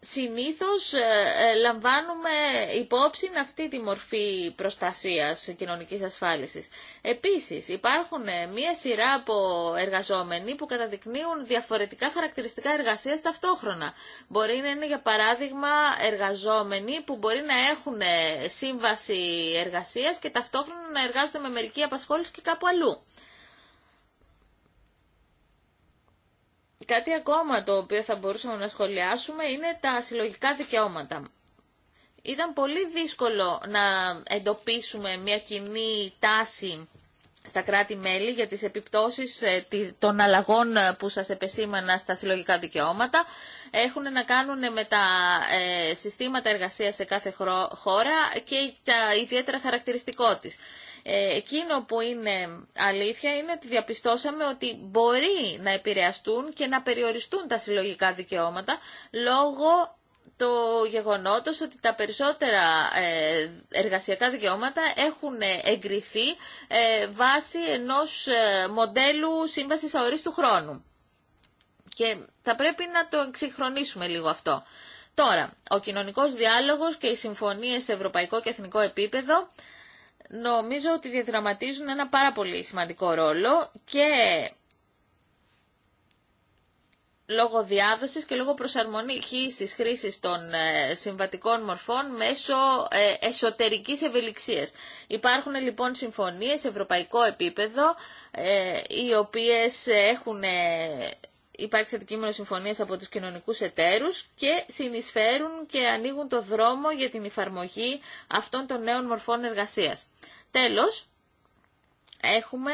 συνήθως ε, ε, λαμβάνουμε υπόψη αυτή τη μορφή προστασίας κοινωνικής ασφάλισης. Επίσης, υπάρχουν ε, μία σειρά από εργαζόμενοι που καταδεικνύουν διαφορετικά χαρακτηριστικά εργασίας ταυτόχρονα. Μπορεί να είναι, για παράδειγμα, εργαζόμενοι που μπορεί να έχουν σύμβαση εργασίας και ταυτόχρονα να εργάζονται με μερική απασχόληση και κάπου αλλού. Κάτι ακόμα το οποίο θα μπορούσαμε να σχολιάσουμε είναι τα συλλογικά δικαιώματα. Ήταν πολύ δύσκολο να εντοπίσουμε μια κοινή τάση στα κράτη-μέλη για τις επιπτώσεις ε, των αλλαγών ε, που σας επεσήμανα στα συλλογικά δικαιώματα. Έχουν να κάνουν με τα ε, συστήματα εργασίας σε κάθε χώρα και τα ιδιαίτερα χαρακτηριστικό της. Ε, εκείνο που είναι αλήθεια είναι ότι διαπιστώσαμε ότι μπορεί να επηρεαστούν και να περιοριστούν τα συλλογικά δικαιώματα λόγω το γεγονότος ότι τα περισσότερα ε, εργασιακά δικαιώματα έχουν εγκριθεί ε, βάσει ενός μοντέλου σύμβασης αορίστου χρόνου. Και θα πρέπει να το εξυγχρονίσουμε λίγο αυτό. Τώρα, ο κοινωνικός διάλογος και οι συμφωνίες σε ευρωπαϊκό και εθνικό επίπεδο νομίζω ότι διαδραματίζουν ένα πάρα πολύ σημαντικό ρόλο και λόγω διάδοσης και λόγω προσαρμονικής της χρήσης των ε, συμβατικών μορφών μέσω ε, εσωτερικής ευελιξίας. Υπάρχουν λοιπόν συμφωνίες σε ευρωπαϊκό επίπεδο ε, οι οποίες έχουν υπάρξει αντικείμενο συμφωνίας από τους κοινωνικούς εταίρους και συνεισφέρουν και ανοίγουν το δρόμο για την εφαρμογή αυτών των νέων μορφών εργασίας. Τέλος, έχουμε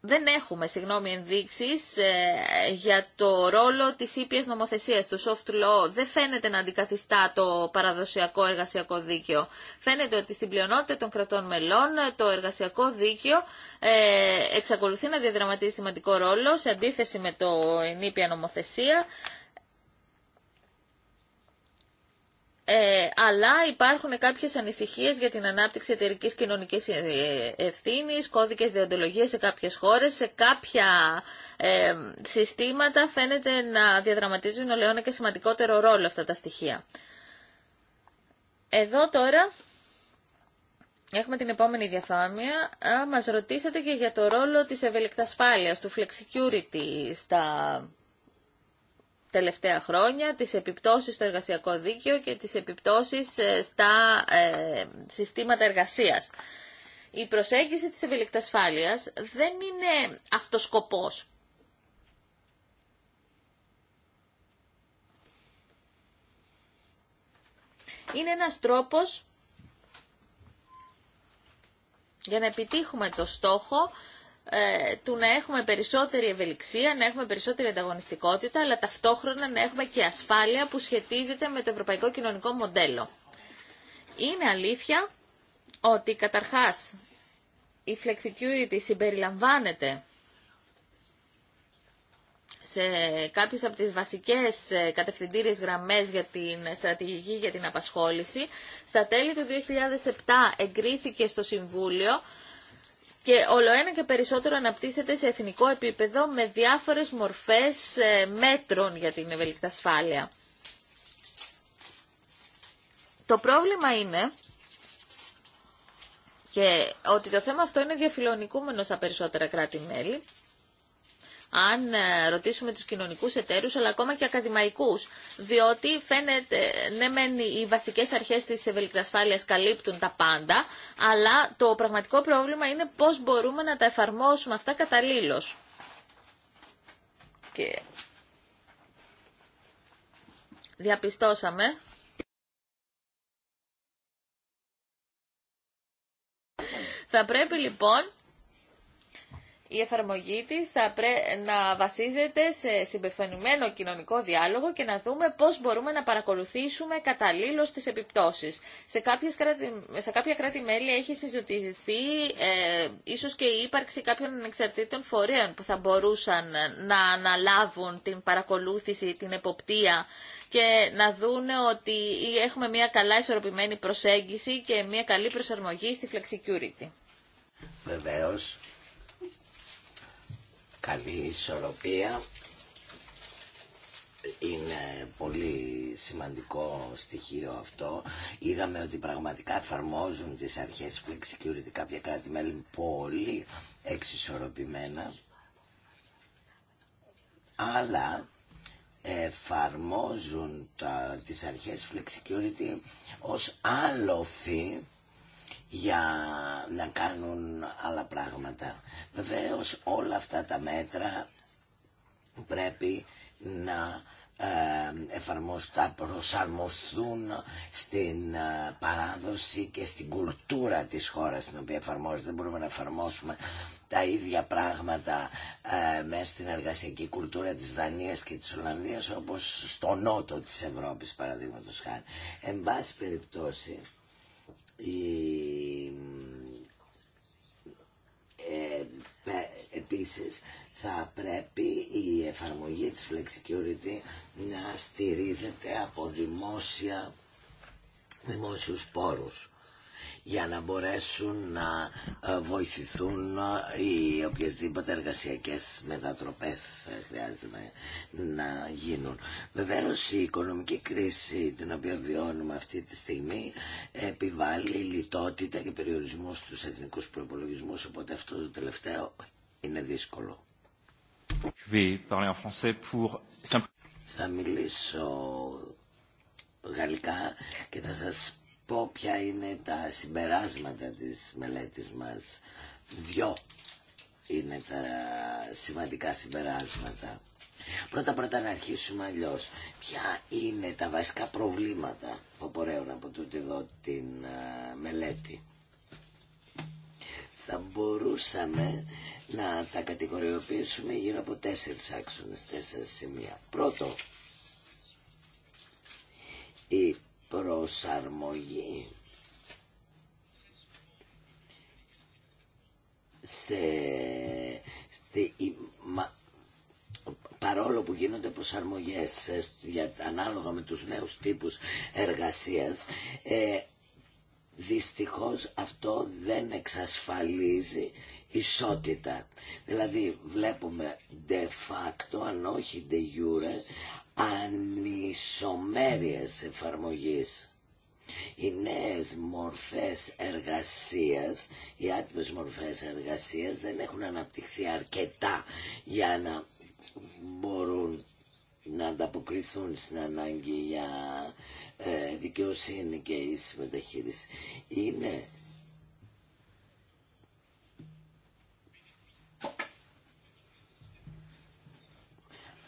δεν έχουμε, συγγνώμη, ενδείξεις ε, για το ρόλο της ήπιας νομοθεσίας, του soft law. Δεν φαίνεται να αντικαθιστά το παραδοσιακό εργασιακό δίκαιο. Φαίνεται ότι στην πλειονότητα των κρατών μελών ε, το εργασιακό δίκαιο ε, εξακολουθεί να διαδραματίζει σημαντικό ρόλο σε αντίθεση με το ενήπια νομοθεσία. Ε, αλλά υπάρχουν κάποιες ανησυχίες για την ανάπτυξη εταιρικής κοινωνικής ε, ε, ευθύνης, κώδικες διοντολογίας σε κάποιες χώρες, σε κάποια συστήματα φαίνεται να διαδραματίζουν ολαιόνα και σημαντικότερο ρόλο αυτά τα στοιχεία. Εδώ τώρα Έχουμε την επόμενη διαφάνεια. Μας ρωτήσατε και για το ρόλο της ευελικτασφάλειας, του flexicurity στα τελευταία χρόνια, τις επιπτώσεις στο εργασιακό δίκαιο και τις επιπτώσεις ε, στα ε, συστήματα εργασίας. Η προσέγγιση της ευελικτασφάλειας δεν είναι αυτοσκοπός. Είναι ένας τρόπος για να επιτύχουμε το στόχο ε, του να έχουμε περισσότερη ευελιξία, να έχουμε περισσότερη ανταγωνιστικότητα, αλλά ταυτόχρονα να έχουμε και ασφάλεια που σχετίζεται με το ευρωπαϊκό κοινωνικό μοντέλο. Είναι αλήθεια ότι καταρχάς η flexicurity συμπεριλαμβάνεται σε κάποιες από τις βασικές ε, κατευθυντήριες γραμμές για την στρατηγική για την απασχόληση. Στα τέλη του 2007 εγκρίθηκε στο Συμβούλιο και όλο ένα και περισσότερο αναπτύσσεται σε εθνικό επίπεδο με διάφορες μορφές ε, μέτρων για την ευελικτή ασφάλεια. Το πρόβλημα είναι και ότι το θέμα αυτό είναι διαφιλονικούμενο στα περισσότερα κράτη-μέλη αν ε, ρωτήσουμε τους κοινωνικούς εταίρους, αλλά ακόμα και ακαδημαϊκούς, διότι φαίνεται, ναι μεν οι βασικές αρχές της ευελικτασφάλειας καλύπτουν τα πάντα, αλλά το πραγματικό πρόβλημα είναι πώς μπορούμε να τα εφαρμόσουμε αυτά καταλήλως. Και διαπιστώσαμε θα πρέπει λοιπόν η εφαρμογή της θα πρέπει να βασίζεται σε συμπεφωνημένο κοινωνικό διάλογο και να δούμε πώς μπορούμε να παρακολουθήσουμε καταλήλως τις επιπτώσεις. Σε, κάποιες κράτη, σε κάποια κράτη-μέλη έχει συζητηθεί ε, ίσως και η ύπαρξη κάποιων ανεξαρτήτων φορέων που θα μπορούσαν να αναλάβουν την παρακολούθηση, την εποπτεία και να δούνε ότι έχουμε μια καλά ισορροπημένη προσέγγιση και μια καλή προσαρμογή στη flexicurity. Βεβαίως, καλή ισορροπία είναι πολύ σημαντικό στοιχείο αυτό. Είδαμε ότι πραγματικά εφαρμόζουν τις αρχές Flex Security κάποια κράτη-μέλη πολύ εξισορροπημένα. Αλλά εφαρμόζουν τα, τις αρχές Flex Security ως άλοφη για να κάνουν άλλα πράγματα. Βεβαίως όλα αυτά τα μέτρα πρέπει να ε, εφαρμόστα προσαρμοστούν στην ε, παράδοση και στην κουλτούρα της χώρας στην οποία εφαρμόζεται. Δεν μπορούμε να εφαρμόσουμε τα ίδια πράγματα ε, μέσα στην εργασιακή κουλτούρα της Δανίας και της Ολλανδίας όπως στο νότο της Ευρώπης παραδείγματος χάρη. Εν πάση περιπτώσει ε, επίσης θα πρέπει η εφαρμογή της flexicurity να στηρίζεται από δημόσια, δημόσιους πόρους για να μπορέσουν να ε, βοηθηθούν ε, οι οποιασδήποτε εργασιακές μετατροπές ε, χρειάζεται να, γίνουν. Βεβαίως η οικονομική κρίση την οποία βιώνουμε αυτή τη στιγμή επιβάλλει λιτότητα και περιορισμού στους εθνικούς προπολογισμού, οπότε αυτό το τελευταίο είναι δύσκολο. Θα μιλήσω γαλλικά και θα σας πω ποια είναι τα συμπεράσματα της μελέτης μας. Δυο είναι τα σημαντικά συμπεράσματα. Πρώτα πρώτα να αρχίσουμε αλλιώ. Ποια είναι τα βασικά προβλήματα που απορρέουν από τούτη εδώ την μελέτη. Θα μπορούσαμε να τα κατηγοριοποιήσουμε γύρω από τέσσερις άξονες, τέσσερα σημεία. Πρώτο, προσαρμογή σε, στη, παρόλο που γίνονται προσαρμογές ε, ανάλογα με τους νέους τύπους εργασίας ε, δυστυχώς αυτό δεν εξασφαλίζει ισότητα. Δηλαδή βλέπουμε de facto, αν όχι de jure, ανισομέρειες εφαρμογής. Οι νέες μορφές εργασίας, οι άτυπες μορφές εργασίας δεν έχουν αναπτυχθεί αρκετά για να μπορούν να ανταποκριθούν στην ανάγκη για ε, δικαιοσύνη και ίση μεταχείριση. Είναι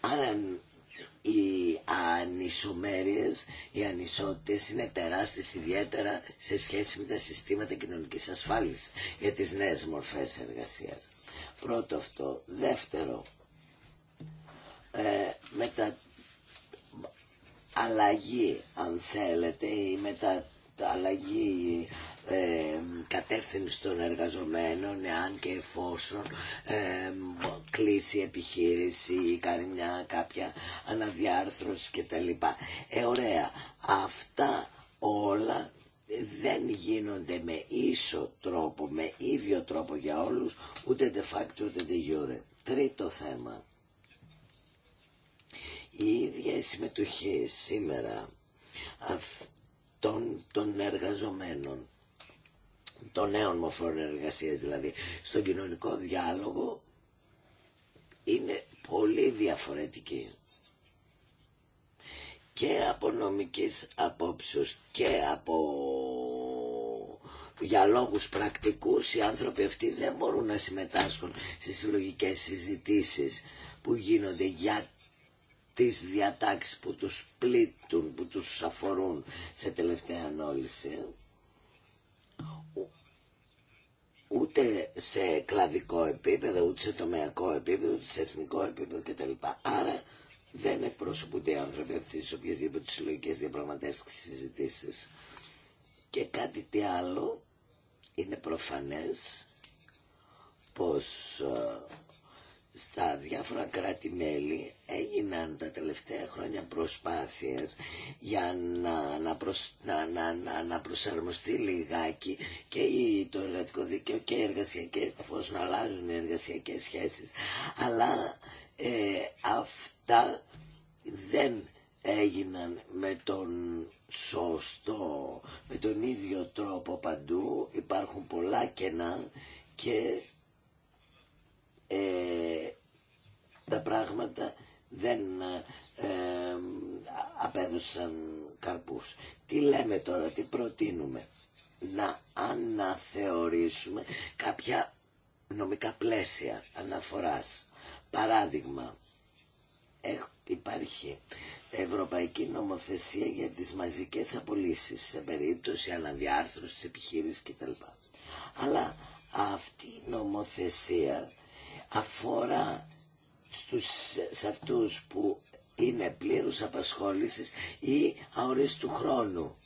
αν οι ανισομέρειες, οι ανισότητες είναι τεράστιες ιδιαίτερα σε σχέση με τα συστήματα κοινωνικής ασφάλισης για τις νέες μορφές εργασίας. Πρώτο αυτό. Δεύτερο, ε, τα αλλαγή αν θέλετε ή τα αλλαγή ε, κατεύθυνση των εργαζομένων εάν και εφόσον ε, κλείσει η επιχείρηση ή κάνει μια κάποια αναδιάρθρωση κτλ. Ε, ωραία. Αυτά όλα δεν γίνονται με ίσο τρόπο, με ίδιο τρόπο για όλους, ούτε de facto ούτε de jure. Τρίτο θέμα. Η ίδια συμμετοχή σήμερα αυτών των εργαζομένων των νέων μοφών εργασίας δηλαδή στον κοινωνικό διάλογο είναι πολύ διαφορετική και από νομικής απόψεως και από για λόγους πρακτικούς οι άνθρωποι αυτοί δεν μπορούν να συμμετάσχουν στις συλλογικές συζητήσεις που γίνονται για τις διατάξεις που τους πλήττουν, που τους αφορούν σε τελευταία ανόληση ούτε σε κλαδικό επίπεδο, ούτε σε τομεακό επίπεδο, ούτε σε εθνικό επίπεδο κτλ. Άρα δεν εκπροσωπούνται οι άνθρωποι αυτοί σε οποιασδήποτε συλλογικές διαπραγματεύσει και συζητήσει. Και κάτι τι άλλο είναι προφανές πως ε, στα διάφορα κράτη-μέλη έγιναν τα τελευταία χρόνια προσπάθειες για να, να, προσ, να, να, να, προσαρμοστεί λιγάκι και το εργατικό δίκαιο και οι εργασιακές, εφόσον αλλάζουν σχέσεις. Αλλά ε, αυτά δεν έγιναν με τον σωστό, με τον ίδιο τρόπο παντού. Υπάρχουν πολλά κενά και ε, τα πράγματα δεν ε, απέδωσαν καρπούς. Τι λέμε τώρα, τι προτείνουμε. Να αναθεωρήσουμε κάποια νομικά πλαίσια αναφοράς. Παράδειγμα, υπάρχει ευρωπαϊκή νομοθεσία για τις μαζικές απολύσεις σε περίπτωση αναδιάρθρωσης της επιχείρησης κτλ. Αλλά αυτή η νομοθεσία αφορά στους, σε αυτούς που είναι πλήρους απασχόλησης ή αορίστου χρόνου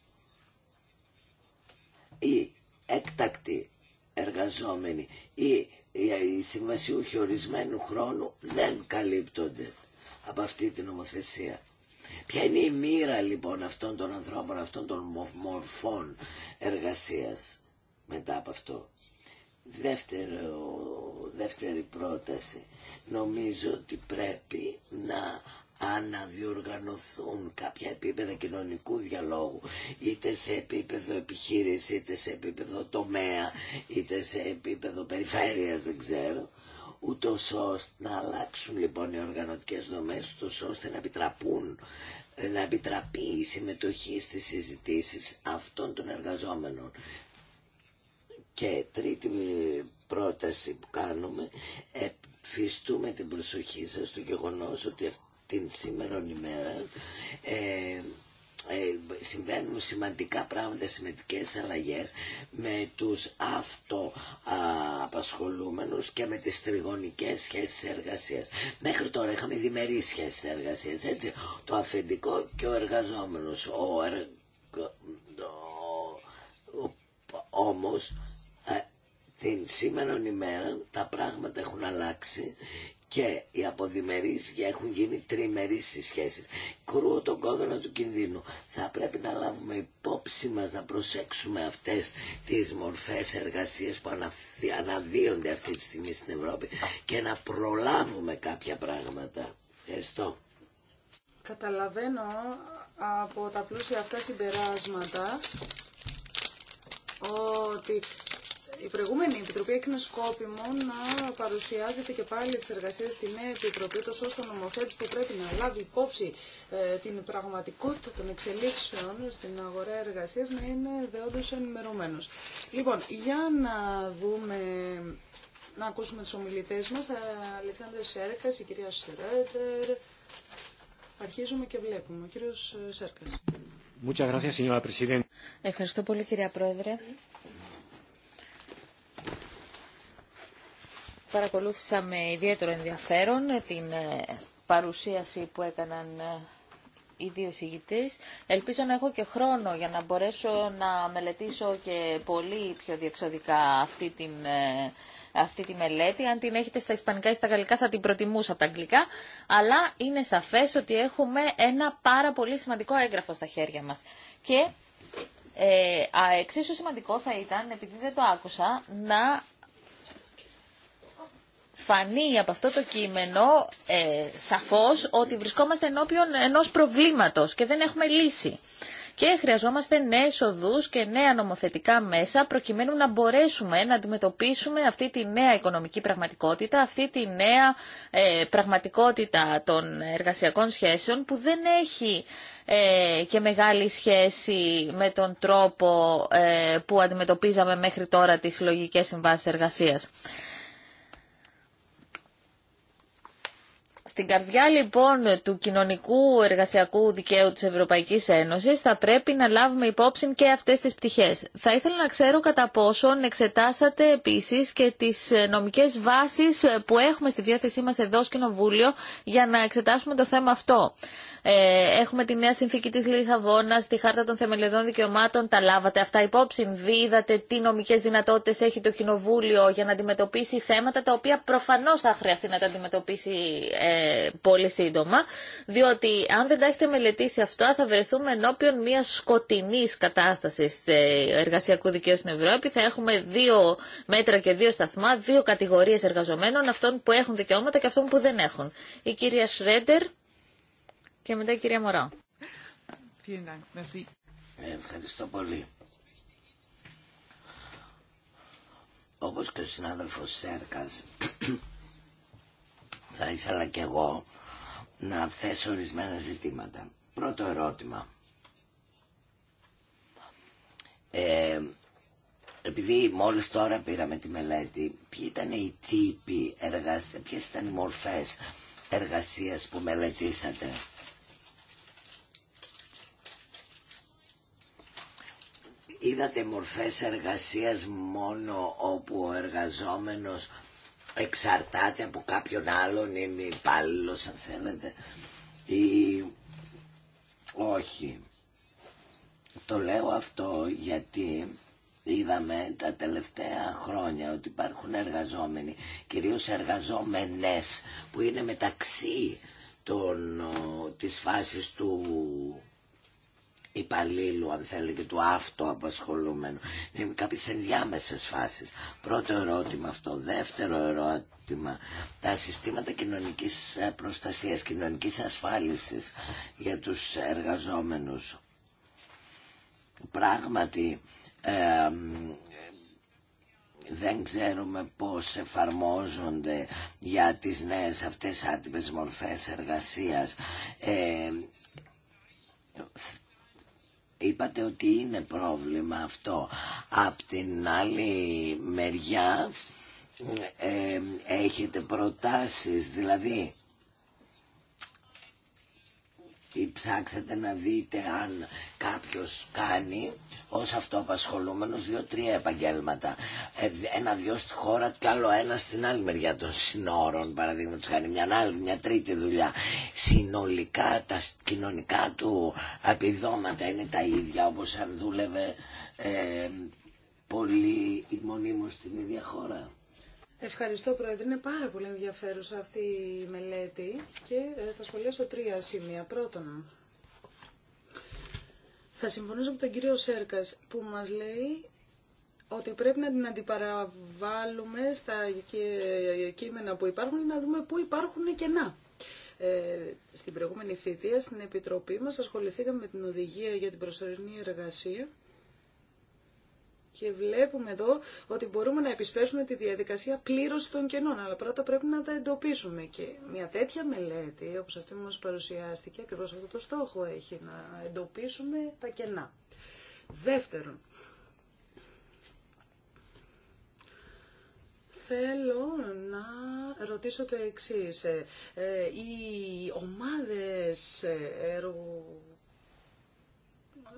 ή έκτακτη εργαζόμενοι ή οι συμβασιούχοι ορισμένου χρόνου δεν καλύπτονται από αυτή την νομοθεσία. Ποια είναι η μοίρα λοιπόν αυτών των ανθρώπων, αυτών των μορφών εργασίας μετά από αυτό. Δεύτερο, δεύτερη πρόταση. Νομίζω ότι πρέπει να αναδιοργανωθούν κάποια επίπεδα κοινωνικού διαλόγου είτε σε επίπεδο επιχείρηση είτε σε επίπεδο τομέα είτε σε επίπεδο περιφέρειας δεν ξέρω ούτω ώστε να αλλάξουν λοιπόν οι οργανωτικές δομές ούτω ώστε να επιτραπούν να επιτραπεί η συμμετοχή στις συζητήσεις αυτών των εργαζόμενων και τρίτη πρόταση που κάνουμε, εφιστούμε την προσοχή σας στο γεγονός ότι την σήμερα ημέρα ε, ε, συμβαίνουν σημαντικά πράγματα, σημαντικές αλλαγές με τους αυτοαπασχολούμενους και με τις τριγωνικές σχέσεις εργασίας. Μέχρι τώρα είχαμε διμερείς σχέσεις εργασίας, έτσι, το αφεντικό και ο εργαζόμενος. Ο, ο σήμερα η ημέρα τα πράγματα έχουν αλλάξει και οι αποδημερείς και έχουν γίνει τριμερείς οι σχέσεις. Κρούω τον κόδωνα του κινδύνου. Θα πρέπει να λάβουμε υπόψη μας να προσέξουμε αυτές τις μορφές εργασίες που αναδύονται αυτή τη στιγμή στην Ευρώπη και να προλάβουμε κάποια πράγματα. Ευχαριστώ. Καταλαβαίνω από τα πλούσια αυτά συμπεράσματα ότι η προηγούμενη Επιτροπή έκανε σκόπιμο να παρουσιάζεται και πάλι τις εργασίες στη νέα Επιτροπή, τόσο ώστε ο νομοθέτης που πρέπει να λάβει υπόψη ε, την πραγματικότητα των εξελίξεων στην αγορά εργασίας να είναι δεόντως ενημερωμένος. Λοιπόν, για να δούμε, να ακούσουμε τους ομιλητές μας, Αλεξάνδρες Σέρκας, η κυρία Σρέτερ, αρχίζουμε και βλέπουμε. Ο κύριος ε, Σέρκας. Ευχαριστώ πολύ κυρία Πρόεδρε. Παρακολούθησα με ιδιαίτερο ενδιαφέρον ε, την ε, παρουσίαση που έκαναν ε, οι δύο εισηγητές. Ελπίζω να έχω και χρόνο για να μπορέσω να μελετήσω και πολύ πιο διεξοδικά αυτή την αυτή τη μελέτη. Αν την έχετε στα ισπανικά ή στα γαλλικά θα την προτιμούσα από τα αγγλικά. Αλλά είναι σαφές ότι έχουμε ένα πάρα πολύ σημαντικό έγγραφο στα χέρια μας. Και ε, εξίσου σημαντικό θα ήταν, επειδή δεν το άκουσα, να φανεί από αυτό το κείμενο ε, σαφώς ότι βρισκόμαστε ενώπιον ενός προβλήματος και δεν έχουμε λύση. Και χρειαζόμαστε νέες οδούς και νέα νομοθετικά μέσα προκειμένου να μπορέσουμε να αντιμετωπίσουμε αυτή τη νέα οικονομική πραγματικότητα, αυτή τη νέα ε, πραγματικότητα των εργασιακών σχέσεων που δεν έχει ε, και μεγάλη σχέση με τον τρόπο ε, που αντιμετωπίζαμε μέχρι τώρα τις συλλογικέ συμβάσεις εργασίας. Στην καρδιά λοιπόν του κοινωνικού εργασιακού δικαίου της Ευρωπαϊκής Ένωσης θα πρέπει να λάβουμε υπόψη και αυτές τις πτυχές. Θα ήθελα να ξέρω κατά πόσον εξετάσατε επίσης και τις νομικές βάσεις που έχουμε στη διάθεσή μας εδώ στο Κοινοβούλιο για να εξετάσουμε το θέμα αυτό. Ε, έχουμε τη νέα συνθήκη της Λισαβόνας, τη Χάρτα των Θεμελιωδών Δικαιωμάτων, τα λάβατε αυτά υπόψη, είδατε τι νομικές δυνατότητες έχει το Κοινοβούλιο για να αντιμετωπίσει θέματα τα οποία προφανώς θα χρειαστεί να τα αντιμετωπίσει ε, πολύ σύντομα, διότι αν δεν τα έχετε μελετήσει αυτά θα βρεθούμε ενώπιον μια σκοτεινή κατάσταση ε, εργασιακού δικαίου στην Ευρώπη. Θα έχουμε δύο μέτρα και δύο σταθμά, δύο κατηγορίες εργαζομένων, αυτών που έχουν δικαιώματα και αυτών που δεν έχουν. Η κυρία Σρέντερ. Και μετά η κυρία Μωρό. Ε, ευχαριστώ πολύ. Όπως και ο συνάδελφος Σέρκας, θα ήθελα κι εγώ να θέσω ορισμένα ζητήματα. Πρώτο ερώτημα. Ε, επειδή μόλις τώρα πήραμε τη μελέτη, ποιοι ήταν οι τύποι εργασίες, ποιες ήταν οι μορφές εργασίας που μελετήσατε. είδατε μορφές εργασίας μόνο όπου ο εργαζόμενος εξαρτάται από κάποιον άλλον, είναι υπάλληλο αν θέλετε ή όχι. Το λέω αυτό γιατί είδαμε τα τελευταία χρόνια ότι υπάρχουν εργαζόμενοι, κυρίως εργαζόμενες που είναι μεταξύ των, της φάσης του υπαλλήλου, αν θέλετε και του αυτοαπασχολούμενου. Είναι κάποιε ενδιάμεσε φάσεις. Πρώτο ερώτημα αυτό. Δεύτερο ερώτημα. Τα συστήματα κοινωνική ε, προστασίας, κοινωνική ασφάλισης για τους εργαζόμενους. Πράγματι, δεν ξέρουμε πώς εφαρμόζονται για τις νέες αυτές άτυπες μορφές εργασίας. Ε, είπατε ότι είναι πρόβλημα αυτό. Απ' την άλλη μεριά ε, έχετε προτάσεις, δηλαδή ψάξετε να δείτε αν κάποιος κάνει ως αυτοαπασχολούμενος δύο-τρία επαγγέλματα. Ε, ένα-δυο στη χώρα και άλλο ένα στην άλλη μεριά των συνόρων, παραδείγματος κάνει μια άλλη, μια τρίτη δουλειά. Συνολικά τα κοινωνικά του επιδόματα είναι τα ίδια όπως αν δούλευε ε, πολύ μονίμως στην ίδια χώρα. Ευχαριστώ, Πρόεδρε. Είναι πάρα πολύ ενδιαφέρουσα αυτή η μελέτη και ε, θα σχολιάσω τρία σημεία. Πρώτον, θα συμφωνήσω με τον κύριο Σέρκας που μας λέει ότι πρέπει να την αντιπαραβάλουμε στα ε, κείμενα που υπάρχουν ή να δούμε πού υπάρχουν κενά. Ε, στην προηγούμενη θητεία, στην Επιτροπή μας, ασχοληθήκαμε με την οδηγία για την προσωρινή εργασία και βλέπουμε εδώ ότι μπορούμε να επισπεύσουμε τη διαδικασία πλήρωση των κενών, αλλά πρώτα πρέπει να τα εντοπίσουμε. Και μια τέτοια μελέτη, όπως αυτή μας παρουσιάστηκε, ακριβώς αυτό το στόχο έχει, να εντοπίσουμε τα κενά. Δεύτερον, θέλω να ρωτήσω το εξής. Ε, ε, οι ομάδες ε, έργου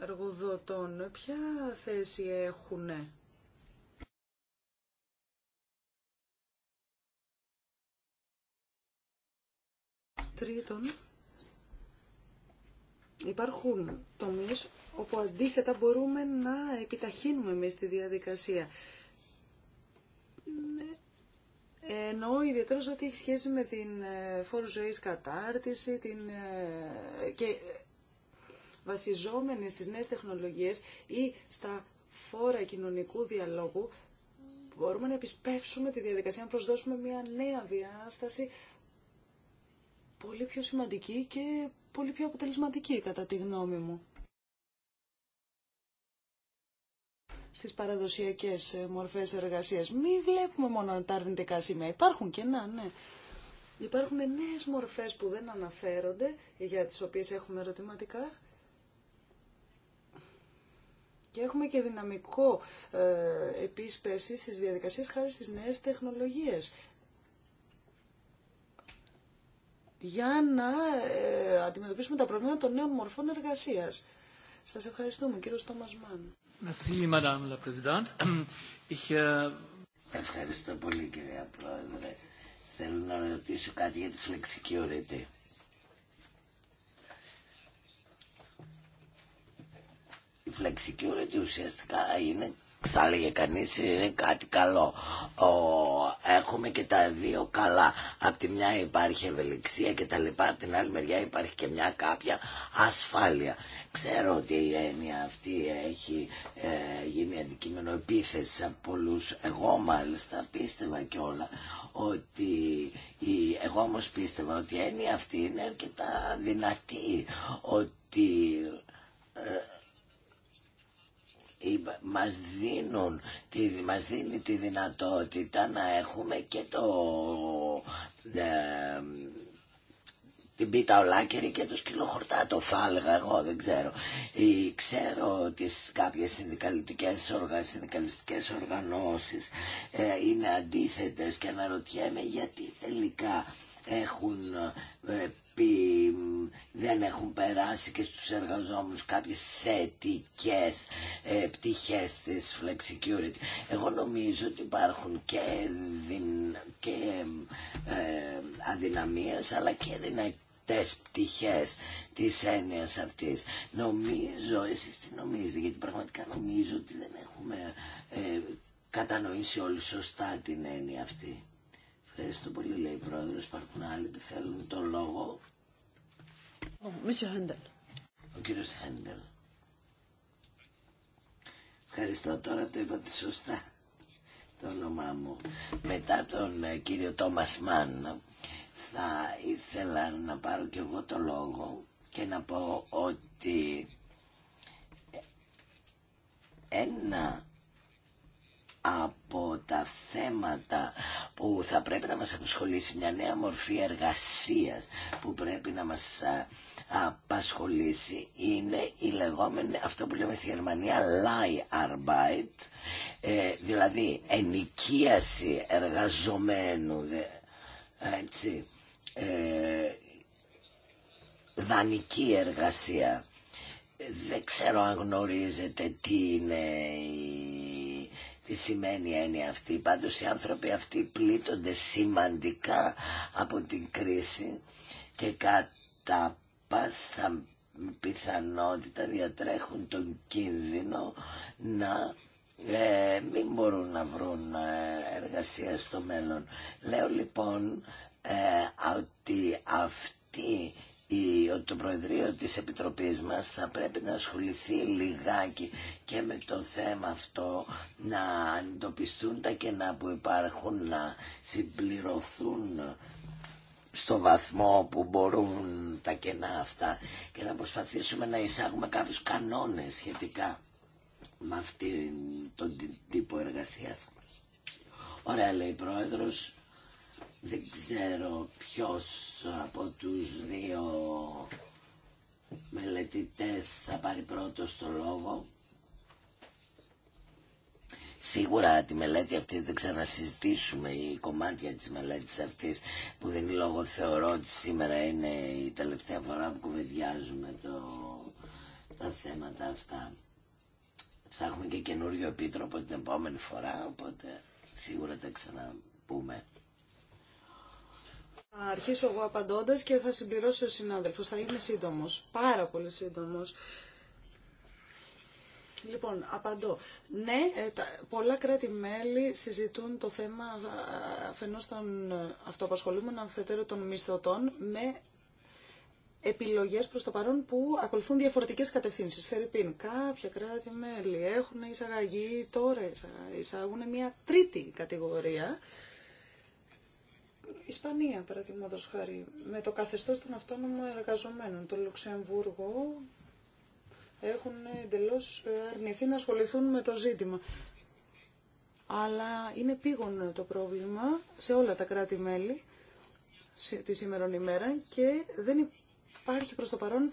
εργοδοτών ποια θέση έχουν. Τρίτον, υπάρχουν τομείς όπου αντίθετα μπορούμε να επιταχύνουμε εμείς τη διαδικασία. Ναι. Εννοώ ιδιαίτερα ότι έχει σχέση με την ε, φόρο ζωής κατάρτιση την... Ε, και βασιζόμενοι στις νέες τεχνολογίες ή στα φόρα κοινωνικού διαλόγου, μπορούμε να επισπεύσουμε τη διαδικασία, να προσδώσουμε μια νέα διάσταση πολύ πιο σημαντική και πολύ πιο αποτελεσματική κατά τη γνώμη μου. στις παραδοσιακές ε, μορφές εργασίας. Μη βλέπουμε μόνο τα αρνητικά σημεία. Υπάρχουν και να, ναι. Υπάρχουν νέες μορφές που δεν αναφέρονται, για τις οποίες έχουμε ερωτηματικά και έχουμε και δυναμικό ε, επίσπευση στις διαδικασίες χάρη στις νέες τεχνολογίες για να ε, αντιμετωπίσουμε τα προβλήματα των νέων μορφών εργασίας. Σας ευχαριστούμε, κύριο Τόμας Μάν. Ε, Ευχαριστώ πολύ, κυρία Πρόεδρε. Θέλω να ρωτήσω κάτι για τη φλεξική flexicurity ουσιαστικά είναι θα έλεγε κανείς είναι κάτι καλό. Ο, έχουμε και τα δύο καλά. Απ' τη μια υπάρχει ευελιξία και τα λοιπά, απ' την άλλη μεριά υπάρχει και μια κάποια ασφάλεια. Ξέρω ότι η έννοια αυτή έχει ε, γίνει αντικείμενο επίθεση από πολλούς. Εγώ μάλιστα πίστευα και όλα ότι η, εγώ όμω πίστευα ότι η έννοια αυτή είναι αρκετά δυνατή. Ότι... Ε, μας δίνουν τη, μας δίνει τη δυνατότητα να έχουμε και το ε, την πίτα ολάκερη και το σκυλοχορτά, το φάλγα, εγώ δεν ξέρω. Ή, ε, ξέρω ότι κάποιες συνδικαλιστικές, οργα, συνδικαλιστικές οργανώσεις ε, είναι αντίθετες και αναρωτιέμαι γιατί τελικά έχουν ε, δεν έχουν περάσει και στους εργαζόμενους κάποιες θετικές ε, πτυχές της Flex Security. Εγώ νομίζω ότι υπάρχουν και, δυν και ε, αδυναμίες αλλά και δυνατές τις πτυχές της έννοιας αυτής. Νομίζω, εσείς τι νομίζετε, γιατί πραγματικά νομίζω ότι δεν έχουμε ε, κατανοήσει όλοι σωστά την έννοια αυτή. Ευχαριστώ πολύ, λέει η πρόεδρο. Υπάρχουν άλλοι που θέλουν το λόγο. Ο κύριο Χέντελ. Ευχαριστώ τώρα, το είπατε σωστά το όνομά μου. Μετά τον ε, κύριο Τόμας Μάν θα ήθελα να πάρω και εγώ το λόγο και να πω ότι ε, ένα από τα θέματα που θα πρέπει να μας απασχολήσει μια νέα μορφή εργασίας που πρέπει να μας απασχολήσει είναι η λεγόμενη αυτό που λέμε στη Γερμανία Leiharbeit ε, δηλαδή ενοικίαση εργαζομένου έτσι ε, δανεική εργασία δεν ξέρω αν γνωρίζετε τι είναι η τι σημαίνει η έννοια αυτή. Πάντως οι άνθρωποι αυτοί πλήττονται σημαντικά από την κρίση και κατά πάσα πιθανότητα διατρέχουν τον κίνδυνο να ε, μην μπορούν να βρουν ε, εργασία στο μέλλον. Λέω λοιπόν ε, ότι αυτή το Προεδρείο της Επιτροπής μας θα πρέπει να ασχοληθεί λιγάκι και με το θέμα αυτό να αντιμετωπιστούν τα κενά που υπάρχουν, να συμπληρωθούν στο βαθμό που μπορούν τα κενά αυτά και να προσπαθήσουμε να εισάγουμε κάποιους κανόνες σχετικά με αυτήν τον τύπο εργασίας. Ωραία λέει η Πρόεδρος. Δεν ξέρω ποιος από τους δύο μελετητές θα πάρει πρώτο το λόγο. Σίγουρα τη μελέτη αυτή δεν ξανασυζητήσουμε, η κομμάτια της μελέτης αυτής που δεν είναι λόγο θεωρώ ότι σήμερα είναι η τελευταία φορά που κουβεντιάζουμε το, τα θέματα αυτά. Θα έχουμε και καινούριο επίτροπο την επόμενη φορά, οπότε σίγουρα τα ξαναπούμε. Θα αρχίσω εγώ απαντώντας και θα συμπληρώσω ο συνάδελφος. Θα είμαι σύντομος, πάρα πολύ σύντομος. Λοιπόν, απαντώ. Ναι, ε, πολλά κράτη-μέλη συζητούν το θέμα ε, αφενός των ε, αυτοαπασχολούμενων αφετέρου των μισθωτών με επιλογές προς το παρόν που ακολουθούν διαφορετικές κατευθύνσεις. Φερρυπίν, κάποια κράτη-μέλη έχουν εισαγαγή, τώρα εισάγουν μια τρίτη κατηγορία Ισπανία, παραδείγματο χάρη, με το καθεστώ των αυτόνομων εργαζομένων, το Λουξεμβούργο, έχουν εντελώ ε, αρνηθεί να ασχοληθούν με το ζήτημα. Αλλά είναι πήγον το πρόβλημα σε όλα τα κράτη-μέλη τη σήμερον ημέρα και δεν υπάρχει προς το παρόν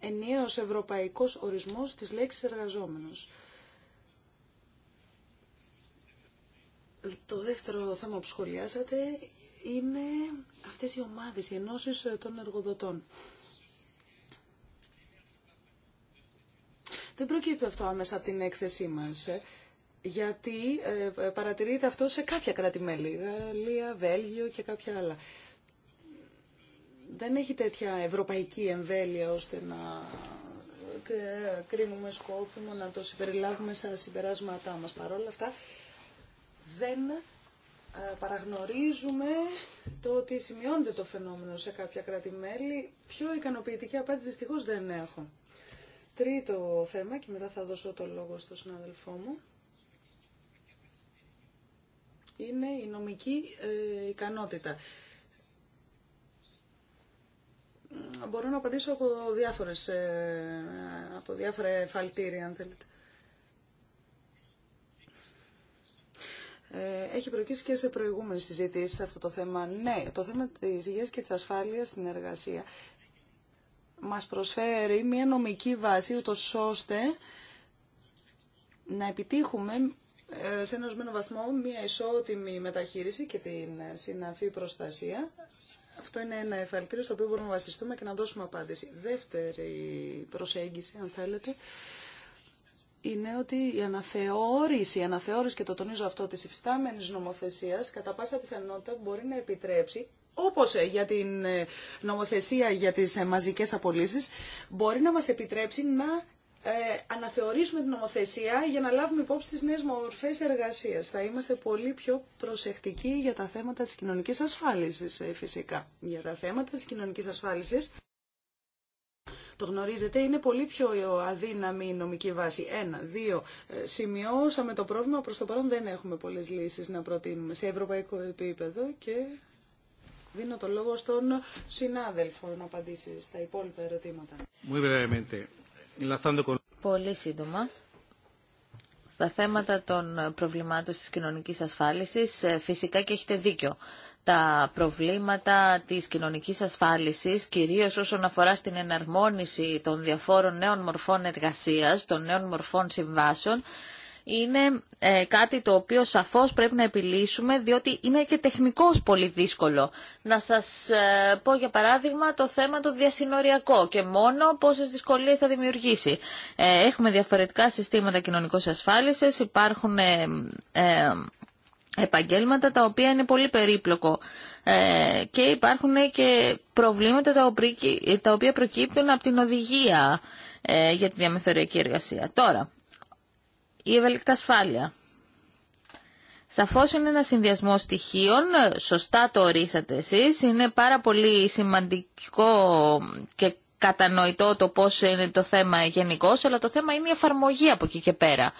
ενιαίος ευρωπαϊκός ορισμός της λέξης εργαζόμενος. Το δεύτερο θέμα που σχολιάσατε είναι αυτές οι ομάδες, οι ενώσεις των εργοδοτών. Δεν προκύπτει αυτό άμεσα από την έκθεσή μας, γιατί ε, ε, παρατηρείται αυτό σε κάποια κράτη-μέλη, Γαλλία, Βέλγιο και κάποια άλλα. Δεν έχει τέτοια ευρωπαϊκή εμβέλεια ώστε να ε, κρίνουμε σκόπιμο να το συμπεριλάβουμε στα συμπεράσματά μας. Παρ' όλα αυτά δεν ε, παραγνωρίζουμε το ότι σημειώνεται το φαινόμενο σε κάποια κράτη-μέλη. Πιο ικανοποιητική απάντηση δυστυχώ δεν έχω. Τρίτο θέμα και μετά θα δώσω το λόγο στον συνάδελφό μου. Είναι η νομική ε, ικανότητα. Μπορώ να απαντήσω από διάφορες, ε, από διάφορα εφαλτήρια αν θέλετε. Ε, έχει προκύψει και σε προηγούμενες συζητήσεις αυτό το θέμα. Ναι, το θέμα της υγείας και της ασφάλειας στην εργασία μας προσφέρει μια νομική βάση ούτω ώστε να επιτύχουμε ε, σε ένα ορισμένο βαθμό μια ισότιμη μεταχείριση και την ε, συναφή προστασία. Αυτό είναι ένα εφαλτήριο στο οποίο μπορούμε να βασιστούμε και να δώσουμε απάντηση. Δεύτερη προσέγγιση, αν θέλετε, είναι ότι η αναθεώρηση, η αναθεώρηση και το τονίζω αυτό της υφιστάμενης νομοθεσίας κατά πάσα πιθανότητα μπορεί να επιτρέψει όπως ε, για την ε, νομοθεσία για τις ε, μαζικές απολύσεις, μπορεί να μας επιτρέψει να αναθεωρήσουμε την νομοθεσία για να λάβουμε υπόψη τις νέες μορφές εργασίας. Θα είμαστε πολύ πιο προσεκτικοί για τα θέματα της κοινωνικής ασφάλισης, φυσικά. Για τα θέματα της κοινωνικής ασφάλισης το γνωρίζετε, είναι πολύ πιο αδύναμη η νομική βάση. Ένα, δύο, ε, σημειώσαμε το πρόβλημα, προς το παρόν δεν έχουμε πολλές λύσεις να προτείνουμε σε ευρωπαϊκό επίπεδο και δίνω το λόγο στον συνάδελφο να απαντήσει στα υπόλοιπα ερωτήματα. Πολύ σύντομα. Στα θέματα των προβλημάτων της κοινωνικής ασφάλισης, ε, φυσικά και έχετε δίκιο τα προβλήματα της κοινωνικής ασφάλισης, κυρίως όσον αφορά στην εναρμόνιση των διαφόρων νέων μορφών εργασίας, των νέων μορφών συμβάσεων, είναι ε, κάτι το οποίο σαφώς πρέπει να επιλύσουμε, διότι είναι και τεχνικώς πολύ δύσκολο. Να σας ε, πω για παράδειγμα το θέμα το διασυνοριακό και μόνο πόσες δυσκολίες θα δημιουργήσει. Ε, έχουμε διαφορετικά συστήματα κοινωνικής ασφάλισης, υπάρχουν επαγγέλματα τα οποία είναι πολύ περίπλοκο ε, και υπάρχουν και προβλήματα τα οποία προκύπτουν από την οδηγία ε, για τη διαμεθοριακή εργασία. Τώρα, η ευελικτή ασφάλεια. Σαφώς είναι ένα συνδυασμό στοιχείων, σωστά το ορίσατε εσείς, είναι πάρα πολύ σημαντικό και κατανοητό το πώς είναι το θέμα γενικώ, αλλά το θέμα είναι η εφαρμογή από εκεί και πέρα.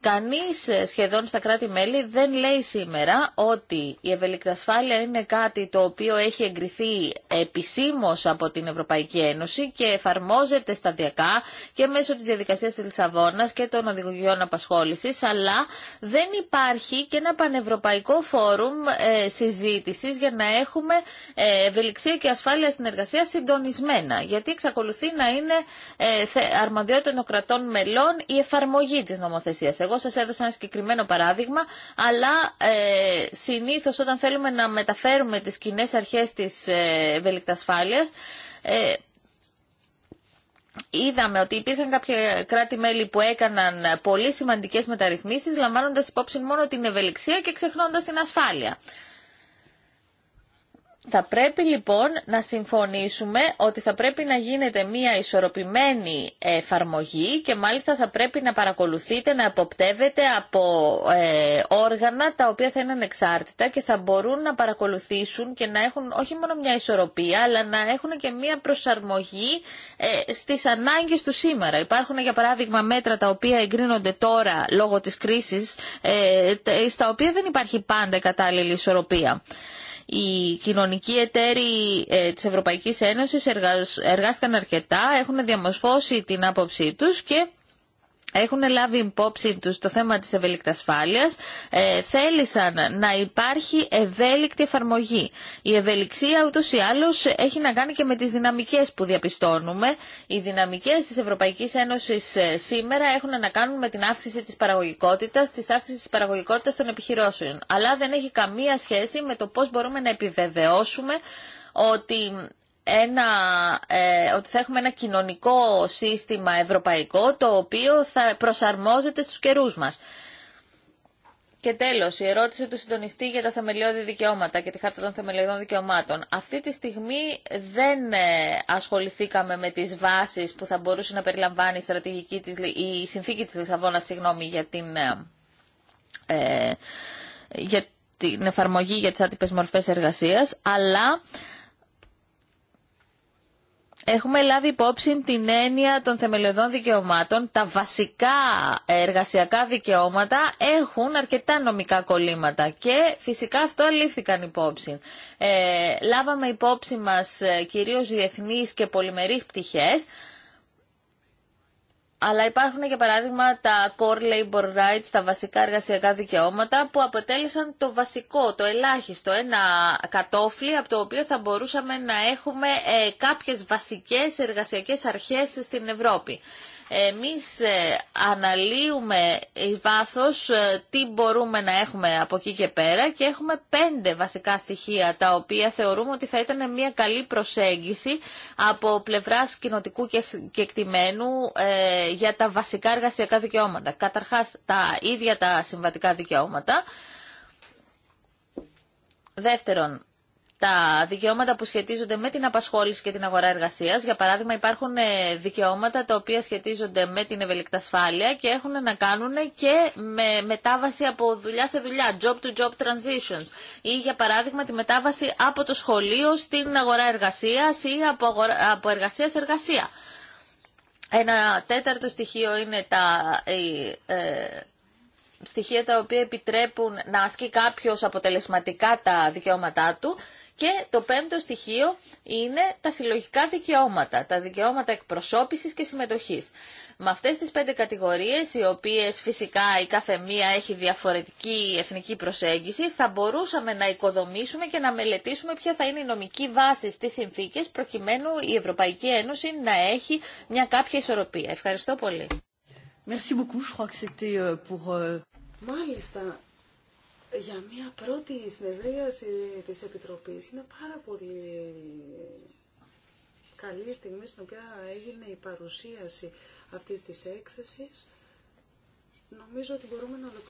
Κανείς ε, σχεδόν στα κράτη-μέλη δεν λέει σήμερα ότι η ασφάλεια... είναι κάτι το οποίο έχει εγκριθεί επισήμως από την Ευρωπαϊκή Ένωση και εφαρμόζεται σταδιακά και μέσω της διαδικασίας της Λισαβόνας και των οδηγιών απασχόλησης, αλλά δεν υπάρχει και ένα πανευρωπαϊκό φόρουμ ε, συζήτησης για να έχουμε ε, ευελιξία και ασφάλεια στην εργασία συντονισμένα, γιατί εξακολουθεί να είναι ε, αρμοδιότητα των κρατών μελών η εφαρμογή της νομοθεσίας. Εγώ σας έδωσα ένα συγκεκριμένο παράδειγμα, αλλά ε, συνήθως όταν θέλουμε να μεταφέρουμε τις κοινέ αρχές της ε, ευελικτασφάλειας, ε, Είδαμε ότι υπήρχαν κάποια κράτη-μέλη που έκαναν πολύ σημαντικές μεταρρυθμίσεις λαμβάνοντας υπόψη μόνο την ευελιξία και ξεχνώντας την ασφάλεια. Θα πρέπει λοιπόν να συμφωνήσουμε ότι θα πρέπει να γίνεται μια ισορροπημένη εφαρμογή και μάλιστα θα πρέπει να παρακολουθείτε, να αποπτεύετε από ε, όργανα τα οποία θα είναι ανεξάρτητα και θα μπορούν να παρακολουθήσουν και να έχουν όχι μόνο μια ισορροπία αλλά να έχουν και μια προσαρμογή ε, στις ανάγκες του σήμερα. Υπάρχουν για παράδειγμα μέτρα τα οποία εγκρίνονται τώρα λόγω της κρίσης ε, στα οποία δεν υπάρχει πάντα κατάλληλη ισορροπία. Οι κοινωνικοί εταίροι ε, της Ευρωπαϊκής Ένωσης εργάστηκαν αρκετά, έχουν διαμορφώσει την άποψή τους και έχουν λάβει υπόψη τους το θέμα της ευελικτασφάλειας, ε, θέλησαν να υπάρχει ευέλικτη εφαρμογή. Η ευελιξία ούτως ή άλλως έχει να κάνει και με τις δυναμικές που διαπιστώνουμε. Οι δυναμικές της Ευρωπαϊκής Ένωσης ε, σήμερα έχουν να κάνουν με την αύξηση της παραγωγικότητας, της αύξησης της παραγωγικότητας των επιχειρώσεων. Αλλά δεν έχει καμία σχέση με το πώς μπορούμε να επιβεβαιώσουμε ότι ένα, ε, ότι θα έχουμε ένα κοινωνικό σύστημα ευρωπαϊκό το οποίο θα προσαρμόζεται στους καιρούς μας. Και τέλος, η ερώτηση του συντονιστή για τα θεμελιώδη δικαιώματα και τη χάρτα των θεμελιωδών δικαιωμάτων. Αυτή τη στιγμή δεν ε, ασχοληθήκαμε με τις βάσεις που θα μπορούσε να περιλαμβάνει η, στρατηγική της, η συνθήκη της Λισαβόνας συγγνώμη, για, την, ε, ε για την εφαρμογή για τις άτυπες μορφές εργασίας, αλλά Έχουμε λάβει υπόψη την έννοια των θεμελιωδών δικαιωμάτων. Τα βασικά εργασιακά δικαιώματα έχουν αρκετά νομικά κολλήματα και φυσικά αυτό λήφθηκαν υπόψη. Ε, λάβαμε υπόψη μας ε, κυρίως διεθνείς και πολυμερείς πτυχές, αλλά υπάρχουν για παράδειγμα τα core labor rights, τα βασικά εργασιακά δικαιώματα που αποτέλεσαν το βασικό, το ελάχιστο, ένα κατόφλι από το οποίο θα μπορούσαμε να έχουμε ε, κάποιες βασικές εργασιακές αρχές στην Ευρώπη. Εμείς ε, αναλύουμε εις βάθος ε, τι μπορούμε να έχουμε από εκεί και πέρα και έχουμε πέντε βασικά στοιχεία τα οποία θεωρούμε ότι θα ήταν μια καλή προσέγγιση από πλευράς κοινοτικού και εκτιμένου ε, για τα βασικά εργασιακά δικαιώματα. Καταρχάς τα ίδια τα συμβατικά δικαιώματα. Δεύτερον, τα δικαιώματα που σχετίζονται με την απασχόληση και την αγορά εργασίας. Για παράδειγμα υπάρχουν ε, δικαιώματα τα οποία σχετίζονται με την ευελικτασφάλεια και έχουν να κάνουν και με μετάβαση από δουλειά σε δουλειά, job to job transitions ή για παράδειγμα τη μετάβαση από το σχολείο στην αγορά εργασίας ή από, αγορα... από εργασία σε εργασία. Ένα τέταρτο στοιχείο είναι τα ε, ε, στοιχεία τα οποία επιτρέπουν να ασκεί κάποιος αποτελεσματικά τα δικαιώματά του και το πέμπτο στοιχείο είναι τα συλλογικά δικαιώματα, τα δικαιώματα εκπροσώπησης και συμμετοχής. Με αυτές τις πέντε κατηγορίες, οι οποίες φυσικά η κάθε μία έχει διαφορετική εθνική προσέγγιση, θα μπορούσαμε να οικοδομήσουμε και να μελετήσουμε ποια θα είναι η νομική βάση στις συνθήκες, προκειμένου η Ευρωπαϊκή Ένωση να έχει μια κάποια ισορροπία. Ευχαριστώ πολύ για μια πρώτη συνεδρίαση της Επιτροπής είναι πάρα πολύ καλή στιγμή στην οποία έγινε η παρουσίαση αυτής της έκθεσης. Νομίζω ότι μπορούμε να